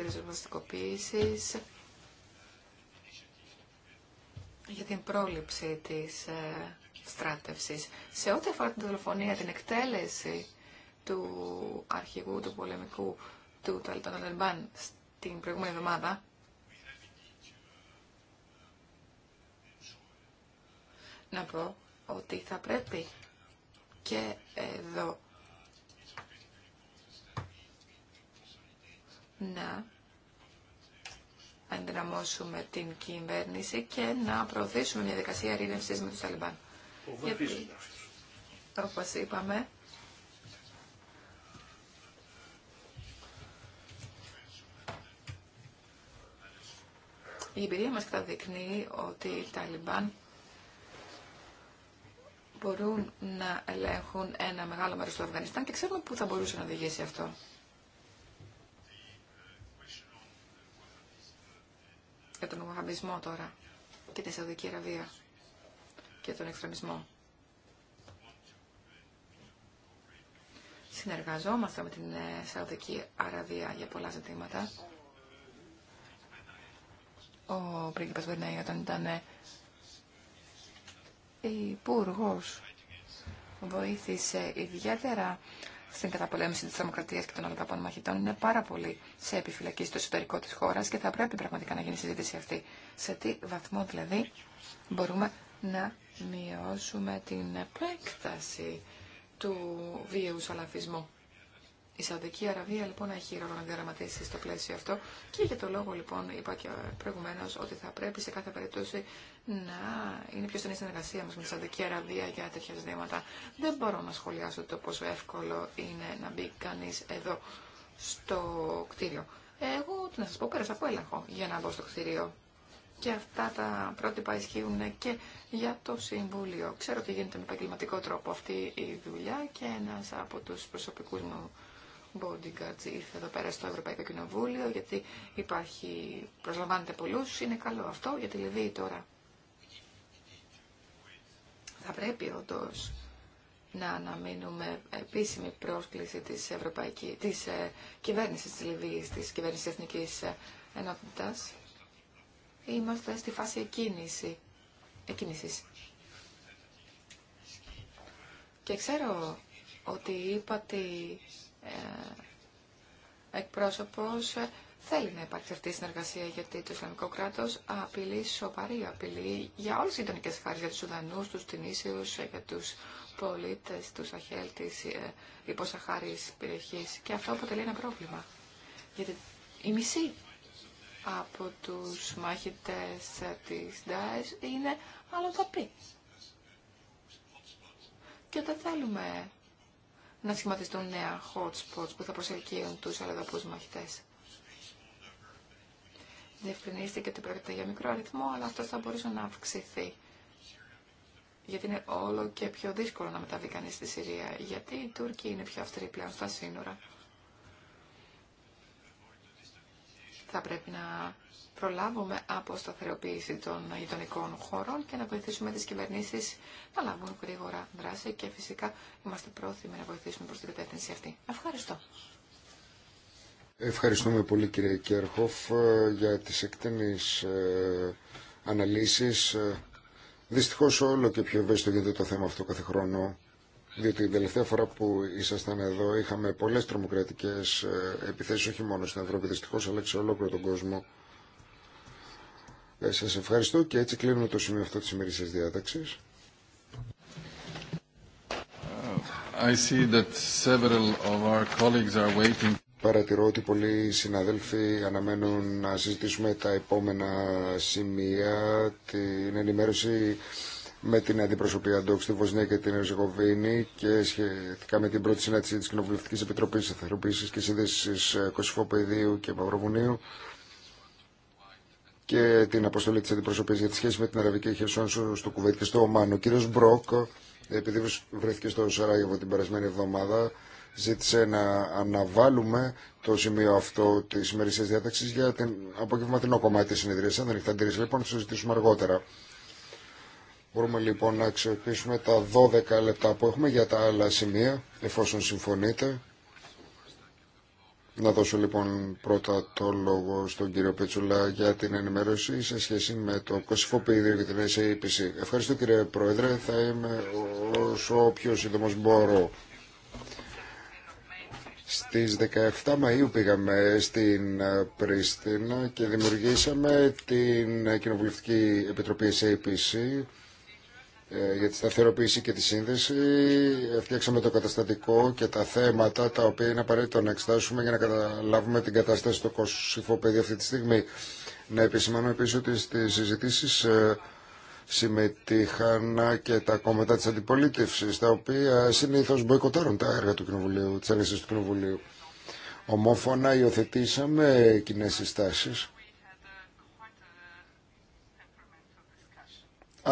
για την πρόληψη της ε, στράτευσης. Σε ό,τι αφορά την δολοφονία, την εκτέλεση του αρχηγού του πολεμικού του Ταλιμπάν στην προηγούμενη εβδομάδα, να πω ότι θα πρέπει και εδώ να να ενδυναμώσουμε την κυβέρνηση και να προωθήσουμε μια δικασία ειρήνευση με του Ταλιμπάν. όπω είπαμε, η εμπειρία μας καταδεικνύει ότι οι Ταλιμπάν μπορούν να ελέγχουν ένα μεγάλο μέρος του Αφγανιστάν και ξέρουμε πού θα μπορούσε να οδηγήσει αυτό. για τον Μοχαμπισμό τώρα και την Σαουδική Αραβία και τον εξτρεμισμό. Συνεργαζόμαστε με την ε, Σαουδική Αραβία για πολλά ζητήματα. Ο πρίγκιπας Βερνέη όταν ήταν ε, υπουργός βοήθησε ιδιαίτερα στην καταπολέμηση τη τρομοκρατία και των αλλοδαπών μαχητών είναι πάρα πολύ σε επιφυλακή στο εσωτερικό τη χώρα και θα πρέπει πραγματικά να γίνει συζήτηση αυτή. Σε τι βαθμό δηλαδή μπορούμε να μειώσουμε την επέκταση του βίαιου σαλαφισμού. Η Σαουδική Αραβία λοιπόν έχει ρόλο να διαραματίσει στο πλαίσιο αυτό και για το λόγο λοιπόν είπα και προηγουμένω ότι θα πρέπει σε κάθε περίπτωση να είναι πιο στενή συνεργασία μα με τη Σαουδική Αραβία για τέτοια ζητήματα. Δεν μπορώ να σχολιάσω το πόσο εύκολο είναι να μπει κανεί εδώ στο κτίριο. Εγώ, τι να σα πω, πέρασα από έλεγχο για να μπω στο κτίριο. Και αυτά τα πρότυπα ισχύουν και για το Συμβούλιο. Ξέρω ότι γίνεται με επαγγελματικό τρόπο αυτή η δουλειά και ένα από του προσωπικού μου bodyguards ήρθε εδώ πέρα στο Ευρωπαϊκό Κοινοβούλιο, γιατί υπάρχει, προσλαμβάνεται πολλούς, είναι καλό αυτό για τη Λιβύη τώρα. Θα πρέπει όντω να αναμείνουμε επίσημη πρόσκληση της, Ευρωπαϊκής, της ε, κυβέρνησης της Λιβύης, της κυβέρνησης Εθνικής ε, Ενότητας. Είμαστε στη φάση εκκίνηση, εκκίνησης. Και ξέρω ότι είπατε ε, εκπρόσωπος ε, θέλει να υπάρξει αυτή η συνεργασία γιατί το Ισλαμικό κράτος απειλεί σοβαρή απειλή για όλες τι γειτονικές χάρες, για τους Σουδανούς, τους Τινήσιους, ε, για τους πολίτες του Σαχέλ τη ε, υποσαχάρης περιοχής και αυτό αποτελεί ένα πρόβλημα. Γιατί η μισή από τους μάχητες της ΝΤΑΕΣ είναι αλλοδαπή. Και δεν θέλουμε να σχηματιστούν νέα hot spots που θα προσελκύουν τους αλλοδαπούς μαχητές. Διευκρινίστηκε ότι πρόκειται για μικρό αριθμό, αλλά αυτό θα μπορούσε να αυξηθεί. Γιατί είναι όλο και πιο δύσκολο να μεταβεί κανείς στη Συρία, γιατί οι Τούρκοι είναι πιο αυστηροί πλέον στα σύνορα. θα πρέπει να προλάβουμε από σταθεροποίηση των γειτονικών χωρών και να βοηθήσουμε τις κυβερνήσεις να λάβουν γρήγορα δράση και φυσικά είμαστε πρόθυμοι να βοηθήσουμε προς την κατεύθυνση αυτή. Ευχαριστώ. Ευχαριστούμε πολύ κύριε Κέρχοφ για τις εκτενείς ε, αναλύσεις. Ε, δυστυχώς όλο και πιο ευαίσθητο γίνεται το θέμα αυτό κάθε χρόνο. Διότι την τελευταία φορά που ήσασταν εδώ είχαμε πολλές τρομοκρατικές ε, επιθέσεις όχι μόνο στην Ευρώπη δυστυχώς αλλά και σε ολόκληρο τον κόσμο. Ε, σας ευχαριστώ και έτσι κλείνουμε το σημείο αυτό της ημερήσιας διάταξης. Uh, I see that several of our colleagues are waiting. Παρατηρώ ότι πολλοί συναδέλφοι αναμένουν να συζητήσουμε τα επόμενα σημεία, την ενημέρωση με την αντιπροσωπεία Αντόξη, τη Βοσνία και την Ερζεγοβίνη και σχετικά με την πρώτη συνάντηση τη Κοινοβουλευτική Επιτροπή Εθεροποίηση και Σύνδεση ε, Κωσυφοπεδίου και Παυροβουνίου και την αποστολή τη αντιπροσωπεία για τη σχέση με την Αραβική Χερσόνησο στο Κουβέτ και στο Ομάν. Ο κύριο Μπροκ, επειδή βρέθηκε στο Σαράγεβο την περασμένη εβδομάδα, ζήτησε να αναβάλουμε το σημείο αυτό τη ημερησία διάταξη για την απογευματινό κομμάτι τη συνεδρία. Αν δεν έχετε αντίρρηση, λοιπόν, θα συζητήσουμε αργότερα. Μπορούμε λοιπόν να αξιοποιήσουμε τα 12 λεπτά που έχουμε για τα άλλα σημεία, εφόσον συμφωνείτε. Να δώσω λοιπόν πρώτα το λόγο στον κύριο Πετσουλά για την ενημέρωση σε σχέση με το κοσυφοπίδιο και την SAPC. Ευχαριστώ κύριε Πρόεδρε, θα είμαι όσο πιο σύντομο μπορώ. Στις 17 Μαΐου πήγαμε στην Πρίστινα και δημιουργήσαμε την Κοινοβουλευτική Επιτροπή SAPC ε, για τη σταθεροποίηση και τη σύνδεση. Ε, φτιάξαμε το καταστατικό και τα θέματα τα οποία είναι απαραίτητο να εξετάσουμε για να καταλάβουμε την κατάσταση στο παιδί αυτή τη στιγμή. Να επισημανώ επίσης ότι στις συζητήσεις ε, συμμετείχαν και τα κόμματα της αντιπολίτευσης, τα οποία συνήθως μποϊκοτάρουν τα έργα του Κοινοβουλίου, του Κοινοβουλίου. Ομόφωνα υιοθετήσαμε κοινέ συστάσεις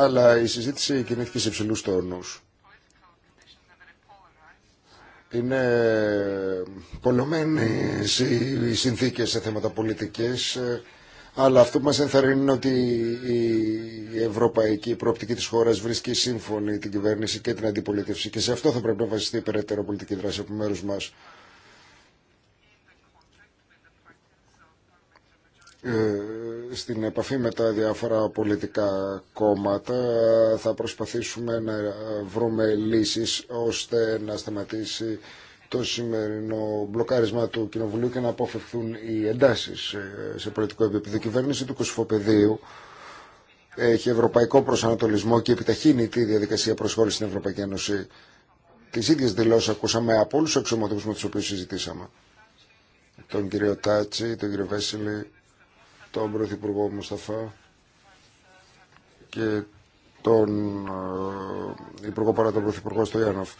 αλλά η συζήτηση κινήθηκε σε υψηλού τόνους. Είναι πολλωμένες οι συνθήκες σε θέματα πολιτικές, αλλά αυτό που μας ενθαρρύνει είναι ότι η ευρωπαϊκή προοπτική της χώρας βρίσκει σύμφωνη την κυβέρνηση και την αντιπολίτευση και σε αυτό θα πρέπει να βασιστεί η περαιτέρω πολιτική δράση από μέρους μας. Ε, στην επαφή με τα διάφορα πολιτικά κόμματα θα προσπαθήσουμε να βρούμε λύσεις ώστε να σταματήσει το σημερινό μπλοκάρισμα του Κοινοβουλίου και να αποφευθούν οι εντάσεις σε πολιτικό επίπεδο. Η κυβέρνηση του Κοσφοπεδίου έχει ευρωπαϊκό προσανατολισμό και επιταχύνει τη διαδικασία προσχώρησης στην Ευρωπαϊκή Ένωση. Τις ίδιες δηλώσεις ακούσαμε από όλους τους αξιωματικούς με τους οποίους συζητήσαμε. Τον κύριο Τάτσι, τον κύριο Βέσιλη, τον Πρωθυπουργό Μουσταφά και τον ε, Υπουργό παρά τον Πρωθυπουργό Στοιάνοφ.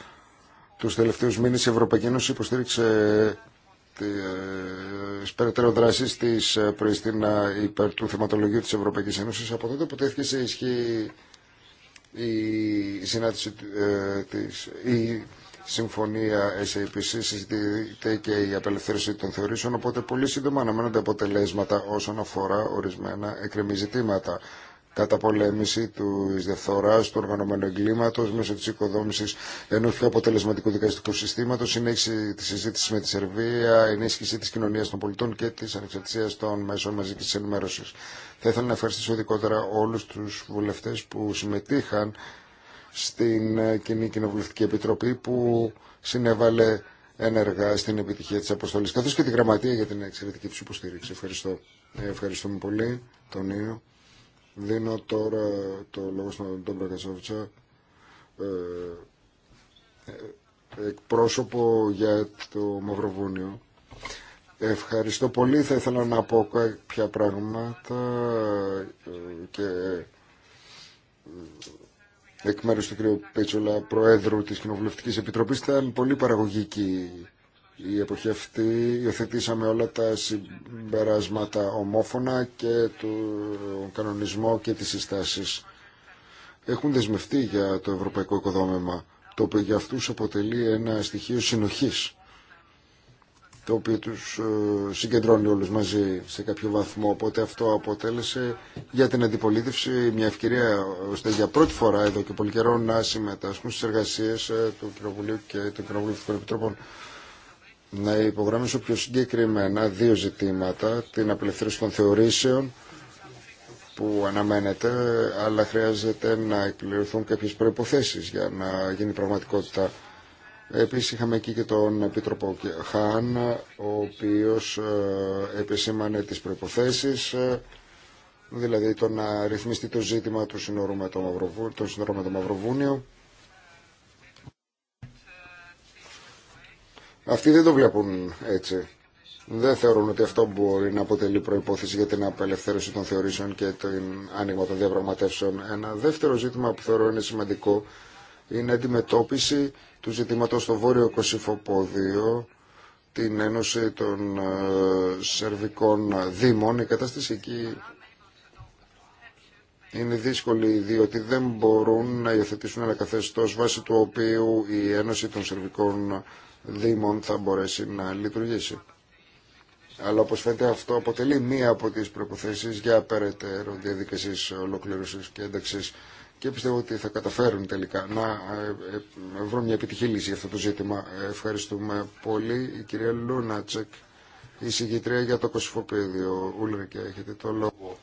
Τους τελευταίους μήνες η Ευρωπαϊκή Ένωση υποστήριξε ε, τις περαιτέρω δράσεις της ε, Πριστίνα υπέρ του θεματολογίου της Ευρωπαϊκής Ένωσης από τότε που τέθηκε σε ισχύ η συνάντηση της, η συμφωνία SAPC συζητείται και η απελευθέρωση των θεωρήσεων, οπότε πολύ σύντομα αναμένονται αποτελέσματα όσον αφορά ορισμένα εκκρεμή ζητήματα. πολέμηση τη διαφθορά, του οργανωμένου εγκλήματο, μέσω τη οικοδόμηση ενό πιο αποτελεσματικού δικαστικού συστήματο, συνέχιση τη συζήτηση με τη Σερβία, ενίσχυση τη κοινωνία των πολιτών και τη ανεξαρτησία των μέσων μαζική ενημέρωση. Θα ήθελα να ευχαριστήσω ειδικότερα όλου του βουλευτέ που συμμετείχαν στην ε, Κοινή Κοινοβουλευτική Επιτροπή που συνέβαλε ενεργά στην επιτυχία της αποστολής, καθώς και τη Γραμματεία για την εξαιρετική του υποστήριξη. Ευχαριστώ. Ε, ευχαριστούμε πολύ τον Ιω. Δίνω τώρα το λόγο στον Τον Πρακατσόβιτσα, ε, εκπρόσωπο για το Μαυροβούνιο. Ευχαριστώ πολύ. Θα ήθελα να πω κάποια πράγματα και εκ μέρους του κ. Πέτσολα, Προέδρου της Κοινοβουλευτικής Επιτροπής. Ήταν πολύ παραγωγική η εποχή αυτή. Υιοθετήσαμε όλα τα συμπεράσματα ομόφωνα και τον κανονισμό και τις συστάσεις. Έχουν δεσμευτεί για το ευρωπαϊκό οικοδόμημα, το οποίο για αυτούς αποτελεί ένα στοιχείο συνοχής το οποίο τους ε, συγκεντρώνει όλους μαζί σε κάποιο βαθμό. Οπότε αυτό αποτέλεσε για την αντιπολίτευση μια ευκαιρία ώστε για πρώτη φορά εδώ και πολύ καιρό να συμμετάσχουν στις εργασίες ε, του Κοινοβουλίου και των Κοινοβουλευτικών Επιτροπών. Να υπογράμμισω πιο συγκεκριμένα δύο ζητήματα, την απελευθέρωση των θεωρήσεων που αναμένεται, αλλά χρειάζεται να εκπληρωθούν κάποιες προϋποθέσεις για να γίνει πραγματικότητα Επίσης είχαμε εκεί και τον Επίτροπο Χάν, ο οποίος ε, επισήμανε τις προϋποθέσεις, ε, δηλαδή το να ρυθμιστεί το ζήτημα του σύνορου με το, Μαυροβού, με το Μαυροβούνιο. Αυτοί δεν το βλέπουν έτσι. Δεν θεωρούν ότι αυτό μπορεί να αποτελεί προϋπόθεση για την απελευθέρωση των θεωρήσεων και το άνοιγμα των διαπραγματεύσεων. Ένα δεύτερο ζήτημα που θεωρώ είναι σημαντικό είναι αντιμετώπιση του ζητήματος στο βόρειο Κωσυφοπόδιο, την Ένωση των ε, Σερβικών Δήμων. Η κατάσταση εκεί είναι δύσκολη διότι δεν μπορούν να υιοθετήσουν ένα καθεστώς βάσει του οποίου η Ένωση των Σερβικών Δήμων θα μπορέσει να λειτουργήσει. Αλλά όπως φαίνεται αυτό αποτελεί μία από τις προποθέσεις για περαιτέρω διαδικασίες ολοκλήρωσης και ένταξης και πιστεύω ότι θα καταφέρουν τελικά να ε, ε, βρουν μια επιτυχή λύση για αυτό το ζήτημα. Ε, ευχαριστούμε πολύ. Η κυρία Λούνατσεκ, η συγγητρία για το Ο και έχετε το λόγο.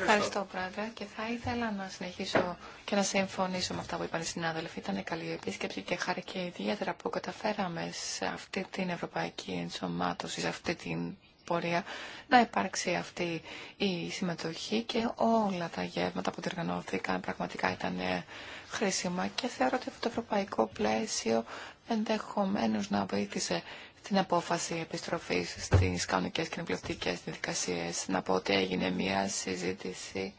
Ευχαριστώ, Πράγκα. Και θα ήθελα να συνεχίσω και να συμφωνήσω με αυτά που είπαν οι συνάδελφοι. Ήταν καλή επίσκεψη και χάρη και ιδιαίτερα που καταφέραμε σε αυτή την ευρωπαϊκή ενσωμάτωση, σε αυτή την πορεία να υπάρξει αυτή η συμμετοχή και όλα τα γεύματα που διοργανώθηκαν πραγματικά ήταν χρήσιμα και θεωρώ ότι αυτό το ευρωπαϊκό πλαίσιο ενδεχομένως να βοήθησε την απόφαση επιστροφής στις κανονικές κοινοβουλευτικές διαδικασίες. Να πω ότι έγινε μια συζήτηση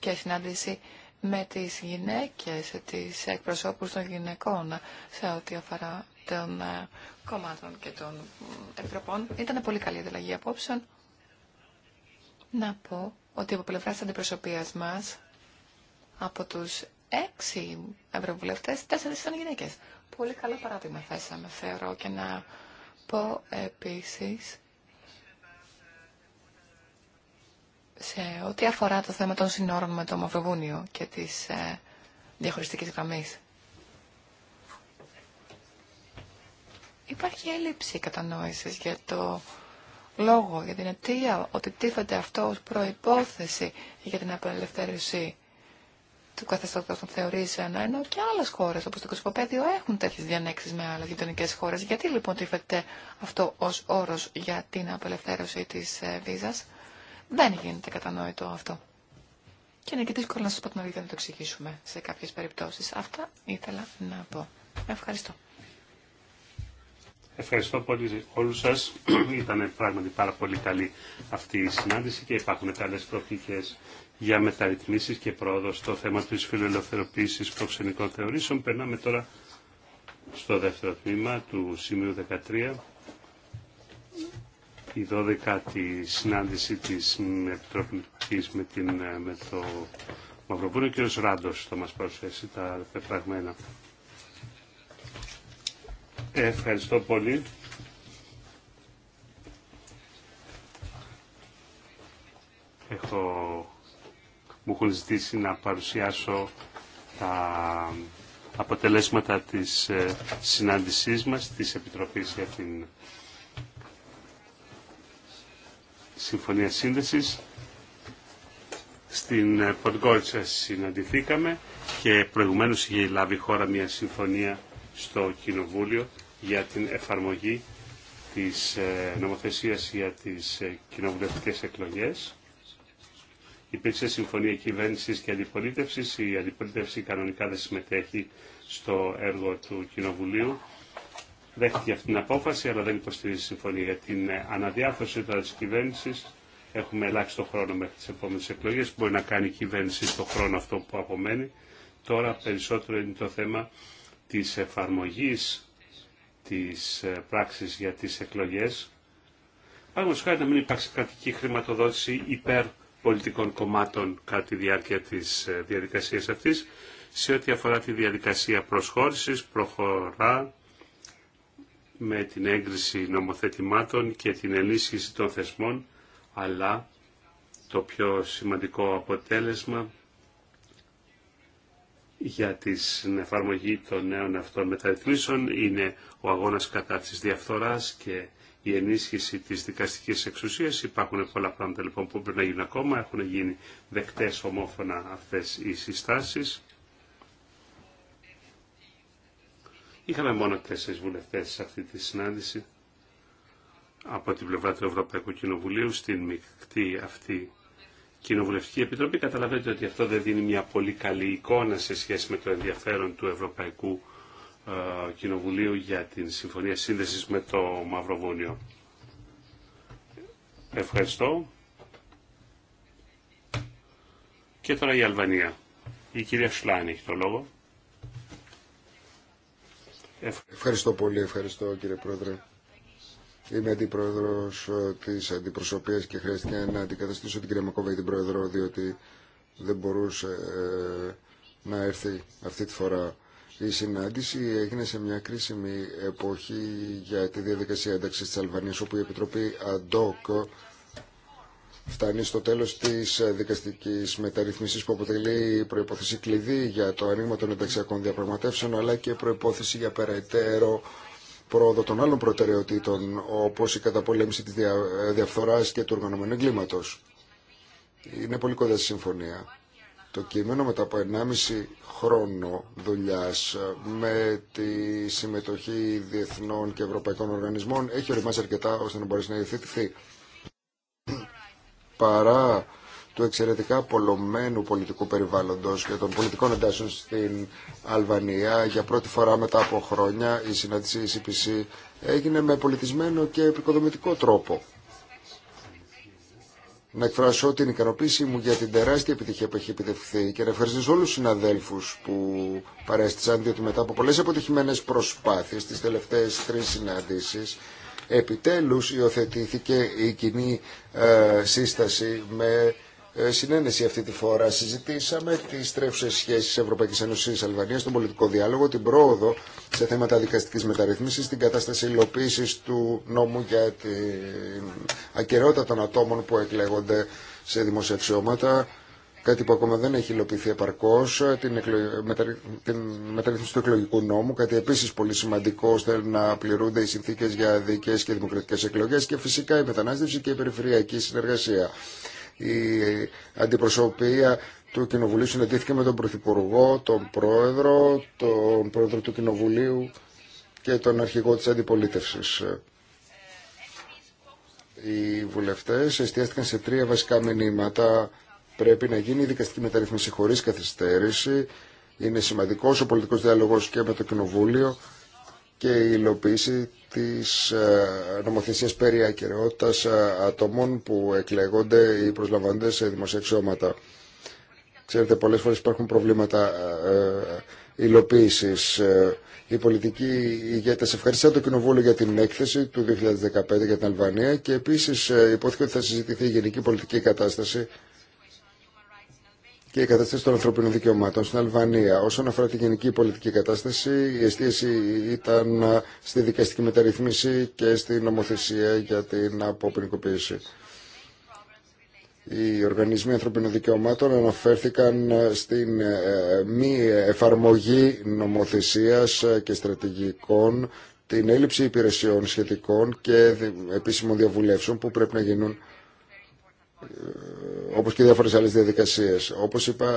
και συνάντηση με τις γυναίκες, τις εκπροσώπους των γυναικών σε ό,τι αφορά των ε, κομμάτων και των Ευρωπών. Ήταν πολύ καλή ανταλλαγή απόψεων. Να πω ότι από πλευρά αντιπροσωπείας μας, από τους έξι ευρωβουλευτές, τέσσερις ήταν γυναίκες. Πολύ καλό παράδειγμα θέσαμε, θεωρώ, και να πω επίσης σε ό,τι αφορά το θέμα των συνόρων με το Μαυροβούνιο και της ε, διαχωριστικής γραμμής. υπάρχει έλλειψη κατανόηση για το λόγο, για την αιτία ότι τίθεται αυτό ως προϋπόθεση για την απελευθέρωση του καθεστώτος των θεωρήσεων, ενώ και άλλες χώρες όπως το Κοσμοπέδιο έχουν τέτοιες διανέξεις με άλλες γειτονικέ χώρες. Γιατί λοιπόν τίθεται αυτό ως όρος για την απελευθέρωση της ε, βίζας. Δεν γίνεται κατανόητο αυτό. Και είναι και δύσκολο να σας πω την αλήθεια να το εξηγήσουμε σε κάποιες περιπτώσεις. Αυτά ήθελα να πω. Ευχαριστώ. Ευχαριστώ πολύ όλους σας. Ήταν πράγματι πάρα πολύ καλή αυτή η συνάντηση και υπάρχουν καλές προοπτικές για μεταρρυθμίσεις και πρόοδο στο θέμα της φιλελευθεροποίησης προξενικών θεωρήσεων. Περνάμε τώρα στο δεύτερο τμήμα του σημείου 13 η 12η συνάντηση της Επιτροπής με, την, ε, με το Μαυροβούνιο. Ο ράντο Ράντος θα μας προσθέσει τα πεπραγμένα. Ευχαριστώ πολύ. Έχω... Μου έχουν ζητήσει να παρουσιάσω τα αποτελέσματα της ε, συνάντησής μας, της Επιτροπής για την Συμφωνία Σύνδεσης. Στην ε, Ποντγκότσα συναντηθήκαμε και προηγουμένως είχε λάβει η χώρα μια συμφωνία στο Κοινοβούλιο για την εφαρμογή της ε, νομοθεσίας για τις ε, κοινοβουλευτικές εκλογές. Υπήρξε συμφωνία κυβέρνησης και αντιπολίτευσης. Η αντιπολίτευση κανονικά δεν συμμετέχει στο έργο του Κοινοβουλίου. Δέχτηκε αυτή την απόφαση, αλλά δεν υποστηρίζει συμφωνία για την ε, αναδιάρθρωση τώρα της κυβέρνησης. Έχουμε ελάχιστο χρόνο μέχρι τι επόμενε εκλογέ. Μπορεί να κάνει η κυβέρνηση στο χρόνο αυτό που απομένει. Τώρα περισσότερο είναι το θέμα τη εφαρμογή τις ε, πράξεις για τις εκλογές. Πάμε χάρη να μην υπάρξει κρατική χρηματοδότηση υπέρ πολιτικών κομμάτων κατά τη διάρκεια της ε, διαδικασίας αυτής. Σε ό,τι αφορά τη διαδικασία προσχώρησης, προχωρά με την έγκριση νομοθετημάτων και την ενίσχυση των θεσμών, αλλά το πιο σημαντικό αποτέλεσμα για την εφαρμογή των νέων αυτών μεταρρυθμίσεων είναι ο αγώνας κατά της διαφθοράς και η ενίσχυση της δικαστικής εξουσίας. Υπάρχουν πολλά πράγματα λοιπόν που πρέπει να γίνουν ακόμα. Έχουν γίνει δεκτές ομόφωνα αυτές οι συστάσεις. Είχαμε μόνο τέσσερις βουλευτές σε αυτή τη συνάντηση από την πλευρά του Ευρωπαϊκού Κοινοβουλίου στην μεικτή αυτή Κοινοβουλευτική Επιτροπή. Καταλαβαίνετε ότι αυτό δεν δίνει μια πολύ καλή εικόνα σε σχέση με το ενδιαφέρον του Ευρωπαϊκού ε, Κοινοβουλίου για την Συμφωνία Σύνδεσης με το Μαυροβούνιο. Ευχαριστώ. Και τώρα η Αλβανία. Η κυρία Σλάνη έχει το λόγο. Ευχαριστώ πολύ, ευχαριστώ κύριε Πρόεδρε. Είμαι αντιπρόεδρο ε, τη αντιπροσωπεία και χρειάστηκε να αντικαταστήσω την κυρία Μακόβα την πρόεδρο, διότι δεν μπορούσε ε, να έρθει αυτή τη φορά. Η συνάντηση έγινε σε μια κρίσιμη εποχή για τη διαδικασία ένταξη τη Αλβανία, όπου η Επιτροπή ΑΝΤΟΚ φτάνει στο τέλο τη ε, δικαστική μεταρρυθμισή που αποτελεί προπόθεση κλειδί για το ανοίγμα των ενταξιακών διαπραγματεύσεων αλλά και προπόθεση για περαιτέρω πρόοδο των άλλων προτεραιοτήτων, όπως η καταπολέμηση της διαφθοράς και του οργανωμένου εγκλήματος. Είναι πολύ κοντά στη συμφωνία. Το κείμενο μετά από 1,5 χρόνο δουλειά ε, με τη συμμετοχή διεθνών και ευρωπαϊκών οργανισμών έχει οριμάσει αρκετά ώστε να μπορέσει να υιοθετηθεί. Παρά του εξαιρετικά πολλωμένου πολιτικού περιβάλλοντος και των πολιτικών εντάσεων στην Αλβανία. Για πρώτη φορά μετά από χρόνια η συνάντηση η CPC έγινε με πολιτισμένο και επικοδομητικό τρόπο. Να εκφράσω την ικανοποίησή μου για την τεράστια επιτυχία που έχει επιτευχθεί και να ευχαριστήσω όλους τους συναδέλφους που παρέστησαν, διότι μετά από πολλές αποτυχημένες προσπάθειες τις τελευταίες τρεις συναντήσεις, επιτέλους υιοθετήθηκε η κοινή ε, σύσταση με ε, συνένεση αυτή τη φορά. Συζητήσαμε τι τρέχουσε σχέσει Ευρωπαϊκή Ένωση και Αλβανία, τον πολιτικό διάλογο, την πρόοδο σε θέματα δικαστική μεταρρύθμιση, την κατάσταση υλοποίηση του νόμου για την ακαιρεότητα των ατόμων που εκλέγονται σε δημοσιαξιώματα Κάτι που ακόμα δεν έχει υλοποιηθεί επαρκώ, την, εκλο... την μεταρρύθμιση του εκλογικού νόμου, κάτι επίση πολύ σημαντικό ώστε να πληρούνται οι συνθήκε για δίκαιε και δημοκρατικέ εκλογέ και φυσικά η μετανάστευση και η περιφερειακή συνεργασία η αντιπροσωπεία του Κοινοβουλίου συναντήθηκε με τον Πρωθυπουργό, τον Πρόεδρο, τον Πρόεδρο του Κοινοβουλίου και τον Αρχηγό της Αντιπολίτευσης. Οι βουλευτές εστιάστηκαν σε τρία βασικά μηνύματα. Πρέπει να γίνει η δικαστική μεταρρύθμιση χωρίς καθυστέρηση. Είναι σημαντικός ο πολιτικός διάλογος και με το Κοινοβούλιο και η υλοποίηση της ε, νομοθεσίας περί ακαιρεότητας ε, ατομών που εκλεγόνται ή προσλαμβάνονται σε δημοσιαξιώματα. Ξέρετε, πολλές φορές υπάρχουν προβλήματα ε, υλοποίησης. η πολιτικη ηγέτες ευχαριστα το Κοινοβούλιο για την έκθεση του 2015 για την Αλβανία και επίσης υπόθηκε ότι θα συζητηθεί η γενική πολιτική κατάσταση και η κατάσταση των ανθρωπίνων δικαιωμάτων στην Αλβανία. Όσον αφορά τη γενική πολιτική κατάσταση, η εστίαση ήταν ε, στη δικαστική μεταρρυθμίση και στη νομοθεσία για την αποποινικοποίηση. Οι οργανισμοί ανθρωπίνων δικαιωμάτων αναφέρθηκαν ε, στην ε, μη εφαρμογή νομοθεσίας και στρατηγικών, την έλλειψη υπηρεσιών σχετικών και επίσημων διαβουλεύσεων που πρέπει να γίνουν όπως και διάφορες άλλες διαδικασίες. Όπως είπα,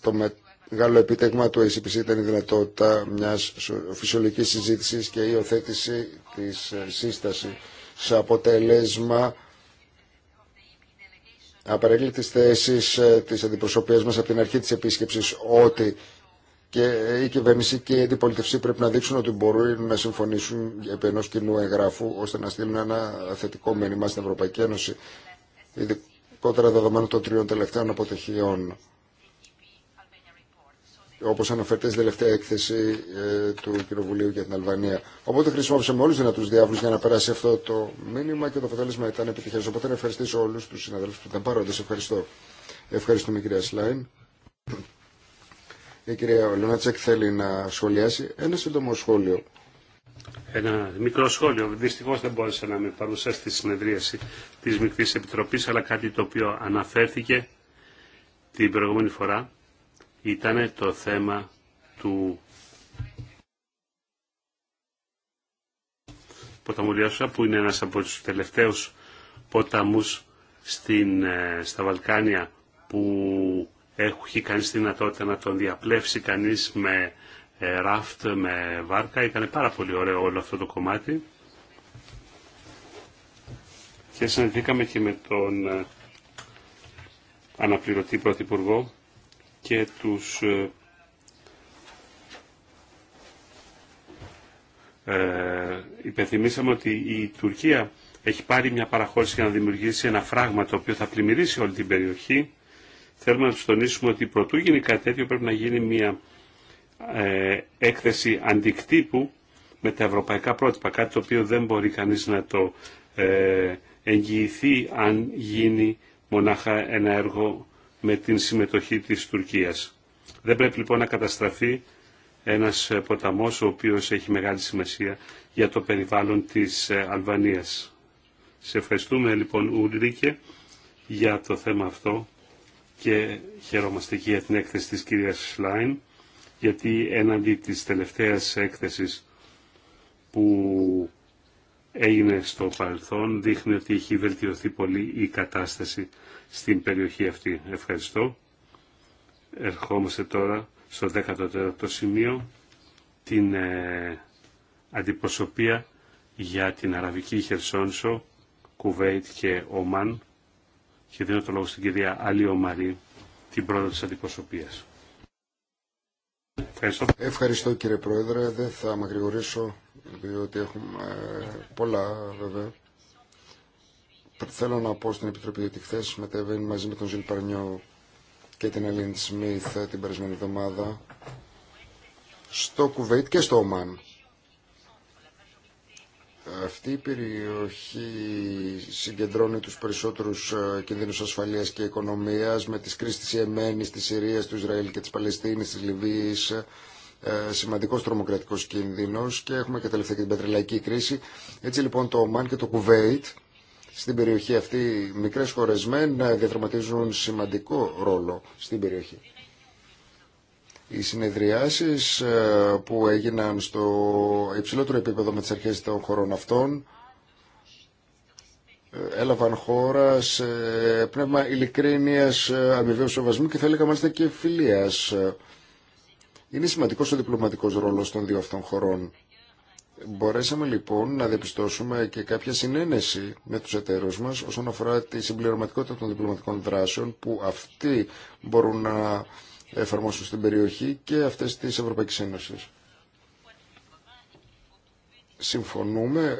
το μεγάλο επιτέγμα του ACPC ήταν η δυνατότητα μιας φυσιολογικής συζήτησης και η οθέτηση της ε, σύσταση σε αποτέλεσμα απαραίτητης θέσης ε, της αντιπροσωπείας μας από την αρχή της επίσκεψης ότι και η κυβέρνηση και η αντιπολιτευσή πρέπει να δείξουν ότι μπορούν να συμφωνήσουν επί ενός κοινού εγγράφου ώστε να στείλουν ένα θετικό μήνυμα στην Ευρωπαϊκή Ένωση ειδικότερα δεδομένων των τριών τελευταίων αποτυχιών όπως αναφέρεται στην τελευταία έκθεση ε, του Κοινοβουλίου για την Αλβανία. Οπότε χρησιμοποίησαμε όλους τους δυνατούς διάβλου για να περάσει αυτό το μήνυμα και το αποτέλεσμα ήταν επιτυχές. Οπότε να ευχαριστήσω όλους του συναδέλφους που ήταν παρόντες. Ευχαριστώ. Ευχαριστούμε κυρία Σλάιν. Η κυρία Τσέκ θέλει να σχολιάσει ένα σύντομο σχόλιο. Ένα μικρό σχόλιο. Δυστυχώς δεν μπόρεσα να με παρουσιάσει στη συνεδρίαση της Μικρής Επιτροπής, αλλά κάτι το οποίο αναφέρθηκε την προηγούμενη φορά ήταν το θέμα του ποταμού Λιώσα, που είναι ένας από τους τελευταίους ποταμούς στην, ε, στα Βαλκάνια που έχει κανείς δυνατότητα να τον διαπλέψει κανείς με ράφτ με βάρκα. Ήταν πάρα πολύ ωραίο όλο αυτό το κομμάτι. Και συναντήκαμε και με τον ε, αναπληρωτή πρωθυπουργό και τους ε, ε, υπενθυμίσαμε ότι η Τουρκία έχει πάρει μια παραχώρηση για να δημιουργήσει ένα φράγμα το οποίο θα πλημμυρίσει όλη την περιοχή. Θέλουμε να του τονίσουμε ότι πρωτού γίνει κάτι τέτοιο πρέπει να γίνει μια ε, έκθεση αντικτύπου με τα ευρωπαϊκά πρότυπα, κάτι το οποίο δεν μπορεί κανείς να το ε, εγγυηθεί αν γίνει μονάχα ένα έργο με την συμμετοχή της Τουρκίας. Δεν πρέπει λοιπόν να καταστραφεί ένας ποταμός ο οποίος έχει μεγάλη σημασία για το περιβάλλον της ε, Αλβανίας. Σε ευχαριστούμε λοιπόν Ουλρίκε για το θέμα αυτό και χαιρόμαστε και για την έκθεση της κυρίας Σλάιν γιατί έναντι της τελευταίας έκθεσης που έγινε στο παρελθόν δείχνει ότι έχει βελτιωθεί πολύ η κατάσταση στην περιοχή αυτή. Ευχαριστώ. Ερχόμαστε τώρα στο 14ο σημείο την ε, αντιπροσωπεία για την Αραβική Χερσόνησο, Κουβέιτ και Ομάν και δίνω το λόγο στην κυρία Άλλη Ομαρή, την πρόεδρο της αντιπροσωπείας. Ευχαριστώ. Ευχαριστώ κύριε Πρόεδρε. Δεν θα γρηγορήσω διότι έχουμε ε, πολλά βέβαια. Θέλω να πω στην Επιτροπή ότι χθε μετέβαινε μαζί με τον Ζιλ Παρνιό και την Ελίν Σμιθ την περασμένη εβδομάδα στο Κουβέιτ και στο Ομάν. Αυτή η περιοχή συγκεντρώνει τους περισσότερους ε, κινδύνους ασφαλείας και οικονομίας με τις κρίσεις της Ιεμένης, της Συρίας, του Ισραήλ και της Παλαιστίνης, της Λιβύης, ε, σημαντικό τρομοκρατικό κίνδυνο και έχουμε και τελευταία και την πετρελαϊκή κρίση. Έτσι λοιπόν το Ομάν και το Κουβέιτ στην περιοχή αυτή, μικρέ χώρε διαδροματίζουν ε, διαδραματίζουν σημαντικό ρόλο στην περιοχή. Οι συνεδριάσεις ε, που έγιναν στο υψηλότερο επίπεδο με τις αρχές των χωρών αυτών ε, έλαβαν χώρα σε πνεύμα ειλικρίνειας, ε, αμοιβαίου σεβασμού και θα έλεγα μάλιστα και φιλίας. Είναι σημαντικός ο διπλωματικός ρόλος των δύο αυτών χωρών. Μπορέσαμε λοιπόν να διαπιστώσουμε και κάποια συνένεση με τους εταίρους μας όσον αφορά τη συμπληρωματικότητα των διπλωματικών δράσεων που αυτοί μπορούν να εφαρμόσουν στην περιοχή και αυτές της Ευρωπαϊκής Ένωσης. Συμφωνούμε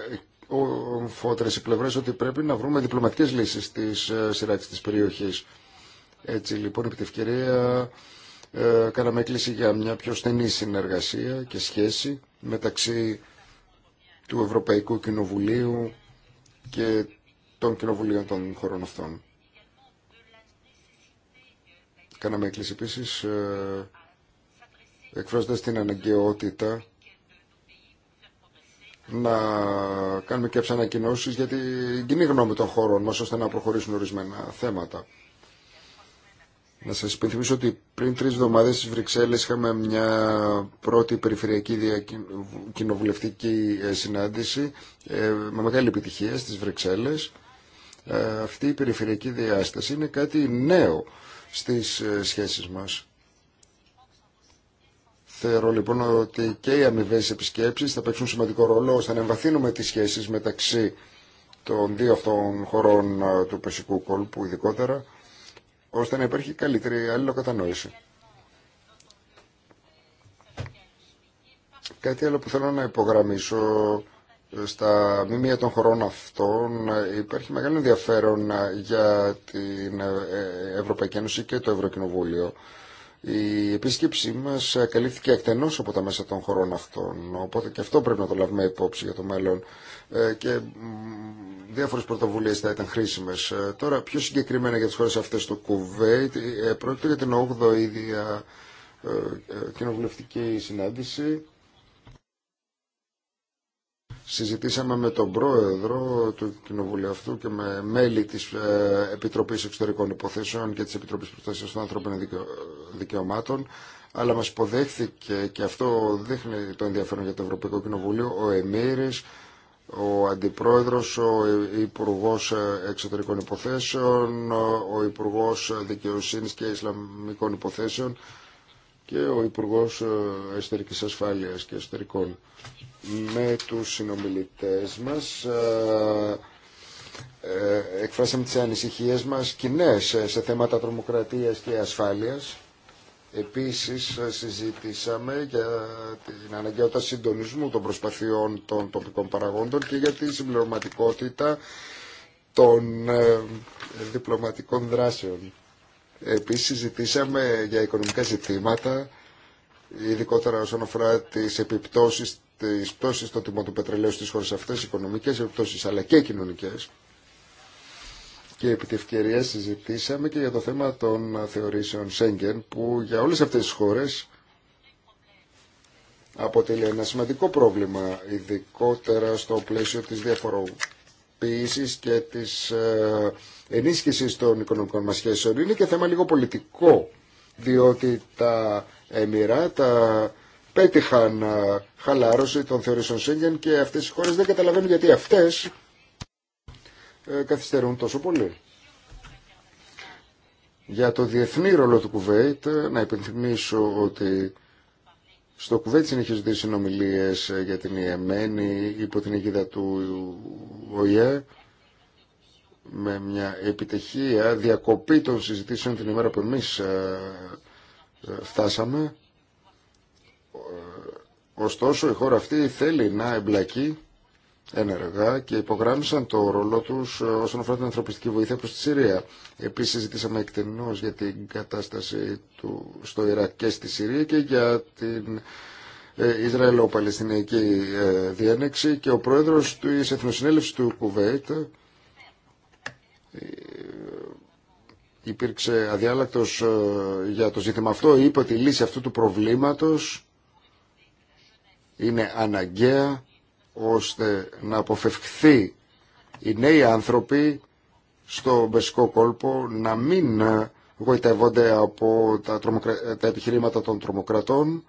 φώτερε οι πλευρές ότι πρέπει να βρούμε διπλωματικές λύσεις στις ε, σειράξεις της περιοχής. Έτσι λοιπόν επί τη ευκαιρία ε, κάναμε έκκληση για μια πιο στενή συνεργασία και σχέση μεταξύ του Ευρωπαϊκού Κοινοβουλίου και των κοινοβουλίων των χωρών αυτών. Κάναμε έκκληση επίση ε, εκφράζοντα την αναγκαιότητα να κάνουμε και ανακοινώσει για την κοινή γνώμη των χωρών μας ώστε να προχωρήσουν ορισμένα θέματα. Να σας υπενθυμίσω ότι πριν τρει εβδομάδε στις Βρυξέλλες είχαμε μια πρώτη περιφερειακή κοινοβουλευτική ε, συνάντηση ε, με μεγάλη επιτυχία στις Βρυξέλλες. Αυτή η περιφερειακή διάσταση είναι κάτι νέο στις ε, σχέσεις μας. Θεωρώ λοιπόν ότι και οι αμοιβέ επισκέψει θα παίξουν σημαντικό ρόλο ώστε να εμβαθύνουμε τι σχέσει μεταξύ των δύο αυτών χωρών ε, του Πεσικού κόλπου ειδικότερα, ώστε να υπάρχει καλύτερη αλληλοκατανόηση. Κάτι άλλο που θέλω να υπογραμμίσω στα μήμια των χωρών αυτών ε, υπάρχει μεγάλο ενδιαφέρον ε, για την ε, Ευρωπαϊκή Ένωση και το Ευρωκοινοβούλιο. Η επίσκεψή μας καλύφθηκε εκτενώς από τα μέσα των χωρών αυτών, οπότε και αυτό πρέπει να το λάβουμε υπόψη για το μέλλον και διάφορες πρωτοβουλίες θα ήταν χρήσιμες. Τώρα πιο συγκεκριμένα για τις χώρες αυτές του Κουβέιτ, πρόκειται για την 8η ίδια κοινοβουλευτική συνάντηση Συζητήσαμε με τον πρόεδρο του κοινοβουλίου αυτού και με μέλη της ε, Επιτροπής Εξωτερικών Υποθέσεων και της Επιτροπής Προστασίας των Ανθρώπινων Δικαιωμάτων, αλλά μας υποδέχθηκε και αυτό δείχνει το ενδιαφέρον για το Ευρωπαϊκό Κοινοβούλιο, ο Εμμύρης, ο Αντιπρόεδρος, ο Υπουργός Εξωτερικών Υποθέσεων, ο Υπουργός Δικαιοσύνης και Ισλαμικών Υποθέσεων και ο Υπουργός ε, Εσωτερικής Ασφάλειας και Εσωτερικών με τους συνομιλητές μας ε, ε, εκφράσαμε τις ανησυχίες μας κοινέ σε θέματα τρομοκρατίας και ασφάλειας. Επίσης ε, συζητήσαμε για την αναγκαιότητα συντονισμού των προσπαθειών των τοπικών παραγόντων και για τη συμπληρωματικότητα των διπλωματικών δράσεων. Επίσης συζητήσαμε για οικονομικά ζητήματα, ειδικότερα όσον αφορά τις επιπτώσεις τις πτώσεις στο τιμό του πετρελαίου στις χώρες αυτές, οικονομικές αλλά και κοινωνικέ. κοινωνικές. Και επί τη ευκαιρία συζητήσαμε και για το θέμα των θεωρήσεων Σέγγεν που για όλες αυτές τις χώρες αποτελεί ένα σημαντικό πρόβλημα, ειδικότερα στο πλαίσιο της διαφοροποίησης και της ε, ενίσχυσης των οικονομικών μας σχέσεων. Είναι και θέμα λίγο πολιτικό, διότι τα τα πέτυχαν ε, χαλάρωση των θεωρήσεων Σέγγεν και αυτές οι χώρες δεν καταλαβαίνουν γιατί αυτές ε, καθυστερούν τόσο πολύ. Για το διεθνή ρόλο του Κουβέιτ, ε, να υπενθυμίσω ότι στο Κουβέιτ συνεχίζονται οι συνομιλίες ε, για την Ιεμένη υπό την αιγίδα του Οιέ με μια επιτυχία διακοπή των συζητήσεων την ημέρα που εμείς φτάσαμε Ωστόσο η χώρα αυτή θέλει να εμπλακεί ενεργά και υπογράμμισαν το ρόλο τους ε, όσον αφορά την ανθρωπιστική βοήθεια προς τη Συρία. Επίσης συζητήσαμε εκτενώς για την κατάσταση του, στο Ιράκ και στη Συρία και για την ε, Ισραηλο-Παλαιστινιακή ε, διένεξη και ο πρόεδρος της Εθνοσυνέλευσης του Κουβέιτ υπήρξε αδιάλακτος για το ζήτημα αυτό, είπε ότι η λύση αυτού του προβλήματος είναι αναγκαία ώστε να αποφευχθεί οι νέοι άνθρωποι στο Μπεσικό κόλπο να μην γοητεύονται από τα, τρομοκρα... επιχειρήματα των τρομοκρατών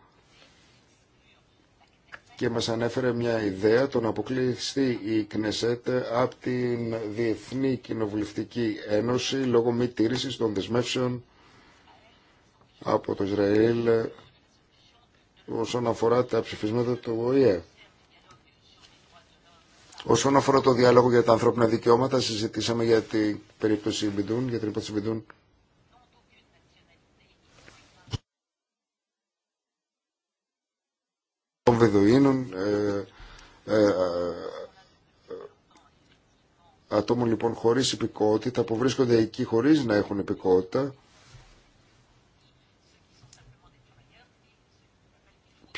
και μας ανέφερε μια ιδέα το να αποκλειστεί η Κνεσέτ από την Διεθνή Κοινοβουλευτική Ένωση λόγω μη τήρησης των δεσμεύσεων από το Ισραήλ όσον αφορά τα ψηφίσματα του ΟΗΕ. Όσον αφορά το διάλογο για τα ανθρώπινα δικαιώματα, συζητήσαμε για την περίπτωση Μπιντούν, για την περίπτωση Μπιντούν. Των Βεδοίνων, ε, ε, ε, ατόμων λοιπόν χωρίς υπηκότητα που βρίσκονται εκεί χωρίς να έχουν υπηκότητα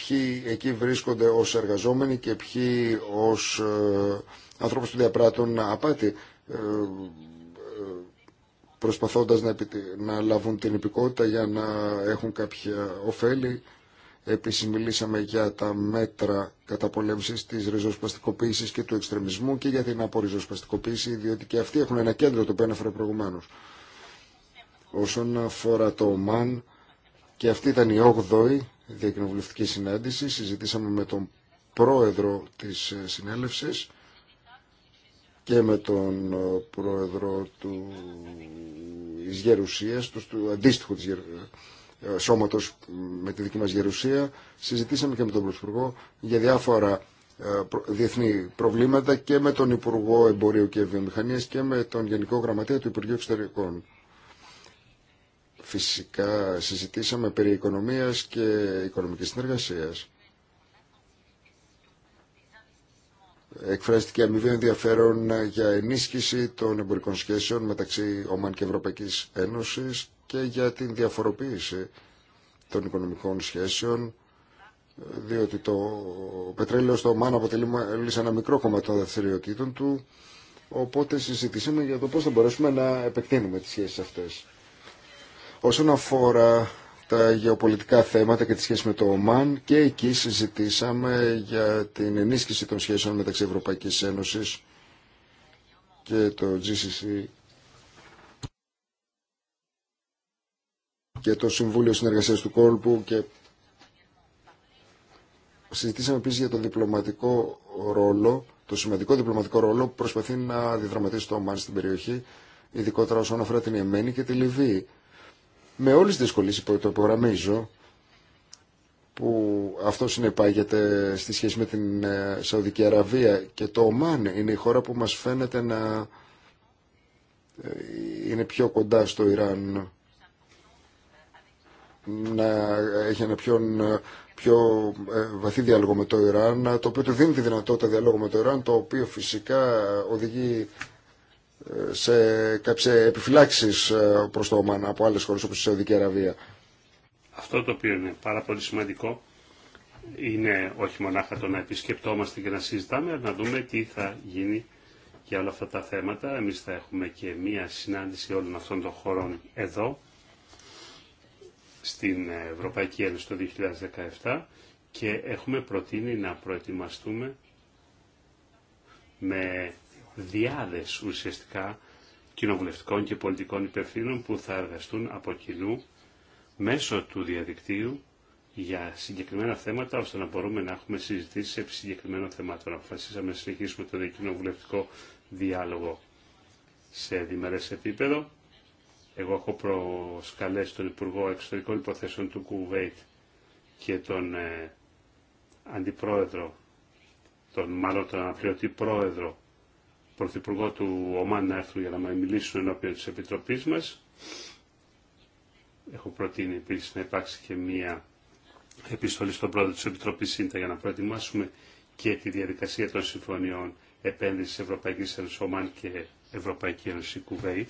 ποιοι εκεί βρίσκονται ως εργαζόμενοι και ποιοι ως ε, ανθρώπους που διαπράττουν απάτη ε, ε προσπαθώντας να, να λάβουν την υπηκότητα για να έχουν κάποια ωφέλη. Επίσης μιλήσαμε για τα μέτρα καταπολέμησης της ριζοσπαστικοποίησης και του εξτρεμισμού και για την απορριζοσπαστικοποίηση, διότι και αυτοί έχουν ένα κέντρο το οποίο έφερε προηγουμένως. Όσον αφορά το ΟΜΑΝ, και αυτή ήταν η 8η διακοινοβουλευτική συνάντηση. Συζητήσαμε με τον πρόεδρο της ε, συνέλευσης και με τον ε, πρόεδρο του, της Γερουσίας, του, αντίστοιχου της ε, σώματος με τη δική μας Γερουσία. Συζητήσαμε και με τον Πρωθυπουργό για διάφορα διεθνή προβλήματα και με τον Υπουργό Εμπορίου και Βιομηχανίας και με τον Γενικό Γραμματέα του Υπουργείου Εξωτερικών. Φυσικά συζητήσαμε περί οικονομίας και οικονομικής συνεργασίας. Εκφράστηκε αμοιβή ενδιαφέρον για ενίσχυση των εμπορικών σχέσεων μεταξύ ΟΜΑΝ και Ευρωπαϊκής Ένωσης και για την διαφοροποίηση των οικονομικών σχέσεων διότι το πετρέλαιο στο ΟΜΑΝ αποτελεί ένα μικρό κομμάτι των δευτεριοτήτων του οπότε συζητήσαμε για το πώς θα μπορέσουμε να επεκτείνουμε τις σχέσεις αυτές. Όσον αφορά τα γεωπολιτικά θέματα και τη σχέση με το ΟΜΑΝ και εκεί συζητήσαμε για την ενίσχυση των σχέσεων μεταξύ Ευρωπαϊκής Ένωσης και το GCC και το Συμβούλιο Συνεργασίας του Κόλπου και συζητήσαμε επίσης για το διπλωματικό ρόλο, το σημαντικό διπλωματικό ρόλο που προσπαθεί να διδραματίσει το ΟΜΑΝ στην περιοχή, ειδικότερα όσον αφορά την Εμένη και τη Λιβύη με όλες τις δυσκολίες που το υπογραμμίζω που αυτό συνεπάγεται στη σχέση με την ε, Σαουδική Αραβία και το Ομάν είναι η χώρα που μας φαίνεται να ε, είναι πιο κοντά στο Ιράν να έχει ένα πιο, ε, πιο βαθύ διάλογο με το Ιράν το οποίο του δίνει τη δυνατότητα διάλογο με το Ιράν το οποίο φυσικά οδηγεί σε κάποιε επιφυλάξει ε, προ το ΟΜΑΝ από άλλε χώρε όπω η Σαουδική Αραβία. Αυτό το οποίο είναι πάρα πολύ σημαντικό είναι όχι μονάχα το να επισκεπτόμαστε και να συζητάμε, αλλά να δούμε τι θα γίνει για όλα αυτά τα θέματα. Εμείς θα έχουμε και μία συνάντηση όλων αυτών των χωρών εδώ, στην Ευρωπαϊκή Ένωση το 2017 και έχουμε προτείνει να προετοιμαστούμε με διάδες ουσιαστικά κοινοβουλευτικών και πολιτικών υπευθύνων που θα εργαστούν από κοινού μέσω του διαδικτύου για συγκεκριμένα θέματα, ώστε να μπορούμε να έχουμε συζητήσει επί συγκεκριμένων θεμάτων. Αποφασίσαμε να συνεχίσουμε το διακοινοβουλευτικό διάλογο σε διμέρε επίπεδο. Εγώ έχω προσκαλέσει τον Υπουργό Εξωτερικών Υποθέσεων του Κουβέιτ και τον ε, Αντιπρόεδρο, τον μάλλον τον Αναπληρωτή Πρόεδρο Πρωθυπουργό του Ομάν να έρθουν για να μιλήσουν ενώπιον τη Επιτροπής μα, Έχω προτείνει επίση να υπάρξει και μία επιστολή στον πρόεδρο τη Επιτροπή ΣΥΝΤΑ για να προετοιμάσουμε και τη διαδικασία των συμφωνιών επένδυση Ευρωπαϊκή Ένωση Ομάν και Ευρωπαϊκή Ένωση Κουβέιτ.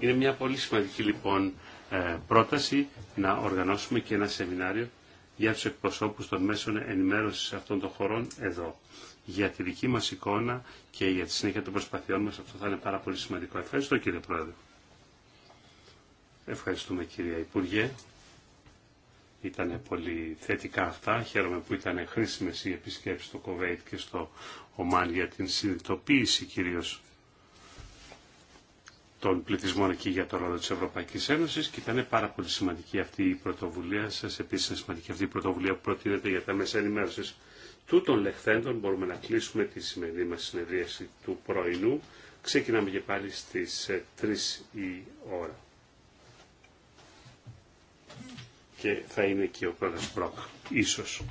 Είναι μια πολύ σημαντική λοιπόν ε, πρόταση να οργανώσουμε και ένα σεμινάριο για του εκπροσώπους των μέσων ενημέρωση αυτών των χωρών εδώ για τη δική μας εικόνα και για τη συνέχεια των προσπαθειών μας. Αυτό θα είναι πάρα πολύ σημαντικό. Ευχαριστώ κύριε Πρόεδρε. Ευχαριστούμε κυρία Υπουργέ. Ήταν πολύ θετικά αυτά. Χαίρομαι που ήταν χρήσιμε οι επισκέψει στο Κοβέιτ και στο Ομάν για την συνειδητοποίηση κυρίω των πληθυσμών εκεί για το ρόλο τη Ευρωπαϊκή Ένωση και ήταν πάρα πολύ σημαντική αυτή η πρωτοβουλία σα. Επίση είναι σημαντική αυτή η πρωτοβουλία που προτείνεται για τα μέσα ενημέρωση. Τούτων λεχθέντων μπορούμε να κλείσουμε τη σημερινή μας συνεδρίαση του πρωινού. Ξεκινάμε και πάλι στις 3 ε, η ώρα. Και θα είναι και ο πρόεδρος Μπρόκ, ίσως.